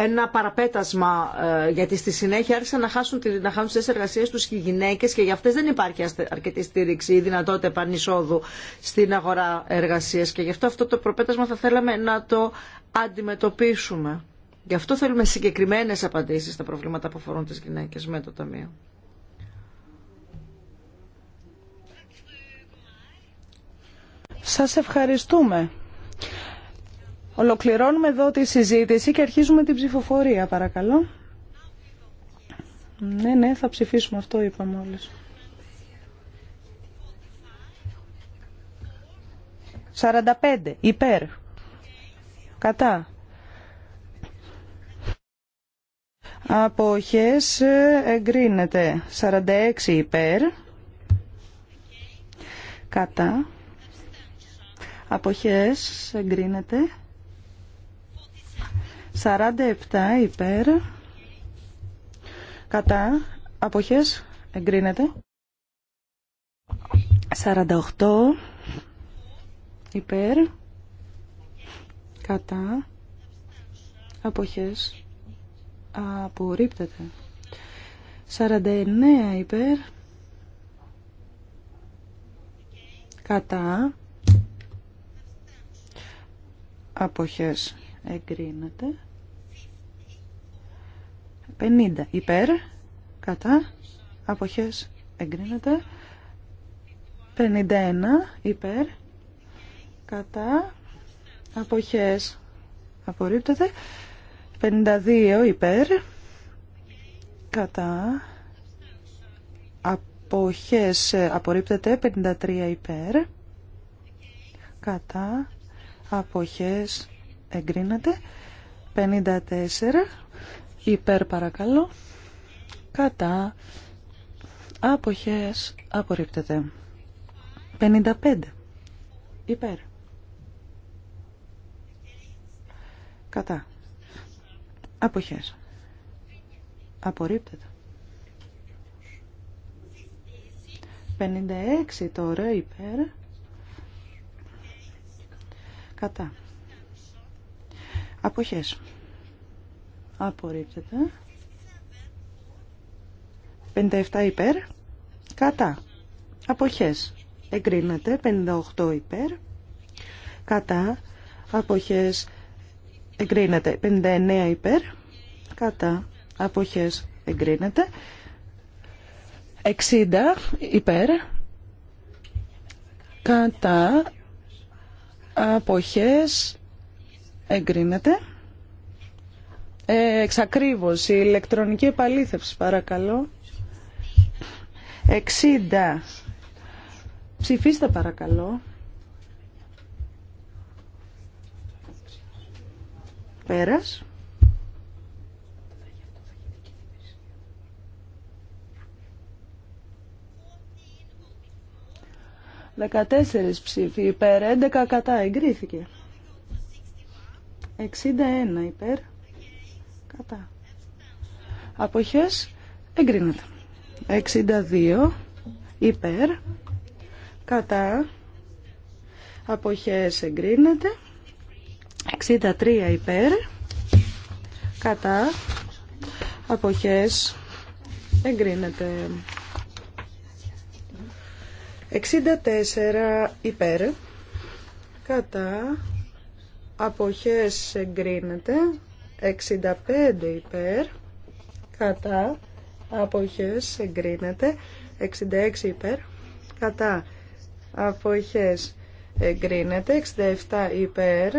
ένα παραπέτασμα, ε, γιατί στη συνέχεια άρχισαν να χάσουν, να χάνουν τις εργασίες τους οι γυναίκες και για αυτές δεν υπάρχει αρκετή στήριξη ή δυνατότητα επανεισόδου στην αγορά εργασίας και γι' αυτό αυτό το προπέτασμα θα θέλαμε να το αντιμετωπίσουμε. Γι' αυτό θέλουμε συγκεκριμένες απαντήσεις στα προβλήματα που αφορούν τις γυναίκες με το Ταμείο. Σας ευχαριστούμε. Ολοκληρώνουμε εδώ τη συζήτηση και αρχίζουμε την ψηφοφορία, παρακαλώ. Ναι, ναι, θα ψηφίσουμε αυτό, είπαμε όλες. 45, ε, υπέρ. Κατά. Αποχές εγκρίνεται. 46 υπέρ. Κατά. Αποχές εγκρίνεται. 47 υπέρ. Κατά. Αποχές. Εγκρίνεται. 48 υπέρ. Κατά. Αποχές. Απορρίπτεται. 49 υπέρ. Κατά. Αποχές εγκρίνεται. 50 υπέρ, κατά, αποχές εγκρίνεται. 51 υπέρ, κατά, αποχές απορρίπτεται. 52 υπέρ, κατά, αποχές απορρίπτεται. 53 υπέρ, κατά, αποχές εγκρίνεται. 54 Υπέρ παρακαλώ. Κατά. Αποχές απορρίπτεται. 55. Υπέρ. Κατά. Αποχές. Απορρίπτεται. 56 τώρα υπέρ. Κατά. Αποχές. Απορρίπτεται. 57 υπέρ. Κατά. Αποχές. Εγκρίνεται. 58 υπέρ. Κατά. Αποχές. Εγκρίνεται. 59 υπέρ. Κατά. Αποχές. Εγκρίνεται. 60 υπέρ. Κατά. Αποχές. Εγκρίνεται εξακρίβωση, ηλεκτρονική επαλήθευση παρακαλώ. 60. Ψηφίστε παρακαλώ. Πέρας. Δεκατέσσερις ψήφοι υπέρ, 11 κατά, εγκρίθηκε. 61 υπέρ. Κατά. Αποχές εγκρίνεται. 62 υπέρ. Κατά. Αποχές εγκρίνεται. 63 υπέρ. Κατά. Αποχές εγκρίνεται. 64 υπέρ. Κατά. Αποχές εγκρίνεται. 65 υπέρ, κατά, αποχές, εγκρίνεται. 66 υπέρ, κατά, αποχές, εγκρίνεται. 67 υπέρ,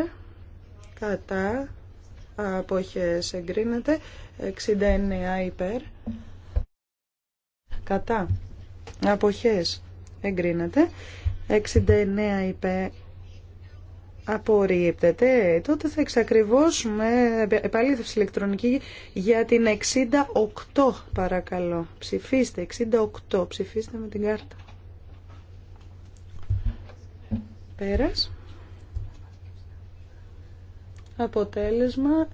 κατά, αποχές, εγκρίνεται. 69 υπέρ, κατά, αποχές, εγκρίνεται. 69 υπέρ, απορρίπτεται, τότε θα εξακριβώσουμε επαλήθευση ηλεκτρονική για την 68 παρακαλώ. Ψηφίστε 68, ψηφίστε με την κάρτα. Πέρας. Αποτέλεσμα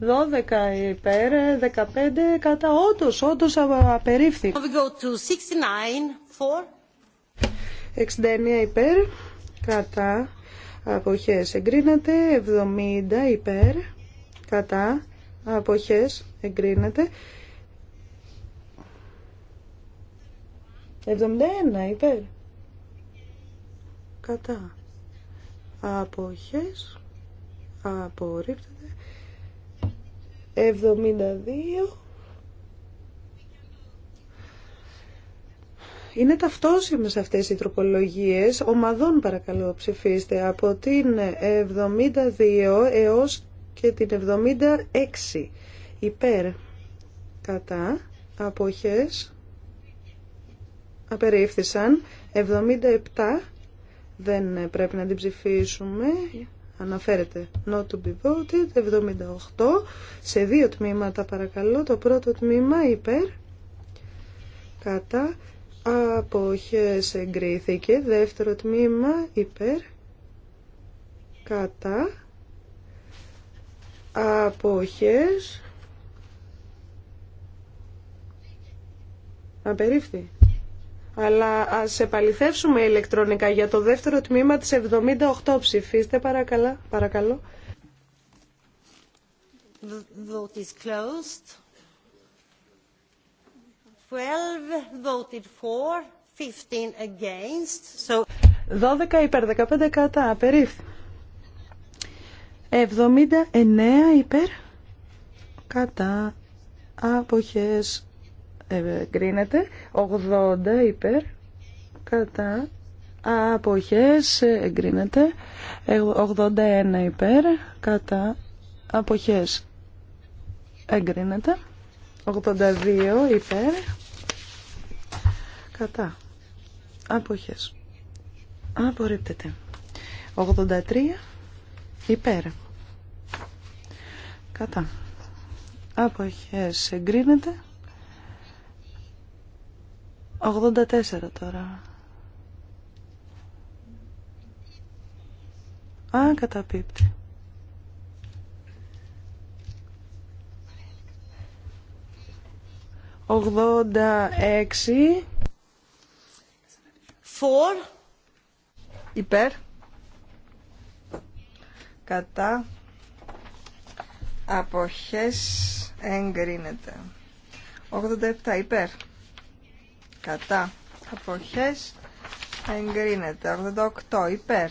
12 υπέρ, 15 κατά ότος, ότος απερίφθη. 69 υπέρ κατά αποχές εγκρίνεται 70 υπέρ κατά αποχές εγκρίνεται 71 υπέρ κατά αποχές απορρίπτεται 72 Είναι ταυτόσιμε αυτέ οι τροπολογίε Ομαδών παρακαλώ ψηφίστε από την 72 έω και την 76. Υπέρ. Κατά. Αποχές. Απερίφθησαν. 77. Δεν πρέπει να την ψηφίσουμε. Αναφέρεται not to be voted. 78. Σε δύο τμήματα παρακαλώ. Το πρώτο τμήμα υπέρ. Κατά Αποχές εγκρίθηκε. Δεύτερο τμήμα υπέρ. Κατά. Αποχές. Απερίφθη. Αλλά ας επαληθεύσουμε ηλεκτρονικά για το δεύτερο τμήμα της 78. Ψηφίστε παρακαλώ. παρακαλώ. vote is closed. 12 voted for, 15 against. So... 12 υπέρ, 15 κατά, περίφθη. 79 υπέρ, κατά, αποχές, εγκρίνεται. 80 υπέρ, κατά, αποχές, εγκρίνεται. 81 υπέρ, κατά, αποχές, εγκρίνεται. 82 υπέρ, κατά αποχές απορρίπτεται 83 υπέρ κατά αποχές εγκρίνεται 84 τώρα Α, καταπίπτει. Ογδόντα έξι. For. Υπέρ. Κατά. Αποχές εγκρίνεται. 87 υπέρ. Κατά. Αποχές εγκρίνεται. 88 υπέρ.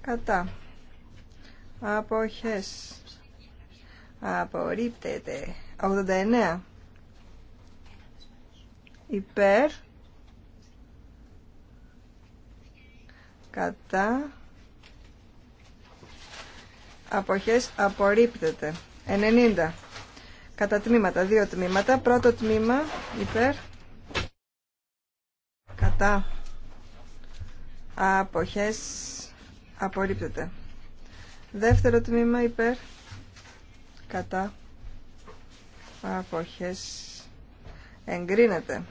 Κατά. Αποχές. Απορρίπτεται. 89. Υπέρ. κατά αποχές απορρίπτεται 90 κατά τμήματα δύο τμήματα πρώτο τμήμα υπέρ κατά αποχές απορρίπτεται δεύτερο τμήμα υπέρ κατά αποχές εγκρίνεται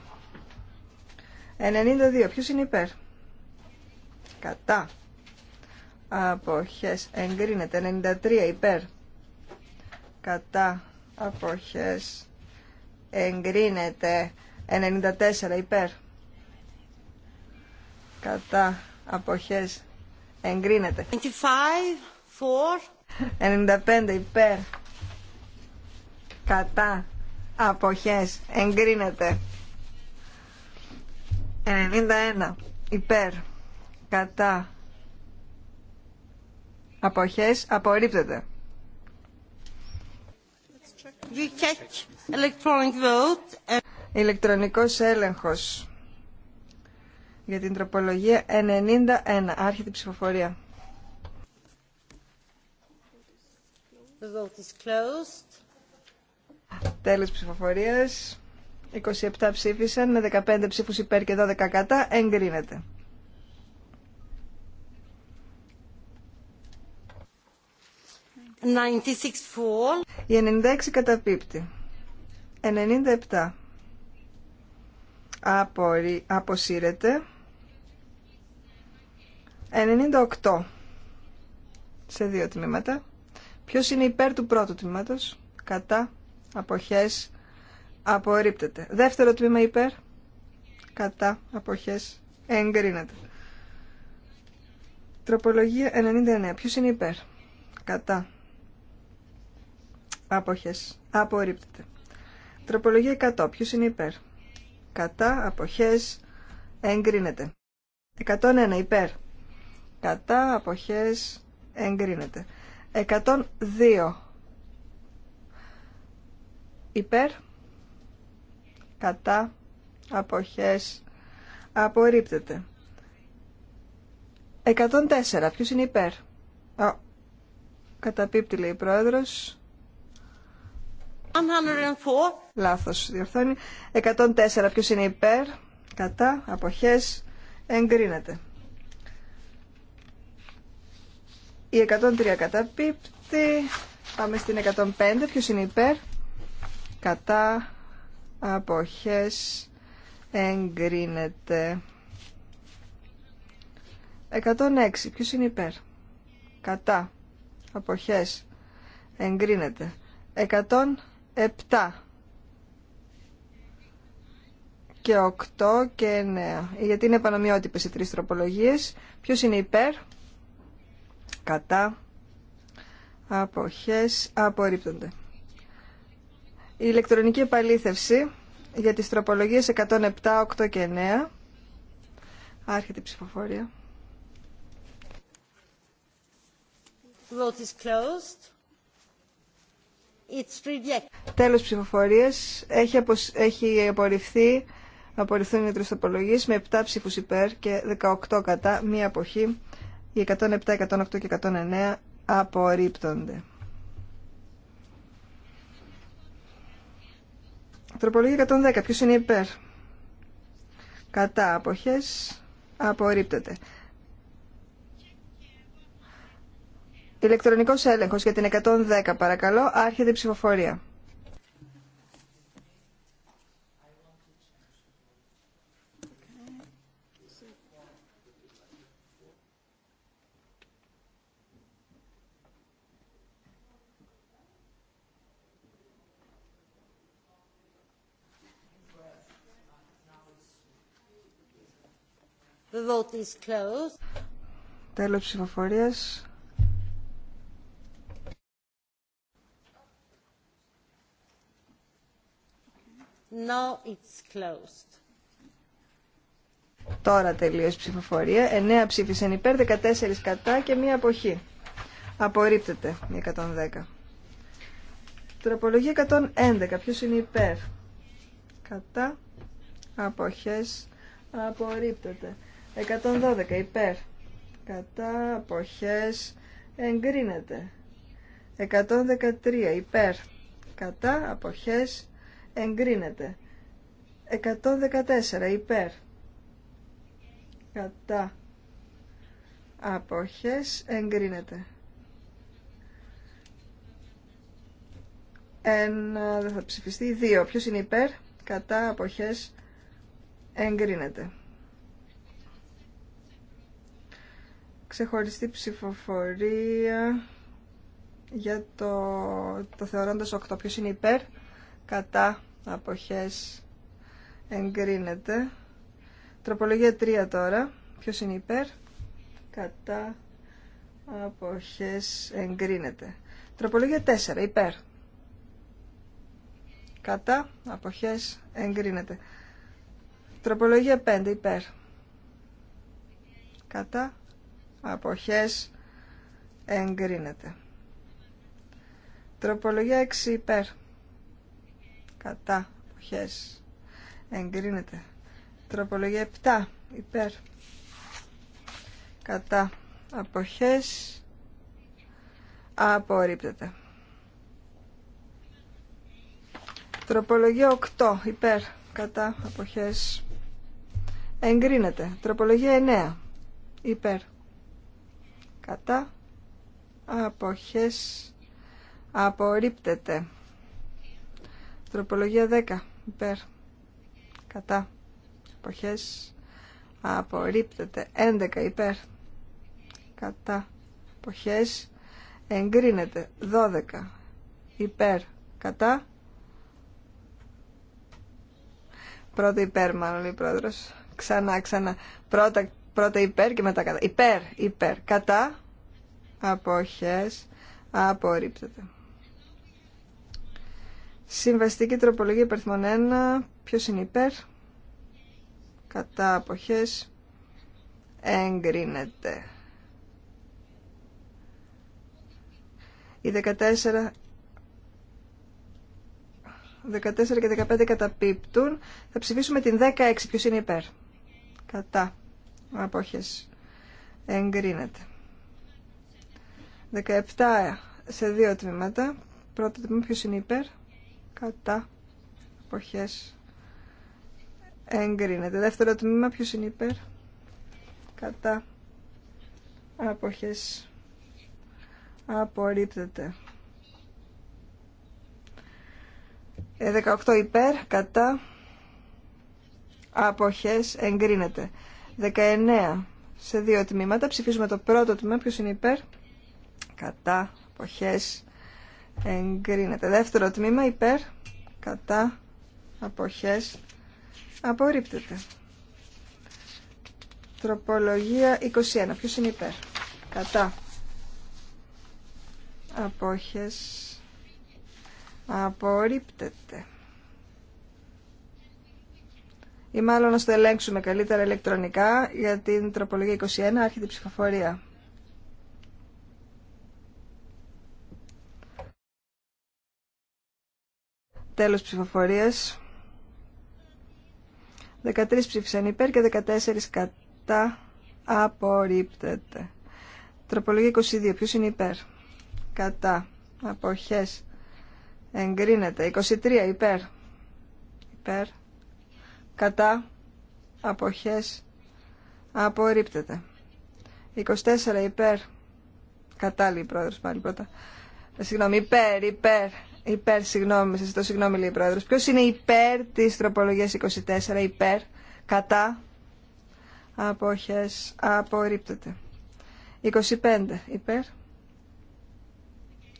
92 ποιος είναι υπέρ κατά αποχές εγκρίνεται 93 υπέρ κατά αποχές εγκρίνεται 94 υπέρ κατά αποχές εγκρίνεται 95, 95 υπέρ κατά αποχές εγκρίνεται 91 υπέρ κατά αποχές απορρίπτεται. Ηλεκτρονικός έλεγχος για την τροπολογία 91. Άρχεται η ψηφοφορία. The vote Τέλος ψηφοφορίας. 27 ψήφισαν με 15 ψήφους υπέρ και 12 κατά. Εγκρίνεται. Η 96 καταπίπτει. 97. Απορι... Αποσύρεται. 98. Σε δύο τμήματα. Ποιος είναι υπέρ του πρώτου τμήματος. Κατά. Αποχές. Απορρίπτεται. Δεύτερο τμήμα υπέρ. Κατά. Αποχές. Εγκρίνεται. Τροπολογία 99. Ποιος είναι υπέρ. Κατά. Αποχές. Απορρίπτεται. Τροπολογία 100. Ποιο είναι υπέρ. Κατά. Αποχές. Εγκρίνεται. 101. Υπέρ. Κατά. Αποχές. Εγκρίνεται. 102. Υπέρ. Κατά. Αποχές. Απορρίπτεται. 104. Ποιο είναι υπέρ. καταπίπτει λέει η πρόεδρος. 104. Λάθος διορθώνει. 104. Ποιος είναι υπέρ, κατά, απόχέ. εγκρίνεται. Η 103 καταπίπτει. Πάμε στην 105. ποιο είναι υπέρ, κατά, απόχέ. εγκρίνεται. 106. Ποιος είναι υπέρ, κατά, αποχέ. εγκρίνεται. 7 και 8 και 9. Γιατί είναι επανομοιότυπες οι τρεις τροπολογίες. Ποιος είναι υπέρ, κατά, αποχές, απορρίπτονται. Η ηλεκτρονική επαλήθευση για τις τροπολογίες 107, 8 και 9. Άρχεται η ψηφοφορία. vote is closed. Τέλος ψηφοφορίας. Έχει, έχει απορριφθεί. Απορριφθούν οι τρεις με 7 ψήφους υπέρ και 18 κατά. Μία αποχή. Οι 107, 108 και 109 απορρίπτονται. Τροπολογία 110. Ποιος είναι υπέρ. Κατά αποχές απορρίπτεται. Ηλεκτρονικός έλεγχος για την 110 παρακαλώ. Άρχεται η ψηφοφορία. The vote Τέλος ψηφοφορίας. Τώρα τελείωσε η ψηφοφορία. 9 ψήφισαν υπέρ, 14 κατά και μία αποχή. Απορρίπτεται η 110. Τροπολογία 111. Ποιο είναι υπέρ. Κατά. Αποχές. Απορρίπτεται. 112. Υπέρ. Κατά. Αποχές. Εγκρίνεται. 113. Υπέρ. Κατά. Αποχές εγκρίνεται. 114 υπέρ κατά αποχές εγκρίνεται. Ένα δεν θα ψηφιστεί. Δύο. Ποιος είναι υπέρ κατά αποχές εγκρίνεται. Ξεχωριστή ψηφοφορία για το, το θεωρώντας 8. Ποιος είναι υπέρ κατά αποχές εγκρίνεται. Τροπολογία 3 τώρα. Ποιο είναι υπέρ. Κατά αποχές εγκρίνεται. Τροπολογία 4 υπέρ. Κατά αποχές εγκρίνεται. Τροπολογία 5 υπέρ. Κατά αποχές εγκρίνεται. Τροπολογία 6 υπέρ κατά αποχές εγκρίνεται τροπολογία 7 υπέρ κατά αποχές απορρίπτεται τροπολογία 8 υπέρ κατά αποχές εγκρίνεται τροπολογία 9 υπέρ κατά αποχές απορρίπτεται Τροπολογία 10. Υπέρ. Κατά. εποχές, Απορρίπτεται. 11. Υπέρ. Κατά. εποχές, Εγκρίνεται. 12. Υπέρ. Κατά. Πρώτα υπέρ μάλλον λέει πρόεδρος. Ξανά, ξανά. Πρώτα, πρώτα υπέρ και μετά κατά. Υπέρ, υπέρ. Κατά. Αποχές. Απορρίπτεται. Συμβαστική τροπολογία υπαριθμών 1. Ποιος είναι υπέρ. Κατά αποχές. Εγκρίνεται. Οι 14... 14 και 15 καταπίπτουν. Θα ψηφίσουμε την 16. Ποιος είναι υπέρ. Κατά. Απόχες. Εγκρίνεται. 17 σε δύο τμήματα. Πρώτο τμήμα ποιος είναι υπέρ κατά αποχές εγκρίνεται. Δεύτερο τμήμα, ποιος είναι υπέρ, κατά αποχές απορρίπτεται. 18 ε, υπέρ, κατά αποχές εγκρίνεται. 19 σε δύο τμήματα. Ψηφίζουμε το πρώτο τμήμα, ποιος είναι υπέρ, κατά αποχές εγκρίνεται. Δεύτερο τμήμα υπέρ, κατά, αποχές, απορρίπτεται. Τροπολογία 21. Ποιος είναι υπέρ, κατά, απόχες απορρίπτεται. Ή μάλλον να το ελέγξουμε καλύτερα ηλεκτρονικά για την τροπολογία 21, άρχεται η ψηφοφορία. Τέλος ψηφοφορίας. 13 ψήφισαν υπέρ και 14 κατά. Απορρίπτεται. Τροπολογία 22. Ποιος είναι υπέρ. Κατά. Αποχές. Εγκρίνεται. 23. Υπέρ. Υπέρ. Κατά. Αποχές. Απορρίπτεται. 24. Υπέρ. Κατάλληλη πρόεδρος πάλι πρώτα. Ε, συγγνώμη. Υπέρ. Υπέρ. Υπέρ, συγγνώμη, σας το συγγνώμη λέει η Πρόεδρος. Ποιος είναι υπέρ της τροπολογίας 24, υπέρ, κατά, απόχες, απορρίπτεται. 25, υπέρ,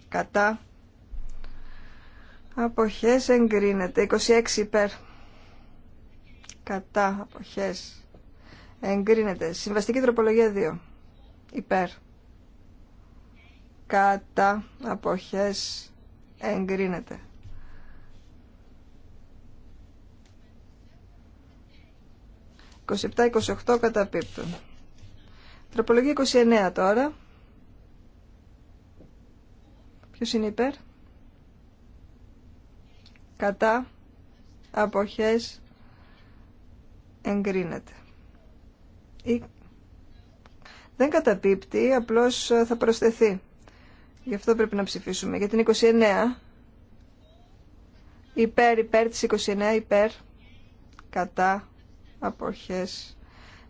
κατά, απόχες, εγκρίνεται. 26, υπέρ, κατά, απόχες, εγκρίνεται. Συμβαστική τροπολογία 2, υπέρ, κατά, απόχες, εγκρίνεται. ...27-28 καταπίπτουν. Τροπολογία 29 τώρα. Ποιος είναι υπέρ? Κατά αποχές εγκρίνεται. Ή... Δεν καταπίπτει, απλώς θα προσθεθεί. Γι' αυτό πρέπει να ψηφίσουμε. Για την 29. Υπέρ, υπέρ της 29, υπέρ. Κατά. Αποχές.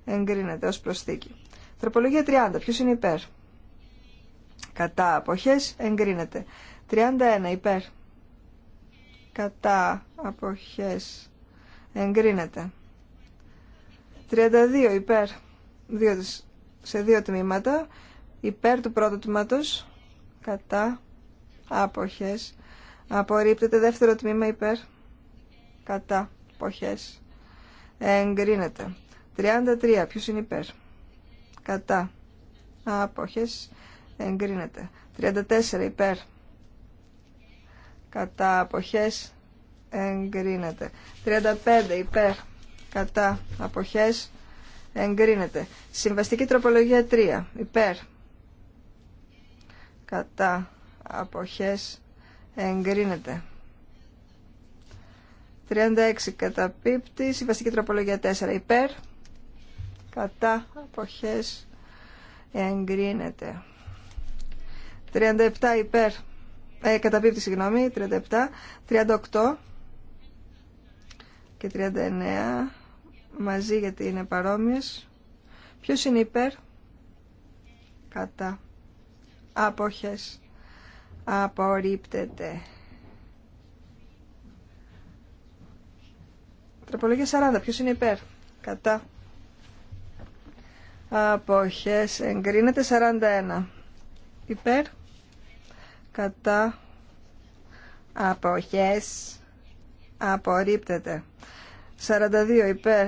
Εγκρίνεται ως προσθήκη. Τροπολογία 30. Ποιος είναι υπέρ. Κατά. Αποχές. Εγκρίνεται. 31. Υπέρ. Κατά. Αποχές. Εγκρίνεται. 32. Υπέρ. σε δύο τμήματα. Υπέρ του πρώτου τμήματος κατά άποχες απορρίπτεται δεύτερο τμήμα υπέρ κατά αποχές εγκρίνεται 33 ποιος είναι υπέρ κατά άποχες εγκρίνεται 34 υπέρ κατά αποχές εγκρίνεται 35 υπέρ κατά αποχές εγκρίνεται συμβαστική τροπολογία 3 υπέρ κατά αποχές εγκρίνεται. 36 κατά πίπτη, συμβαστική τροπολογία 4 υπέρ, κατά αποχές εγκρίνεται. 37 υπέρ, ε, κατά πίπτη συγγνώμη, 37, 38 και 39 μαζί γιατί είναι παρόμοιες. Ποιος είναι υπέρ, κατά άποχες απορρίπτεται. Τροπολογία 40. Ποιος είναι υπέρ. Κατά. Αποχές. Εγκρίνεται 41. Υπέρ. Κατά. Αποχές. Απορρίπτεται. 42. Υπέρ.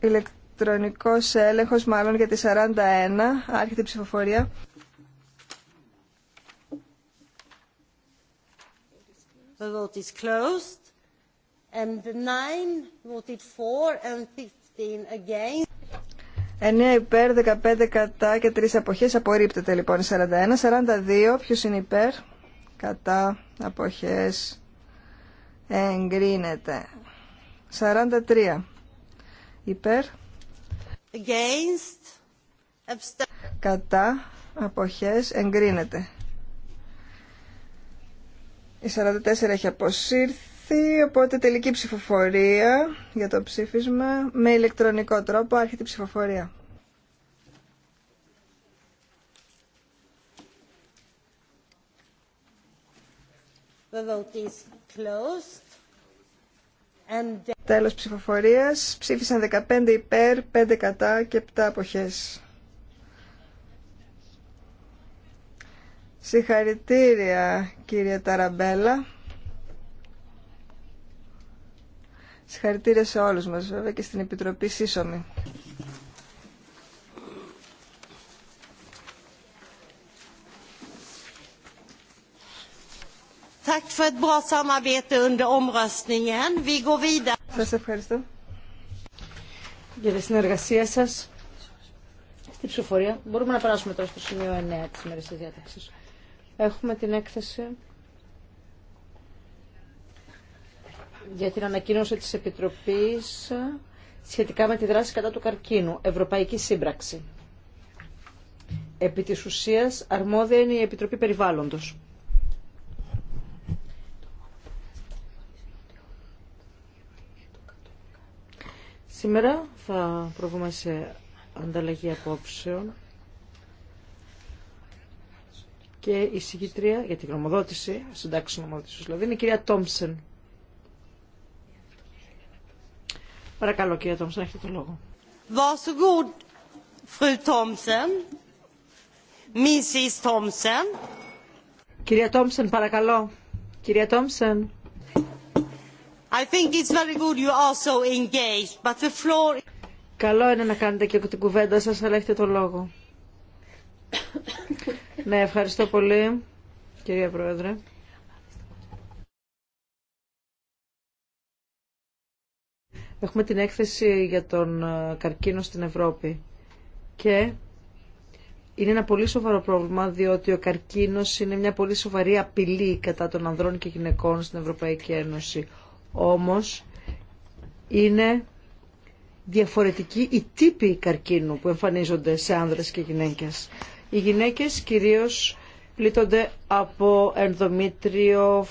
Ηλεκτρονικός έλεγχος μάλλον για τη 41. Άρχεται η ψηφοφορία. The vote is closed. And nine voted for and 15 against. 9 υπέρ, 15 κατά και 3 αποχές. Απορρίπτεται λοιπόν η 41. 42. Ποιος είναι υπέρ. Κατά. Αποχές. Εγκρίνεται. 43. Υπέρ. Against. Κατά. Αποχές. Εγκρίνεται. Η 44 έχει αποσύρθει, οπότε τελική ψηφοφορία για το ψήφισμα με ηλεκτρονικό τρόπο άρχεται η ψηφοφορία. The vote Τέλος ψηφοφορίας. Ψήφισαν 15 υπέρ, 5 κατά και 7 αποχές. Συγχαρητήρια κύριε Ταραμπέλα. Συγχαρητήρια σε όλους μας βέβαια και στην Επιτροπή Σύσσωμη. Σας ευχαριστώ για τη συνεργασία σας στην ψηφοφορία. Μπορούμε να περάσουμε τώρα στο σημείο 9 της ημέρας της διάταξης. Έχουμε την έκθεση για την ανακοίνωση της Επιτροπής σχετικά με τη δράση κατά του καρκίνου, Ευρωπαϊκή Σύμπραξη. Επί της ουσίας, αρμόδια είναι η Επιτροπή Περιβάλλοντος. Σήμερα θα προβούμε σε ανταλλαγή απόψεων και η συγκήτρια για την γνωμοδότηση, συντάξει γνωμοδότηση δηλαδή, είναι η κυρία Τόμψεν. Παρακαλώ κυρία Τόμψεν, έχετε το λόγο. Varsågod, φρου Thompson. μισής Thompson. Κυρία Τόμψεν, παρακαλώ. Κυρία Τόμψεν. I think it's very good you are so engaged, but the floor... Καλό είναι να κάνετε και την κουβέντα σας, αλλά το λόγο. Ναι, ευχαριστώ πολύ, κυρία Πρόεδρε. Έχουμε την έκθεση για τον ε, καρκίνο στην Ευρώπη και είναι ένα πολύ σοβαρό πρόβλημα διότι ο καρκίνος είναι μια πολύ σοβαρή απειλή κατά των ανδρών και γυναικών στην Ευρωπαϊκή Ένωση. Όμως είναι διαφορετικοί οι τύποι καρκίνου που εμφανίζονται σε άνδρες και γυναίκες. Οι γυναίκες κυρίως πλήττονται από ενδομήτριο,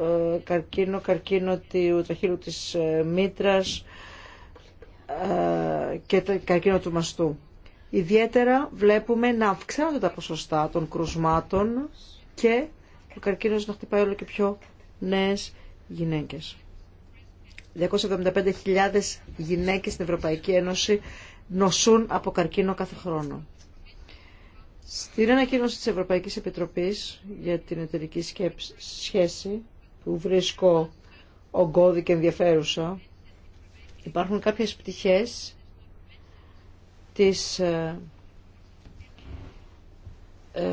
ε, καρκίνο, καρκίνο του τραχύλου της ε, μήτρας ε, και καρκίνο του μαστού. Ιδιαίτερα βλέπουμε να αυξάνονται τα ποσοστά των κρουσμάτων και ο καρκίνος να χτυπάει όλο και πιο νέες γυναίκες. 275.000 γυναίκες στην Ευρωπαϊκή Ένωση νοσούν από καρκίνο κάθε χρόνο. Στην ανακοίνωση της Ευρωπαϊκής Επιτροπής για την εταιρική σχέση που βρίσκω ογκώδη και ενδιαφέρουσα υπάρχουν κάποιες πτυχές της ε, ε,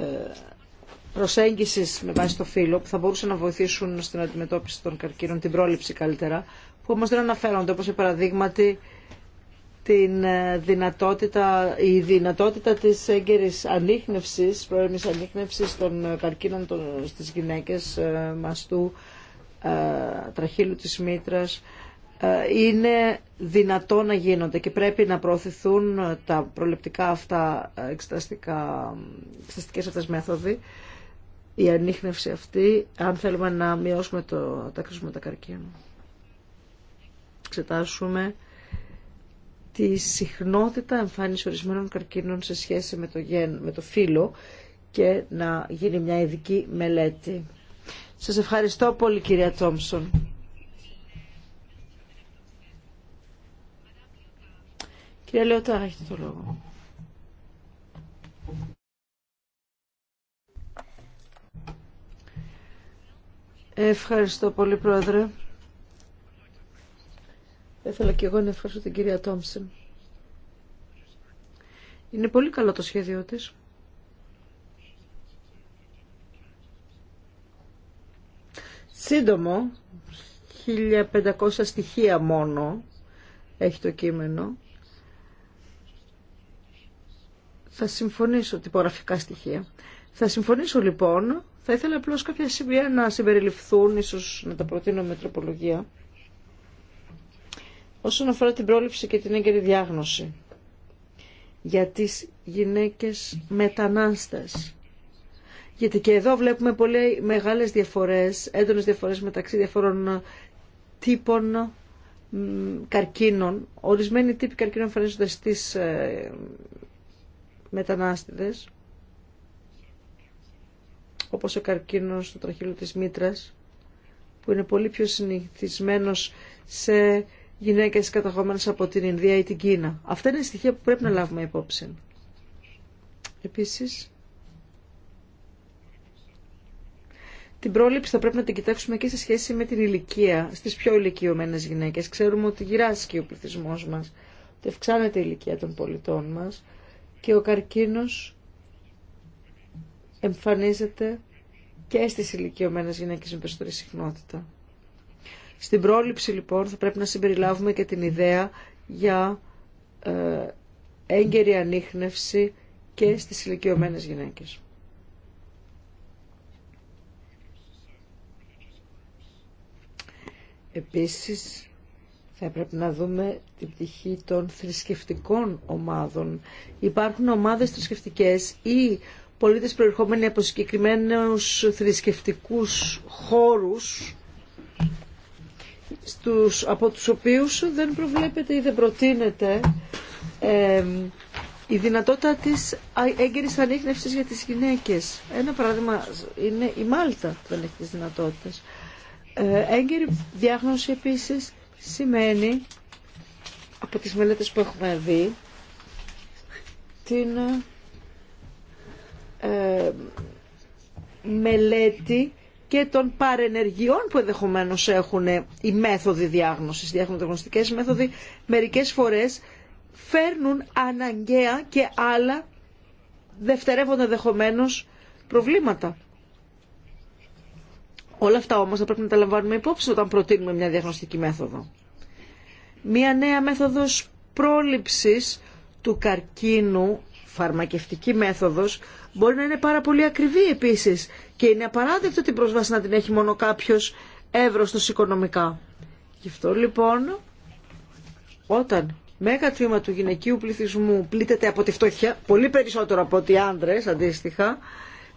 προσέγγισης με βάση το φύλλο που θα μπορούσαν να βοηθήσουν στην αντιμετώπιση των καρκίνων, την πρόληψη καλύτερα, που όμως δεν αναφέρονται όπως οι παραδείγματοι την ε, δυνατότητα, η δυνατότητα της έγκαιρης ανείχνευσης, ανείχνευσης των ε, καρκίνων των, στις γυναίκες ε, μαστού τραχύλου της μήτρας είναι δυνατό να γίνονται και πρέπει να προωθηθούν τα προληπτικά αυτά εξεταστικά, εξεταστικές αυτές μέθοδοι η ανείχνευση αυτή αν θέλουμε να μειώσουμε το, τα κρίσματα καρκίνου. Εξετάσουμε τη συχνότητα εμφάνιση ορισμένων καρκίνων σε σχέση με το, γεν, με το φύλλο και να γίνει μια ειδική μελέτη. Σας ευχαριστώ πολύ κυρία Τόμσον. Κυρία Λεωτά, έχετε το λόγο. Ευχαριστώ πολύ, Πρόεδρε. Θα ήθελα και εγώ να ευχαριστώ την κυρία Τόμψεν. Είναι πολύ καλό το σχέδιό της. Σύντομο, 1500 στοιχεία μόνο έχει το κείμενο. Θα συμφωνήσω, τυπογραφικά στοιχεία. Θα συμφωνήσω λοιπόν, θα ήθελα απλώς κάποια σημεία να συμπεριληφθούν, ίσως να τα προτείνω με τροπολογία όσον αφορά την πρόληψη και την έγκαιρη διάγνωση για τις γυναίκες μετανάστες. Γιατί και εδώ βλέπουμε πολύ μεγάλες διαφορές, έντονες διαφορές μεταξύ διαφορών ε, τύπων καρκίνων. Ορισμένοι τύποι καρκίνων εμφανίζονται στις ε, μετανάστηδες, όπως ο καρκίνος του τραχύλου της μήτρας, που είναι πολύ πιο συνηθισμένος σε Γυναίκε καταγόμενε από την Ινδία ή την Κίνα. Αυτά είναι στοιχεία που πρέπει να λάβουμε υπόψη. επιση την πρόληψη θα πρέπει να την κοιτάξουμε και σε σχέση με την ηλικία, στι πιο ηλικιωμένε γυναίκε. Ξέρουμε ότι γυράσκει ο πληθυσμό μα ότι αυξάνεται η ηλικία των πολιτών μα και ο καρκίνο εμφανίζεται και στις ηλικιωμένες γυναίκες με περισσότερη συχνότητα. Στην πρόληψη λοιπόν θα πρέπει να συμπεριλάβουμε και την ιδέα για ε, έγκαιρη ανείχνευση και στις ηλικιωμένε γυναίκες. Επίσης, θα πρέπει να δούμε την πτυχή των θρησκευτικών ομάδων. Υπάρχουν ομάδες θρησκευτικές ή πολίτες προερχόμενοι από συγκεκριμένους θρησκευτικούς χώρους στους, από τους οποίους δεν προβλέπεται ή δεν προτείνεται η δυνατότητα της έγκαιρης ανείχνευσης για τις γυναίκες. Ένα παράδειγμα είναι η Μάλτα που δεν έχει τις δυνατότητες. Ε, έγκαιρη διάγνωση επίσης σημαίνει από τις μελέτες που έχουμε δει την ε, μελέτη και των παρενεργειών που ενδεχομένω έχουν οι μέθοδοι διάγνωση, οι διαγνωστικέ μέθοδοι, μερικέ φορέ φέρνουν αναγκαία και άλλα δευτερεύοντα ενδεχομένω προβλήματα. Όλα αυτά όμως θα πρέπει να τα λαμβάνουμε υπόψη όταν προτείνουμε μια διαγνωστική μέθοδο. Μια νέα μέθοδος πρόληψης του καρκίνου φαρμακευτική μέθοδος μπορεί να είναι πάρα πολύ ακριβή επίσης και είναι απαράδεκτο την πρόσβαση να την έχει μόνο κάποιος εύρωστος οικονομικά. Γι' αυτό λοιπόν όταν μέγα τμήμα του γυναικείου πληθυσμού πλήττεται από τη φτώχεια, πολύ περισσότερο από ότι άντρε αντίστοιχα,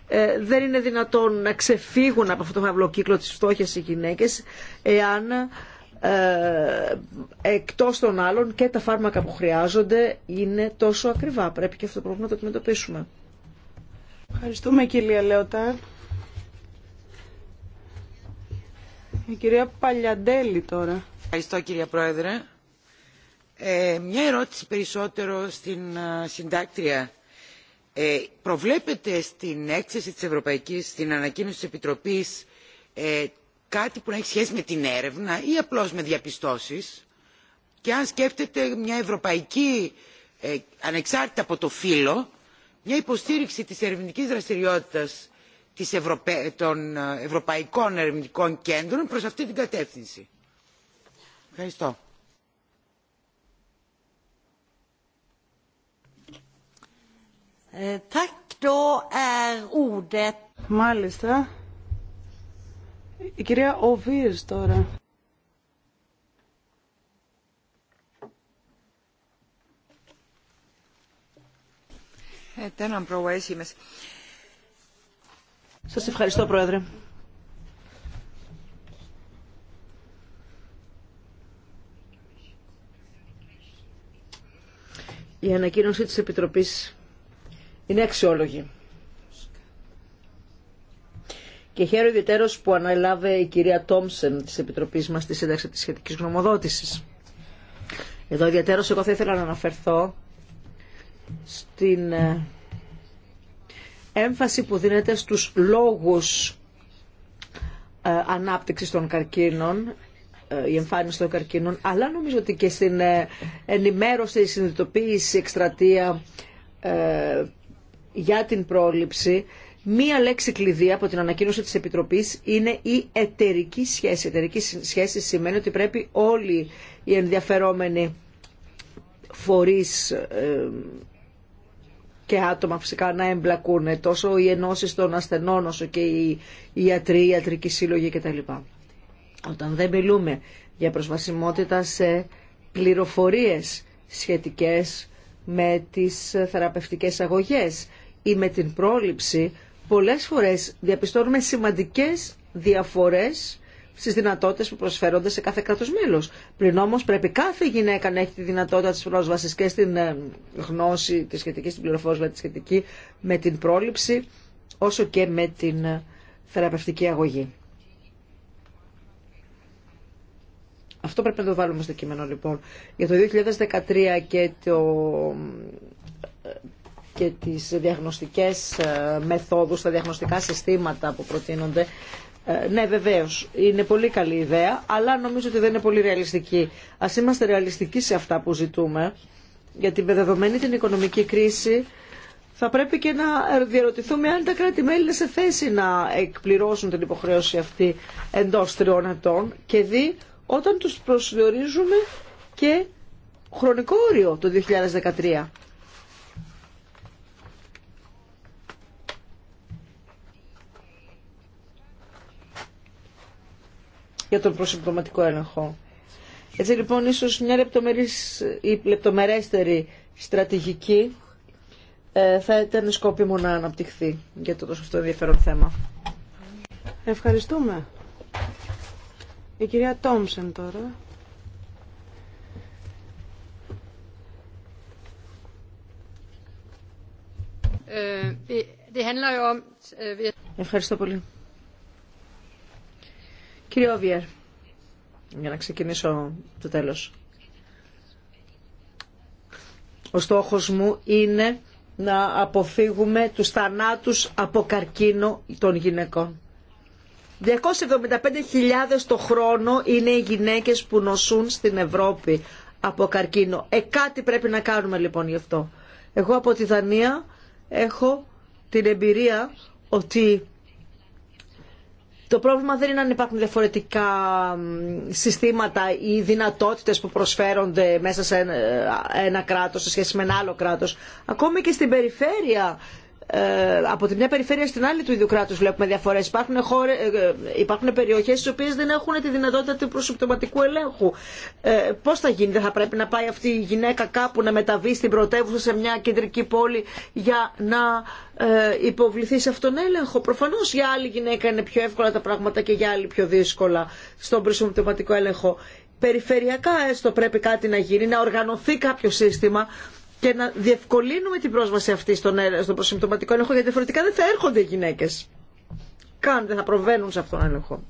ε, δεν είναι δυνατόν να ξεφύγουν από αυτό το φαυλοκύκλο κύκλο της φτώχειας οι γυναίκες εάν ε, εκτός των άλλων και τα φάρμακα που χρειάζονται είναι τόσο ακριβά. Πρέπει και αυτό το πρόβλημα να το αντιμετωπίσουμε. Ευχαριστούμε κυρία Λέωτα. Η κυρία Παλιαντέλη τώρα. Ευχαριστώ κυρία Πρόεδρε. Ε, μια ερώτηση περισσότερο στην ε, συντάκτρια. Ε, προβλέπετε στην έκθεση της Ευρωπαϊκής, στην ανακοίνωση της Επιτροπής ε, κάτι που να έχει σχέση με την έρευνα ή απλώς με διαπιστώσεις και αν σκέφτεται μια ευρωπαϊκή, ε, ανεξάρτητα από το φύλλο, μια υποστήριξη της ερευνητικής δραστηριότητας των ε, Ευρωπαϊκών Ερευνητικών Κέντρων προς αυτή την κατεύθυνση. Ευχαριστώ. Ε, η κυρία Οβίρς τώρα. Ε, Σας ευχαριστώ, Πρόεδρε. Η ανακοίνωση της Επιτροπής είναι αξιόλογη. Και χαίρομαι ιδιαίτερω που αναλάβε η κυρία Τόμσεν τη Επιτροπή μα τη σύνταξη τη σχετική γνωμοδότηση. Εδώ ιδιαίτερω εγώ θα ήθελα να αναφερθώ στην ε, έμφαση που δίνεται στους λόγους ε, ανάπτυξης των καρκίνων ε, η εμφάνιση των καρκίνων, αλλά νομίζω ότι και στην ενημέρωση, συνειδητοποίηση, εκστρατεία για την πρόληψη Μία λέξη κλειδί από την ανακοίνωση της Επιτροπής είναι η εταιρική σχέση. Η εταιρική σχέση σημαίνει ότι πρέπει όλοι οι ενδιαφερόμενοι φορείς και άτομα φυσικά να εμπλακούν τόσο οι ενώσεις των ασθενών όσο και οι ιατροί, οι ιατρικοί σύλλογοι κτλ. Όταν δεν μιλούμε για προσβασιμότητα σε πληροφορίες σχετικές με τις θεραπευτικές αγωγές ή με την πρόληψη πολλές φορές διαπιστώνουμε σημαντικές διαφορές στι δυνατότητε που προσφέρονται σε κάθε κράτο μέλο. Πριν όμω πρέπει κάθε γυναίκα να έχει τη δυνατότητα τη πρόσβαση και στην ε, γνώση, τη σχετική, στην πληροφόρηση, τη σχετική με την πρόληψη, όσο και με την ε, θεραπευτική αγωγή. Αυτό πρέπει να το βάλουμε στο κείμενο λοιπόν. Για το 2013 και το και τις διαγνωστικές ε, μεθόδους, τα διαγνωστικά συστήματα που προτείνονται. Ε, ναι, βεβαίω, είναι πολύ καλή ιδέα, αλλά νομίζω ότι δεν είναι πολύ ρεαλιστική. Α είμαστε ρεαλιστικοί σε αυτά που ζητούμε, γιατί με δεδομένη την οικονομική κρίση θα πρέπει και να διαρωτηθούμε αν τα κράτη-μέλη είναι σε θέση να εκπληρώσουν την υποχρέωση αυτή εντό τριών ετών και δι' όταν του προσδιορίζουμε και χρονικό όριο το 2013. για τον προσυμπτωματικό έλεγχο. Έτσι λοιπόν ίσως μια ή λεπτομερέστερη στρατηγική θα ήταν σκόπιμο να αναπτυχθεί για το τόσο αυτό ενδιαφέρον θέμα. Ευχαριστούμε. Η κυρία Τόμψεν τώρα. Ευχαριστώ πολύ. Κύριε Όβιερ, για να ξεκινήσω το τέλος. Ο στόχος μου είναι να αποφύγουμε τους θανάτους από καρκίνο των γυναικών. 275.000 το χρόνο είναι οι γυναίκες που νοσούν στην Ευρώπη από καρκίνο. Ε, κάτι πρέπει να κάνουμε λοιπόν γι' αυτό. Εγώ από τη Δανία έχω την εμπειρία ότι το πρόβλημα δεν είναι αν υπάρχουν διαφορετικά συστήματα ή δυνατότητες που προσφέρονται μέσα σε ένα κράτος σε σχέση με ένα άλλο κράτος. Ακόμη και στην περιφέρεια ε, από τη μια περιφέρεια στην άλλη του ίδιου κράτου βλέπουμε διαφορέ. Υπάρχουν, χώρε, ε, ε, υπάρχουν περιοχέ στι οποίε δεν έχουν τη δυνατότητα του προσυμπτωματικού ελέγχου. Ε, Πώ θα γίνει, δεν θα πρέπει να πάει αυτή η γυναίκα κάπου να μεταβεί στην πρωτεύουσα σε μια κεντρική πόλη για να υποβληθεί σε αυτόν τον έλεγχο. Προφανώ για άλλη γυναίκα είναι πιο εύκολα τα πράγματα και για άλλη πιο δύσκολα στον προσυμπτωματικό έλεγχο. Περιφερειακά έστω πρέπει κάτι να γίνει, να οργανωθεί κάποιο σύστημα και να διευκολύνουμε την πρόσβαση αυτή στον, στον προσυμπτωματικό έλεγχο, γιατί διαφορετικά δεν θα έρχονται οι γυναίκε. Καν δεν θα προβαίνουν σε αυτόν τον έλεγχο.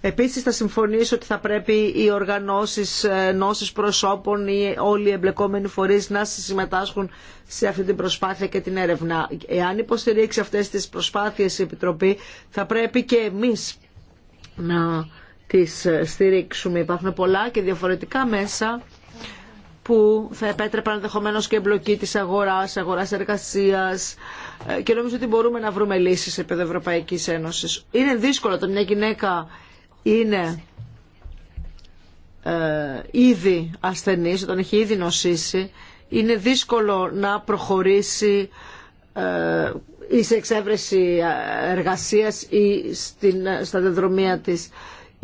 Επίσης θα συμφωνήσω ότι θα πρέπει οι οργανώσεις ε, νόσης προσώπων ή όλοι οι εμπλεκόμενοι φορείς να συμμετάσχουν σε αυτή την προσπάθεια και την έρευνα. Εάν υποστηρίξει αυτές τις προσπάθειες η Επιτροπή θα πρέπει και εμείς να τις ε, στηρίξουμε. Υπάρχουν πολλά και διαφορετικά μέσα που θα επέτρεπαν ενδεχομένω και εμπλοκή τη αγοράς, αγορά εργασία ε, και νομίζω ότι μπορούμε να βρούμε λύσεις σε επίπεδο Ευρωπαϊκής Ένωσης. Είναι δύσκολο όταν μια γυναίκα είναι ε, ήδη ασθενή, όταν έχει ήδη νοσήσει, είναι δύσκολο να προχωρήσει ε, ή σε εξέβρεση ε, εργασίας ή στην, ε, στα δεδρομία της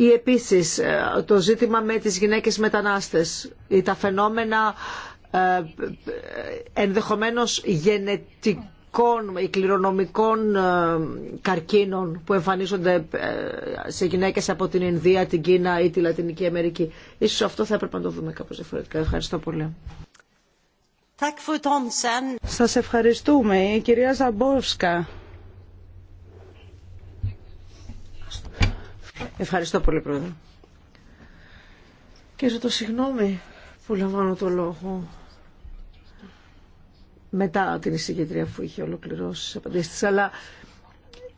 ή επίσης ε, το ζήτημα με τις γυναίκες μετανάστες ή τα φαινόμενα ε, ε, ενδεχομένως γενετικών ή κληρονομικών καρκίνων που εμφανίζονται σε γυναίκες από την Ινδία, την Κίνα ή τη Λατινική Αμερική. Ίσως αυτό θα έπρεπε να το δούμε κάπως διαφορετικά. Ευχαριστώ πολύ. Σας ευχαριστούμε. Η κυρία Ζαμπόσκα. Ευχαριστώ πολύ, Πρόεδρε. Και το συγγνώμη που λαμβάνω το λόγο μετά την εισηγητρία που είχε ολοκληρώσει τι απαντήσει αλλά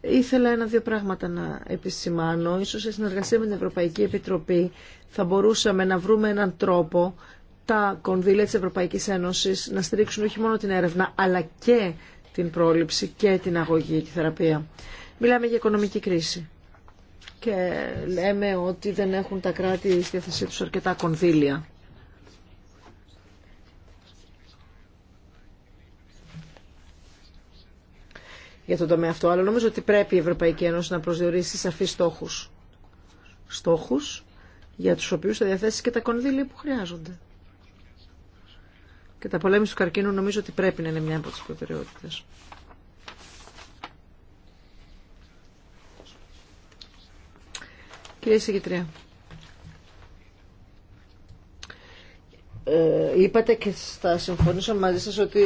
ήθελα ένα-δύο πράγματα να επισημάνω. Ίσως σε συνεργασία με την Ευρωπαϊκή Επιτροπή θα μπορούσαμε να βρούμε έναν τρόπο τα κονδύλια της Ευρωπαϊκής Ένωσης να στηρίξουν όχι μόνο την έρευνα αλλά και την πρόληψη και την αγωγή και θεραπεία. Μιλάμε για οικονομική κρίση και λέμε ότι δεν έχουν τα κράτη στη θέση τους αρκετά κονδύλια. για τον τομέα αυτό, αλλά νομίζω ότι πρέπει η Ευρωπαϊκή Ένωση να προσδιορίσει σαφείς στόχους. Στόχους για τους οποίους θα διαθέσει και τα κονδύλια που χρειάζονται. Και τα πολέμηση του καρκίνου νομίζω ότι πρέπει να είναι μια από τις προτεραιότητες. Κυρία Συγκητρία. Ε, είπατε και θα συμφωνήσω μαζί σας ότι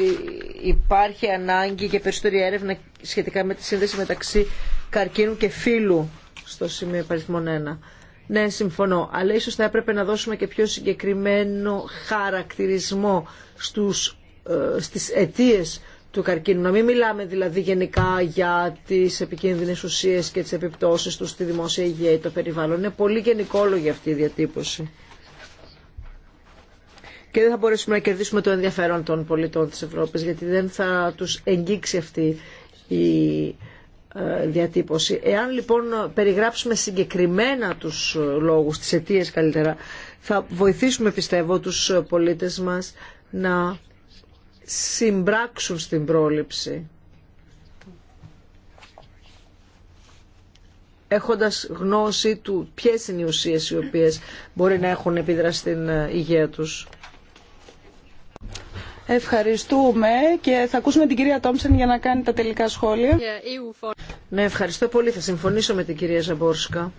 υπάρχει ανάγκη και περισσότερη έρευνα σχετικά με τη σύνδεση μεταξύ καρκίνου και φύλου στο σημείο παριθμών 1. Ναι, συμφωνώ, αλλά ίσως θα έπρεπε να δώσουμε και πιο συγκεκριμένο χαρακτηρισμό στους, ε, στις αιτίες του καρκίνου. Να μην μιλάμε δηλαδή γενικά για τις επικίνδυνες ουσίες και τις επιπτώσεις του στη δημόσια υγεία ή το περιβάλλον. Είναι πολύ γενικόλογη αυτή η διατύπωση. Και δεν θα μπορέσουμε να κερδίσουμε το ενδιαφέρον των πολιτών της Ευρώπης γιατί δεν θα τους εγγίξει αυτή η ε, διατύπωση. Εάν λοιπόν περιγράψουμε συγκεκριμένα τους λόγους, τις αιτίε καλύτερα, θα βοηθήσουμε πιστεύω τους πολίτες μας να συμπράξουν στην πρόληψη. έχοντας γνώση του ποιες είναι οι ουσίες οι οποίες μπορεί να έχουν επίδραση στην ε, υγεία τους. Ευχαριστούμε και θα ακούσουμε την κυρία Τόμψεν για να κάνει τα τελικά σχόλια. Ναι, ευχαριστώ πολύ. Θα συμφωνήσω με την κυρία Ζαμπόρσκα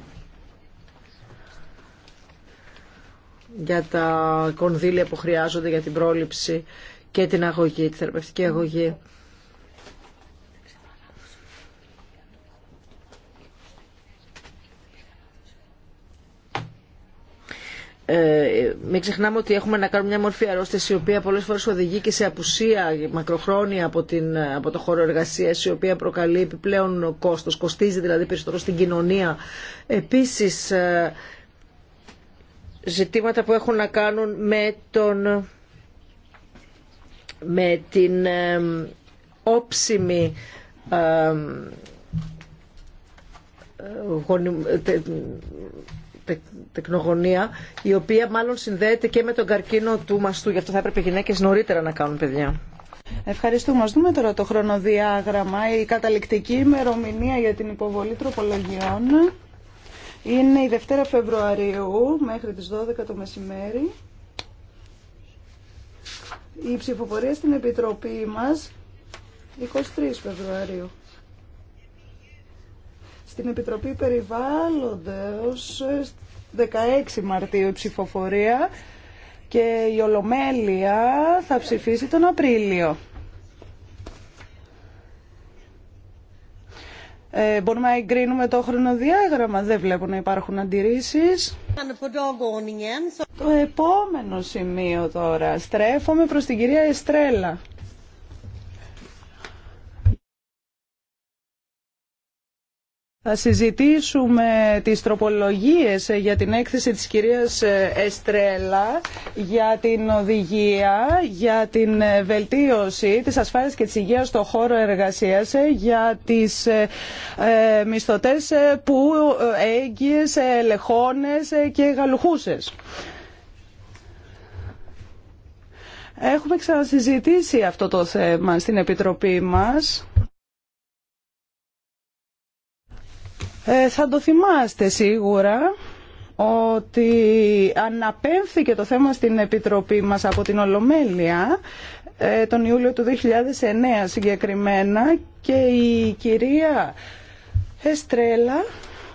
για τα κονδύλια που χρειάζονται για την πρόληψη και την αγωγή, τη θεραπευτική αγωγή. Ε, μην ξεχνάμε ότι έχουμε να κάνουμε μια μορφή αρρώστηση η οποία πολλές φορές οδηγεί και σε απουσία μακροχρόνια από, την, από το χώρο εργασία, η οποία προκαλεί επιπλέον κόστος, κοστίζει δηλαδή περισσότερο στην κοινωνία. Επίσης ε, ζητήματα που έχουν να κάνουν με τον με την όψιμη τεκνογωνία η οποία μάλλον συνδέεται και με τον καρκίνο του μαστού. Γι' αυτό θα έπρεπε οι γυναίκες νωρίτερα να κάνουν παιδιά. Ευχαριστούμε. Ας δούμε τώρα το χρονοδιάγραμμα. Η καταληκτική ημερομηνία για την υποβολή τροπολογιών είναι η Δευτέρα Φεβρουαρίου μέχρι τις 12 το μεσημέρι. Η ψηφοφορία στην Επιτροπή μας 23 Φεβρουαρίου. Στην Επιτροπή Περιβάλλοντος 16 Μαρτίου ψηφοφορία και η Ολομέλεια θα ψηφίσει τον Απρίλιο. Ε, μπορούμε να εγκρίνουμε το χρονοδιάγραμμα. Δεν βλέπω να υπάρχουν αντιρρήσεις. Το επόμενο σημείο τώρα. Στρέφομαι προς την κυρία Εστρέλα. Θα συζητήσουμε τις τροπολογίες για την έκθεση της κυρίας Εστρέλα για την οδηγία, για την βελτίωση της ασφάλειας και της υγείας στον χώρο εργασίας, για τις ε, μισθωτές που έγκυες, ελεχώνες και γαλουχούσες. Έχουμε ξανασυζητήσει αυτό το θέμα στην Επιτροπή μας. Ε, θα το θυμάστε σίγουρα ότι αναπέμφθηκε το θέμα στην Επιτροπή μας από την Ολομέλεια ε, τον Ιούλιο του 2009 συγκεκριμένα και η κυρία Εστρέλα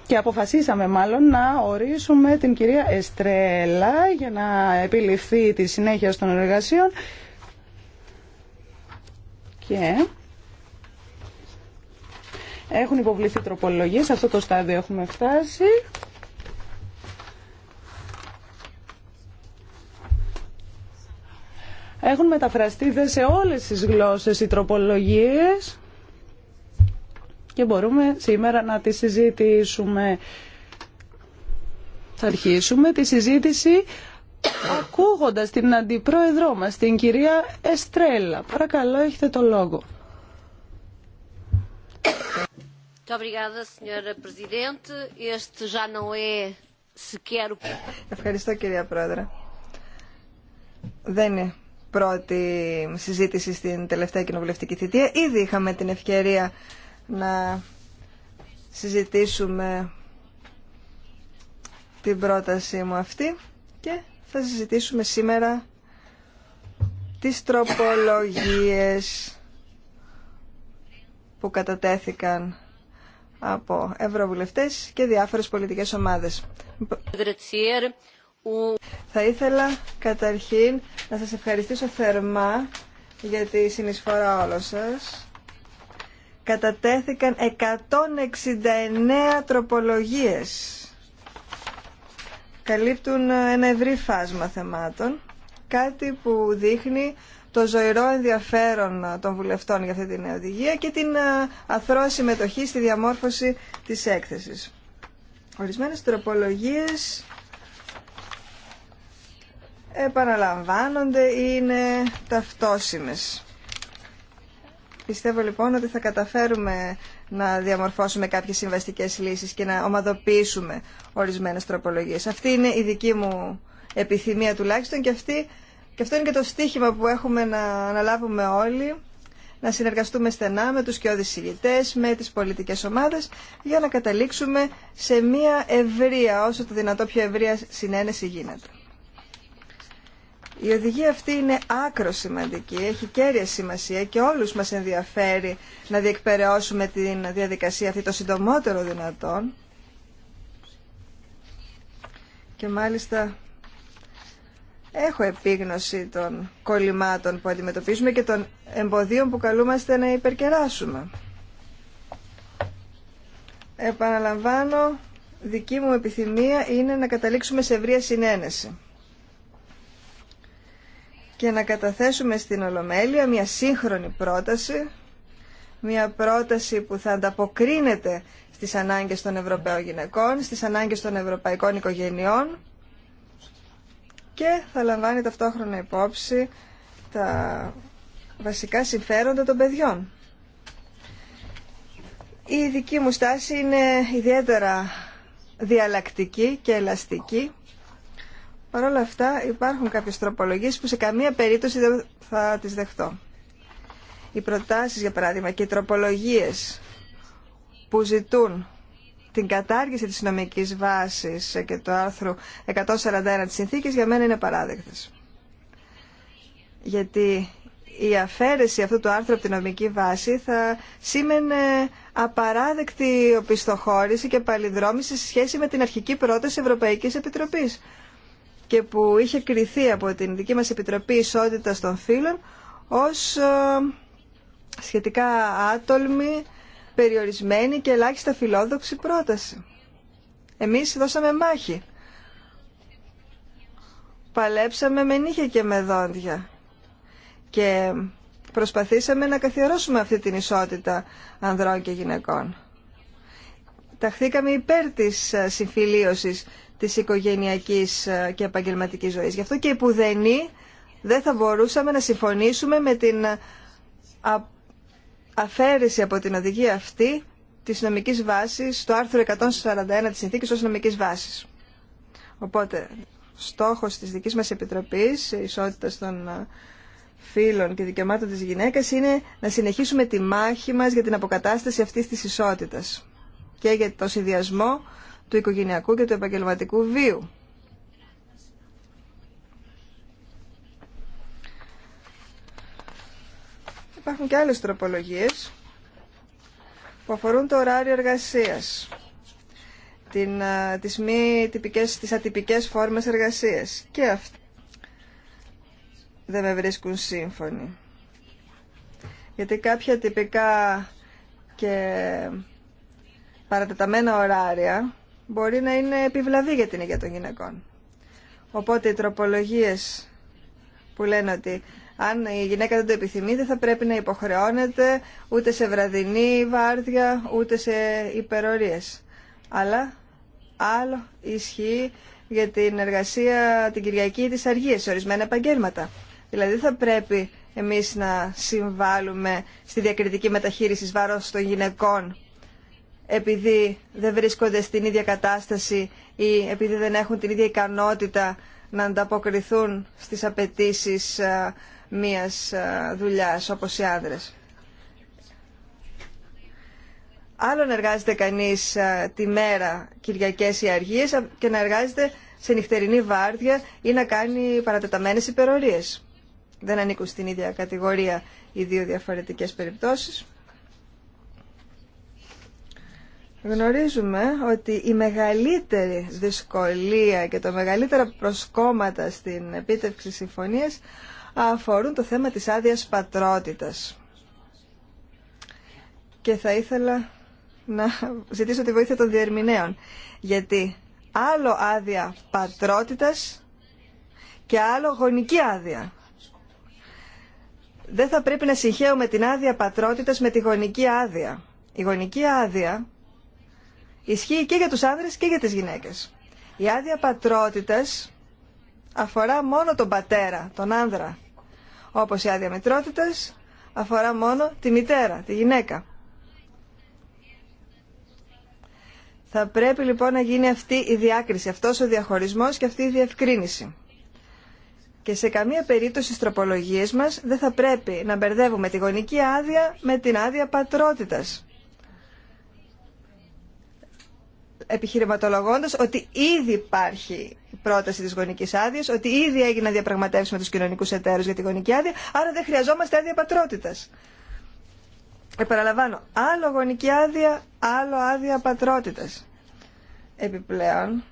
και αποφασίσαμε μάλλον να ορίσουμε την κυρία Εστρέλα για να επιληφθεί τη συνέχεια των εργασιών και έχουν υποβληθεί τροπολογίες, σε αυτό το στάδιο έχουμε φτάσει. Έχουν μεταφραστεί δε σε όλες τις γλώσσες οι τροπολογίες και μπορούμε σήμερα να τις συζητήσουμε. Θα αρχίσουμε τη συζήτηση ακούγοντας την αντιπρόεδρό μας, την κυρία Εστρέλα. Παρακαλώ, έχετε το λόγο. Ευχαριστώ κυρία Πρόεδρε. Δεν είναι πρώτη συζήτηση στην τελευταία κοινοβουλευτική θητεία. Ήδη είχαμε την ευκαιρία να συζητήσουμε την πρότασή μου αυτή και θα συζητήσουμε σήμερα τις τροπολογίες που κατατέθηκαν από ευρωβουλευτές και διάφορες πολιτικές ομάδες. Θα ήθελα καταρχήν να σας ευχαριστήσω θερμά για τη συνεισφορά όλων σας. Κατατέθηκαν 169 τροπολογίες. Καλύπτουν ένα ευρύ φάσμα θεμάτων, κάτι που δείχνει το ζωηρό ενδιαφέρον των βουλευτών για αυτή την οδηγία και την ε, αθρώα συμμετοχή στη διαμόρφωση της έκθεσης. Ορισμένες τροπολογίες επαναλαμβάνονται ή είναι ταυτόσιμες. Πιστεύω λοιπόν ότι θα καταφέρουμε να διαμορφώσουμε κάποιες συμβαστικές λύσεις και να ομαδοποιήσουμε ορισμένες τροπολογίες. Αυτή είναι η δική μου επιθυμία τουλάχιστον και αυτή και αυτό είναι και το στίχημα που έχουμε να αναλάβουμε όλοι, να συνεργαστούμε στενά με τους και ηγητές, με τις πολιτικές ομάδες, για να καταλήξουμε σε μια ευρεία, όσο το δυνατό πιο ευρεία συνένεση γίνεται. Η οδηγία αυτή είναι άκρο σημαντική, έχει κέρια σημασία και όλους μας ενδιαφέρει να διεκπαιρεώσουμε τη διαδικασία αυτή το συντομότερο δυνατόν. Και μάλιστα έχω επίγνωση των κολλημάτων που αντιμετωπίζουμε και των εμποδίων που καλούμαστε να υπερκεράσουμε. Επαναλαμβάνω, δική μου επιθυμία είναι να καταλήξουμε σε ευρεία συνένεση και να καταθέσουμε στην Ολομέλεια μια σύγχρονη πρόταση, μια πρόταση που θα ανταποκρίνεται στις ανάγκες των Ευρωπαίων γυναικών, στις ανάγκες των Ευρωπαϊκών οικογενειών και θα λαμβάνει ταυτόχρονα υπόψη τα βασικά συμφέροντα των παιδιών. Η δική μου στάση είναι ιδιαίτερα διαλλακτική και ελαστική. Παρ' όλα αυτά υπάρχουν κάποιες τροπολογίες που σε καμία περίπτωση δεν θα τις δεχτώ. Οι προτάσεις για παράδειγμα και οι τροπολογίες που ζητούν την κατάργηση της νομικής βάσης και το άρθρο 141 της συνθήκης για μένα είναι παράδειγμα, Γιατί η αφαίρεση αυτού του άρθρου από την νομική βάση θα σήμαινε απαράδεκτη οπισθοχώρηση και παλιδρόμηση σε σχέση με την αρχική πρόταση Ευρωπαϊκής Επιτροπής και που είχε κριθεί από την δική μας Επιτροπή Ισότητας των Φύλων ως ε, σχετικά άτολμη περιορισμένη και ελάχιστα φιλόδοξη πρόταση. Εμείς δώσαμε μάχη. Παλέψαμε με νύχια και με δόντια. Και προσπαθήσαμε να καθιερώσουμε αυτή την ισότητα ανδρών και γυναικών. Ταχθήκαμε υπέρ της ε, συμφιλίωσης της οικογενειακής ε, και επαγγελματικής ζωής. Γι' αυτό και οι πουδενοί δεν θα μπορούσαμε να συμφωνήσουμε με την ε, αφαίρεση από την οδηγία αυτή της νομικής βάσης, το άρθρο 141 της συνθήκης ως νομικής βάσης. Οπότε, στόχος της δικής μας Επιτροπής ισότητα των ε, Φίλων και Δικαιωμάτων της Γυναίκας είναι να συνεχίσουμε τη μάχη μας για την αποκατάσταση αυτής της ισότητας και για το συνδυασμό του οικογενειακού και του επαγγελματικού βίου. Υπάρχουν και άλλες τροπολογίες που αφορούν το ωράριο εργασίας, την, τις, μη τυπικές, τις ατυπικές φόρμες εργασίας. Και αυτά δεν με βρίσκουν σύμφωνοι. Γιατί κάποια τυπικά και παρατεταμένα ωράρια μπορεί να είναι επιβλαβή για την υγεία των γυναικών. Οπότε οι τροπολογίες που λένε ότι αν η γυναίκα δεν το επιθυμεί, δεν θα πρέπει να υποχρεώνεται ούτε σε βραδινή βάρδια, ούτε σε υπερορίες. Αλλά άλλο ισχύει για την εργασία την Κυριακή της Αργίας σε ορισμένα επαγγέλματα. Δηλαδή θα πρέπει εμείς να συμβάλλουμε στη διακριτική μεταχείριση βάρος των γυναικών επειδή δεν βρίσκονται στην ίδια κατάσταση ή επειδή δεν έχουν την ίδια ικανότητα να ανταποκριθούν στις απαιτήσεις ε, μίας δουλειάς όπως οι άνδρες. να εργάζεται κανείς τη μέρα Κυριακές ή Αργίες και να εργάζεται σε νυχτερινή βάρδια ή να κάνει παρατεταμένες υπερορίες. Δεν ανήκουν στην ίδια κατηγορία οι δύο διαφορετικές περιπτώσεις. Γνωρίζουμε ότι η μεγαλύτερη δυσκολία και το μεγαλύτερα προσκόμματα στην επίτευξη συμφωνίας αφορούν το θέμα της άδειας πατρότητας. Και θα ήθελα να ζητήσω τη βοήθεια των διερμηνέων. Γιατί άλλο άδεια πατρότητας και άλλο γονική άδεια. Δεν θα πρέπει να συγχαίουμε την άδεια πατρότητας με τη γονική άδεια. Η γονική άδεια ισχύει και για τους άνδρες και για τις γυναίκες. Η άδεια πατρότητας αφορά μόνο τον πατέρα, τον άνδρα. Όπως η άδεια μετρότητας αφορά μόνο τη μητέρα, τη γυναίκα. Θα πρέπει λοιπόν να γίνει αυτή η διάκριση, αυτός ο διαχωρισμός και αυτή η διευκρίνηση. Και σε καμία περίπτωση στις τροπολογίες μας δεν θα πρέπει να μπερδεύουμε τη γονική άδεια με την άδεια πατρότητας. Επιχειρηματολογώντας ότι ήδη υπάρχει πρόταση τη γονική άδεια, ότι ήδη έγιναν διαπραγματεύσει με του κοινωνικού εταίρου για τη γονική άδεια, άρα δεν χρειαζόμαστε άδεια πατρότητα. Επαναλαμβάνω, άλλο γονική άδεια, άλλο άδεια πατρότητα. Επιπλέον,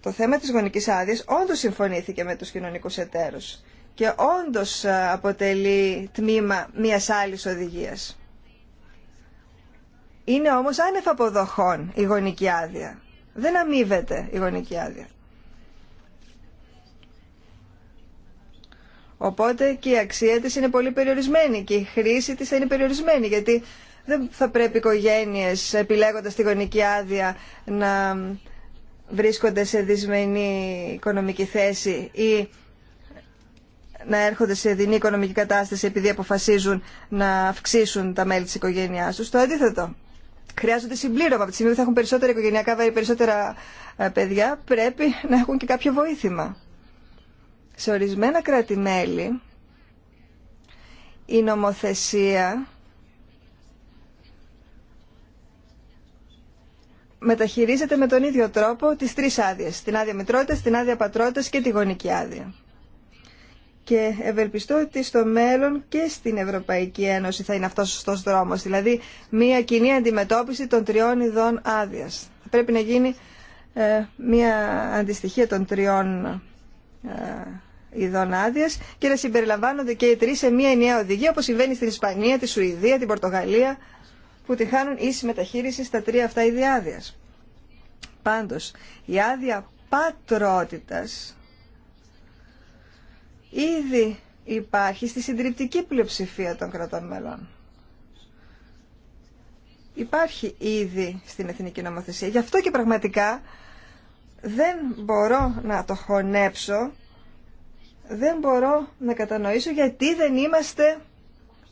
το θέμα της γονικής άδειας όντως συμφωνήθηκε με τους κοινωνικούς εταίρους και όντως ε, αποτελεί τμήμα μιας άλλης οδηγίας. Είναι όμως άνευ αποδοχών η γονική άδεια. Δεν αμείβεται η γονική άδεια. Οπότε και η αξία της είναι πολύ περιορισμένη και η χρήση της θα είναι περιορισμένη γιατί δεν θα πρέπει οι οικογένειες επιλέγοντας τη γονική άδεια να βρίσκονται σε δυσμενή οικονομική θέση ή να έρχονται σε δινή οικονομική κατάσταση επειδή αποφασίζουν να αυξήσουν τα μέλη της οικογένειάς τους. Το αντίθετο χρειάζονται συμπλήρωμα. Από τη στιγμή που θα έχουν περισσότερα οικογενειακά βάρη, περισσότερα ε, παιδιά, πρέπει να έχουν και κάποιο βοήθημα. Σε ορισμένα κράτη-μέλη, η νομοθεσία μεταχειρίζεται με τον ίδιο τρόπο τις τρεις άδειες. Την άδεια μητρότητας, την άδεια πατρότητας και τη γονική άδεια και ευελπιστώ ότι στο μέλλον και στην Ευρωπαϊκή Ένωση θα είναι αυτός ο σωστός δρόμος, δηλαδή μια κοινή αντιμετώπιση των τριών ειδών άδεια. Θα πρέπει να γίνει ε, μια αντιστοιχία των τριών ε, ειδών άδεια και να συμπεριλαμβάνονται και οι τρει σε μια ενιαία οδηγία όπως συμβαίνει στην Ισπανία, τη Σουηδία, την Πορτογαλία που τη χάνουν ίση μεταχείριση στα τρία αυτά είδη άδεια. Πάντως, η άδεια πατρότητας ήδη υπάρχει στη συντριπτική πλειοψηφία των κρατών μελών. Υπάρχει ήδη στην εθνική νομοθεσία. Γι' αυτό και πραγματικά δεν μπορώ να το χωνέψω, δεν μπορώ να κατανοήσω γιατί δεν είμαστε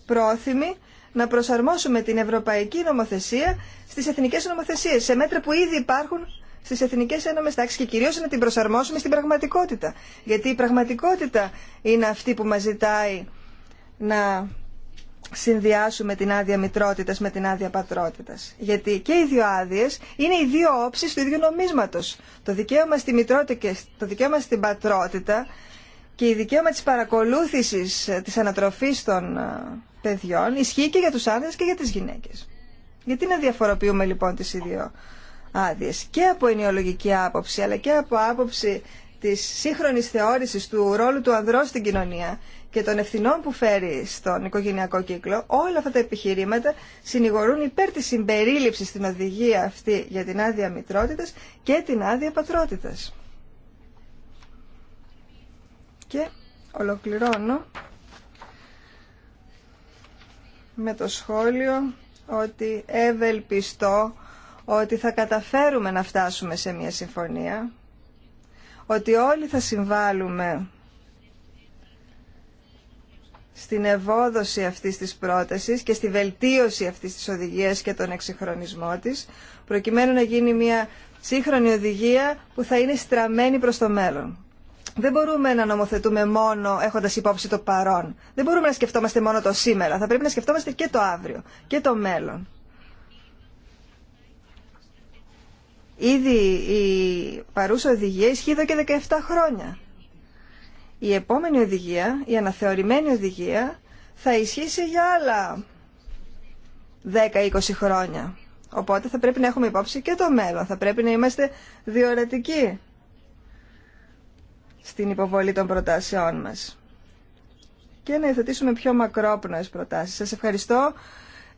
πρόθυμοι να προσαρμόσουμε την ευρωπαϊκή νομοθεσία στις εθνικές νομοθεσίες, σε μέτρα που ήδη υπάρχουν στι εθνικέ ένωμε τάξει και κυρίω να την προσαρμόσουμε στην πραγματικότητα. Γιατί η πραγματικότητα είναι αυτή που μα ζητάει να συνδυάσουμε την άδεια μητρότητα με την άδεια πατρότητα. Γιατί και οι δύο άδειε είναι οι δύο όψει του ίδιου νομίσματο. Το δικαίωμα στη μητρότητα το δικαίωμα στην πατρότητα και η δικαίωμα τη παρακολούθηση ε, τη ανατροφή των ε, παιδιών ισχύει και για του άνδρε και για τι γυναίκε. Γιατί να διαφοροποιούμε λοιπόν τις δύο άδειε. Και από ενοιολογική άποψη, αλλά και από άποψη τη σύγχρονη θεώρηση του ρόλου του ανδρό στην κοινωνία και των ευθυνών που φέρει στον οικογενειακό κύκλο, όλα αυτά τα επιχειρήματα συνηγορούν υπέρ της συμπερίληψη στην οδηγία αυτή για την άδεια μητρότητα και την άδεια πατρότητας. Και ολοκληρώνω με το σχόλιο ότι ευελπιστώ ότι θα καταφέρουμε να φτάσουμε σε μια συμφωνία, ότι όλοι θα συμβάλλουμε στην ευόδοση αυτής της πρότασης και στη βελτίωση αυτής της οδηγίας και τον εξυγχρονισμό της, προκειμένου να γίνει μια σύγχρονη οδηγία που θα είναι στραμμένη προς το μέλλον. Δεν μπορούμε να νομοθετούμε μόνο έχοντας υπόψη το παρόν. Δεν μπορούμε να σκεφτόμαστε μόνο το σήμερα. Θα πρέπει να σκεφτόμαστε και το αύριο και το μέλλον. Ήδη η παρούσα οδηγία ισχύει εδώ και 17 χρόνια. Η επόμενη οδηγία, η αναθεωρημένη οδηγία, θα ισχύσει για άλλα 10-20 χρόνια. Οπότε θα πρέπει να έχουμε υπόψη και το μέλλον. Θα πρέπει να είμαστε διορατικοί στην υποβολή των προτάσεών μας και να υιοθετήσουμε πιο μακρόπνοες προτάσεις. Σας ευχαριστώ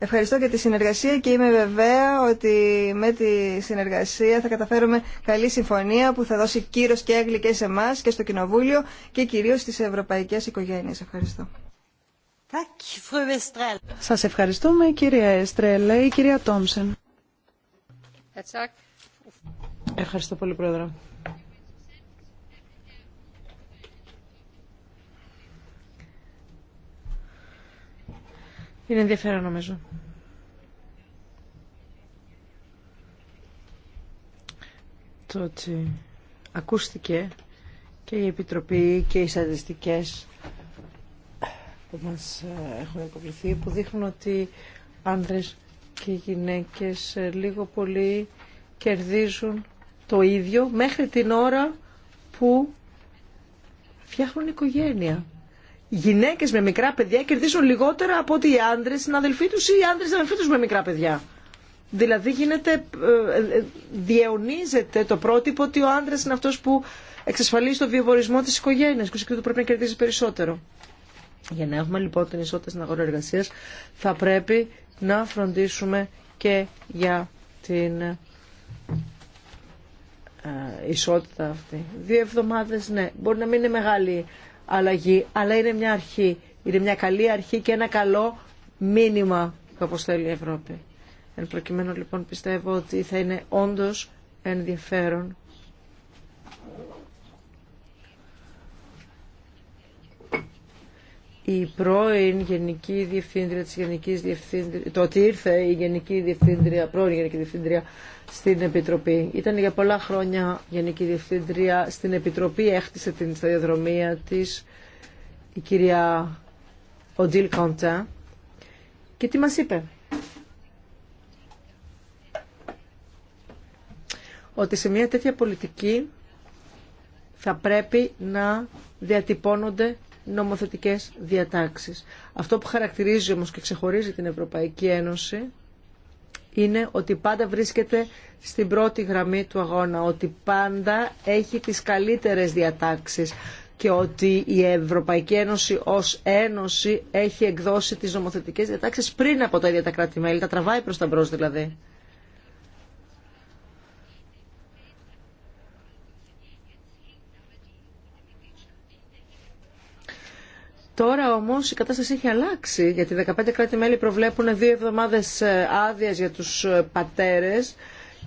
Ευχαριστώ για τη συνεργασία και είμαι βεβαία ότι με τη συνεργασία θα καταφέρουμε καλή συμφωνία που θα δώσει κύρος και έγκλη και σε εμά και στο Κοινοβούλιο και κυρίως στις ευρωπαϊκές οικογένειες. Ευχαριστώ. Σας ευχαριστούμε κυρία Εστρέλα ή κυρία Τόμσεν. Ευχαριστώ πολύ πρόεδρε. Είναι ενδιαφέρον νομίζω. Το ότι ακούστηκε και η Επιτροπή και οι στατιστικές που μας ε, έχουν υποβληθεί που δείχνουν ότι άνδρες και γυναίκες ε, λίγο πολύ κερδίζουν το ίδιο μέχρι την ώρα που φτιάχνουν οικογένεια. Γυναίκε με μικρά παιδιά κερδίζουν λιγότερα από ότι οι άντρε συναδελφοί του ή οι άντρε συναδελφοί του με μικρά παιδιά. Δηλαδή γίνεται, ε, ε, ε, διαιωνίζεται το πρότυπο ότι ο άντρα είναι αυτό που εξασφαλίζει το βιοπορισμό τη οικογένεια και το πρέπει να κερδίζει περισσότερο. Για να έχουμε λοιπόν την ισότητα στην αγορά εργασία, θα πρέπει να φροντίσουμε και για την ισότητα αυτή. Δύο εβδομάδε. ναι. Μπορεί να μην είναι μεγάλη αλλαγή, αλλά είναι μια αρχή. Είναι μια καλή αρχή και ένα καλό μήνυμα που αποστέλει η Ευρώπη. Εν προκειμένου λοιπόν πιστεύω ότι θα είναι όντως ενδιαφέρον η πρώην Γενική Διευθύντρια της Γενικής Διευθύντρια, το ότι ήρθε η Γενική Διευθύντρια, πρώην Γενική Διευθύντρια στην Επιτροπή. Ήταν για πολλά χρόνια Γενική Διευθύντρια στην Επιτροπή, έχτισε την σταδιοδρομία της η κυρία Οντζίλ Κόντα. Και τι μας είπε. Ότι σε μια τέτοια πολιτική θα πρέπει να διατυπώνονται νομοθετικές διατάξεις. Αυτό που χαρακτηρίζει όμως και ξεχωρίζει την Ευρωπαϊκή Ένωση είναι ότι πάντα βρίσκεται στην πρώτη γραμμή του αγώνα, ότι πάντα έχει τις καλύτερες διατάξεις και ότι η Ευρωπαϊκή Ένωση ως Ένωση έχει εκδώσει τις νομοθετικές διατάξεις πριν από τα ίδια τα κράτη-μέλη, τα τραβάει προς τα μπρος δηλαδή. Τώρα όμως η κατάσταση έχει αλλάξει, γιατί 15 κράτη-μέλη προβλέπουν δύο εβδομάδες ε, άδεια για τους ε, πατέρες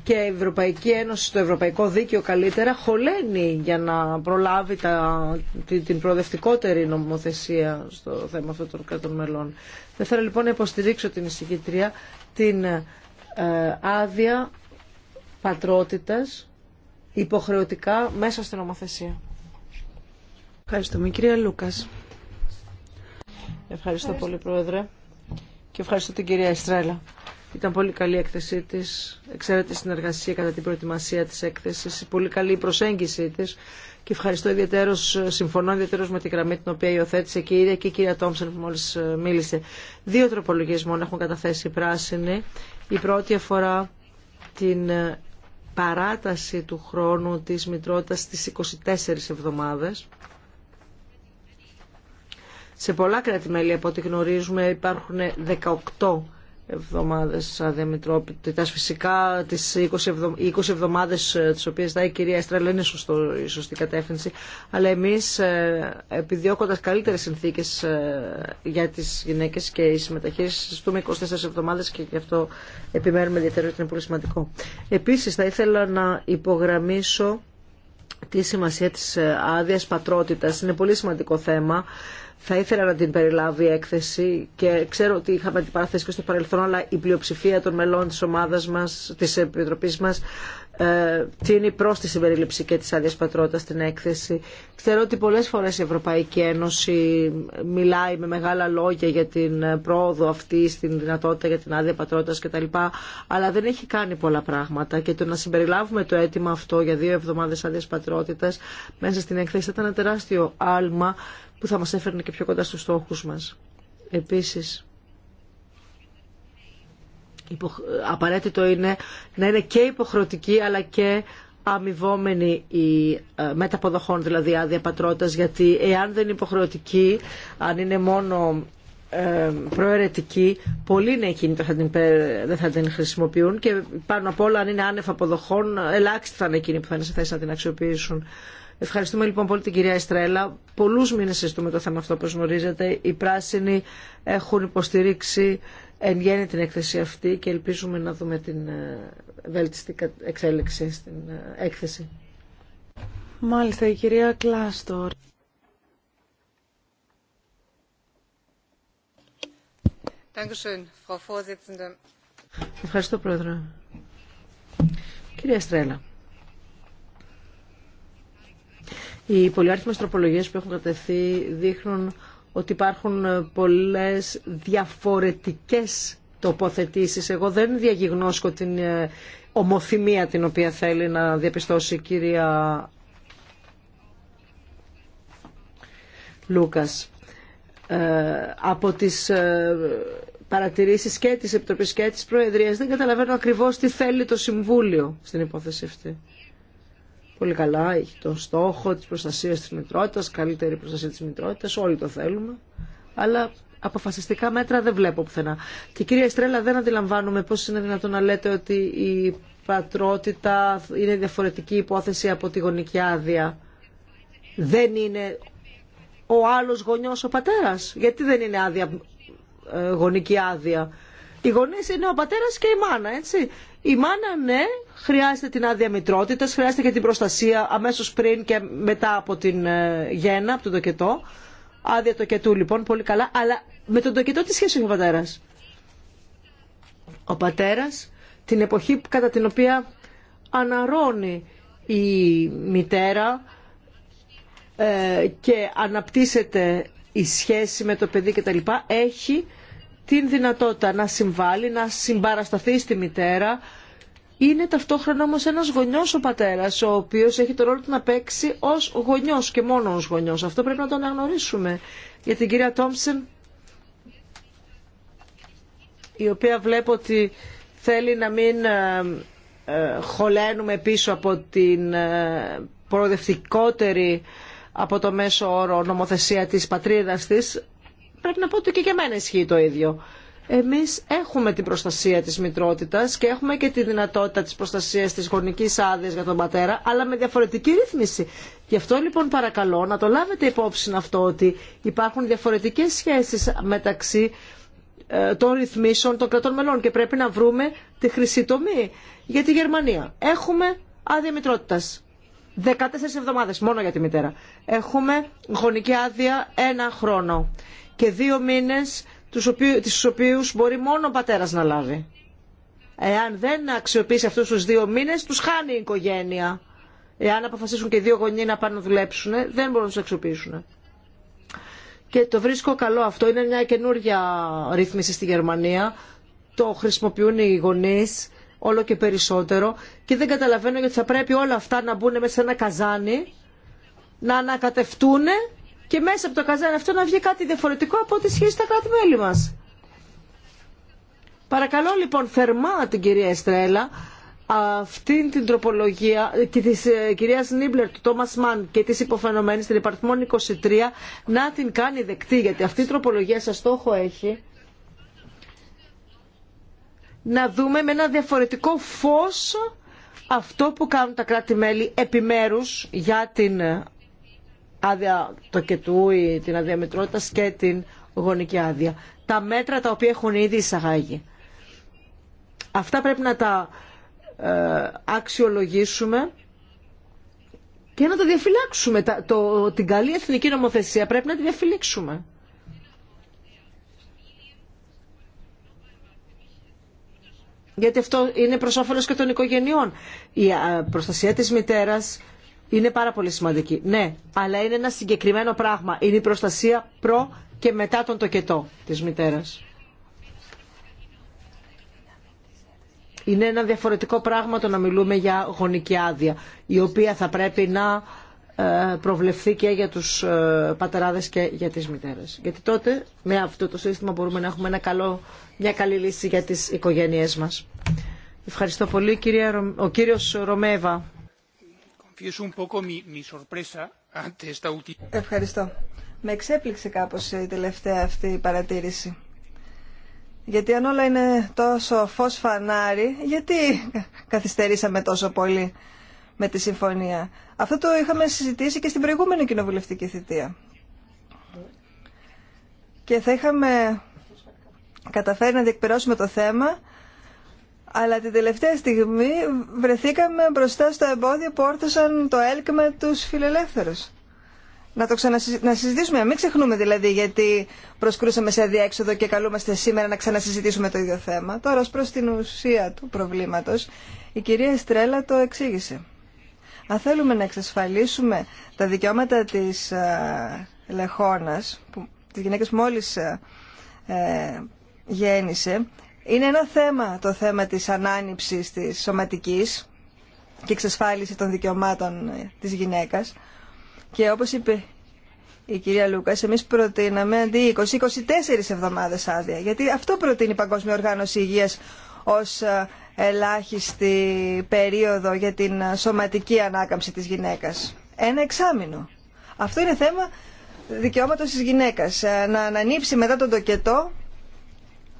και η Ευρωπαϊκή Ένωση, το Ευρωπαϊκό Δίκαιο καλύτερα, χωλαίνει για να προλάβει τα, την προοδευτικότερη νομοθεσία στο θέμα αυτών των κρατών μελών. Θα ήθελα λοιπόν να υποστηρίξω την εισηγήτρια την ε, άδεια πατρότητας υποχρεωτικά μέσα στην νομοθεσία. Ευχαριστούμε κυρία Λούκας. Ευχαριστώ πολύ, Πρόεδρε. Και ευχαριστώ την κυρία Εστρέλα. Ήταν πολύ καλή η έκθεσή τη. Εξαίρετη συνεργασία κατά την προετοιμασία τη έκθεση. Πολύ καλή η προσέγγιση τη. Και ευχαριστώ ιδιαίτερω, συμφωνώ ιδιαίτερω με τη γραμμή την οποία υιοθέτησε και η ίδια και η κυρία Τόμψεν που μόλι ε, μίλησε. Δύο τροπολογίε μόνο έχουν καταθέσει οι πράσινοι. Η πρώτη αφορά την ε, παράταση του χρόνου της μητρότητας στις 24 εβδομάδες σε πολλά κράτη-μέλη, από ό,τι γνωρίζουμε, υπάρχουν 18 εβδομάδες αδιαμετρόπιτας. Φυσικά τις 20 εβδομάδες ε, τις οποίες δάει η κυρία Εστρέλα είναι σωστό, η σωστή κατεύθυνση. Αλλά εμείς ε, επιδιώκοντας καλύτερες συνθήκες ε, για τις γυναίκες και οι συμμεταχείρε, συζητούμε 24 εβδομάδες και γι' αυτό επιμένουμε ιδιαίτερα ότι είναι πολύ σημαντικό. Επίσης θα ήθελα να υπογραμμίσω τη σημασία της άδεια πατρότητας. Είναι πολύ σημαντικό θέμα θα ήθελα να την περιλάβει η έκθεση και ξέρω ότι είχαμε την παραθέση και στο παρελθόν, αλλά η πλειοψηφία των μελών της ομάδας μας, της Επιτροπής μας, ε, τίνει προς τη συμπερίληψη και της άδειας πατρότητας στην έκθεση. Ξέρω ότι πολλές φορές η Ευρωπαϊκή Ένωση μιλάει με μεγάλα λόγια για την πρόοδο αυτή, στην δυνατότητα για την άδεια πατρότητας κτλ. Αλλά δεν έχει κάνει πολλά πράγματα και το να συμπεριλάβουμε το αίτημα αυτό για δύο εβδομάδες άδειας πατρότητας μέσα στην έκθεση ήταν ένα τεράστιο άλμα που θα μας έφερνε και πιο κοντά στους στόχους μας. Επίσης, απαραίτητο είναι να είναι και υποχρεωτική αλλά και αμοιβόμενη η ε, μεταποδοχών, δηλαδή άδεια πατρότητας, γιατί εάν δεν είναι υποχρεωτική, αν είναι μόνο ε, προαιρετική, πολλοί είναι εκείνοι θα δεν θα την χρησιμοποιούν και πάνω απ' όλα αν είναι άνευ αποδοχών, ελάχιστοι θα είναι εκείνοι που θα είναι σε θέση να την αξιοποιήσουν. Ευχαριστούμε λοιπόν πολύ την κυρία Εστρέλα. Πολλούς μήνες συζητούμε το θέμα αυτό όπως γνωρίζετε. Οι πράσινοι έχουν υποστηρίξει εν γέννη την έκθεση αυτή και ελπίζουμε να δούμε την ε, βέλτιστη εξέλιξη στην ε, έκθεση. Μάλιστα η κυρία Κλάστορ. Ευχαριστώ πρόεδρε. Κυρία Στρέλα. Οι πολυάριθμες τροπολογίες που έχουν κατευθεί δείχνουν ότι υπάρχουν ε, πολλές διαφορετικές τοποθετήσεις. Εγώ δεν διαγιγνώσκω την ε, ομοθυμία την οποία θέλει να διαπιστώσει η κυρία Λούκας. Ε, από τις παρατηρήσεις και της Επιτροπής και της Προεδρίας δεν καταλαβαίνω ακριβώς τι θέλει το Συμβούλιο στην υπόθεση αυτή πολύ καλά, έχει τον στόχο της προστασίας της μητρότητας, καλύτερη προστασία της μητρότητας, όλοι το θέλουμε, αλλά αποφασιστικά μέτρα δεν βλέπω πουθενά. Και κυρία Στρέλλα, δεν αντιλαμβάνουμε πώς είναι δυνατόν να λέτε ότι η πατρότητα είναι διαφορετική υπόθεση από τη γονική άδεια. Δεν είναι ο άλλος γονιός ο πατέρας. Γιατί δεν είναι άδεια, ε, γονική άδεια. Οι γονείς είναι ο πατέρας και η μάνα, έτσι. Η μάνα ναι, χρειάζεται την άδεια μητρότητα, χρειάζεται και την προστασία αμέσω πριν και μετά από την ε, γέννα, από τον τοκετό. Άδεια τοκετού λοιπόν, πολύ καλά. Αλλά με τον τοκετό τι σχέση έχει ο πατέρα. Ο πατέρα την εποχή κατά την οποία αναρώνει η μητέρα ε, και αναπτύσσεται η σχέση με το παιδί κτλ. έχει την δυνατότητα να συμβάλλει, να συμπαρασταθεί στη μητέρα. Είναι ταυτόχρονα όμως ένας γονιός ο πατέρας, ο οποίος έχει το ρόλο του να παίξει ως γονιός και μόνο ως γονιός. Αυτό πρέπει να το αναγνωρίσουμε. Για την κυρία Τόμψεν, η οποία βλέπω ότι θέλει να μην ε, ε, χωλένουμε πίσω από την ε, προοδευτικότερη από το μέσο όρο νομοθεσία της πατρίδας της πρέπει να πω ότι και για μένα ισχύει το ίδιο. Εμεί έχουμε την προστασία τη μητρότητα και έχουμε και τη δυνατότητα τη προστασία τη γονικής άδεια για τον πατέρα, αλλά με διαφορετική ρύθμιση. Γι' αυτό λοιπόν παρακαλώ να το λάβετε υπόψη αυτό ότι υπάρχουν διαφορετικέ σχέσει μεταξύ ε, των ρυθμίσεων των κρατών μελών και πρέπει να βρούμε τη χρυσή τομή. Για τη Γερμανία έχουμε άδεια μητρότητας. 14 εβδομάδες μόνο για τη μητέρα. Έχουμε γονική άδεια ένα χρόνο και δύο μήνες τους οποίου, οποίους μπορεί μόνο ο πατέρας να λάβει. Εάν δεν αξιοποιήσει αυτούς τους δύο μήνες, τους χάνει η οικογένεια. Εάν αποφασίσουν και οι δύο γονεί να πάνε να δουλέψουν, δεν μπορούν να τους αξιοποιήσουν. Και το βρίσκω καλό αυτό. Είναι μια καινούργια ρύθμιση στη Γερμανία. Το χρησιμοποιούν οι γονείς όλο και περισσότερο και δεν καταλαβαίνω γιατί θα πρέπει όλα αυτά να μπουν μέσα σε ένα καζάνι, να ανακατευτούν και μέσα από το καζάνι αυτό να βγει κάτι διαφορετικό από ό,τι σχέση τα κράτη-μέλη μας. Παρακαλώ λοιπόν θερμά την κυρία Εστρέλα αυτήν την τροπολογία ε, και της ε, κυρίας Νίμπλερ, του Τόμας Μαν και της υποφαινομένης την υπαρθμόν 23 να την κάνει δεκτή γιατί αυτή η τροπολογία σας στόχο έχει να δούμε με ένα διαφορετικό φως αυτό που κάνουν τα κράτη-μέλη επιμέρους για την άδεια το ή την αδιαμετρότητα και την γονική άδεια. Τα μέτρα τα οποία έχουν ήδη εισαγάγει. Αυτά πρέπει να τα ε, αξιολογήσουμε και να τα διαφυλάξουμε. το, την καλή εθνική νομοθεσία πρέπει να τη διαφυλίξουμε. Γιατί αυτό είναι προς και των οικογενειών. Η ε, προστασία της μητέρας είναι πάρα πολύ σημαντική. Ναι, αλλά είναι ένα συγκεκριμένο πράγμα. Είναι η προστασία προ και μετά τον τοκετό της μητέρας. Είναι ένα διαφορετικό πράγμα το να μιλούμε για γονική άδεια, η οποία θα πρέπει να ε, προβλεφθεί και για τους ε, πατεράδες και για τις μητέρες. Γιατί τότε με αυτό το σύστημα μπορούμε να έχουμε ένα μια καλή λύση για τις οικογένειές μας. Ευχαριστώ πολύ. Ο κύριος Ρωμέβα. Ευχαριστώ. Με εξέπληξε κάπως η τελευταία αυτή παρατήρηση. Γιατί αν όλα είναι τόσο φως φανάρι, γιατί καθυστερήσαμε τόσο πολύ με τη συμφωνία. Αυτό το είχαμε συζητήσει και στην προηγούμενη κοινοβουλευτική θητεία. Και θα είχαμε καταφέρει να διεκπαιρώσουμε το θέμα αλλά την τελευταία στιγμή βρεθήκαμε μπροστά στο εμπόδιο που όρθωσαν το ΕΛΚ τους φιλελεύθερους. Να το ξανασυζητήσουμε, μην ξεχνούμε δηλαδή γιατί προσκρούσαμε σε αδιέξοδο και καλούμαστε σήμερα να ξανασυζητήσουμε το ίδιο θέμα. Τώρα ως προς την ουσία του προβλήματος, η κυρία Στρέλα το εξήγησε. Αν θέλουμε να εξασφαλίσουμε τα δικαιώματα της ε, Λεχώνας, που της που μόλις ε, ε, γέννησε, είναι ένα θέμα το θέμα της ανάνυψης της σωματικής και εξασφάλιση των δικαιωμάτων ε, της γυναίκας. Και όπως είπε η κυρία Λούκας, εμείς προτείναμε αντί 20-24 εβδομάδες άδεια. Γιατί αυτό προτείνει η Παγκόσμια Οργάνωση Υγείας ως ε, ελάχιστη περίοδο για την ε, σωματική ανάκαμψη της γυναίκας. Ένα εξάμεινο. Αυτό είναι θέμα δικαιώματος της γυναίκας. Να ανανύψει μετά τον τοκετό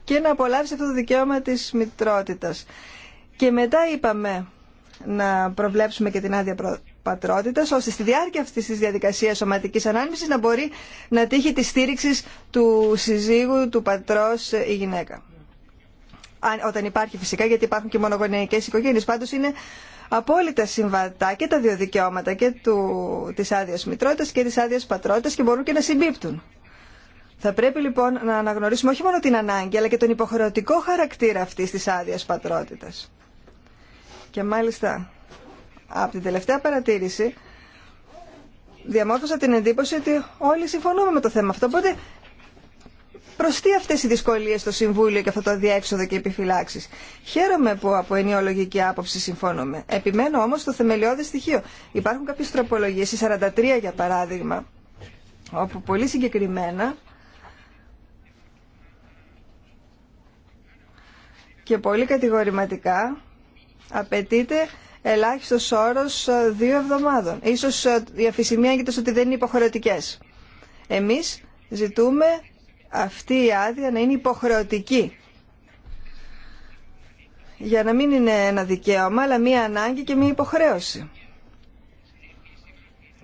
και να απολαύσει αυτό το δικαίωμα της μητρότητας. Και μετά είπαμε να προβλέψουμε και την άδεια πατρότητας, ώστε στη διάρκεια αυτής της διαδικασίας σωματικής ανάμνησης να μπορεί να τύχει τη στήριξη του συζύγου, του πατρός ή ε, γυναίκα. όταν υπάρχει φυσικά, γιατί υπάρχουν και μονογονεϊκές οικογένειες. Πάντως είναι απόλυτα συμβατά και τα δύο δικαιώματα και του, της άδεια μητρότητας και της άδειας πατρότητας και μπορούν και να συμπίπτουν. Θα πρέπει λοιπόν να αναγνωρίσουμε όχι μόνο την ανάγκη, αλλά και τον υποχρεωτικό χαρακτήρα αυτής της άδεια πατρότητας. Και μάλιστα, από την τελευταία παρατήρηση, διαμόρφωσα την εντύπωση ότι όλοι συμφωνούμε με το θέμα αυτό. Οπότε, προς τι αυτές οι δυσκολίες στο Συμβούλιο και αυτό το διέξοδο και επιφυλάξεις. Χαίρομαι που από ενιολογική άποψη συμφωνούμε. Επιμένω όμως στο θεμελιώδη στοιχείο. Υπάρχουν κάποιες τροπολογίες, η 43 για παράδειγμα, όπου πολύ συγκεκριμένα και πολύ κατηγορηματικά απαιτείται ελάχιστος όρο ε, δύο εβδομάδων. Ίσως ε, η αφησιμία γίνεται ότι δεν είναι υποχρεωτικέ. Εμείς ζητούμε αυτή η άδεια να είναι υποχρεωτική. Για να μην είναι ένα δικαίωμα, αλλά μία ανάγκη και μία υποχρέωση.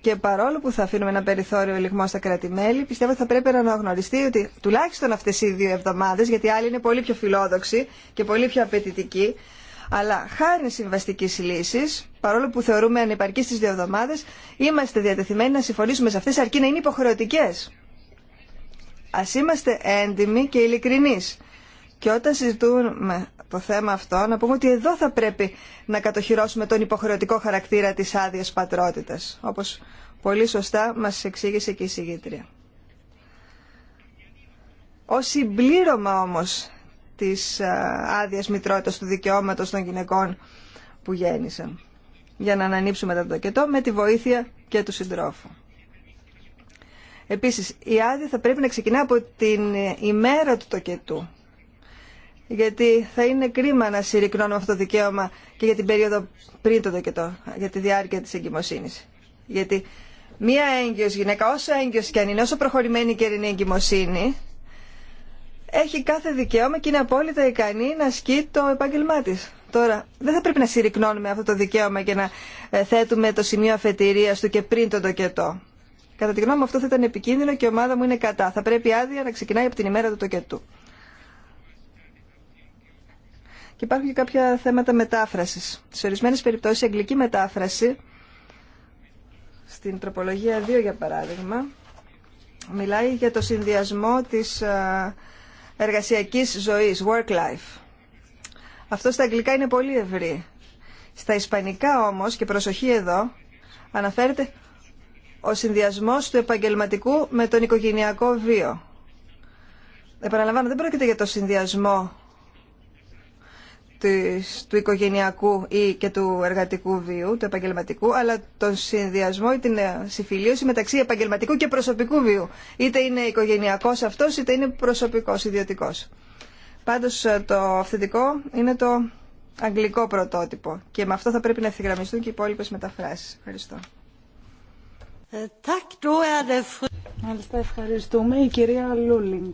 Και παρόλο που θα αφήνουμε ένα περιθώριο ελιγμό στα κράτη-μέλη, πιστεύω ότι θα πρέπει να αναγνωριστεί ότι τουλάχιστον αυτέ οι δύο εβδομάδε, γιατί άλλοι είναι πολύ πιο φιλόδοξοι και πολύ πιο απαιτητικοί, αλλά χάρη συμβαστική λύση, παρόλο που θεωρούμε ανυπαρκή τι δύο εβδομάδε, είμαστε διατεθειμένοι να συμφωνήσουμε σε αυτέ, αρκεί να είναι υποχρεωτικέ. Α είμαστε έντιμοι και ειλικρινεί. Και όταν συζητούμε το θέμα αυτό, να πούμε ότι εδώ θα πρέπει να κατοχυρώσουμε τον υποχρεωτικό χαρακτήρα της άδεια πατρότητας, όπως πολύ σωστά μας εξήγησε και η συγγήτρια. Ω συμπλήρωμα όμως της άδεια μητρότητας του δικαιώματος των γυναικών που γέννησαν, για να ανανύψουμε τα τοκετό με τη βοήθεια και του συντρόφου. Επίσης, η άδεια θα πρέπει να ξεκινά από την ημέρα του τοκετού γιατί θα είναι κρίμα να συρρυκνώνουμε αυτό το δικαίωμα και για την περίοδο πριν το δοκετό, για τη διάρκεια της εγκυμοσύνης. Γιατί μία έγκυος γυναίκα, όσο έγκυος και αν είναι, όσο προχωρημένη και είναι η εγκυμοσύνη, έχει κάθε δικαίωμα και είναι απόλυτα ικανή να ασκεί το επάγγελμά τη. Τώρα, δεν θα πρέπει να συρρυκνώνουμε αυτό το δικαίωμα και να ε, θέτουμε το σημείο αφετηρίας του και πριν το τοκετό. Κατά τη γνώμη μου αυτό θα ήταν επικίνδυνο και η ομάδα μου είναι κατά. Θα πρέπει άδεια να ξεκινάει από την ημέρα του τοκετού. Και υπάρχουν και κάποια θέματα μετάφρασης. Σε ορισμένε περιπτώσεις η αγγλική μετάφραση, στην τροπολογία 2 για παράδειγμα, μιλάει για το συνδυασμό της εργασιακής ζωής, work life. Αυτό στα αγγλικά είναι πολύ ευρύ. Στα ισπανικά όμως, και προσοχή εδώ, αναφέρεται ο συνδυασμός του επαγγελματικού με τον οικογενειακό βίο. Επαναλαμβάνω, δεν πρόκειται για το συνδυασμό του οικογενειακού ή και του εργατικού βίου, του επαγγελματικού, αλλά τον συνδυασμό ή την ε, συμφιλίωση μεταξύ επαγγελματικού και προσωπικού βίου. Είτε είναι οικογενειακός αυτός, είτε είναι προσωπικός, ιδιωτικός. Πάντως ε, το αυθεντικό είναι το αγγλικό πρωτότυπο και με αυτό θα πρέπει να ευθυγραμμιστούν και οι υπόλοιπε μεταφράσεις. Ευχαριστώ. Ε, Μάλιστα ευχαριστούμε. Η κυρία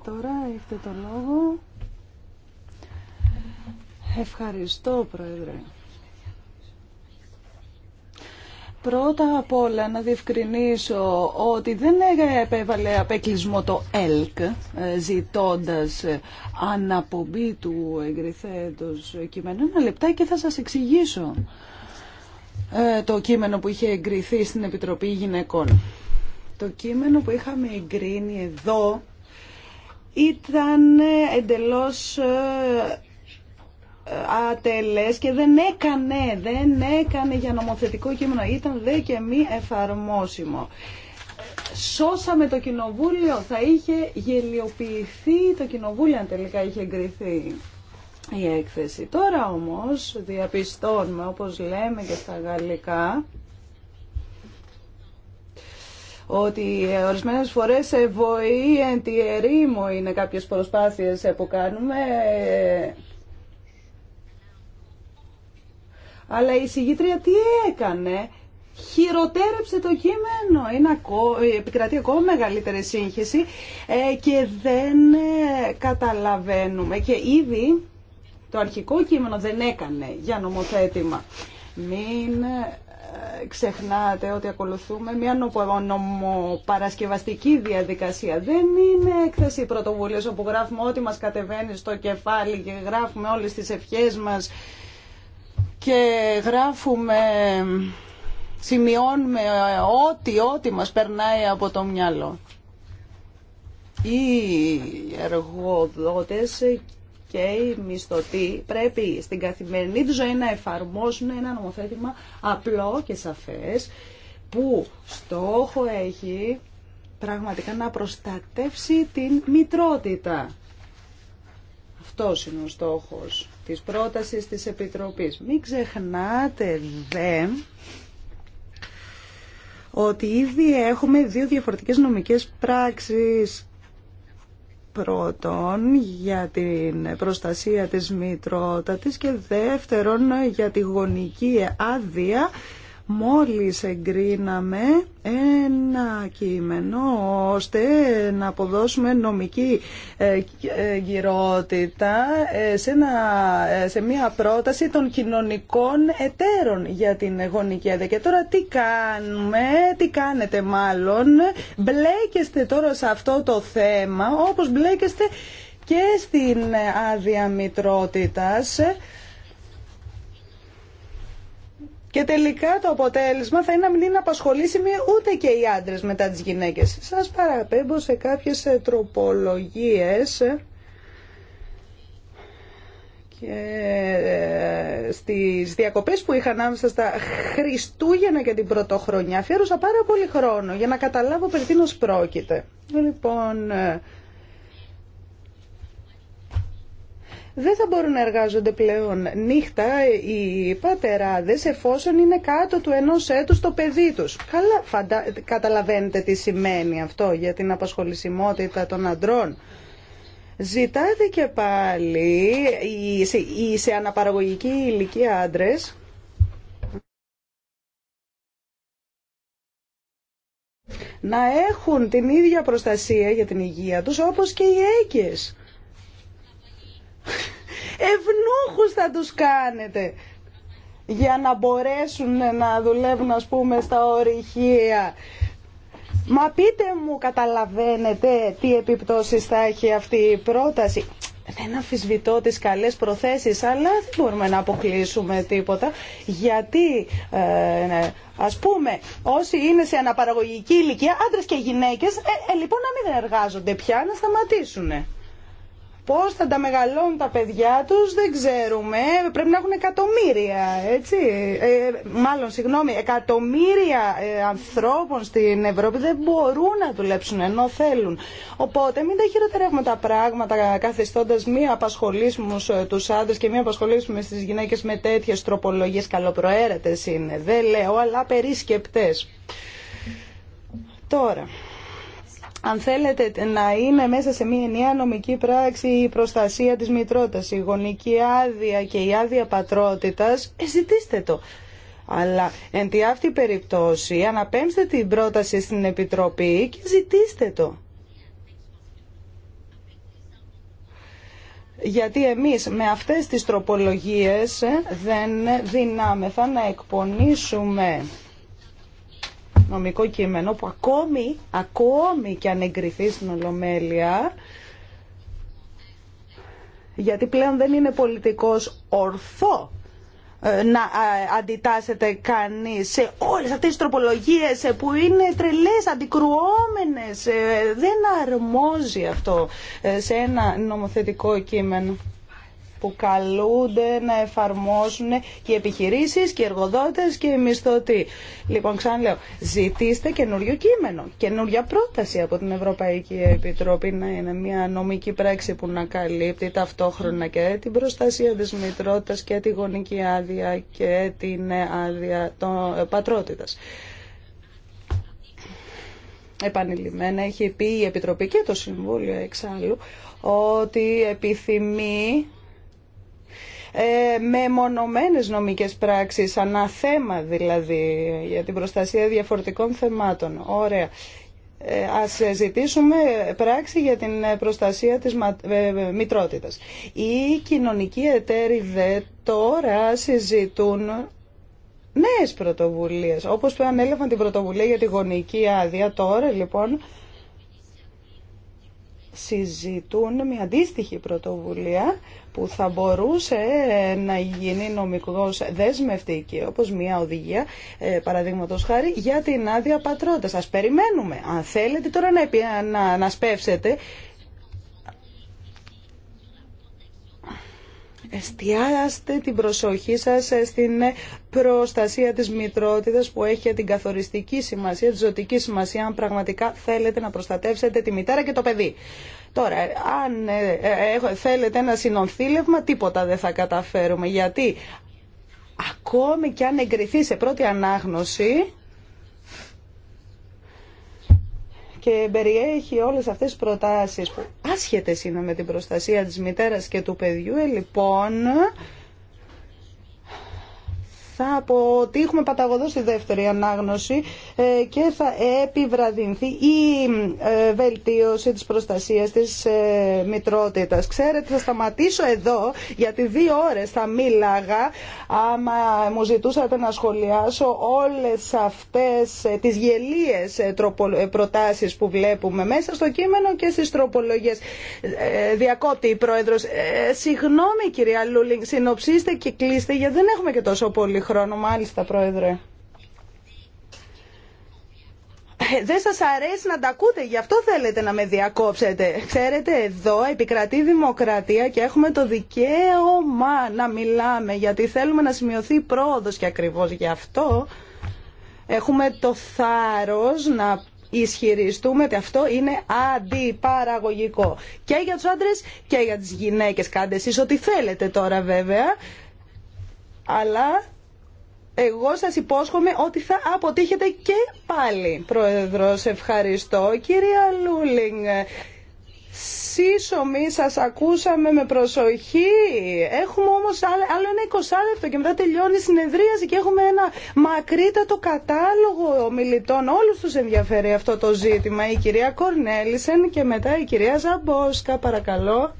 τώρα έχετε το λόγο. Ευχαριστώ, Πρόεδρε. Πρώτα απ' όλα να διευκρινίσω ότι δεν επέβαλε απέκλεισμο το ΕΛΚ ε, ζητώντας αναπομπή του εγκριθέντος κειμένου. Ένα λεπτά και θα σας εξηγήσω ε, το κείμενο που είχε εγκριθεί στην Επιτροπή Γυναικών. Το κείμενο που είχαμε εγκρίνει εδώ ήταν εντελώς ε, ατελές και δεν έκανε, δεν έκανε για νομοθετικό κείμενο. Ήταν δε και μη εφαρμόσιμο. Σώσαμε το κοινοβούλιο, θα είχε γελιοποιηθεί το κοινοβούλιο αν τελικά είχε εγκριθεί η έκθεση. Τώρα όμως διαπιστώνουμε, όπως λέμε και στα γαλλικά, ότι ορισμένες φορές βοή εν τη ερήμο είναι κάποιες προσπάθειες που κάνουμε Αλλά η συγγήτρια τι έκανε, χειροτέρεψε το κείμενο. Είναι ακό, επικρατεί ακόμα μεγαλύτερη σύγχυση ε, και δεν ε, καταλαβαίνουμε. Και ήδη το αρχικό κείμενο δεν έκανε για νομοθέτημα. Μην ε, ξεχνάτε ότι ακολουθούμε μια νομοπαρασκευαστική διαδικασία. Δεν είναι έκθεση πρωτοβουλία όπου γράφουμε ό,τι μας κατεβαίνει στο κεφάλι και γράφουμε όλες τις ευχές μας και γράφουμε, σημειώνουμε ό,τι, ό,τι μας περνάει από το μυαλό. Οι εργοδότες και οι μισθωτοί πρέπει στην καθημερινή του ζωή να εφαρμόσουν ένα νομοθέτημα απλό και σαφές που στόχο έχει πραγματικά να προστατεύσει την μητρότητα. Αυτός είναι ο στόχος της πρότασης της Επιτροπής. Μην ξεχνάτε δε ότι ήδη έχουμε δύο διαφορετικές νομικές πράξεις πρώτον για την προστασία της μητρότατης και δεύτερον για τη γονική άδεια Μόλις εγκρίναμε ένα κείμενο ώστε να αποδώσουμε νομική ε, γυρότητα ε, σε μια ε, πρόταση των κοινωνικών εταίρων για την γονική έδεια. Και τώρα τι κάνουμε, τι κάνετε μάλλον, μπλέκεστε τώρα σε αυτό το θέμα όπως μπλέκεστε και στην άδεια μητρότητας. Και τελικά το αποτέλεσμα θα είναι να μην είναι απασχολήσιμοι ούτε και οι άντρες μετά τις γυναίκες. Σας παραπέμπω σε κάποιες ε, τροπολογίες ε, και ε, στις διακοπές που είχα ανάμεσα στα Χριστούγεννα και την Πρωτοχρονιά φέρωσα πάρα πολύ χρόνο για να καταλάβω περί πρόκειται. Λοιπόν, δεν θα μπορούν να εργάζονται πλέον νύχτα οι πατεράδες εφόσον είναι κάτω του ενός έτους το παιδί τους. Καλά καταλαβαίνετε τι σημαίνει αυτό για την απασχολησιμότητα των αντρών. Ζητάτε και πάλι οι σε, αναπαραγωγική ηλικία άντρες να έχουν την ίδια προστασία για την υγεία τους όπως και οι έγκες. Ευνούχους θα τους κάνετε για να μπορέσουν να δουλεύουν ας πούμε στα ορυχεία. Μα πείτε μου, καταλαβαίνετε τι επιπτώσεις θα έχει αυτή η πρόταση. Δεν αμφισβητώ τις καλές προθέσεις, αλλά δεν μπορούμε να αποκλείσουμε τίποτα, γιατί ε, ναι, ας πούμε όσοι είναι σε αναπαραγωγική ηλικία, άντρες και γυναίκες, ε, ε λοιπόν να μην εργάζονται πια, να σταματήσουν. Πώ θα τα μεγαλώνουν τα παιδιά του, δεν ξέρουμε. Πρέπει να έχουν εκατομμύρια, έτσι. Ε, μάλλον, συγγνώμη, εκατομμύρια ε, ανθρώπων στην Ευρώπη δεν μπορούν να δουλέψουν ενώ θέλουν. Οπότε μην τα χειροτερεύουμε τα πράγματα καθιστώντα μία απασχολήσουμε του άντρε και μία απασχολήσουμε στις γυναίκε με τέτοιε τροπολογίε Καλοπροαίρετε είναι. Δεν λέω, αλλά περισκεπτέ. Τώρα αν θέλετε να είναι μέσα σε μια ενιαία νομική πράξη η προστασία της μητρότητας, η γονική άδεια και η άδεια πατρότητας, ε, ζητήστε το. Αλλά εν τη αυτή περιπτώσει αναπέμψτε την πρόταση στην Επιτροπή και ζητήστε το. γιατί εμείς με αυτές τις τροπολογίες ε, δεν δυνάμεθα να εκπονήσουμε νομικό κείμενο που ακόμη, ακόμη και αν εγκριθεί στην Ολομέλεια γιατί πλέον δεν είναι πολιτικός ορθό ε, να ε, αντιτάσσεται κανείς σε όλες αυτές τις τροπολογίες ε, που είναι τρελές, αντικρουόμενες. Δεν αρμόζει αυτό σε ένα νομοθετικό κείμενο που καλούνται να εφαρμόσουν και επιχειρήσεις και εργοδότες και οι μισθωτοί. Λοιπόν, ξαναλέω, ζητήστε καινούριο κείμενο, καινούρια πρόταση από την Ευρωπαϊκή Επιτροπή να είναι μια νομική πράξη που να καλύπτει ταυτόχρονα και την προστασία της μητρότητας και τη γονική άδεια και την άδεια των ε, πατρότητας επανειλημμένα έχει πει η Επιτροπή και το Συμβούλιο εξάλλου ότι επιθυμεί ε, με μονομένες νομικές πράξεις, θέμα, δηλαδή για την προστασία διαφορετικών θεμάτων. Ωραία. Ε, ας ζητήσουμε πράξη για την προστασία της ε, μητρότητας. Οι κοινωνικοί εταίροι δε τώρα συζητούν νέες πρωτοβουλίες. Όπως που ανέλαβαν την πρωτοβουλία για τη γονική άδεια, τώρα λοιπόν συζητούν μια αντίστοιχη πρωτοβουλία που θα μπορούσε να γίνει νομικός δεσμευτική, όπως μια οδηγία, ε, παραδείγματος χάρη, για την άδεια πατρότητα. Σας περιμένουμε. Αν θέλετε τώρα να, να, να σπεύσετε, εστιάστε την προσοχή σας ε, στην προστασία της μητρότητας που έχει την καθοριστική σημασία, τη ζωτική σημασία, αν πραγματικά θέλετε να προστατεύσετε τη μητέρα και το παιδί. Τώρα, αν ε, ε, θέλετε ένα συνονθήλευμα, τίποτα δεν θα καταφέρουμε. Γιατί ακόμη και αν εγκριθεί σε πρώτη ανάγνωση και περιέχει όλες αυτές τις προτάσεις που άσχετες είναι με την προστασία της μητέρας και του παιδιού, ε, λοιπόν θα αποτύχουμε παταγωδό στη δεύτερη ανάγνωση ε, και θα επιβραδυνθεί η ε, βελτίωση της προστασίας της ε, μητρότητας. Ξέρετε, θα σταματήσω εδώ γιατί δύο ώρες θα μίλαγα άμα μου ζητούσατε να σχολιάσω όλες αυτές τις γελίες προτάσεις που βλέπουμε μέσα στο κείμενο και στις τροπολογίες. Διακόπτει η Πρόεδρος. Συγγνώμη κυρία Λούλινγκ, συνοψίστε και κλείστε γιατί δεν έχουμε και τόσο πολύ χρόνο, μάλιστα, Πρόεδρε. Ε, δεν σας αρέσει να τα ακούτε, γι' αυτό θέλετε να με διακόψετε. Ξέρετε, εδώ επικρατεί δημοκρατία και έχουμε το δικαίωμα να μιλάμε, γιατί θέλουμε να σημειωθεί πρόοδος και ακριβώς γι' αυτό έχουμε το θάρρος να ισχυριστούμε ότι αυτό είναι αντιπαραγωγικό. Και για τους άντρες και για τις γυναίκες. Κάντε εσείς ό,τι θέλετε τώρα βέβαια, αλλά εγώ σας υπόσχομαι ότι θα αποτύχετε και πάλι. Προεδρο. ευχαριστώ. Κυρία Λούλινγκ, σύσσωμη σα ακούσαμε με προσοχή. Έχουμε όμως άλλο ένα 20 λεπτό και μετά τελειώνει η συνεδρίαση και έχουμε ένα μακρύτατο κατάλογο ομιλητών. Όλους τους ενδιαφέρει αυτό το ζήτημα. Η κυρία Κορνέλισεν και μετά η κυρία Ζαμπόσκα, παρακαλώ.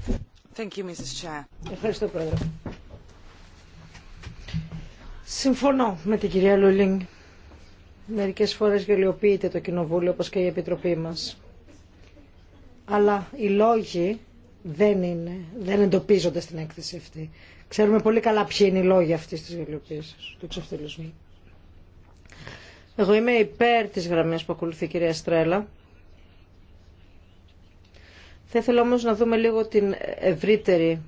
Ευχαριστώ, Πρόεδρε. Συμφωνώ με την κυρία Λούλινγκ. Μερικές φορές γελιοποιείται το Κοινοβούλιο όπως και η Επιτροπή μας. Αλλά οι λόγοι δεν, είναι, δεν εντοπίζονται στην έκθεση αυτή. Ξέρουμε πολύ καλά ποιοι είναι οι λόγοι αυτής της γελιοποίησης, του εξευτελισμού. Εγώ είμαι υπέρ της γραμμής που ακολουθεί η κυρία Στρέλα. Θα ήθελα όμως να δούμε λίγο την ευρύτερη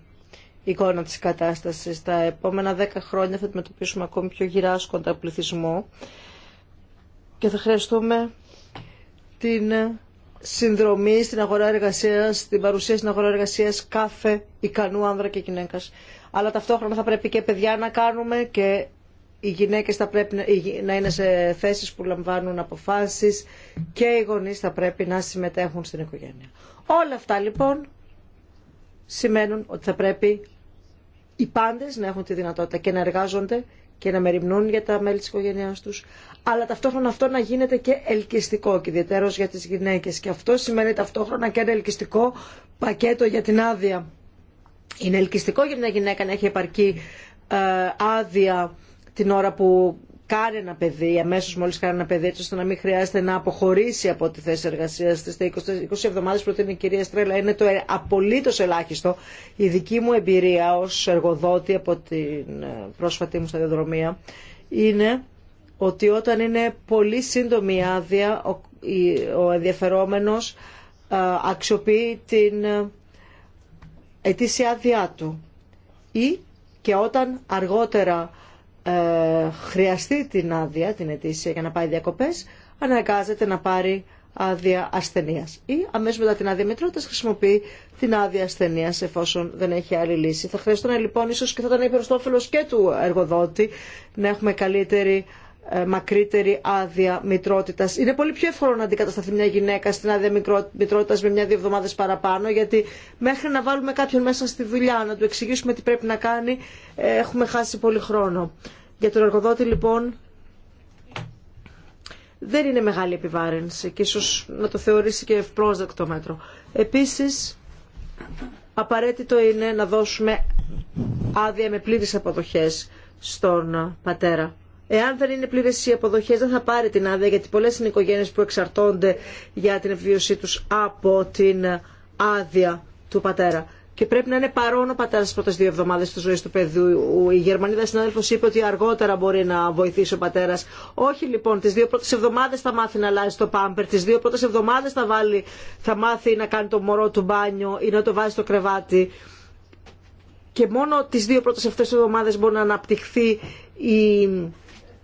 εικόνα της κατάστασης. Τα επόμενα δέκα χρόνια θα αντιμετωπίσουμε ακόμη πιο γυράσκοντα πληθυσμό και θα χρειαστούμε την συνδρομή στην αγορά εργασίας, την παρουσία στην αγορά εργασίας κάθε ικανού άνδρα και γυναίκας. Αλλά ταυτόχρονα θα πρέπει και παιδιά να κάνουμε και οι γυναίκες θα πρέπει να είναι σε θέσεις που λαμβάνουν αποφάσεις και οι γονείς θα πρέπει να συμμετέχουν στην οικογένεια. Όλα αυτά λοιπόν σημαίνουν ότι θα πρέπει οι πάντες να έχουν τη δυνατότητα και να εργάζονται και να μεριμνούν για τα μέλη της οικογένειάς τους, αλλά ταυτόχρονα αυτό να γίνεται και ελκυστικό και ιδιαίτερος για τις γυναίκες. Και αυτό σημαίνει ταυτόχρονα και ένα ελκυστικό πακέτο για την άδεια. Είναι ελκυστικό για μια γυναίκα να έχει επαρκή ε, άδεια την ώρα που κάνει ένα παιδί, αμέσω μόλι κάνει ένα παιδί, έτσι ώστε να μην χρειάζεται να αποχωρήσει από τη θέση εργασία τη. Τα 20, 20 εβδομάδε προτείνει η κυρία Στρέλα είναι το ε, απολύτω ελάχιστο. Η δική μου εμπειρία ω εργοδότη από την ε, πρόσφατη μου σταδιοδρομία είναι ότι όταν είναι πολύ σύντομη η άδεια, ο, ο ενδιαφερόμενο ε, αξιοποιεί την ετήσια άδειά του. Ή και όταν αργότερα ε, χρειαστεί την άδεια, την αιτήσια για να πάει διακοπές, αναγκάζεται να πάρει άδεια ασθενεία. Ή αμέσω μετά την άδεια μητρότητα χρησιμοποιεί την άδεια ασθενεία εφόσον δεν έχει άλλη λύση. Θα χρειαστούν λοιπόν ίσω και θα ήταν υπεροστόφελο και του εργοδότη να έχουμε καλύτερη ε, μακρύτερη άδεια μητρότητα. Είναι πολύ πιο εύκολο να αντικατασταθεί μια γυναίκα στην άδεια μητρότητα με μια-δύο εβδομάδε παραπάνω, γιατί μέχρι να βάλουμε κάποιον μέσα στη δουλειά, να του εξηγήσουμε τι πρέπει να κάνει, ε, έχουμε χάσει πολύ χρόνο. Για τον εργοδότη, λοιπόν, δεν είναι μεγάλη επιβάρυνση και ίσω να το θεωρήσει και ευπρόσδεκτο μέτρο. Επίση, απαραίτητο είναι να δώσουμε άδεια με πλήρε αποδοχές στον πατέρα Εάν δεν είναι πλήρε οι αποδοχέ, δεν θα πάρει την άδεια, γιατί πολλέ είναι οι οικογένειε που εξαρτώνται για την επιβίωσή του από την άδεια του πατέρα. Και πρέπει να είναι παρόν ο πατέρα τι πρώτε δύο εβδομάδε τη ζωή του παιδιού. Η Γερμανίδα συνάδελφο είπε ότι αργότερα μπορεί να βοηθήσει ο πατέρα. Όχι λοιπόν, τι δύο πρώτε εβδομάδε θα μάθει να αλλάζει το πάμπερ, τι δύο πρώτε εβδομάδε θα, βάλει, θα μάθει να κάνει το μωρό του μπάνιο ή να το βάζει στο κρεβάτι. Και μόνο τι δύο πρώτε αυτέ εβδομάδε μπορεί να αναπτυχθεί η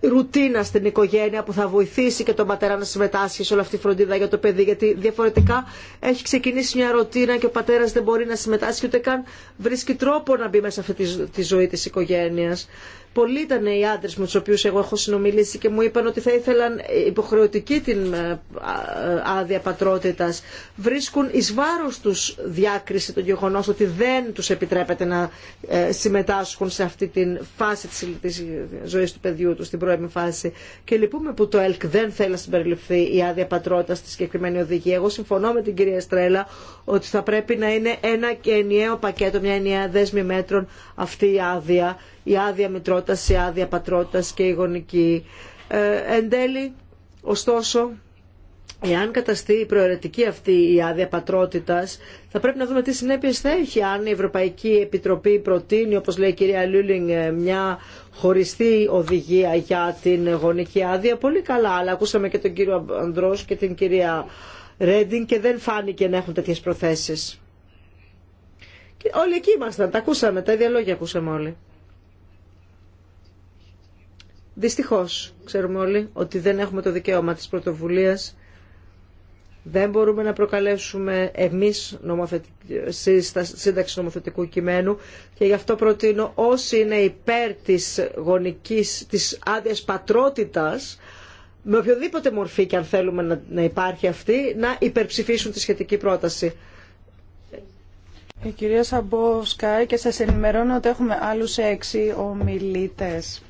ρουτίνα στην οικογένεια που θα βοηθήσει και τον πατέρα να συμμετάσχει σε όλη αυτή τη φροντίδα για το παιδί. Γιατί διαφορετικά έχει ξεκινήσει μια ρουτίνα και ο πατέρα δεν μπορεί να συμμετάσχει ούτε καν βρίσκει τρόπο να μπει μέσα αυτή τη ζωή τη οικογένεια. Πολλοί ήταν οι άντρε με του οποίου εγώ έχω συνομιλήσει και μου είπαν ότι θα ήθελαν υποχρεωτική την ε, άδεια πατρότητα. Βρίσκουν ει βάρο του διάκριση το γεγονό ότι δεν του επιτρέπεται να ε, συμμετάσχουν σε αυτή τη φάση τη ζωή του παιδιού του, στην πρώιμη φάση. Και λυπούμε που το ΕΛΚ δεν θέλει να συμπεριληφθεί η άδεια πατρότητα στη συγκεκριμένη οδηγία. Εγώ συμφωνώ με την κυρία Στρέλα ότι θα πρέπει να είναι ένα και ενιαίο πακέτο, μια ενιαία δέσμη μέτρων αυτή η άδεια, η άδεια μητρότητα πρόταση άδεια πατρότητας και η γονική. Ε, εν τέλει, ωστόσο, εάν καταστεί η προαιρετική αυτή η άδεια πατρότητας, θα πρέπει να δούμε τι συνέπειες θα έχει αν η Ευρωπαϊκή Επιτροπή προτείνει, όπως λέει η κυρία Λούλινγκ, ε, μια χωριστή οδηγία για την γονική άδεια. Πολύ καλά, αλλά ακούσαμε και τον κύριο Ανδρός και την κυρία Ρέντινγκ και δεν φάνηκε να έχουν τέτοιες προθέσεις. όλοι εκεί ήμασταν, τα ακούσαμε, τα ίδια λόγια ακούσαμε όλοι. Δυστυχώς, ξέρουμε όλοι ότι δεν έχουμε το δικαίωμα της πρωτοβουλίας, δεν μπορούμε να προκαλέσουμε εμείς σύνταξη νομοθετικού κειμένου και γι' αυτό προτείνω όσοι είναι υπέρ της γονικής, της άδειας πατρότητας, με οποιοδήποτε μορφή και αν θέλουμε να υπάρχει αυτή, να υπερψηφίσουν τη σχετική πρόταση. Η ε, κυρία Σαμπόσκά, και σας ενημερώνω ότι έχουμε άλλους έξι ομιλήτες.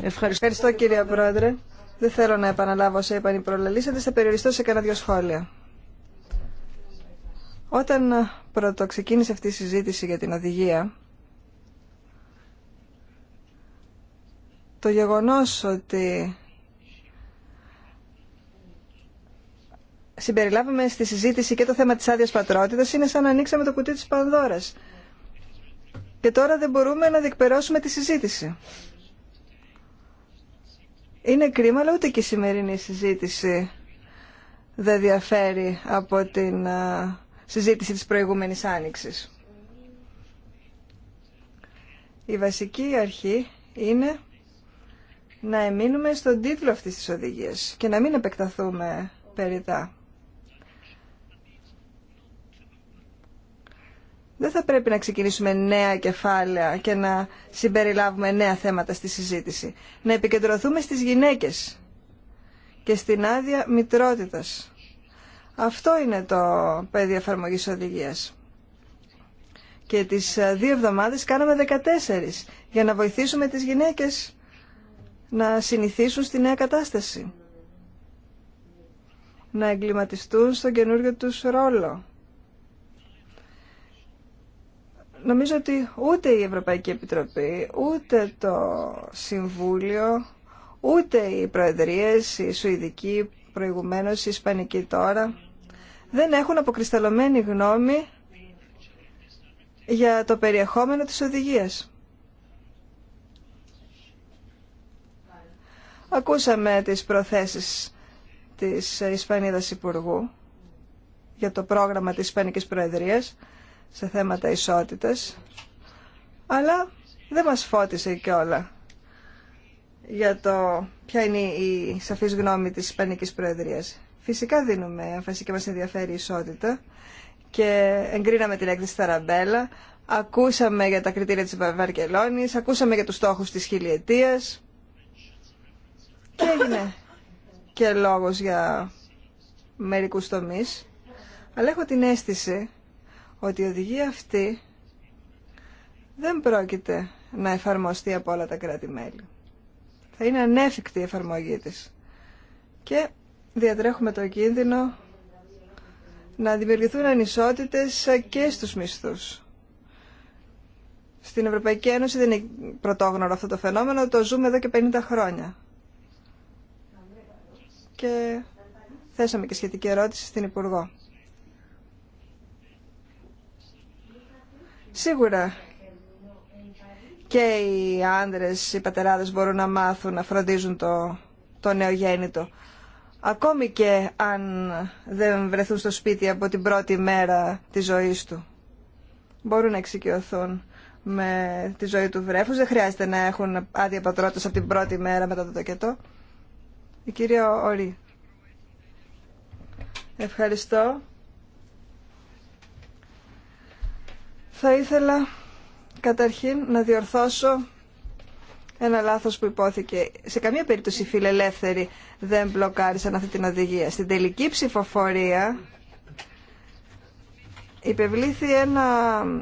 Ευχαριστώ κύριε Πρόεδρε. Δεν θέλω να επαναλάβω όσα είπαν οι προλαλήσαντες, θα περιοριστώ σε κανένα δυο σχόλια. Όταν ε, πρωτοξεκίνησε αυτή η συζήτηση για την οδηγία, το γεγονός ότι Συμπεριλάβουμε στη συζήτηση και το θέμα της άδεια πατρότητας είναι σαν να ανοίξαμε το κουτί της Πανδώρας. Και τώρα δεν μπορούμε να διεκπαιρώσουμε τη συζήτηση. Είναι κρίμα, αλλά ούτε και η σημερινή συζήτηση δεν διαφέρει από την συζήτηση της προηγούμενης άνοιξης. Η βασική αρχή είναι να εμείνουμε στον τίτλο αυτής της οδηγίας και να μην επεκταθούμε τα... δεν θα πρέπει να ξεκινήσουμε νέα κεφάλαια και να συμπεριλάβουμε νέα θέματα στη συζήτηση. Να επικεντρωθούμε στις γυναίκες και στην άδεια μητρότητας. Αυτό είναι το πεδίο εφαρμογή οδηγία. Και τις δύο εβδομάδες κάναμε 14 για να βοηθήσουμε τις γυναίκες να συνηθίσουν στη νέα κατάσταση. Να εγκληματιστούν στον καινούριο τους ρόλο Νομίζω ότι ούτε η Ευρωπαϊκή Επιτροπή, ούτε το Συμβούλιο, ούτε οι Προεδρίες, οι Σουηδικοί προηγουμένως, η Ισπανική τώρα, δεν έχουν αποκρισταλωμένη γνώμη για το περιεχόμενο της οδηγίας. Ακούσαμε τις προθέσεις της Ισπανίδας Υπουργού για το πρόγραμμα της Ισπανικής Προεδρίας σε θέματα ισότητας, αλλά δεν μας φώτισε και όλα για το ποια είναι η σαφής γνώμη της Ισπανικής Προεδρίας. Φυσικά δίνουμε έμφαση και μας ενδιαφέρει η ισότητα και εγκρίναμε την έκθεση Ταραμπέλα, ακούσαμε για τα κριτήρια της Βαρκελόνης, ακούσαμε για τους στόχους της χιλιετίας και έγινε και λόγος για μερικούς τομείς. Αλλά έχω την αίσθηση ότι η οδηγία αυτή δεν πρόκειται να εφαρμοστεί από όλα τα κράτη-μέλη. Θα είναι ανέφικτη η εφαρμογή της. Και διατρέχουμε το κίνδυνο να δημιουργηθούν ανισότητες και στους μισθούς. Στην Ευρωπαϊκή Ένωση δεν είναι πρωτόγνωρο αυτό το φαινόμενο, το ζούμε εδώ και 50 χρόνια. Και θέσαμε και σχετική ερώτηση στην Υπουργό. Σίγουρα και οι άνδρες, οι πατεράδες μπορούν να μάθουν να φροντίζουν το, το νεογέννητο. Ακόμη και αν δεν βρεθούν στο σπίτι από την πρώτη μέρα της ζωής του. Μπορούν να εξοικειωθούν με τη ζωή του βρέφους. Δεν χρειάζεται να έχουν άδεια πατρότητας από την πρώτη μέρα μετά το τοκετό. Η κυρία Ορή. Ευχαριστώ. Θα ήθελα καταρχήν να διορθώσω ένα λάθος που υπόθηκε. Σε καμία περίπτωση οι φιλελεύθεροι δεν μπλοκάρισαν αυτή την οδηγία. Στην τελική ψηφοφορία υπευλήθη ένα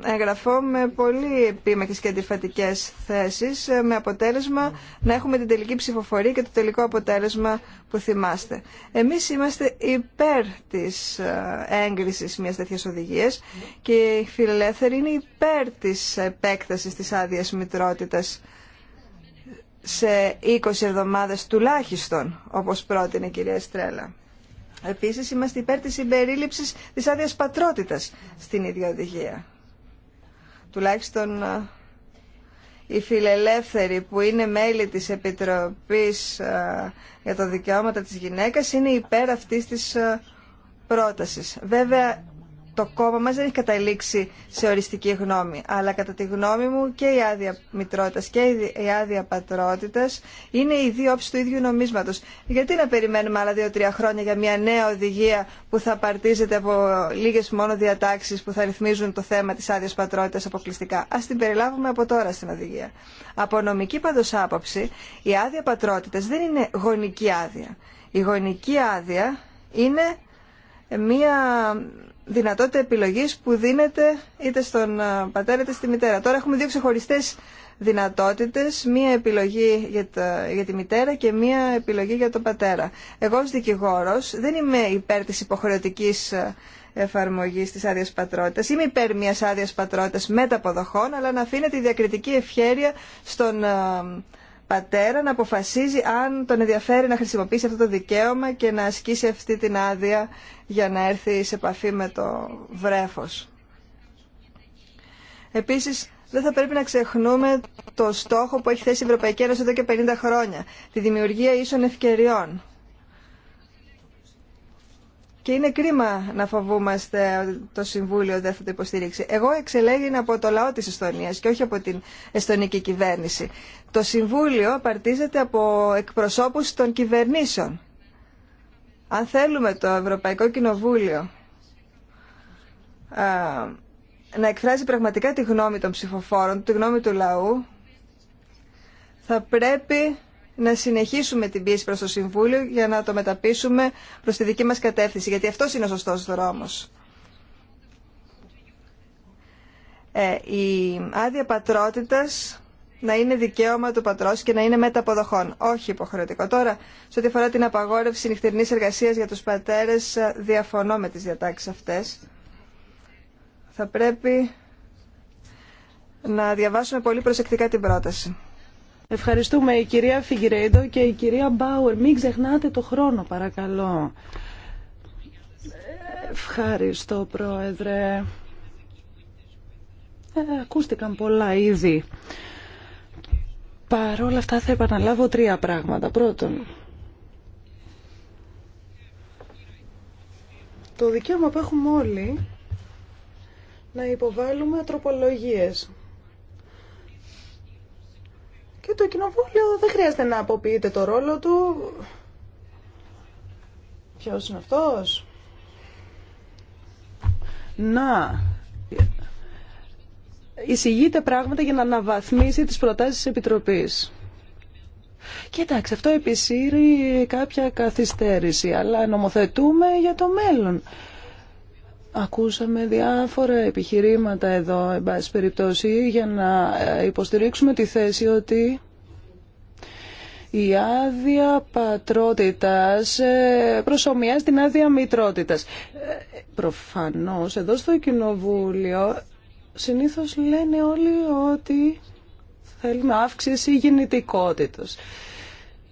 εγγραφό με πολύ επίμαχες και αντιφατικές θέσεις ε, με αποτέλεσμα να έχουμε την τελική ψηφοφορία και το τελικό αποτέλεσμα που θυμάστε. Εμείς είμαστε υπέρ της ε, έγκρισης μιας τέτοιας οδηγίας και η φιλελεύθερη είναι υπέρ της επέκτασης της άδεια μητρότητα σε 20 εβδομάδες τουλάχιστον, όπως πρότεινε η κυρία Στρέλα. Επίση είμαστε υπέρ της συμπερίληψη της άδεια πατρότητα στην ίδια οδηγία. Τουλάχιστον ε, οι φιλελεύθεροι που είναι μέλη της Επιτροπής ε, για τα Δικαιώματα της Γυναίκας είναι υπέρ αυτής της ε, πρότασης. Βέβαια το κόμμα μας δεν έχει καταλήξει σε οριστική γνώμη. Αλλά κατά τη γνώμη μου και η άδεια μητρότητας και η άδεια πατρότητας είναι οι δύο όψεις του ίδιου νομίσματος. Γιατί να περιμένουμε άλλα δύο-τρία χρόνια για μια νέα οδηγία που θα παρτίζεται από λίγες μόνο διατάξεις που θα ρυθμίζουν το θέμα της άδειας πατρότητας αποκλειστικά. Ας την περιλάβουμε από τώρα στην οδηγία. Από νομική πάντως άποψη, η άδεια πατρότητας δεν είναι γονική άδεια. Η γονική άδεια είναι μία δυνατότητα επιλογής που δίνεται είτε στον ε, πατέρα είτε στη μητέρα. Τώρα έχουμε δύο ξεχωριστές δυνατότητες, μία επιλογή για, για τη μητέρα και μία επιλογή για τον πατέρα. Εγώ ως δικηγόρος δεν είμαι υπέρ της υποχρεωτικής ε, εφαρμογής τη άδεια πατρότητας. Είμαι υπέρ μια άδεια πατρότητας μεταποδοχών, αλλά να αφήνεται η διακριτική ευχέρεια στον ε, πατέρα να αποφασίζει αν τον ενδιαφέρει να χρησιμοποιήσει αυτό το δικαίωμα και να ασκήσει αυτή την άδεια για να έρθει σε επαφή με το βρέφος. Επίσης, δεν θα πρέπει να ξεχνούμε το στόχο που έχει θέσει η Ευρωπαϊκή Ένωση εδώ και 50 χρόνια, τη δημιουργία ίσων ευκαιριών. Και είναι κρίμα να φοβούμαστε ότι το Συμβούλιο δεν θα το υποστηρίξει. Εγώ εξελέγην από το λαό της Εστονίας και όχι από την εστονική κυβέρνηση. Το Συμβούλιο απαρτίζεται από εκπροσώπους των κυβερνήσεων. Αν θέλουμε το Ευρωπαϊκό Κοινοβούλιο α, να εκφράζει πραγματικά τη γνώμη των ψηφοφόρων, τη γνώμη του λαού, θα πρέπει να συνεχίσουμε την πίεση προς το Συμβούλιο για να το μεταπίσουμε προς τη δική μας κατεύθυνση, γιατί αυτός είναι ο σωστός δρόμος. Ε, η άδεια πατρότητας να είναι δικαίωμα του πατρός και να είναι μεταποδοχών. Όχι υποχρεωτικό. Τώρα, σε ό,τι αφορά την απαγόρευση νυχτερινής εργασίας για τους πατέρες, ε, διαφωνώ με τις διατάξεις αυτές. Θα πρέπει να διαβάσουμε πολύ προσεκτικά την πρόταση. Ευχαριστούμε η κυρία Φιγκρέντο και η κυρία Μπάουερ. Μην ξεχνάτε το χρόνο παρακαλώ. Ευχαριστώ πρόεδρε. Ε, ακούστηκαν πολλά ήδη. Παρ' όλα αυτά θα επαναλάβω τρία πράγματα. Πρώτον, το δικαίωμα που έχουμε όλοι να υποβάλουμε τροπολογίες. Και το κοινοβούλιο δεν χρειάζεται να αποποιείται το ρόλο του. Ποιος είναι αυτός? Να εισηγείται πράγματα για να αναβαθμίσει τις προτάσεις της Επιτροπής. Κοιτάξτε, αυτό επισύρει κάποια καθυστέρηση, αλλά νομοθετούμε για το μέλλον. Ακούσαμε διάφορα επιχειρήματα εδώ, εν πάση περιπτώσει, για να ε, υποστηρίξουμε τη θέση ότι η άδεια πατρότητας ε, προσωμιάζει την άδεια μητρότητας. Ε, προφανώς, εδώ στο Κοινοβούλιο συνήθως λένε όλοι ότι θέλουμε αύξηση γεννητικότητας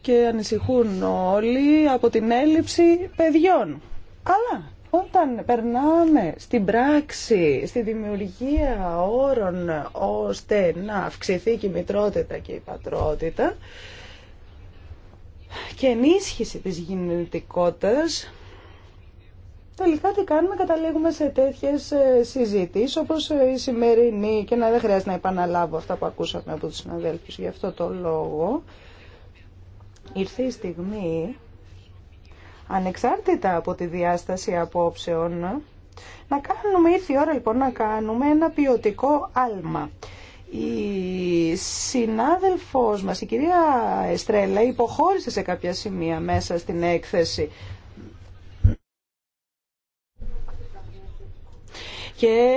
και ανησυχούν όλοι από την έλλειψη παιδιών. Αλλά όταν περνάμε στην πράξη, στη δημιουργία όρων ώστε να αυξηθεί και η μητρότητα και η πατρότητα και ενίσχυση της γενετικότητας, Τελικά τι κάνουμε, καταλήγουμε σε τέτοιες ε, συζήτησεις όπως ε, η σημερινή. Και να δεν χρειάζεται να επαναλάβω αυτά που ακούσαμε από τους συναδέλφους. Γι' αυτό το λόγο ήρθε η στιγμή ανεξάρτητα από τη διάσταση απόψεων. Να κάνουμε, ήρθε η ώρα λοιπόν να κάνουμε ένα ποιοτικό άλμα. Η συνάδελφός μας, η κυρία Εστρέλα, υποχώρησε σε κάποια σημεία μέσα στην έκθεση. Και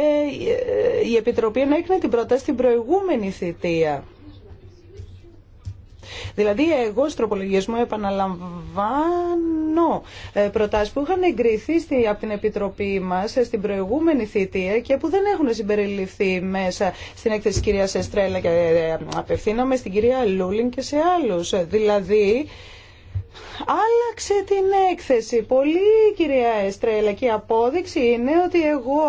ε, η Επιτροπή ενέκρινε την πρόταση στην προηγούμενη θητεία. Δηλαδή, εγώ στροπολογίες επαναλαμβάνω ε, προτάσει που είχαν εγκριθεί στη, από την Επιτροπή μας ε, στην προηγούμενη θητεία και που δεν έχουν συμπεριληφθεί μέσα στην έκθεση κυρία Εστρέλα και ε, απευθύνομαι στην κυρία Λούλιν και σε άλλους. Δηλαδή, άλλαξε την έκθεση. Πολύ κυρία Εστρέλα και η απόδειξη είναι ότι εγώ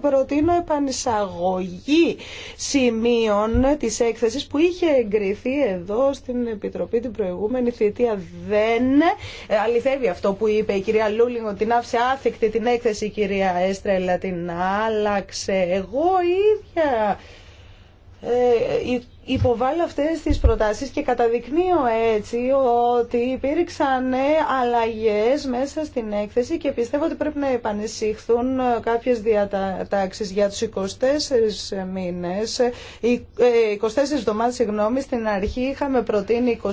προτείνω επανεισαγωγή σημείων της έκθεσης που είχε εγκριθεί εδώ στην Επιτροπή την προηγούμενη θητεία. Δεν ε, αληθεύει αυτό που είπε η κυρία Λούλινγκ ότι την άφησε άθικτη την έκθεση η κυρία Εστρέλα την άλλαξε. Εγώ ίδια ε, ε, υποβάλλει αυτές τις προτάσεις και καταδεικνύω έτσι ότι υπήρξαν ε, αλλαγές μέσα στην έκθεση και πιστεύω ότι πρέπει να επανεσύχθουν κάποιες διατάξεις για τους 24 μήνες, 24 εβδομάδες συγγνώμη, στην αρχή είχαμε προτείνει 22,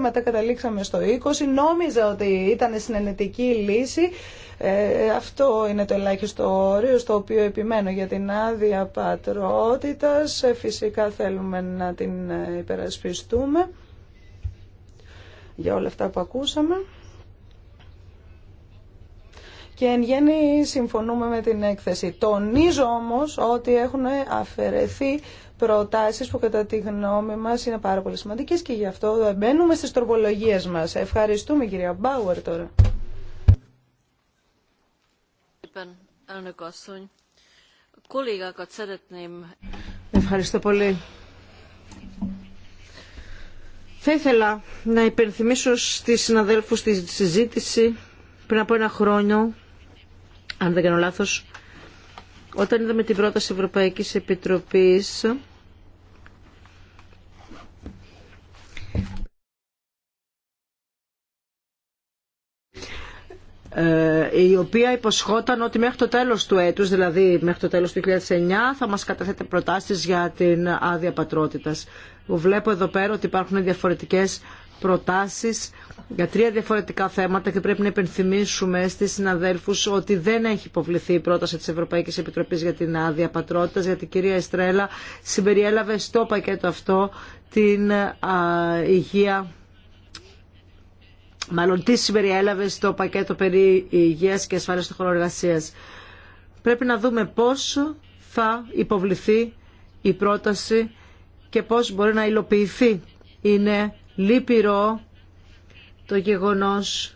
μετά καταλήξαμε στο 20, νόμιζα ότι ήταν συνενετική λύση, ε, ε, αυτό είναι το ελάχιστο όριο στο οποίο επιμένω για την άδεια πατρότητας. Ε, φυσικά θέλουμε να την υπερασπιστούμε για όλα αυτά που ακούσαμε. Και εν γέννη συμφωνούμε με την έκθεση. Τονίζω όμως ότι έχουν αφαιρεθεί προτάσεις που κατά τη γνώμη μας είναι πάρα πολύ σημαντικές και γι' αυτό μπαίνουμε στις τροπολογίες μας. Ευχαριστούμε κυρία Μπάουερ τώρα. Ευχαριστώ πολύ. Θα ήθελα να υπενθυμίσω στις συναδέλφους τη συζήτηση πριν από ένα χρόνο, αν δεν κάνω λάθος, όταν είδαμε την πρόταση Ευρωπαϊκής Επιτροπής Ε, η οποία υποσχόταν ότι μέχρι το τέλος του έτους, δηλαδή μέχρι το τέλος του 2009, θα μας καταθέτε προτάσεις για την άδεια πατρότητας. Βλέπω εδώ πέρα ότι υπάρχουν διαφορετικές προτάσεις για τρία διαφορετικά θέματα και πρέπει να υπενθυμίσουμε στις συναδέλφους ότι δεν έχει υποβληθεί η πρόταση της Ευρωπαϊκής Επιτροπής για την άδεια πατρότητας, γιατί η κυρία Εστρέλα συμπεριέλαβε στο πακέτο αυτό την υγεία μάλλον τι συμπεριέλαβε στο πακέτο περί υγείας και ασφάλειας του χώρου εργασία. Πρέπει να δούμε πώς θα υποβληθεί η πρόταση και πώς μπορεί να υλοποιηθεί. Είναι λύπηρο το γεγονός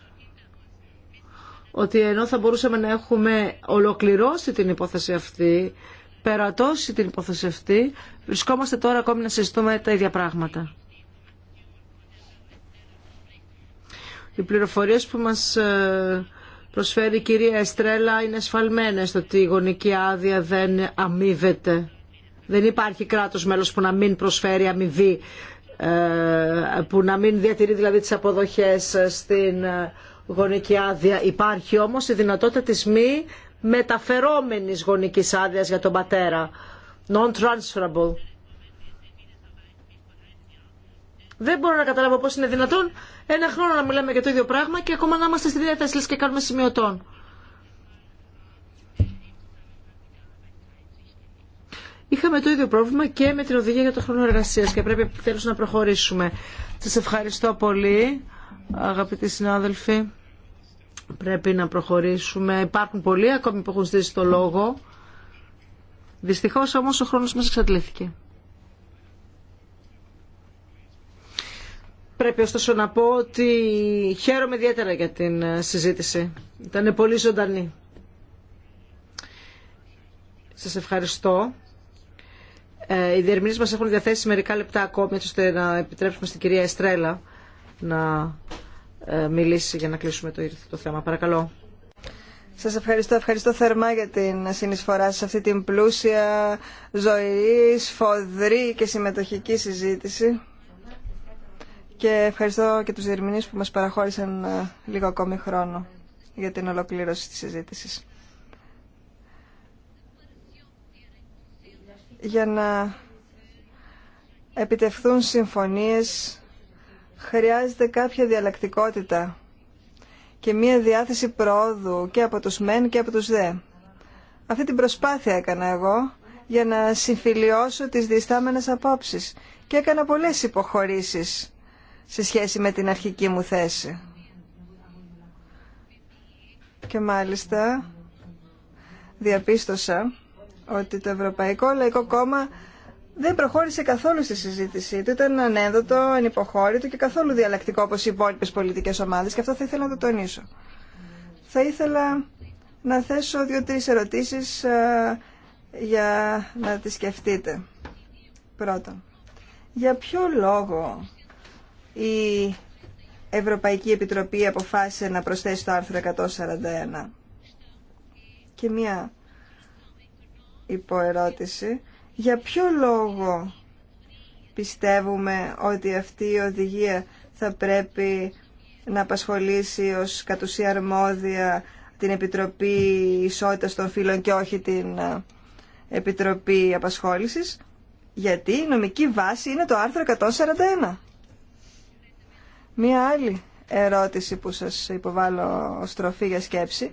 ότι ενώ θα μπορούσαμε να έχουμε ολοκληρώσει την υπόθεση αυτή, περατώσει την υπόθεση αυτή, βρισκόμαστε τώρα ακόμη να συζητούμε τα ίδια πράγματα. οι πληροφορίες που μας ε, προσφέρει η κυρία Εστρέλα είναι σφαλμένες το ότι η γονική άδεια δεν αμείβεται. Δεν υπάρχει κράτος μέλος που να μην προσφέρει αμοιβή, ε, που να μην διατηρεί δηλαδή τις αποδοχές στην ε, γονική άδεια. Υπάρχει όμως η δυνατότητα της μη μεταφερόμενης γονικής άδειας για τον πατέρα. Non-transferable. Δεν μπορώ να καταλάβω πώ είναι δυνατόν ένα χρόνο να μιλάμε για το ίδιο πράγμα και ακόμα να είμαστε στη διάθεση και κάνουμε σημειωτών. Είχαμε το ίδιο πρόβλημα και με την οδηγία για το χρόνο εργασία και πρέπει επιτέλου να προχωρήσουμε. Σα ευχαριστώ πολύ, αγαπητοί συνάδελφοι. Πρέπει να προχωρήσουμε. Υπάρχουν πολλοί ακόμη που έχουν ζητήσει το λόγο. Δυστυχώ όμω ο χρόνο μα εξαντλήθηκε. Πρέπει ωστόσο να πω ότι χαίρομαι ιδιαίτερα για την ε, συζήτηση. Ήταν πολύ ζωντανή. Σας ευχαριστώ. Ε, οι διερμηνείς μας έχουν διαθέσει μερικά λεπτά ακόμη, ώστε να επιτρέψουμε στην κυρία Εστρέλα να ε, μιλήσει για να κλείσουμε το, το θέμα. Παρακαλώ. Σας ευχαριστώ, ευχαριστώ θερμά για την συνεισφορά σε αυτή την πλούσια, ζωηρή, σφοδρή και συμμετοχική συζήτηση και ευχαριστώ και τους διερμηνείς που μας παραχώρησαν ε, λίγο ακόμη χρόνο για την ολοκλήρωση της συζήτησης. Για να επιτευχθούν συμφωνίες χρειάζεται κάποια διαλλακτικότητα και μία διάθεση προόδου και από τους μεν και από τους δε. Αυτή την προσπάθεια έκανα εγώ για να συμφιλιώσω τις διστάμενες απόψεις και έκανα πολλές υποχωρήσεις σε σχέση με την αρχική μου θέση. Και μάλιστα διαπίστωσα ότι το Ευρωπαϊκό Λαϊκό Κόμμα δεν προχώρησε καθόλου στη συζήτησή του. Ήταν ανένδοτο, ανυποχώρητο και καθόλου διαλλακτικό όπω οι υπόλοιπε πολιτικέ ομάδε και αυτό θα ήθελα να το τονίσω. Θα ήθελα να θέσω δύο-τρει ερωτήσει ε, για να τι σκεφτείτε. Πρώτον, για ποιο λόγο η Ευρωπαϊκή Επιτροπή αποφάσισε να προσθέσει το άρθρο 141. Και μία υποερώτηση. Για ποιο λόγο πιστεύουμε ότι αυτή η οδηγία θα πρέπει να απασχολήσει ως κατ' αρμόδια την Επιτροπή Ισότητας των Φύλων και όχι την ε, Επιτροπή Απασχόλησης, γιατί η νομική βάση είναι το άρθρο 141. Μία άλλη ερώτηση που σας υποβάλλω ως για σκέψη,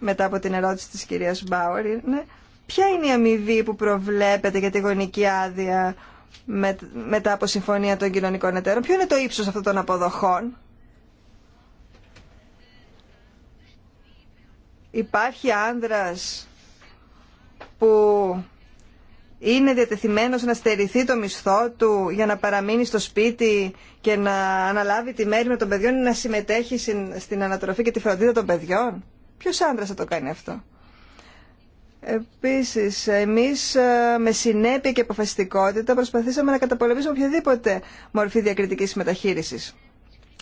μετά από την ερώτηση της κυρίας Μπάουερ, είναι ποια είναι η αμοιβή που προβλέπετε για τη γονική άδεια μετά από συμφωνία των κοινωνικών εταίρων. Ποιο είναι το ύψος αυτών των αποδοχών. Υπάρχει άνδρας που είναι διατεθειμένος να στερηθεί το μισθό του για να παραμείνει στο σπίτι και να αναλάβει τη μέρη με των παιδιών ή να συμμετέχει στην ανατροφή και τη φροντίδα των παιδιών. Ποιος άντρας θα το κάνει αυτό. Επίσης, εμείς ε, με συνέπεια και αποφασιστικότητα προσπαθήσαμε να καταπολεμήσουμε οποιαδήποτε μορφή διακριτικής μεταχείρισης.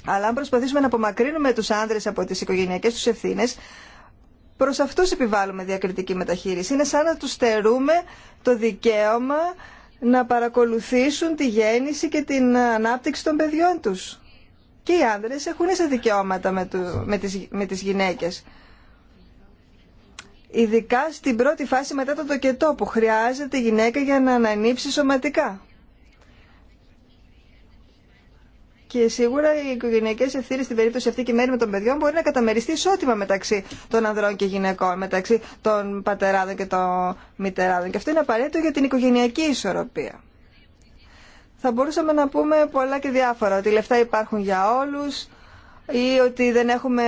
Αλλά αν προσπαθήσουμε να απομακρύνουμε τους άνδρες από τις οικογενειακές τους ευθύνες, προς αυτούς επιβάλλουμε διακριτική μεταχείριση. Είναι σαν να τους στερούμε το δικαίωμα να παρακολουθήσουν τη γέννηση και την ανάπτυξη των παιδιών τους. Και οι άνδρες έχουν ίσα δικαιώματα με, του, με, τις, με τις γυναίκες. Ειδικά στην πρώτη φάση μετά το τοκετό που χρειάζεται η γυναίκα για να ανανύψει σωματικά. Και σίγουρα οι οικογενειακέ ευθύνε στην περίπτωση αυτή και μέρη με των παιδιών μπορεί να καταμεριστεί ισότιμα μεταξύ των ανδρών και γυναικών, μεταξύ των πατεράδων και των μητεράδων. Και αυτό είναι απαραίτητο για την οικογενειακή ισορροπία. Θα μπορούσαμε να πούμε πολλά και διάφορα, ότι λεφτά υπάρχουν για όλου ή ότι δεν έχουμε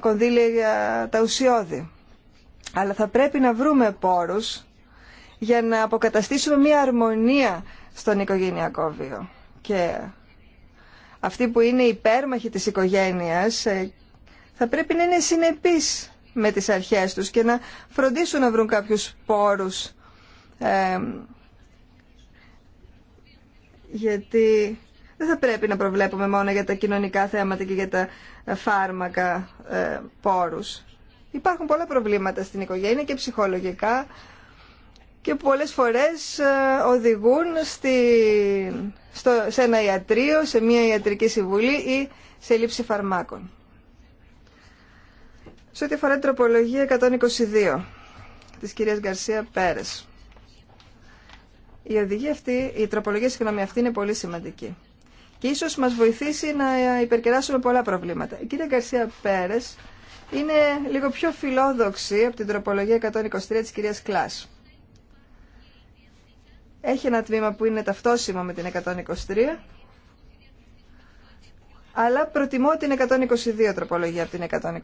κονδύλια για τα ουσιώδη. Αλλά θα πρέπει να βρούμε πόρου για να αποκαταστήσουμε μια αρμονία στον οικογενειακό βίο. Και αυτοί που είναι υπέρμαχοι της οικογένειας ε, θα πρέπει να είναι συνεπείς με τις αρχές τους και να φροντίσουν να βρουν κάποιους πόρους ε, γιατί δεν θα πρέπει να προβλέπουμε μόνο για τα κοινωνικά θέματα και για τα φάρμακα ε, πόρους. Υπάρχουν πολλά προβλήματα στην οικογένεια και ψυχολογικά και πολλές φορές ε, οδηγούν σε ένα ιατρείο, σε μια ιατρική συμβουλή ή σε λήψη φαρμάκων. Σε ό,τι αφορά την τροπολογία 122 της κυρίας Γκαρσία Πέρες. Η οδηγία αυτή, η τροπολογία συγγνώμη αυτή είναι πολύ σημαντική. Και ίσως μας βοηθήσει να υπερκεράσουμε πολλά προβλήματα. Η κυρία Γκαρσία Πέρες είναι λίγο πιο φιλόδοξη από την τροπολογία 123 της κυρίας Κλάς έχει ένα τμήμα που είναι ταυτόσιμο με την 123, αλλά προτιμώ την 122 τροπολογία από την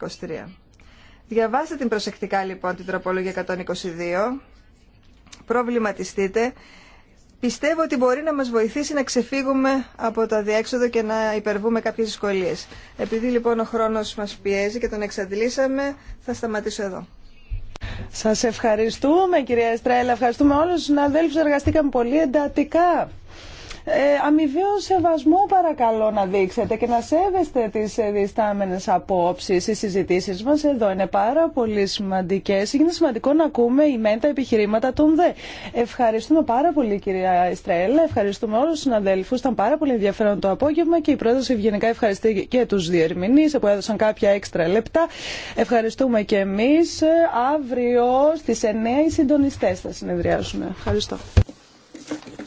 123. Διαβάστε την προσεκτικά λοιπόν την τροπολογία 122, προβληματιστείτε. Πιστεύω ότι μπορεί να μας βοηθήσει να ξεφύγουμε από τα διέξοδο και να υπερβούμε κάποιες δυσκολίες. Επειδή λοιπόν ο χρόνος μας πιέζει και τον εξαντλήσαμε, θα σταματήσω εδώ. Σα ευχαριστούμε κυρία Εστρέλα, ευχαριστούμε όλους του συναδέλφου εργαστήκαμε πολύ εντατικά. Ε, αμοιβαίο σεβασμό παρακαλώ να δείξετε και να σέβεστε τις διστάμενες απόψεις. Οι συζητήσεις μας εδώ είναι πάρα πολύ σημαντικές. Είναι σημαντικό να ακούμε οι μεν επιχειρήματα των δε. Ευχαριστούμε πάρα πολύ κυρία Ιστραέλα, ευχαριστούμε όλους τους συναδέλφους. Ήταν πάρα πολύ ενδιαφέρον το απόγευμα και η πρόταση ευγενικά ευχαριστεί και τους διερμηνείς που έδωσαν κάποια έξτρα λεπτά. Ευχαριστούμε και εμείς. Αύριο στις 9 οι συντονιστές θα συνεδριάσουμε. Ευχαριστώ.